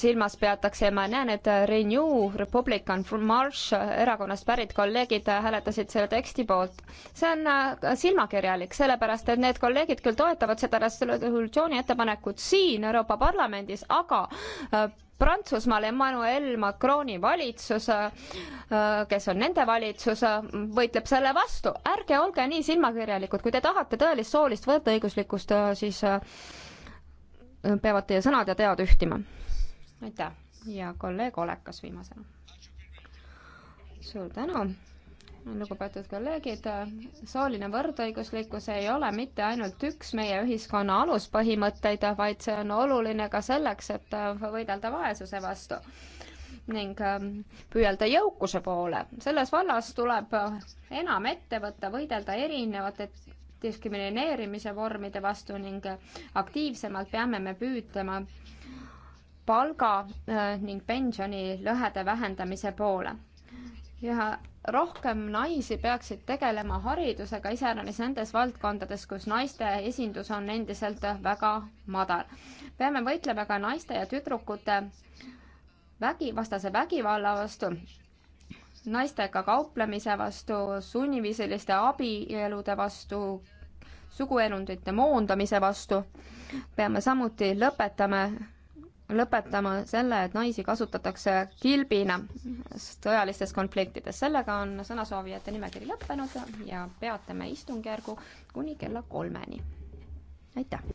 silmas peatakse ja ma näen, et Renew Republican March erakonnast pärit kolleegid hääletasid selle teksti poolt. see on äh, silmakirjalik, sellepärast et need kolleegid küll toetavad seda resolutsiooni ettepanekut siin Euroopa Parlamendis, aga äh, Prantsusmaal Emmanuel Macroni valitsus, äh, kes on nende valitsus, võitleb selle vastu. ärge olge nii silmakirjalikud, kui te tahate tõelist soolist võrdõiguslikkust, siis peavad teie sõnad ja teod ühtima aitäh ja kolleeg Olekas viimasena. suur tänu lugupeetud kolleegid, sooline võrdõiguslikkus ei ole mitte ainult üks meie ühiskonna aluspõhimõtteid, vaid see on oluline ka selleks, et võidelda vaesuse vastu ning ähm, püüelda jõukuse poole. selles vallas tuleb enam ette võtta, võidelda erinevate diskrimineerimise vormide vastu ning aktiivsemalt peame me püüdlema palga äh, ning pensionilõhede vähendamise poole. ja rohkem naisi peaksid tegelema haridusega, iseäranis nendes valdkondades, kus naiste esindus on endiselt väga madal. peame võitlema ka naiste ja tüdrukute vägi, vastase vägivalla vastu, naistega kauplemise vastu, sunniviisiliste abielude vastu, suguelundite moondamise vastu. peame samuti lõpetama lõpetama selle, et naisi kasutatakse kilbina sõjalistes konfliktides. sellega on sõnasoovijate nimekiri lõppenud ja peatame istungjärgu kuni kella kolmeni. aitäh!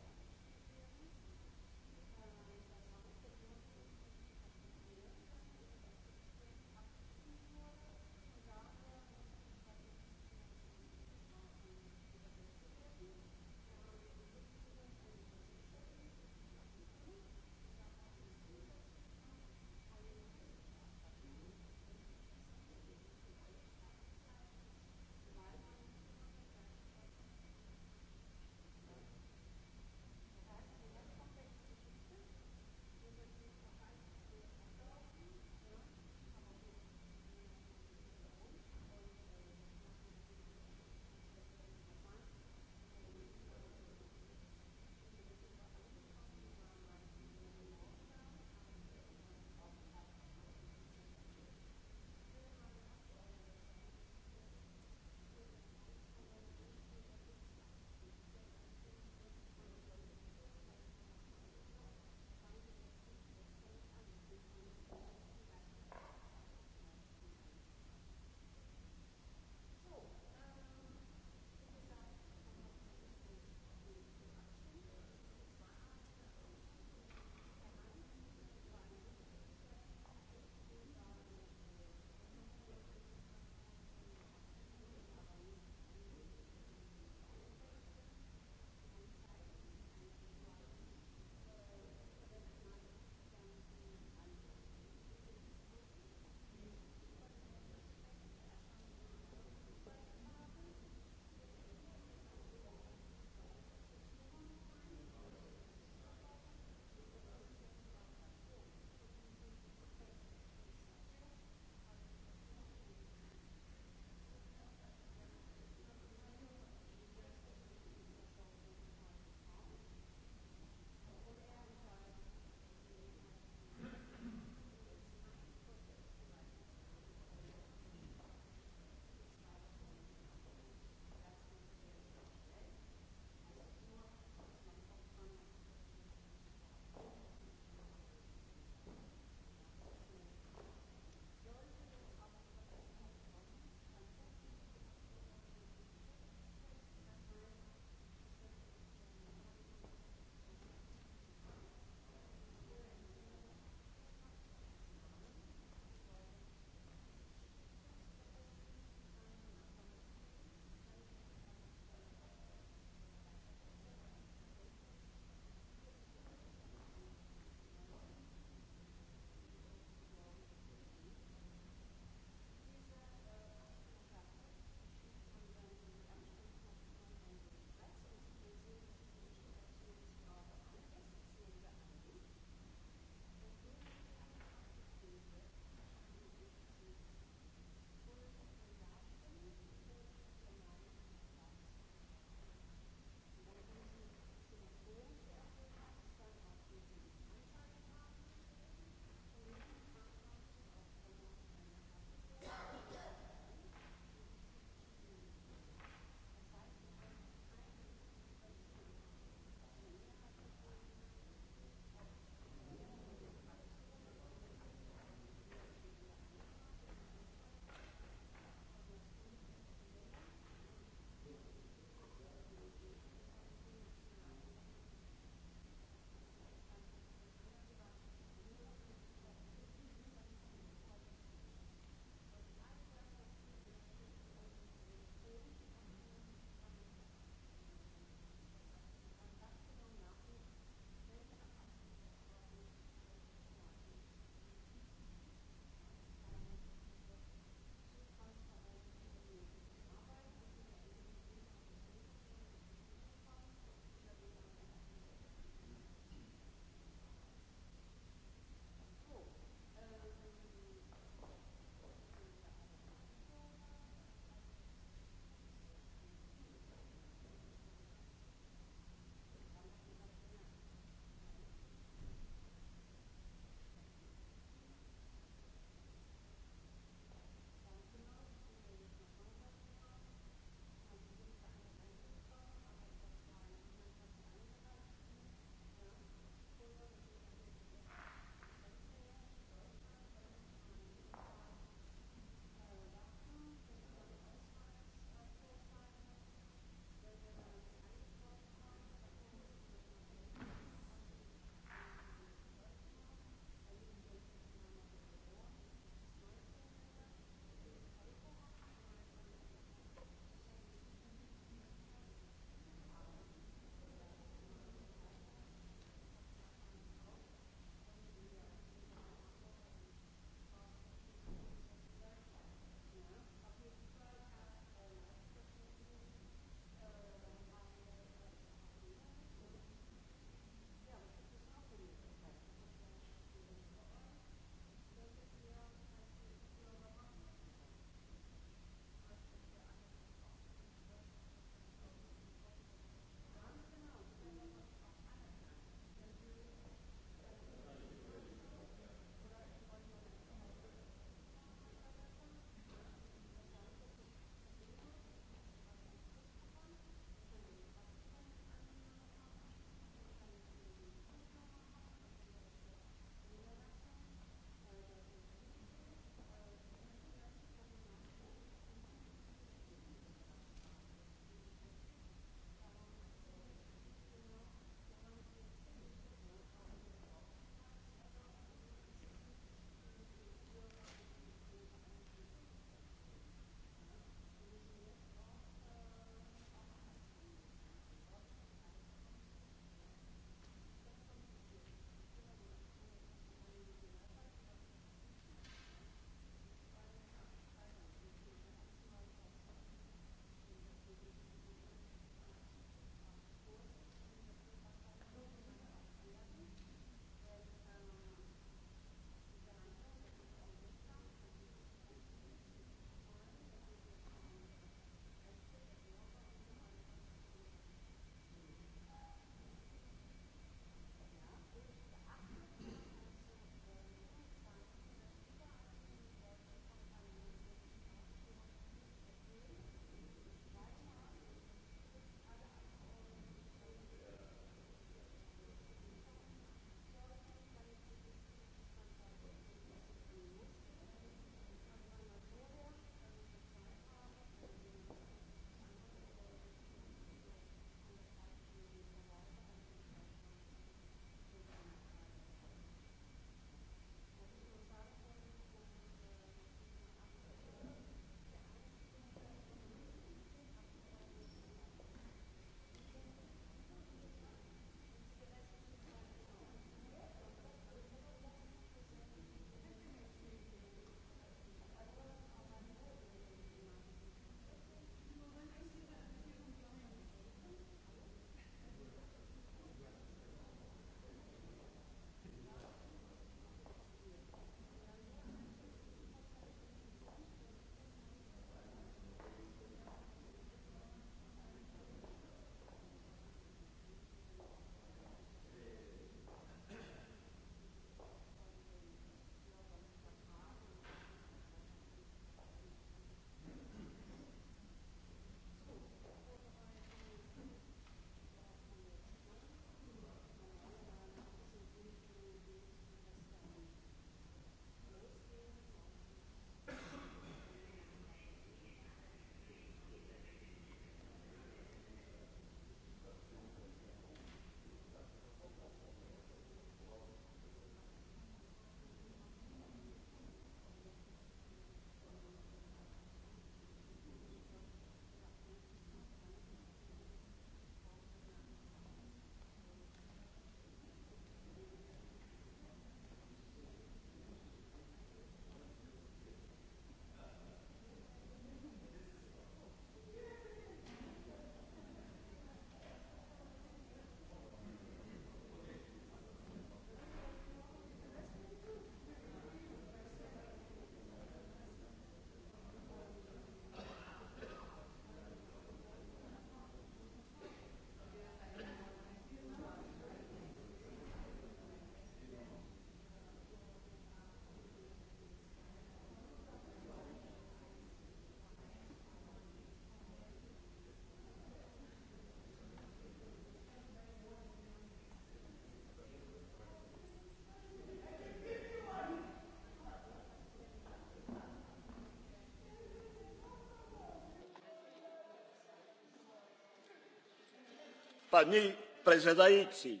paní předsedající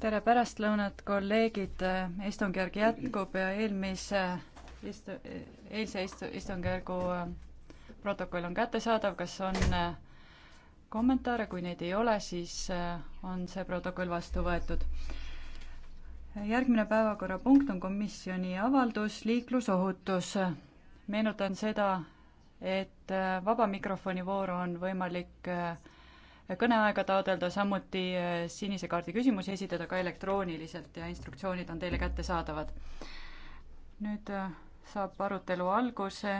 tere pärastlõunat kolleegid istungjärk jätkub ja eelmise istu- eilse istu- istungjärgu äh, protokoll on kättesaadav kas on äh, kommentaare kui neid ei ole siis äh, on see protokoll vastu võetud järgmine päevakorrapunkt on komisjoni avaldus liiklusohutus meenutan seda et äh, vaba mikrofoni vooru on võimalik äh, kõneaega taotleda, samuti äh, sinise kaardi küsimusi esitada ka elektrooniliselt ja instruktsioonid on teile kättesaadavad. nüüd saab arutelu alguse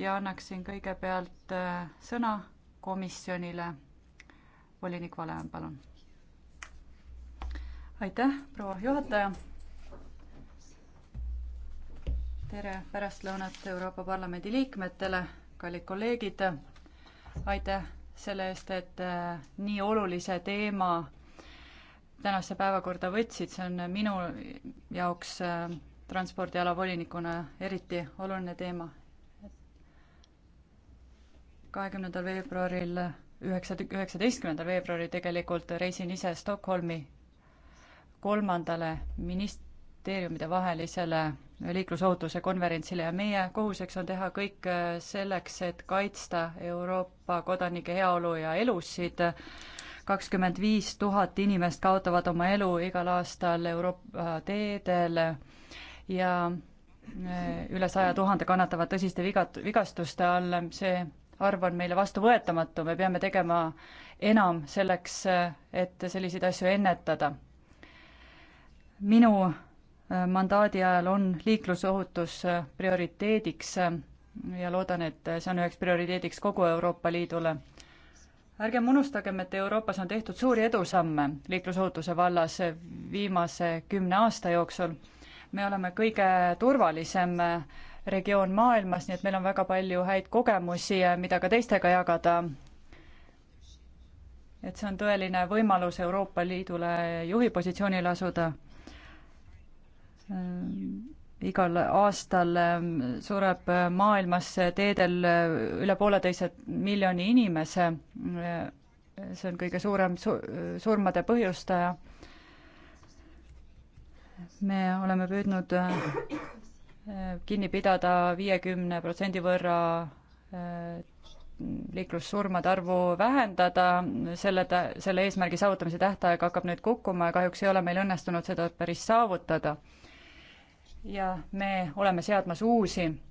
ja annaksin kõigepealt sõna komisjonile. volinik Vale, palun. aitäh, proua juhataja tere pärastlõunat Euroopa Parlamendi liikmetele kallid kolleegid, aitäh selle eest, et äh, nii olulise teema tänasse päevakorda võtsid, see on minu jaoks äh, transpordiala volinikuna eriti oluline teema. kahekümnendal veebruaril, üheksa, üheksateistkümnendal veebruaril tegelikult reisin ise Stockholmi kolmandale minist-, ministeeriumide vahelisele liiklusohutuse konverentsile ja meie kohuseks on teha kõik äh, selleks, et kaitsta Euroopa kodanike heaolu ja elusid. kakskümmend viis tuhat inimest kaotavad oma elu igal aastal Euroopa teedel ja äh, üle saja tuhande kannatavad tõsiste vigat-, vigastuste all, see arv on meile vastuvõetamatu, me peame tegema enam selleks, äh, et selliseid asju ennetada. minu Äh, mandaadi ajal on liiklusohutus äh, prioriteediks äh, ja loodan, et see on üheks prioriteediks kogu Euroopa Liidule. ärgem unustagem, et Euroopas on tehtud suuri edusamme liiklusohutuse vallas viimase kümne aasta jooksul. me oleme kõige turvalisem regioon maailmas, nii et meil on väga palju häid kogemusi, mida ka teistega jagada. et see on tõeline võimalus Euroopa Liidule juhi positsioonile asuda Äh, igal aastal ähm, sureb äh, maailmas teedel äh, üle pooleteise miljoni inimese. see on kõige suurem su-, surmade põhjustaja. me oleme püüdnud kinni pidada viiekümne protsendi võrra liiklussurmade arvu vähendada, selle, selle eesmärgi saavutamise tähtaeg hakkab nüüd kukkuma ja kahjuks ei ole meil õnnestunud seda päris saavutada ja me oleme seadmas uusi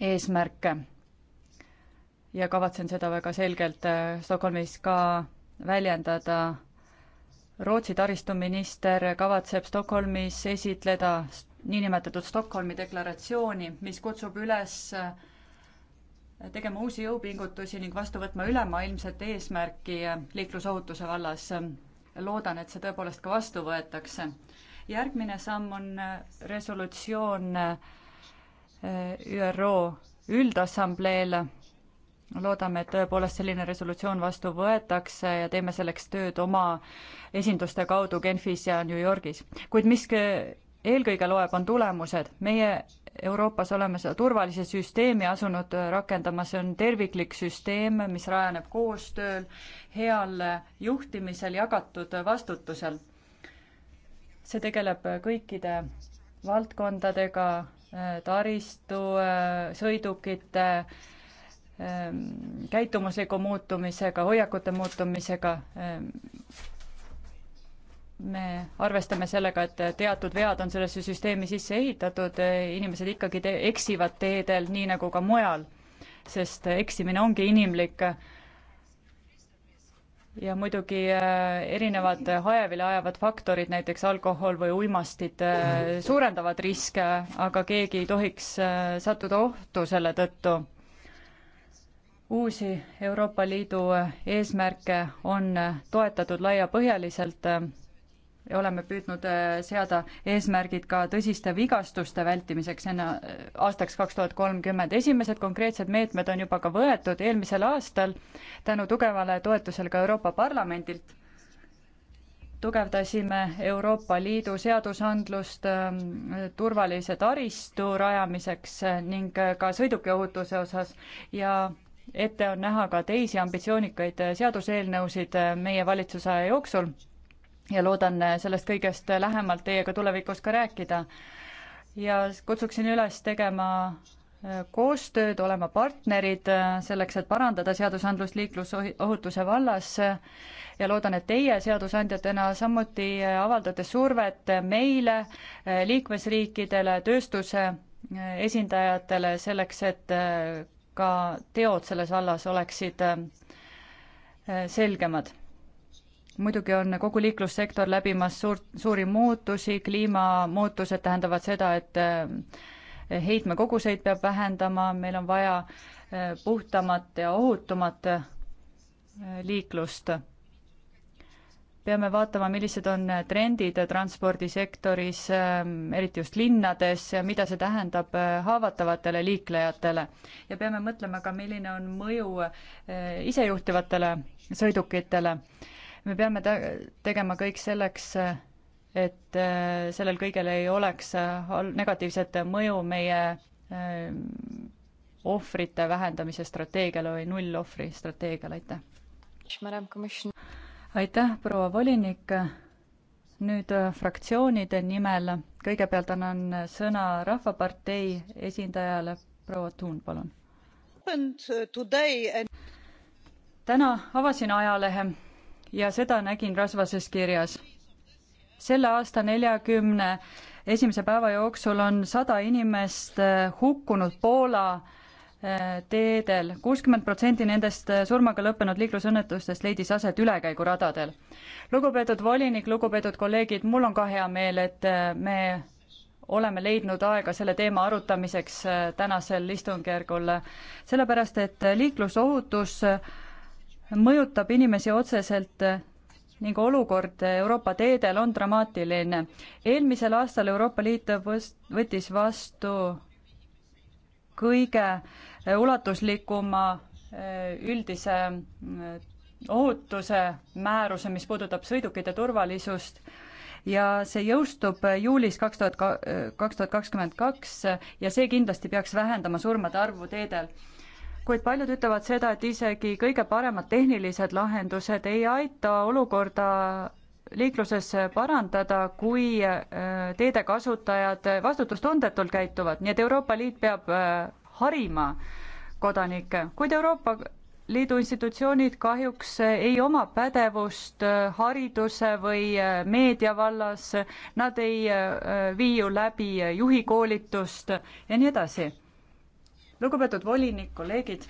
eesmärke. ja kavatsen seda väga selgelt äh, Stockholmis ka väljendada. Rootsi taristuminister kavatseb Stockholmis esitleda niinimetatud Stockholmi deklaratsiooni, mis kutsub üles äh, tegema uusi jõupingutusi ning vastu võtma ülemaailmset eesmärki äh, liiklusohutuse vallas. loodan, et see tõepoolest ka vastu võetakse järgmine samm on äh, resolutsioon äh, ÜRO Üldassambleele. loodame, et tõepoolest selline resolutsioon vastu võetakse ja teeme selleks tööd oma esinduste kaudu Genfis ja New Yorgis. kuid mis eelkõige loeb, on tulemused. meie Euroopas oleme seda turvalise süsteemi asunud rakendama, see on terviklik süsteem, mis rajaneb koostööl, heal juhtimisel, jagatud vastutusel see tegeleb äh, kõikide valdkondadega, äh, taristu, äh, sõidukite, ähm, käitumusliku muutumisega, hoiakute muutumisega. Ähm, me arvestame sellega, et teatud vead on sellesse süsteemi sisse ehitatud, inimesed ikkagi te eksivad teedel, nii nagu ka mujal, sest eksimine ongi inimlik ja muidugi äh, erinevad hajevile ajavad faktorid, näiteks alkohol või uimastid, äh, suurendavad riske, aga keegi ei tohiks äh, sattuda ohtu selle tõttu. uusi Euroopa Liidu eesmärke on toetatud laiapõhjaliselt ja oleme püüdnud äh, seada eesmärgid ka tõsiste vigastuste vältimiseks enne äh, aastaks kaks tuhat kolmkümmend. esimesed konkreetsed meetmed on juba ka võetud eelmisel aastal tänu tugevale toetusele ka Euroopa Parlamendilt. tugevdasime Euroopa Liidu seadusandlust ähm, turvalise taristu rajamiseks äh, ning ka sõidukiohutuse osas ja ette on näha ka teisi ambitsioonikaid seaduseelnõusid meie valitsuse aja jooksul ja loodan sellest kõigest lähemalt teiega tulevikus ka rääkida. ja kutsuksin üles tegema äh, koostööd, olema partnerid äh, selleks, et parandada seadusandlust liiklusohutuse vallas ja loodan, et teie seadusandjatena samuti äh, avaldate survet meile, liikmesriikidele, tööstuse esindajatele selleks, et ka teod selles vallas oleksid selgemad muidugi on kogu liiklussektor läbimas suurt, suuri muutusi, kliimamuutused tähendavad seda, et eh, heitmekoguseid peab vähendama, meil on vaja eh, puhtamat ja ohutumat eh, liiklust. peame vaatama, millised on trendid transpordisektoris, eriti just linnades, ja mida see tähendab haavatavatele liiklejatele. ja peame mõtlema ka, milline on mõju isejuhtivatele sõidukitele me peame te-, tegema kõik selleks, et äh, sellel kõigel ei oleks äh, hal-, negatiivset mõju meie äh, ohvrite vähendamise strateegiale või nullohvri strateegiale, aitäh! aitäh, proua volinik, nüüd fraktsioonide nimel, kõigepealt annan sõna Rahvapartei esindajale, proua Tuun, palun! täna avasin ajalehe ja seda nägin rasvases kirjas. selle aasta neljakümne esimese päeva jooksul on sada inimest eh, hukkunud Poola eh, teedel, kuuskümmend protsenti nendest eh, surmaga lõppenud liiklusõnnetustest leidis aset ülekäiguradadel. lugupeetud volinik, lugupeetud kolleegid, mul on ka hea meel, et me oleme leidnud aega selle teema arutamiseks tänasel istungjärgul, sellepärast et liiklusohutus mõjutab inimesi otseselt ning olukord Euroopa teedel on dramaatiline. eelmisel aastal Euroopa Liit võttis vastu kõige eh, ulatuslikuma eh, üldise eh, ohutuse määruse, mis puudutab sõidukite turvalisust ja see jõustub juulis kaks tuhat, kaks tuhat kakskümmend kaks ja see kindlasti peaks vähendama surmade arvu teedel kuid paljud ütlevad seda, et isegi kõige paremad tehnilised lahendused ei aita olukorda liikluses parandada, kui äh, teede kasutajad vastutustundetult käituvad, nii et Euroopa Liit peab äh, harima kodanikke, kuid Euroopa Liidu institutsioonid kahjuks äh, ei oma pädevust hariduse või meedia vallas, nad ei vii ju läbi juhikoolitust ja nii edasi lugupeetud volinik, kolleegid,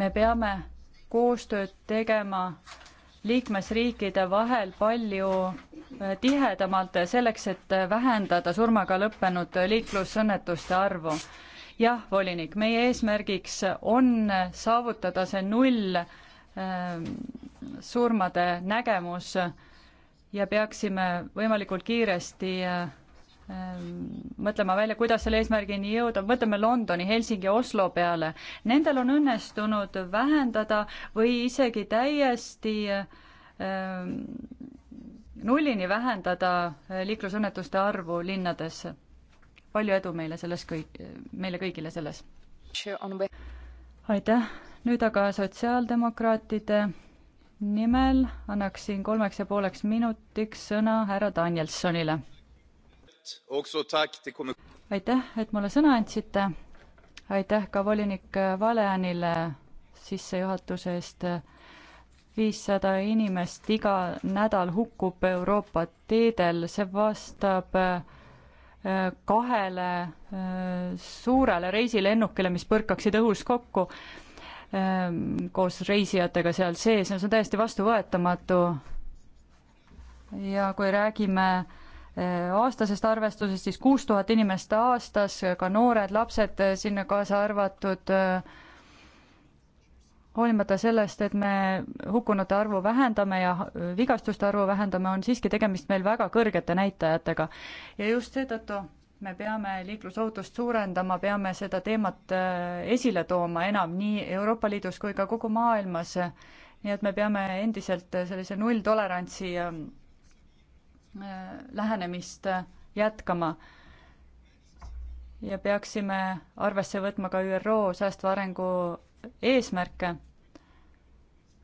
me peame koostööd tegema liikmesriikide vahel palju äh, tihedamalt selleks, et vähendada surmaga lõppenud liiklusõnnetuste arvu. jah, volinik, meie eesmärgiks on saavutada see null ähm, surmade nägemus ja peaksime võimalikult kiiresti äh, Ähm, mõtlema välja, kuidas selle eesmärgini jõuda, mõtleme Londoni, Helsingi, Oslo peale. Nendel on õnnestunud vähendada või isegi täiesti ähm, nullini vähendada äh, liiklusõnnetuste arvu linnades. palju edu meile selles kõik, meile kõigile selles! aitäh, nüüd aga sotsiaaldemokraatide nimel annaksin kolmeks ja pooleks minutiks sõna härra Danielsonile aitäh, et mulle sõna andsite. aitäh ka volinik Valeanile sissejuhatuse eest. viissada inimest iga nädal hukkub Euroopa teedel, see vastab äh, kahele äh, suurele reisilennukile, mis põrkaksid õhus kokku ähm, koos reisijatega seal sees ja see on täiesti vastuvõetamatu. ja kui räägime äh, aastasest arvestusest, siis kuus tuhat inimest aastas, ka noored lapsed sinna kaasa arvatud, hoolimata sellest, et me hukkunute arvu vähendame ja vigastuste arvu vähendame, on siiski tegemist meil väga kõrgete näitajatega. ja just seetõttu me peame liiklusohutust suurendama, peame seda teemat äh, esile tooma enam nii Euroopa Liidus kui ka kogu maailmas. nii et me peame endiselt äh, sellise nulltolerantsi ähm, Äh, lähenemist äh, jätkama. ja peaksime arvesse võtma ka ÜRO säästva arengu eesmärke.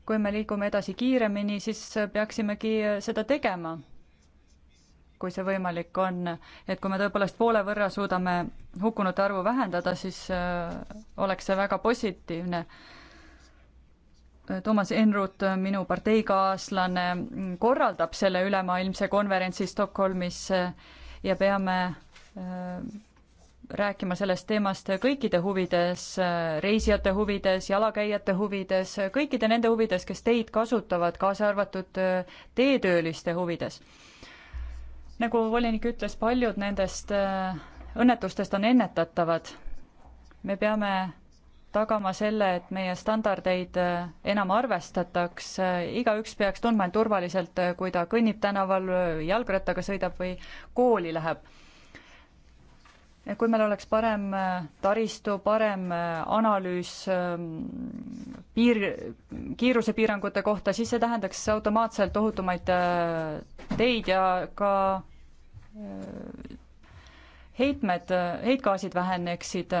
kui me liigume edasi kiiremini, siis peaksimegi äh, seda tegema, kui see võimalik on. et kui me tõepoolest poole võrra suudame hukkunute arvu vähendada, siis oleks see väga positiivne Toomas Enrut, minu parteikaaslane, korraldab selle ülemaailmse konverentsi Stockholmis eh, ja peame eh, rääkima sellest teemast kõikide huvides, eh, reisijate huvides, jalakäijate huvides, kõikide nende huvides, kes teid kasutavad, kaasa arvatud teetööliste huvides. nagu volinik ütles, paljud nendest õnnetustest on ennetatavad. me peame tagama selle, et meie standardeid äh, enam arvestataks, äh, igaüks peaks tundma end turvaliselt, äh, kui ta kõnnib tänaval, jalgrattaga sõidab või kooli läheb. kui meil oleks parem taristu, parem analüüs ähm, piir, kiirusepiirangute kohta, siis see tähendaks automaatselt ohutumaid teid ja ka heitmed, heitgaasid väheneksid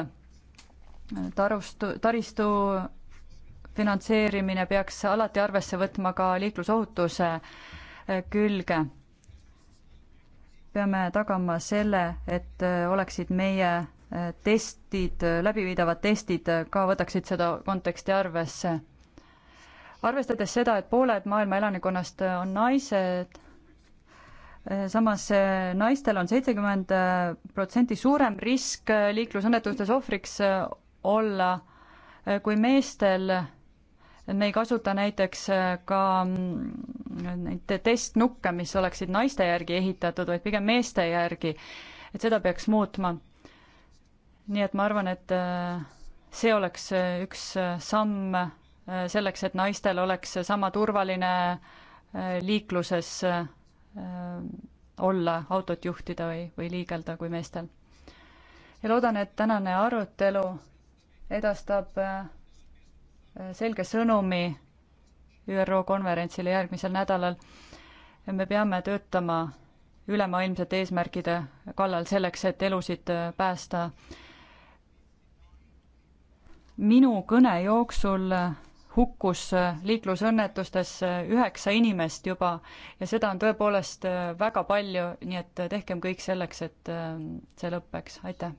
tarustu, taristu finantseerimine peaks alati arvesse võtma ka liiklusohutuse eh, külge. peame tagama selle, et eh, oleksid meie eh, testid, läbiviidavad testid ka võtaksid seda konteksti arvesse. arvestades seda, et pooled maailma elanikkonnast on naised, samas naistel on seitsekümmend protsenti suurem risk liiklusõnnetustes ohvriks olla, eh, kui meestel me ei kasuta näiteks eh, ka mm, neid testnukke, mis oleksid naiste järgi ehitatud, vaid pigem meeste järgi. et seda peaks muutma. nii et ma arvan, et eh, see oleks üks samm selleks, et naistel oleks sama turvaline liikluses olla, autot juhtida või, või liigelda kui meestel. ja loodan, et tänane arutelu edastab äh, selge sõnumi ÜRO konverentsile järgmisel nädalal. me peame töötama ülemaailmsete eesmärkide kallal selleks, et elusid äh, päästa. minu kõne jooksul äh, hukkus liiklusõnnetustes üheksa inimest juba ja seda on tõepoolest väga palju, nii et tehkem kõik selleks, et see lõpeks, aitäh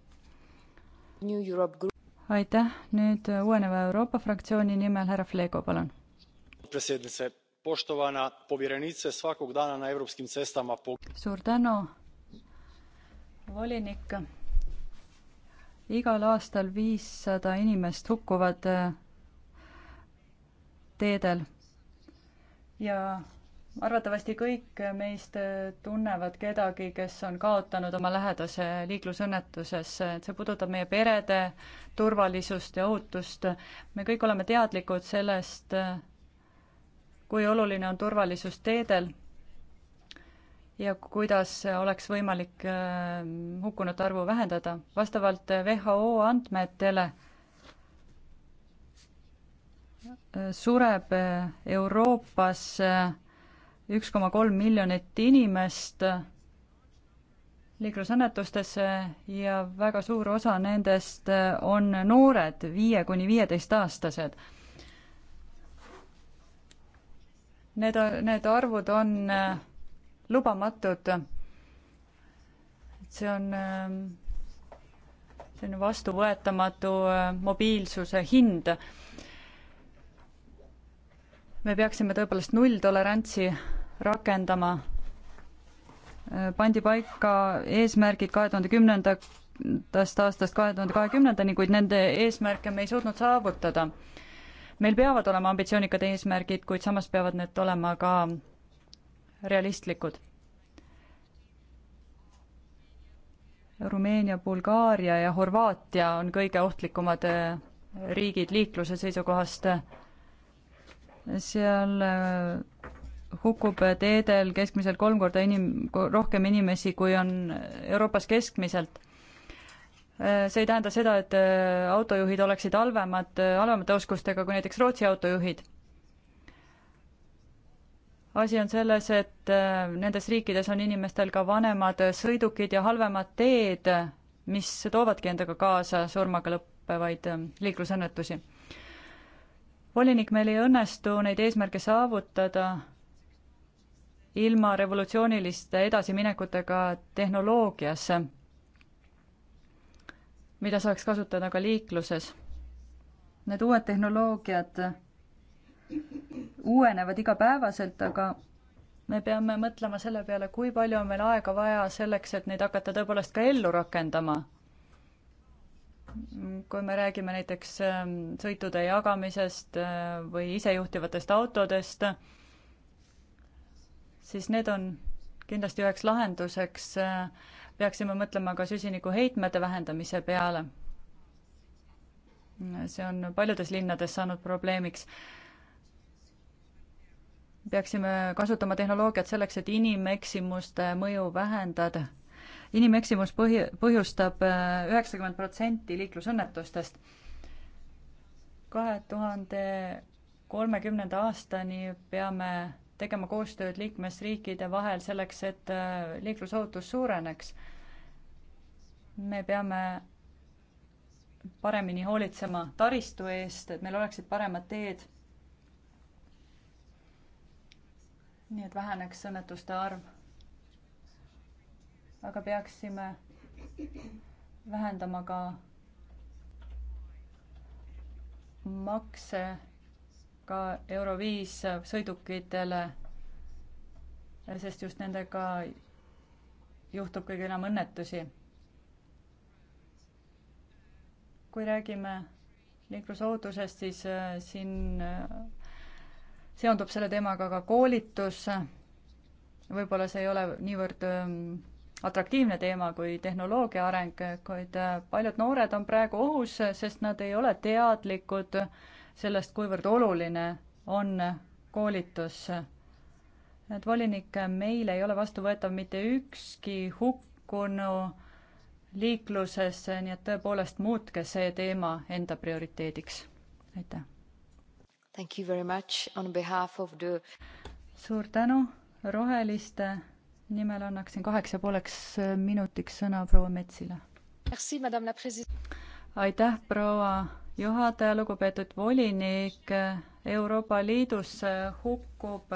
aitäh, nüüd äh, uueneva Euroopa fraktsiooni nimel härra Flego, palun. suur tänu, volinik. igal aastal viissada inimest hukkuvad äh, teedel ja arvatavasti kõik meist tunnevad kedagi, kes on kaotanud oma lähedase liiklusõnnetuses, et see puudutab meie perede turvalisust ja ohutust. me kõik oleme teadlikud sellest, kui oluline on turvalisus teedel ja kuidas oleks võimalik äh, hukkunute arvu vähendada. vastavalt WHO andmetele äh, sureb äh, Euroopas üks koma kolm miljonit inimest liiklusõnnetustesse ja väga suur osa nendest on noored, viie kuni viieteistaastased. Need, need arvud on äh, lubamatud. see on ähm, selline vastuvõetamatu äh, mobiilsuse hind. me peaksime tõepoolest nulltolerantsi rakendama. Äh, pandi paika eesmärgid kahe tuhande kümnendast aastast kahe tuhande kahekümnendani, kuid nende eesmärke me ei suutnud saavutada. meil peavad olema ambitsioonikad eesmärgid, kuid samas peavad need olema ka realistlikud. Rumeenia, Bulgaaria ja Horvaatia on kõige ohtlikumad äh, riigid liikluse seisukohast seal äh, hukkub teedel keskmiselt kolm korda inim-, rohkem inimesi, kui on Euroopas keskmiselt. see ei tähenda seda, et äh, autojuhid oleksid halvemad, äh, halvemate oskustega kui näiteks Rootsi autojuhid. asi on selles, et äh, nendes riikides on inimestel ka vanemad sõidukid ja halvemad teed, mis toovadki endaga kaasa surmaga lõppevaid liiklusõnnetusi. volinik, meil ei õnnestu neid eesmärke saavutada ilma revolutsiooniliste edasiminekutega tehnoloogiasse, mida saaks kasutada ka liikluses. Need uued tehnoloogiad uuenevad igapäevaselt, aga me peame mõtlema selle peale, kui palju on meil aega vaja selleks, et neid hakata tõepoolest ka ellu rakendama. kui me räägime näiteks ehm, sõitude jagamisest ehm, või isejuhtivatest autodest, siis need on kindlasti üheks lahenduseks. Äh, peaksime mõtlema ka süsinikuheitmete vähendamise peale. see on paljudes linnades saanud probleemiks. peaksime kasutama tehnoloogiat selleks, et inimeksimuste mõju vähendada. inimeksimus põhi, põhjustab äh, üheksakümmend protsenti liiklusõnnetustest. kahe tuhande kolmekümnenda aastani peame tegema koostööd liikmesriikide vahel selleks, et äh, liiklusohutus suureneks. me peame paremini hoolitsema taristu eest, et meil oleksid paremad teed. nii et väheneks õnnetuste arv. aga peaksime vähendama ka makse ka Euro viis sõidukitele, sest just nendega juhtub kõige enam õnnetusi. kui räägime liiklusohutusest, siis äh, siin äh, seondub selle teemaga ka koolitus. võib-olla see ei ole niivõrd ähm, atraktiivne teema kui tehnoloogia areng, kuid äh, paljud noored on praegu ohus, sest nad ei ole teadlikud äh, sellest, kuivõrd oluline on koolitus. et volinik, meil ei ole vastuvõetav mitte ükski hukkunu liikluses, nii et tõepoolest muutke see teema enda prioriteediks. aitäh! Thank you very much on behalf of the suur tänu, roheliste nimel annaksin kaheks ja pooleks minutiks sõna proua Metsile. aitäh, proua juhataja, lugupeetud volinik, Euroopa Liidus hukkub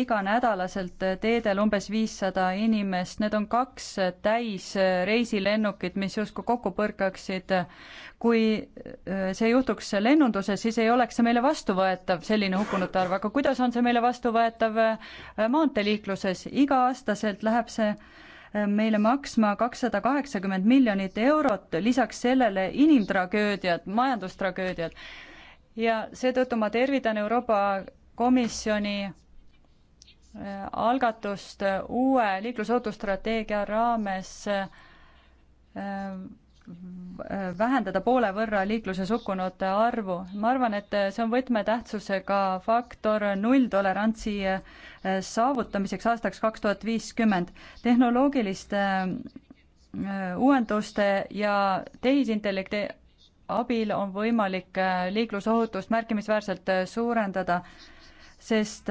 iganädalaselt teedel umbes viissada inimest, need on kaks täis reisilennukit, mis justkui kokku põrkaksid. kui äh, see juhtuks lennunduses, siis ei oleks see meile vastuvõetav, selline hukkunute arv, aga kuidas on see meile vastuvõetav äh, maanteeliikluses, iga-aastaselt läheb see meile maksma kakssada kaheksakümmend miljonit eurot, lisaks sellele inimtragöödiad, majandustragöödiad. ja seetõttu ma tervitan Euroopa Komisjoni äh, algatust äh, uue liiklusohutusstrateegia raames äh, vähendada poole võrra liikluses hukkunute arvu. ma arvan, et see on võtmetähtsusega faktor nulltolerantsi eh, saavutamiseks aastaks kaks tuhat viiskümmend. tehnoloogiliste eh, uuenduste ja tehisintellekti abil on võimalik eh, liiklusohutust märkimisväärselt suurendada, sest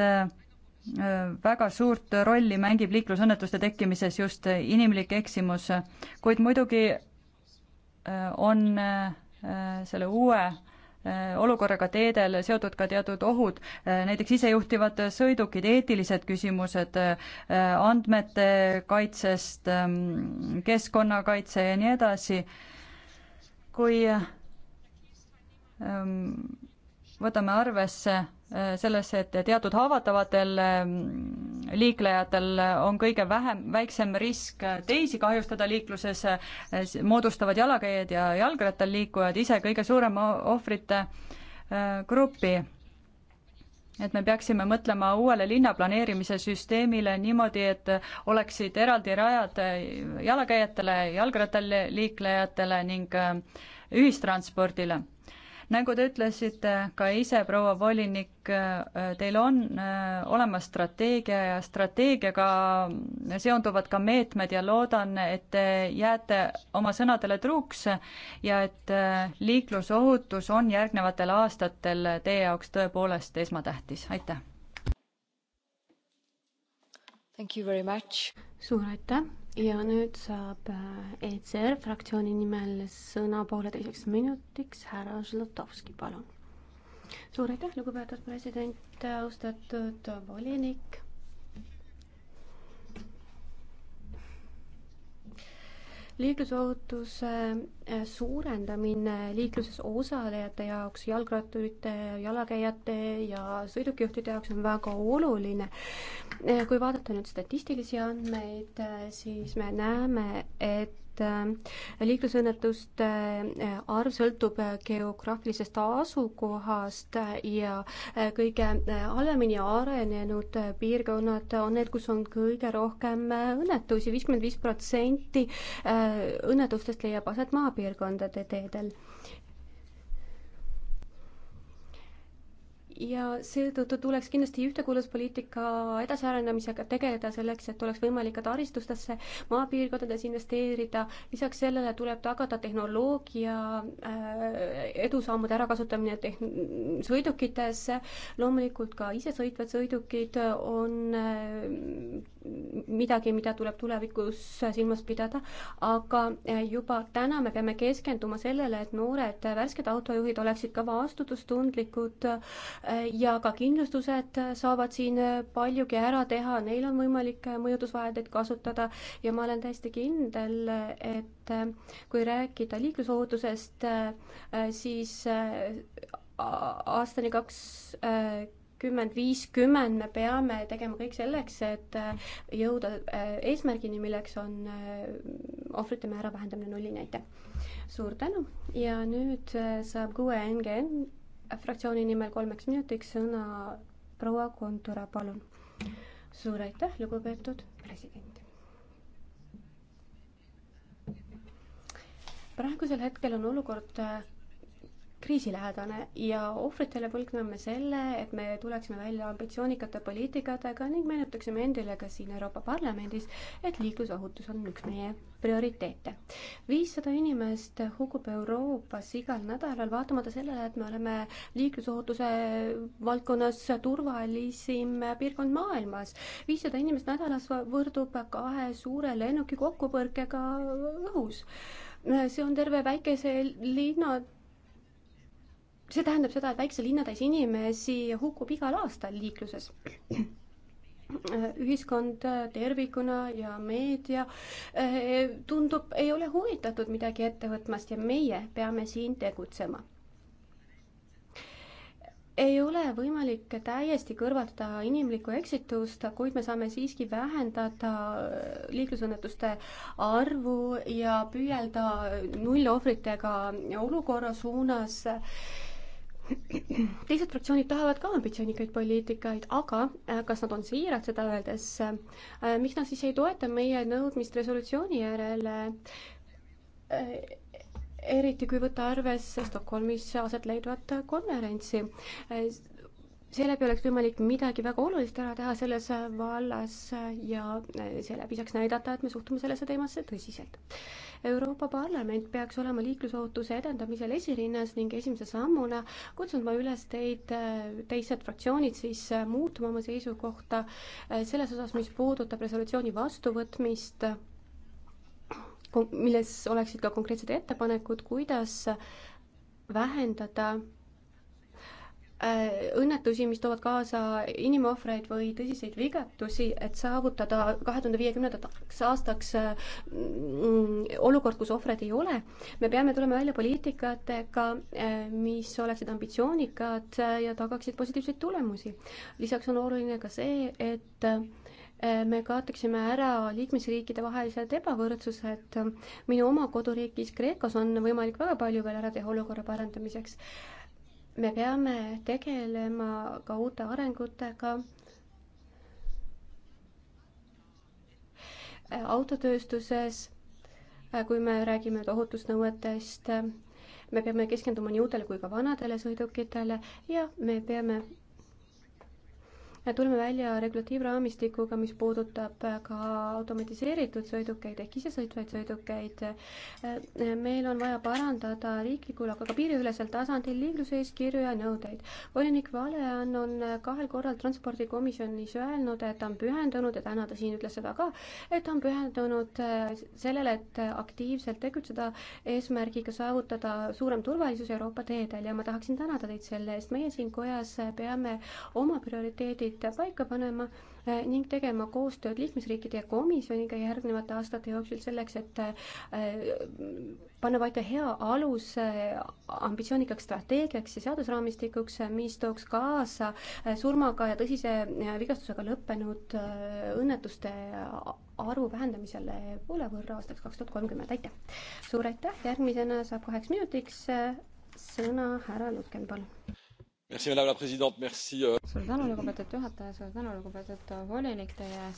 väga suurt rolli mängib liiklusõnnetuste tekkimises just inimlik eksimus, kuid muidugi Äh, on äh, selle uue äh, olukorraga teedel seotud ka teatud ohud, näiteks isejuhtivad sõidukid, eetilised küsimused andmete kaitsest, ähm, keskkonnakaitse ja nii edasi. kui ähm, võtame arvesse sellesse, et teatud haavatavatel mm, liiklejatel on kõige vähem, väiksem risk teisi kahjustada liikluses, moodustavad jalakäijad ja jalgrattal liikujad ise kõige suurema ohvrite äh, grupi. et me peaksime mõtlema uuele linnaplaneerimise süsteemile niimoodi, et oleksid eraldi rajad jalakäijatele, jalgrattal liiklejatele ning äh, ühistranspordile nagu te ütlesite ka ise, proua volinik, teil on äh, olemas strateegia ja strateegiaga seonduvad ka meetmed ja loodan, et te jääte oma sõnadele truuks ja et äh, liiklusohutus on järgnevatel aastatel teie jaoks tõepoolest esmatähtis, aitäh! suur aitäh! ja nüüd saab äh, ECR fraktsiooni nimel sõna pooleteiseks minutiks härra Žlotovski, palun. suur aitäh, lugupeetud president, austatud volinik liiklusohutuse äh, suurendamine liikluses osalejate jaoks, jalgratturite, jalakäijate ja sõidukijuhtide jaoks on väga oluline. Äh, kui vaadata nüüd statistilisi andmeid, äh, siis me näeme, et et äh, liiklusõnnetuste äh, arv sõltub äh, geograafilisest asukohast ja kõige halvemini arenenud piirkonnad on need, kus on kõige rohkem õnnetusi, viiskümmend viis protsenti õnnetustest leiab aset maapiirkondade teedel ja seetõttu tuleks kindlasti ühtekuuluvuspoliitika edasiarendamisega tegeleda selleks, et oleks võimalik ka taristustesse maapiirkondades investeerida. lisaks sellele tuleb tagada tehnoloogia äh, edusammude ärakasutamine tehn-, sõidukites. loomulikult ka isesõitvad sõidukid on äh, midagi, mida tuleb tulevikus silmas pidada, aga äh, juba täna me peame keskenduma sellele, et noored värsked autojuhid oleksid ka vastutustundlikud ja ka kindlustused saavad siin paljugi ära teha, neil on võimalik mõjutusvahendeid kasutada ja ma olen täiesti kindel, et kui rääkida liiklusohutusest, siis aastani kaks kakskümmend, viiskümmend me peame tegema kõik selleks, et jõuda eesmärgini, milleks on ohvrite määra vähendamine nullini, aitäh. suur tänu ja nüüd saab kuue NGN fraktsiooni nimel kolmeks minutiks sõna proua Kontura, palun. suur aitäh, lugupeetud president. praegusel hetkel on olukord kriisilähedane ja ohvritele põlgneme selle, et me tuleksime välja ambitsioonikate poliitikatega ning meenutaksime endile ka siin Euroopa Parlamendis, et liiklusohutus on üks meie prioriteete. viissada inimest hukub Euroopas igal nädalal, vaatamata sellele, et me oleme liiklusohutuse valdkonnas turvalisim piirkond maailmas. viissada inimest nädalas võrdub kahe suure lennuki kokkupõrkega õhus see on terve väikese linna see tähendab seda, et väikselinnades inimesi hukkub igal aastal liikluses ühiskond tervikuna ja meedia eh, tundub, ei ole huvitatud midagi ette võtmast ja meie peame siin tegutsema. ei ole võimalik täiesti kõrvaldada inimlikku eksitust, kuid me saame siiski vähendada liiklusõnnetuste arvu ja püüelda nullohvritega olukorra suunas teised fraktsioonid tahavad ka ambitsioonikaid poliitikaid, aga äh, kas nad on siirad seda öeldes, äh, miks nad siis ei toeta meie nõudmist resolutsiooni järele? Äh, eriti kui võtta arvesse Stockholmis aset leidvat konverentsi seeläbi oleks võimalik midagi väga olulist ära teha selles vallas ja äh, seeläbi saaks näidata, et me suhtume sellesse teemasse tõsiselt. Euroopa Parlament peaks olema liiklusohutuse edendamisel esirinnas ning esimese sammuna kutsun ma üles teid, äh, teised fraktsioonid siis äh, muutma oma seisukohta selles osas, mis puudutab resolutsiooni vastuvõtmist, milles oleksid ka konkreetsed ettepanekud, kuidas vähendada Äh, õnnetusi, mis toovad kaasa inimohvreid või tõsiseid vigatusi, et saavutada kahe tuhande viiekümnendaks aastaks äh, mm, olukord, kus ohvreid ei ole. me peame tulema välja poliitikatega, äh, mis oleksid ambitsioonikad ja tagaksid positiivseid tulemusi. lisaks on oluline ka see, et me kaotaksime ära liikmesriikide vahelised ebavõrdsused. minu oma koduriigis Kreekas on võimalik väga palju veel ära teha olukorra parandamiseks me peame tegelema ka uute arengutega. autotööstuses, kui me räägime ohutusnõuetest, me peame keskenduma nii uutele kui ka vanadele sõidukitele ja me peame me tuleme välja regulatiivraamistikuga, mis puudutab ka automatiseeritud sõidukeid ehk isesõitvaid sõidukeid. meil on vaja parandada riiklikul, aga ka piiriülesel tasandil liikluseeskirju ja nõudeid. volinik Valean on kahel korral transpordikomisjonis öelnud, et ta on pühendunud ja täna ta siin ütles seda ka, et ta on pühendunud sellele, et aktiivselt tegutseda eesmärgiga saavutada suurem turvalisus Euroopa teedel ja ma tahaksin tänada teid selle eest. meie siin kojas peame oma prioriteedid prioriteedid paika panema eh, ning tegema koostööd liikmesriikide ja komisjoniga järgnevate aastate jooksul selleks, et eh, panna paika hea alus eh, ambitsioonikaks strateegiaks ja seadusraamistikuks, mis tooks kaasa surmaga ja tõsise vigastusega lõppenud õnnetuste arvu vähendamisele poole võrra aastaks kaks tuhat kolmkümmend, aitäh! suur aitäh, järgmisena saab kaheks minutiks sõna härra Lutkenpall Euh. suur tänu, lugupeetud juhataja, suur tänu, lugupeetud äh, volinik teie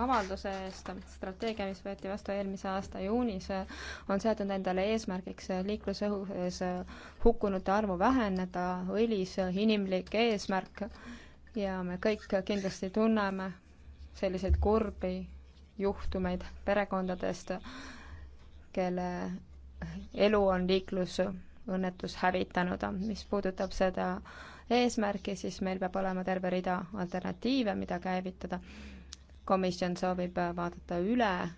avalduse eest. strateegia, mis võeti vastu eelmise aasta juunis, äh, on seadnud endale eesmärgiks äh, liiklusõhus hukkunute arvu väheneda, õilis inimlik eesmärk ja me kõik kindlasti tunneme selliseid kurbi juhtumeid perekondadest, kelle elu on liiklus õnnetus hävitanud. mis puudutab seda eesmärki, siis meil peab olema terve rida alternatiive, mida käivitada. komisjon soovib vaadata üle äh,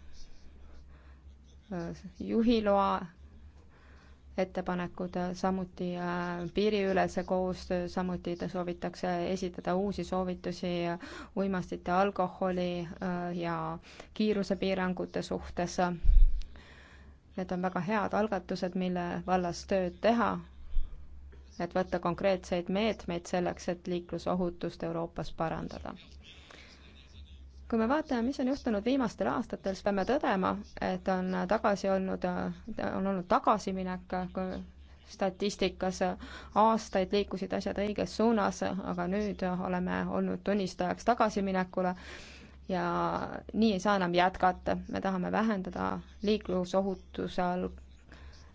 juhiloa ettepanekud, äh, samuti äh, piiriülese koostöö, samuti soovitakse esitada uusi soovitusi uimastite, alkoholi ja kiirusepiirangute suhtes Need on väga head algatused, mille vallas tööd teha, et võtta konkreetseid meetmeid selleks, et liiklusohutust Euroopas parandada. kui me vaatame, mis on juhtunud viimastel aastatel, siis peame tõdema, et on tagasi olnud, on olnud tagasiminek statistikas, aastaid liikusid asjad õiges suunas, aga nüüd oleme olnud tunnistajaks tagasiminekule ja nii ei saa enam jätkata, me tahame vähendada liiklusohutuse all,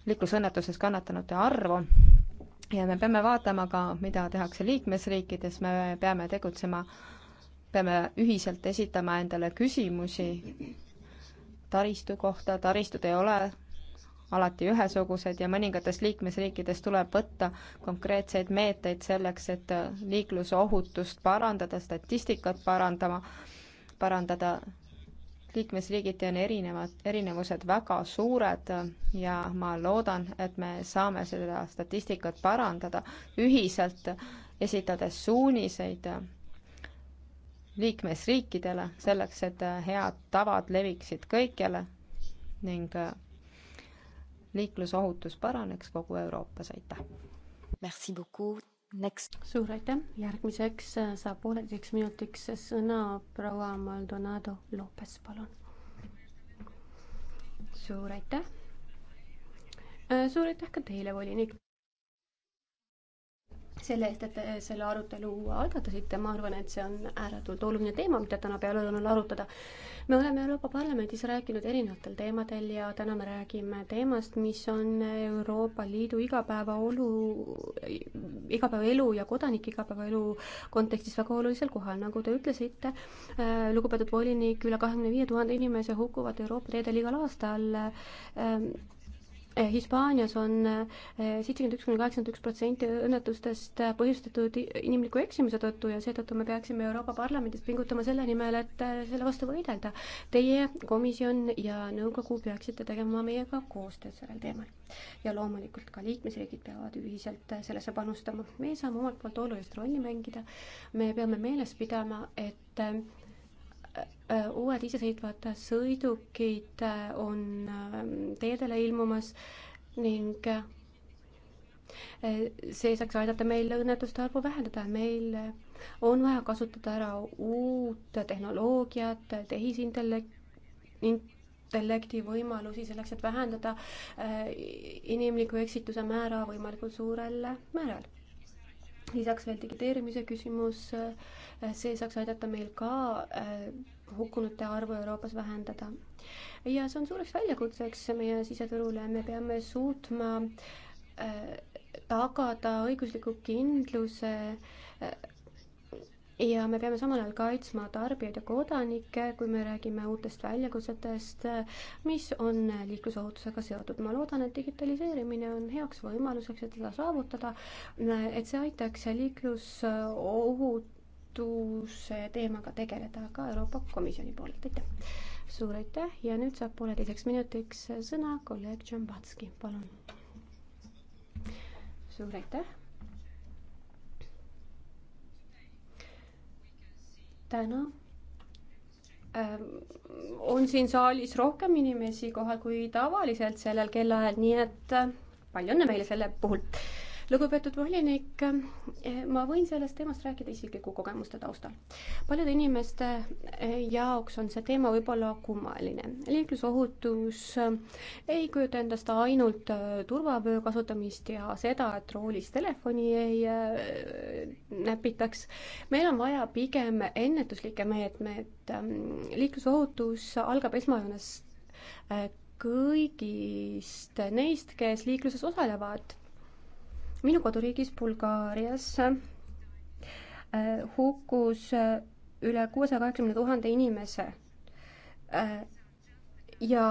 liiklusõnnetuses kannatanute arvu ja me peame vaatama ka, mida tehakse liikmesriikides, me peame tegutsema, peame ühiselt esitama endale küsimusi taristu kohta, taristud ei ole alati ühesugused ja mõningates liikmesriikides tuleb võtta konkreetseid meetmeid selleks, et liiklusohutust parandada, statistikat parandama parandada. liikmesriigiti on erinevad, erinevused väga suured ja ma loodan, et me saame seda statistikat parandada ühiselt, esitades suuniseid liikmesriikidele selleks, et head tavad leviksid kõikjale ning liiklusohutus paraneks kogu Euroopas, aitäh! Next. suur aitäh, järgmiseks äh, saab pooleteiseks minutiks sõna proua Maldonado Lopes, palun. suur aitäh. Äh, suur aitäh ka teile, volinik selle eest, et te selle arutelu algatasite, ma arvan, et see on ääretult oluline teema, mida täna peale on arutada. me oleme Euroopa Parlamendis rääkinud erinevatel teemadel ja täna me räägime teemast, mis on Euroopa Liidu igapäevaolu, igapäevaelu ja kodanike igapäevaelu kontekstis väga olulisel kohal, nagu te ütlesite, äh, lugupeetud volinik, üle kahekümne viie tuhande inimese hukkuvad Euroopa teedel igal aastal äh, Hispaanias on eh, seitsekümmend üks kuni kaheksakümmend üks protsenti õnnetustest põhjustatud inimliku eksimise tõttu ja seetõttu me peaksime Euroopa Parlamendis pingutama selle nimel, et eh, selle vastu võidelda. Teie komisjon ja nõukogu peaksite tegema meiega koostööd sellel teemal. ja loomulikult ka liikmesriigid peavad ühiselt eh, sellesse panustama. meie saame omalt poolt olulist rolli mängida. me peame meeles pidama, et Äh, uued iseseisvad sõidukid äh, on ähm, teedele ilmumas ning äh, see saaks aidata meil õnnetuste arvu vähendada, meil on vaja kasutada ära uut tehnoloogiat, tehisintellekti võimalusi selleks, et vähendada inimliku eksituse määra võimalikult suurel määral lisaks veel digiteerimise küsimus, äh, see saaks aidata meil ka äh, hukkunute arvu Euroopas vähendada. ja see on suureks väljakutseks meie siseturule, me peame suutma äh, tagada õigusliku kindluse ja me peame samal ajal kaitsma tarbijaid ja kodanikke, kui me räägime uutest väljakutsetest, mis on liiklusohutusega seotud. ma loodan, et digitaliseerimine on heaks võimaluseks, et seda saavutada, et see aitaks liiklusohutuse teemaga tegeleda ka Euroopa Komisjoni poolelt, aitäh! suur aitäh ja nüüd saab pooleteiseks minutiks sõna kolleeg Džambatski, palun! suur aitäh! täna ähm, on siin saalis rohkem inimesi kohal kui tavaliselt sellel kellaajal, nii et äh, palju õnne meile selle puhul lugupeetud volinik, eh, ma võin sellest teemast rääkida isikliku kogemuste taustal. paljude inimeste eh, jaoks on see teema võib-olla kummaline. liiklusohutus eh, ei kujuta endast ainult turvavöö kasutamist ja seda, et roolis telefoni ei näpitaks. meil on vaja pigem ennetuslikke meetmeid. Ehm, liiklusohutus algab esmajoones kõigist neist, kes liikluses osalevad minu koduriigis Bulgaarias äh, hukkus äh, üle kuuesaja kaheksakümne tuhande inimese. Äh, ja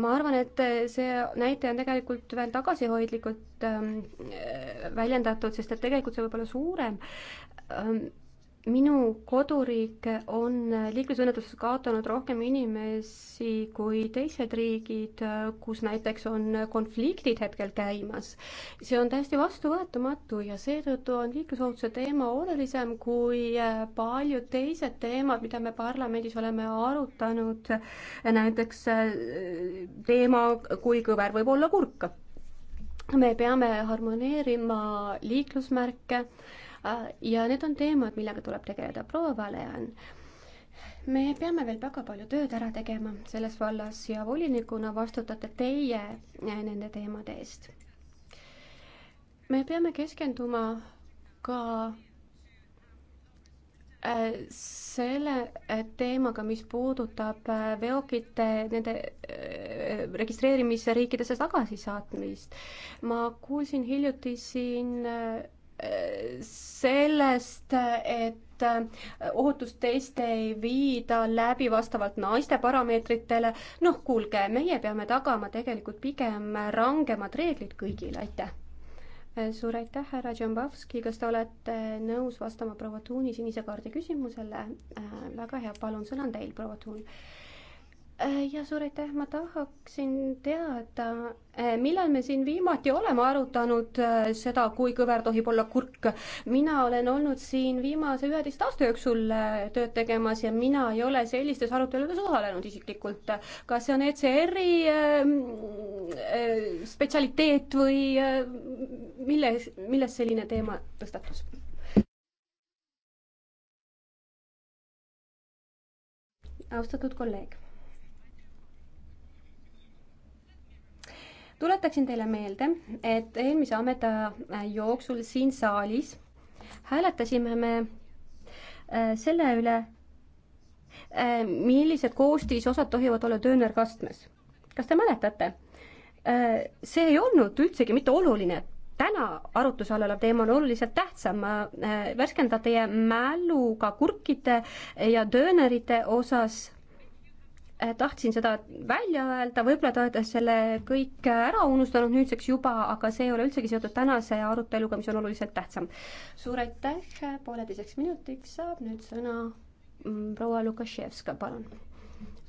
ma arvan, et see näitaja on tegelikult veel tagasihoidlikult ähm, väljendatud, sest et tegelikult see võib olla suurem ähm, minu koduriik on liiklusõnnetuses kaotanud rohkem inimesi kui teised riigid, kus näiteks on konfliktid hetkel käimas. see on täiesti vastuvõetamatu ja seetõttu on liiklusohutuse teema olulisem kui paljud teised teemad, mida me parlamendis oleme arutanud, näiteks äh, teema, kui kõver võib olla kurk me peame harmoneerima liiklusmärke Ah, ja need on teemad, millega tuleb tegeleda. proua Valean, me peame veel väga palju tööd ära tegema selles vallas ja volinikuna vastutate teie eh, nende teemade eest. me peame keskenduma ka eh, selle eh, teemaga, mis puudutab veokite nende registreerimisriikidesse tagasisaatmist. ma kuulsin hiljuti siin sellest, et ohutusteste ei viida läbi vastavalt naiste parameetritele, noh kuulge, meie peame tagama tegelikult pigem rangemad reeglid kõigile, aitäh! suur aitäh, härra Džambavski, kas te olete nõus vastama proua Tuuni sinise kaardi küsimusele äh,? väga hea, palun, sõna on teil, proua Tuun Äh, ja suur aitäh, ma tahaksin teada, äh, millal me siin viimati oleme arutanud äh, seda, kui kõver tohib olla kurk. mina olen olnud siin viimase üheteist aasta jooksul tööd tegemas ja mina ei ole sellistes aruteludes osalenud isiklikult. kas see on ECR-i ähm, spetsialiteet või milles, milles selline teema tõstatus? austatud kolleeg tuletaksin teile meelde, et eelmise ametiaja jooksul siin saalis hääletasime me äh, selle üle, äh, millised koostisosad tohivad olla töönerkastmes. kas te mäletate? Äh, see ei olnud üldsegi mitte oluline, täna arutluse all olev teema on oluliselt tähtsam, ma värskendan teie mäluga kurkide ja döönerite osas Eh, tahtsin seda välja öelda, võib-olla te olete selle kõik ära unustanud nüüdseks juba, aga see ei ole üldsegi seotud tänase aruteluga, mis on oluliselt tähtsam. suur aitäh, pooleteiseks minutiks saab nüüd sõna mm, proua Lukaševska, palun.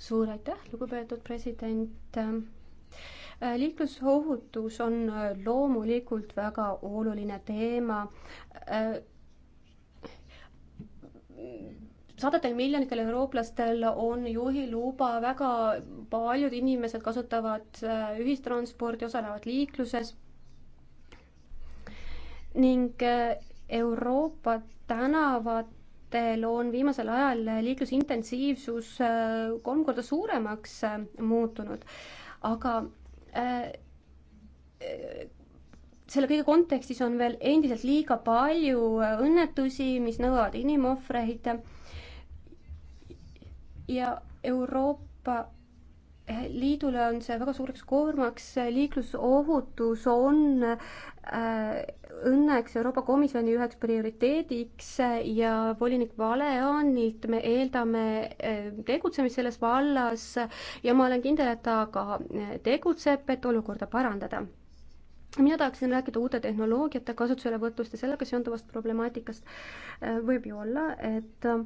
suur aitäh, lugupeetud president. Eh, liiklusohutus on eh, loomulikult väga oluline teema sadetel miljonitel eurooplastel on juhiluba, väga paljud inimesed kasutavad äh, ühistransporti, osalevad liikluses ning äh, Euroopa tänavatel on viimasel ajal liiklusintensiivsus äh, kolm korda suuremaks muutunud, aga äh, selle kõige kontekstis on veel endiselt liiga palju õnnetusi, mis nõuavad inimohvreid ja Euroopa Liidule on see väga suureks koormaks, liiklusohutus on äh, õnneks Euroopa Komisjoni üheks prioriteediks ja volinik Valeanilt me eeldame äh, tegutsemist selles vallas ja ma olen kindel, et ta ka äh, tegutseb, et olukorda parandada mina tahaksin rääkida uute tehnoloogiate kasutuselevõtust ja sellega seonduvast problemaatikast. Äh, võib ju olla, et äh,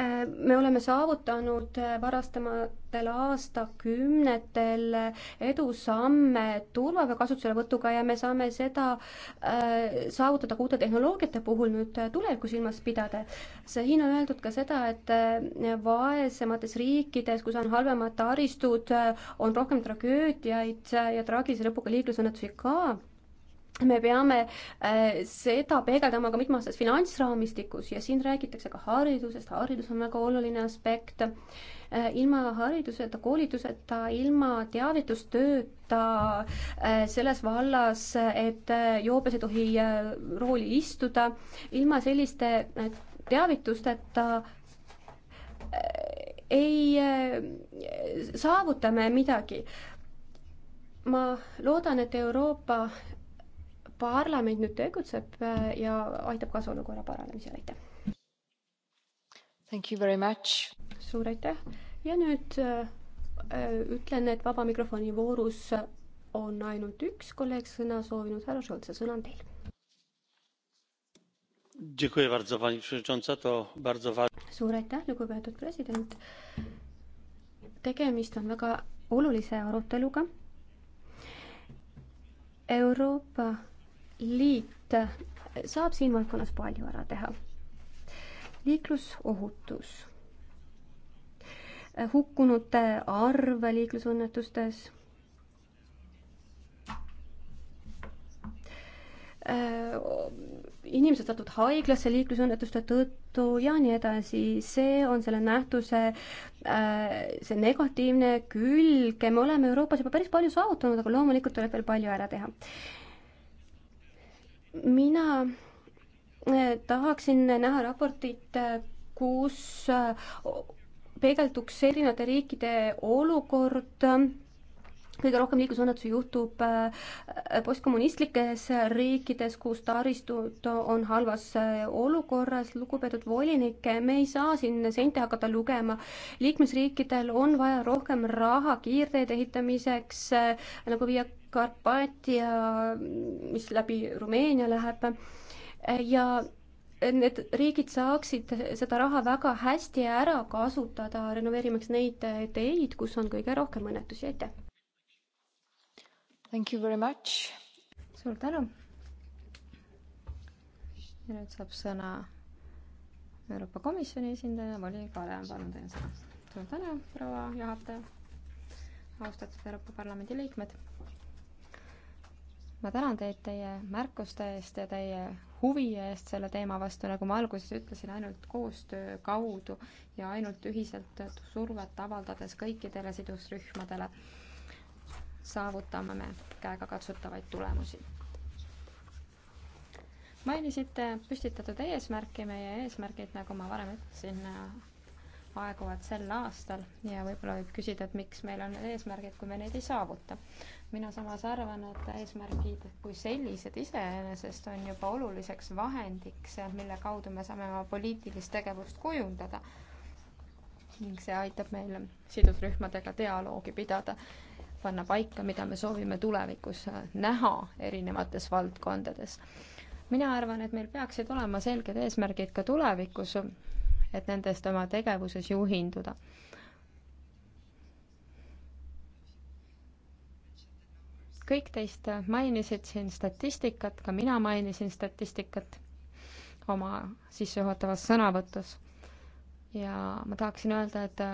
Äh, me oleme saavutanud äh, varastamatel aastakümnetel äh, edusamme turvavöö kasutuselevõtuga ja me saame seda saavutada ka uute tehnoloogiate puhul nüüd tulevikku silmas pidades. siin on öeldud ka seda, et vaesemates riikides, kus on halvemad taristud, on rohkem tragöödiaid ja traagilise lõpuga liiklusõnnetusi ka me peame äh, seda peegeldama ka mitmeaastases finantsraamistikus ja siin räägitakse ka haridusest, haridus on väga oluline aspekt. Äh, ilma hariduseta, koolituseta, ilma teavitustööta äh, selles vallas, et joobes ei tohi rooli istuda, ilma selliste teavitusteta ei saavuta me midagi ma loodan, et Euroopa parlament nüüd tegutseb äh, ja aitab kaasa olukorra paranemisele, aitäh! Thank you very much! suur aitäh ja nüüd äh, äh ütlen, et vaba mikrofoni voorus on ainult üks kolleeg sõna soovinud, härra Šoltse, sõna on teil. suur aitäh, lugupeetud president! tegemist on väga olulise aruteluga Euroopa liit saab siin valdkonnas palju ära teha. liiklusohutus, hukkunute arv liiklusõnnetustes äh, inimesed satuvad haiglasse liiklusõnnetuste tõttu ja nii edasi, see on selle nähtuse äh, see negatiivne külg, me oleme Euroopas juba päris palju saavutanud, aga loomulikult tuleb veel palju ära teha mina eh, tahaksin näha raportit, eh, kus eh, peegelduks erinevate riikide olukord kõige rohkem liiklusõnnetusi juhtub äh, postkommunistlikes riikides, kus taristud on halvas äh, olukorras. lugupeetud volinik, me ei saa siin sente hakata lugema. liikmesriikidel on vaja rohkem raha kiirteede ehitamiseks, äh, nagu Via Carpatia, mis läbi Rumeenia läheb ja need riigid saaksid seda raha väga hästi ära kasutada, renoveerimaks neid teid, kus on kõige rohkem õnnetusi, aitäh! suur tänu. ja nüüd saab sõna Euroopa Komisjoni esindaja Vali Kalem, palun teie sõna. suur tänu, proua juhataja. austatud Euroopa Parlamendi liikmed. ma tänan teid teie märkuste eest ja teie huvi eest selle teema vastu, nagu ma alguses ütlesin, ainult koostöö kaudu ja ainult ühiselt survet avaldades kõikidele sidusrühmadele saavutame me käegakatsutavaid tulemusi. mainisite püstitatud eesmärki, meie eesmärgid, nagu ma varem ütlesin, aeguvad sel aastal ja võib-olla võib küsida, et miks meil on need eesmärgid, kui me neid ei saavuta. mina samas arvan, et eesmärgid kui sellised iseenesest on juba oluliseks vahendiks, mille kaudu me saame oma poliitilist tegevust kujundada. ning see aitab meil sidusrühmadega dialoogi pidada panna paika, mida me soovime tulevikus näha erinevates valdkondades. mina arvan, et meil peaksid olema selged eesmärgid ka tulevikus, et nendest oma tegevuses juhinduda. kõik teist mainisid siin statistikat, ka mina mainisin statistikat oma sissejuhatavas sõnavõtus. ja ma tahaksin öelda, et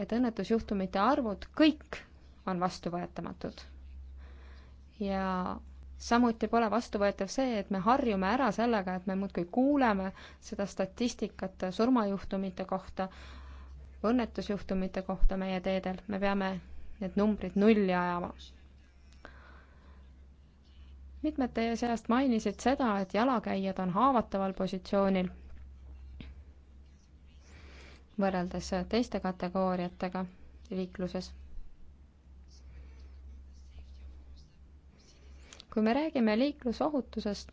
et õnnetusjuhtumite arvud kõik on vastuvõetamatud. ja samuti pole vastuvõetav see, et me harjume ära sellega, et me muudkui kuuleme seda statistikat surmajuhtumite kohta, õnnetusjuhtumite kohta meie teedel, me peame need numbrid nulli ajama. mitmed teie seast mainisid seda, et jalakäijad on haavataval positsioonil võrreldes teiste kategooriatega liikluses. kui me räägime liiklusohutusest,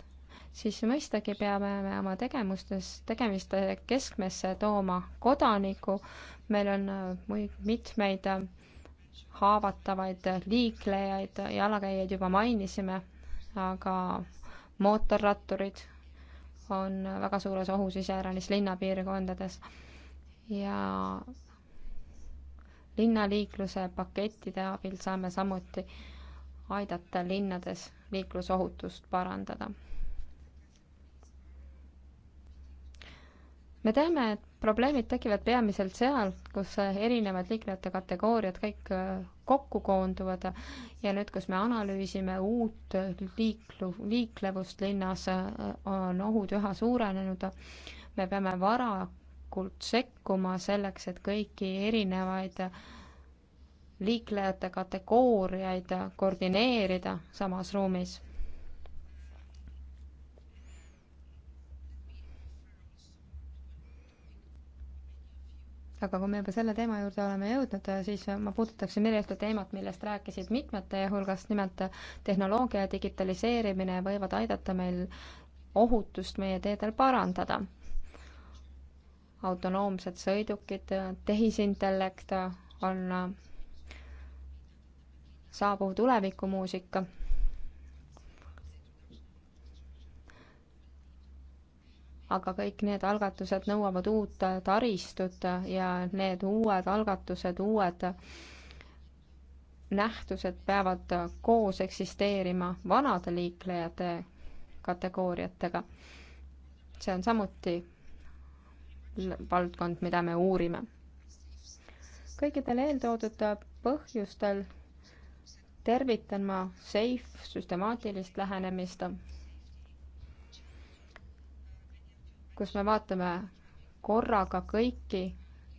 siis mõistagi peame me oma tegevustes, tegemiste keskmesse tooma kodaniku, meil on äh, mitmeid äh, haavatavaid liiklejaid, jalakäijaid juba mainisime, aga mootorratturid on väga suures ohus iseäranis linnapiirkondades ja linnaliikluse pakettide abil saame samuti aidata linnades liiklusohutust parandada. me teame, et probleemid tekivad peamiselt seal, kus erinevad liiklejate kategooriad kõik äh, kokku koonduvad ja nüüd, kus me analüüsime uut liiklu, liiklevust linnas, äh, on ohud üha suurenenud. me peame vara varakult sekkuma selleks, et kõiki erinevaid liiklejate kategooriaid koordineerida samas ruumis aga kui me juba selle teema juurde oleme jõudnud, siis ma puudutaksin veel ühte teemat, millest rääkisid mitmed teie hulgast, nimelt tehnoloogia ja digitaliseerimine võivad aidata meil ohutust meie teedel parandada autonoomsed sõidukid, tehisintellekt on äh, saabuv tulevikumuusika. aga kõik need algatused nõuavad uut äh, taristut ja need uued algatused, uued äh, nähtused peavad koos eksisteerima vanade liiklejate kategooriatega. see on samuti valdkond, mida me uurime. kõikidel eeltoodud põhjustel tervitan ma SAFE süstemaatilist lähenemist, kus me vaatame korraga kõiki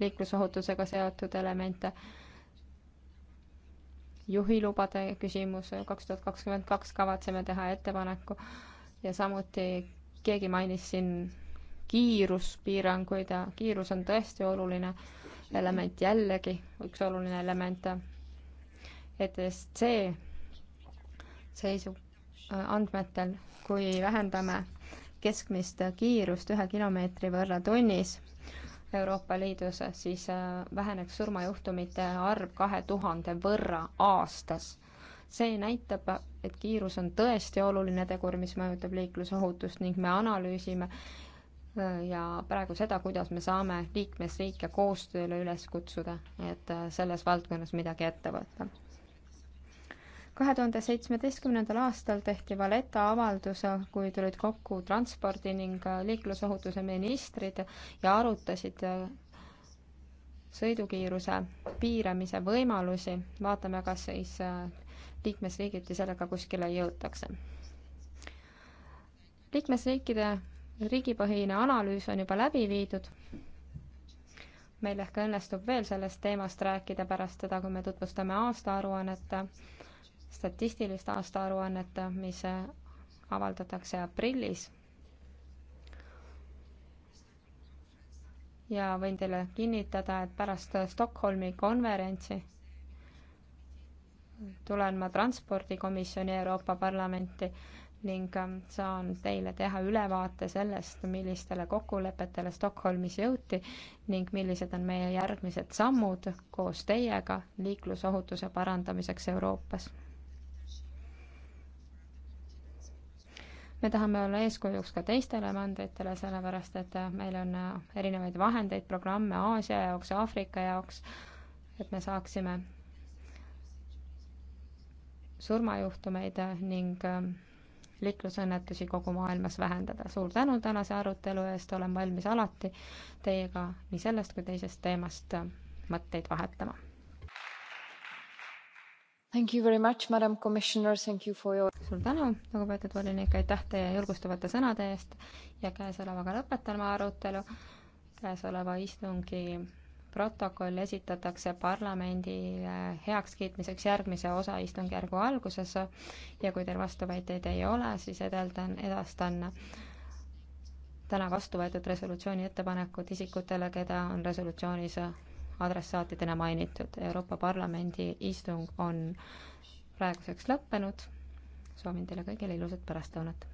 liiklusohutusega seotud elemente, juhilubade küsimus, kaks tuhat kakskümmend kaks kavatseme teha ettepaneku ja samuti keegi mainis siin kiiruspiiranguid ja kiirus on tõesti oluline element jällegi, üks oluline element. ETSC seisu andmetel, kui vähendame keskmist kiirust ühe kilomeetri võrra tunnis Euroopa Liidus, siis äh, väheneks surmajuhtumite arv kahe tuhande võrra aastas. see näitab, et kiirus on tõesti oluline tegur, mis mõjutab liiklusohutust ning me analüüsime ja praegu seda, kuidas me saame liikmesriike koostööle üles kutsuda, et äh, selles valdkonnas midagi ette võtta. kahe tuhande seitsmeteistkümnendal aastal tehti Valeta avaldus, kui tulid kokku transpordi ning äh, liiklusohutuse ministrid ja arutasid äh, sõidukiiruse piiramise võimalusi, vaatame, kas siis liikmesriigiti sellega kuskile jõutakse. liikmesriikide riigipõhine analüüs on juba läbi viidud. meil ehk õnnestub veel sellest teemast rääkida pärast seda, kui me tutvustame aastaaruannet, statistilist aastaaruannet, mis avaldatakse aprillis. ja võin teile kinnitada, et pärast Stockholmi konverentsi tulen ma transpordikomisjoni Euroopa Parlamenti ning ähm, saan teile teha ülevaate sellest, millistele kokkulepetele Stockholmis jõuti ning millised on meie järgmised sammud koos teiega liiklusohutuse parandamiseks Euroopas. me tahame olla eeskujuks ka teistele mandritele, sellepärast et äh, meil on äh, erinevaid vahendeid, programme Aasia jaoks, Aafrika jaoks, et me saaksime surmajuhtumeid äh, ning ähm, liiklusõnnetusi kogu maailmas vähendada. suur tänu tänase arutelu eest, olen valmis alati teiega nii sellest kui teisest teemast mõtteid vahetama. Thank you very much, madam commissioner, thank you for your suur tänu, lugupeetud volinik, aitäh teie julgustavate sõnade eest ja käesolevaga lõpetan ma arutelu. käesoleva istungi protokoll esitatakse parlamendile äh, heakskiitmiseks järgmise osa istungjärgu alguses ja kui teil vastuväiteid ei ole, siis edeldan, edastan täna vastu võetud resolutsiooni ettepanekud isikutele, keda on resolutsioonis adressaatidena mainitud. Euroopa Parlamendi istung on praeguseks lõppenud. soovin teile kõigile ilusat pärastlõunat!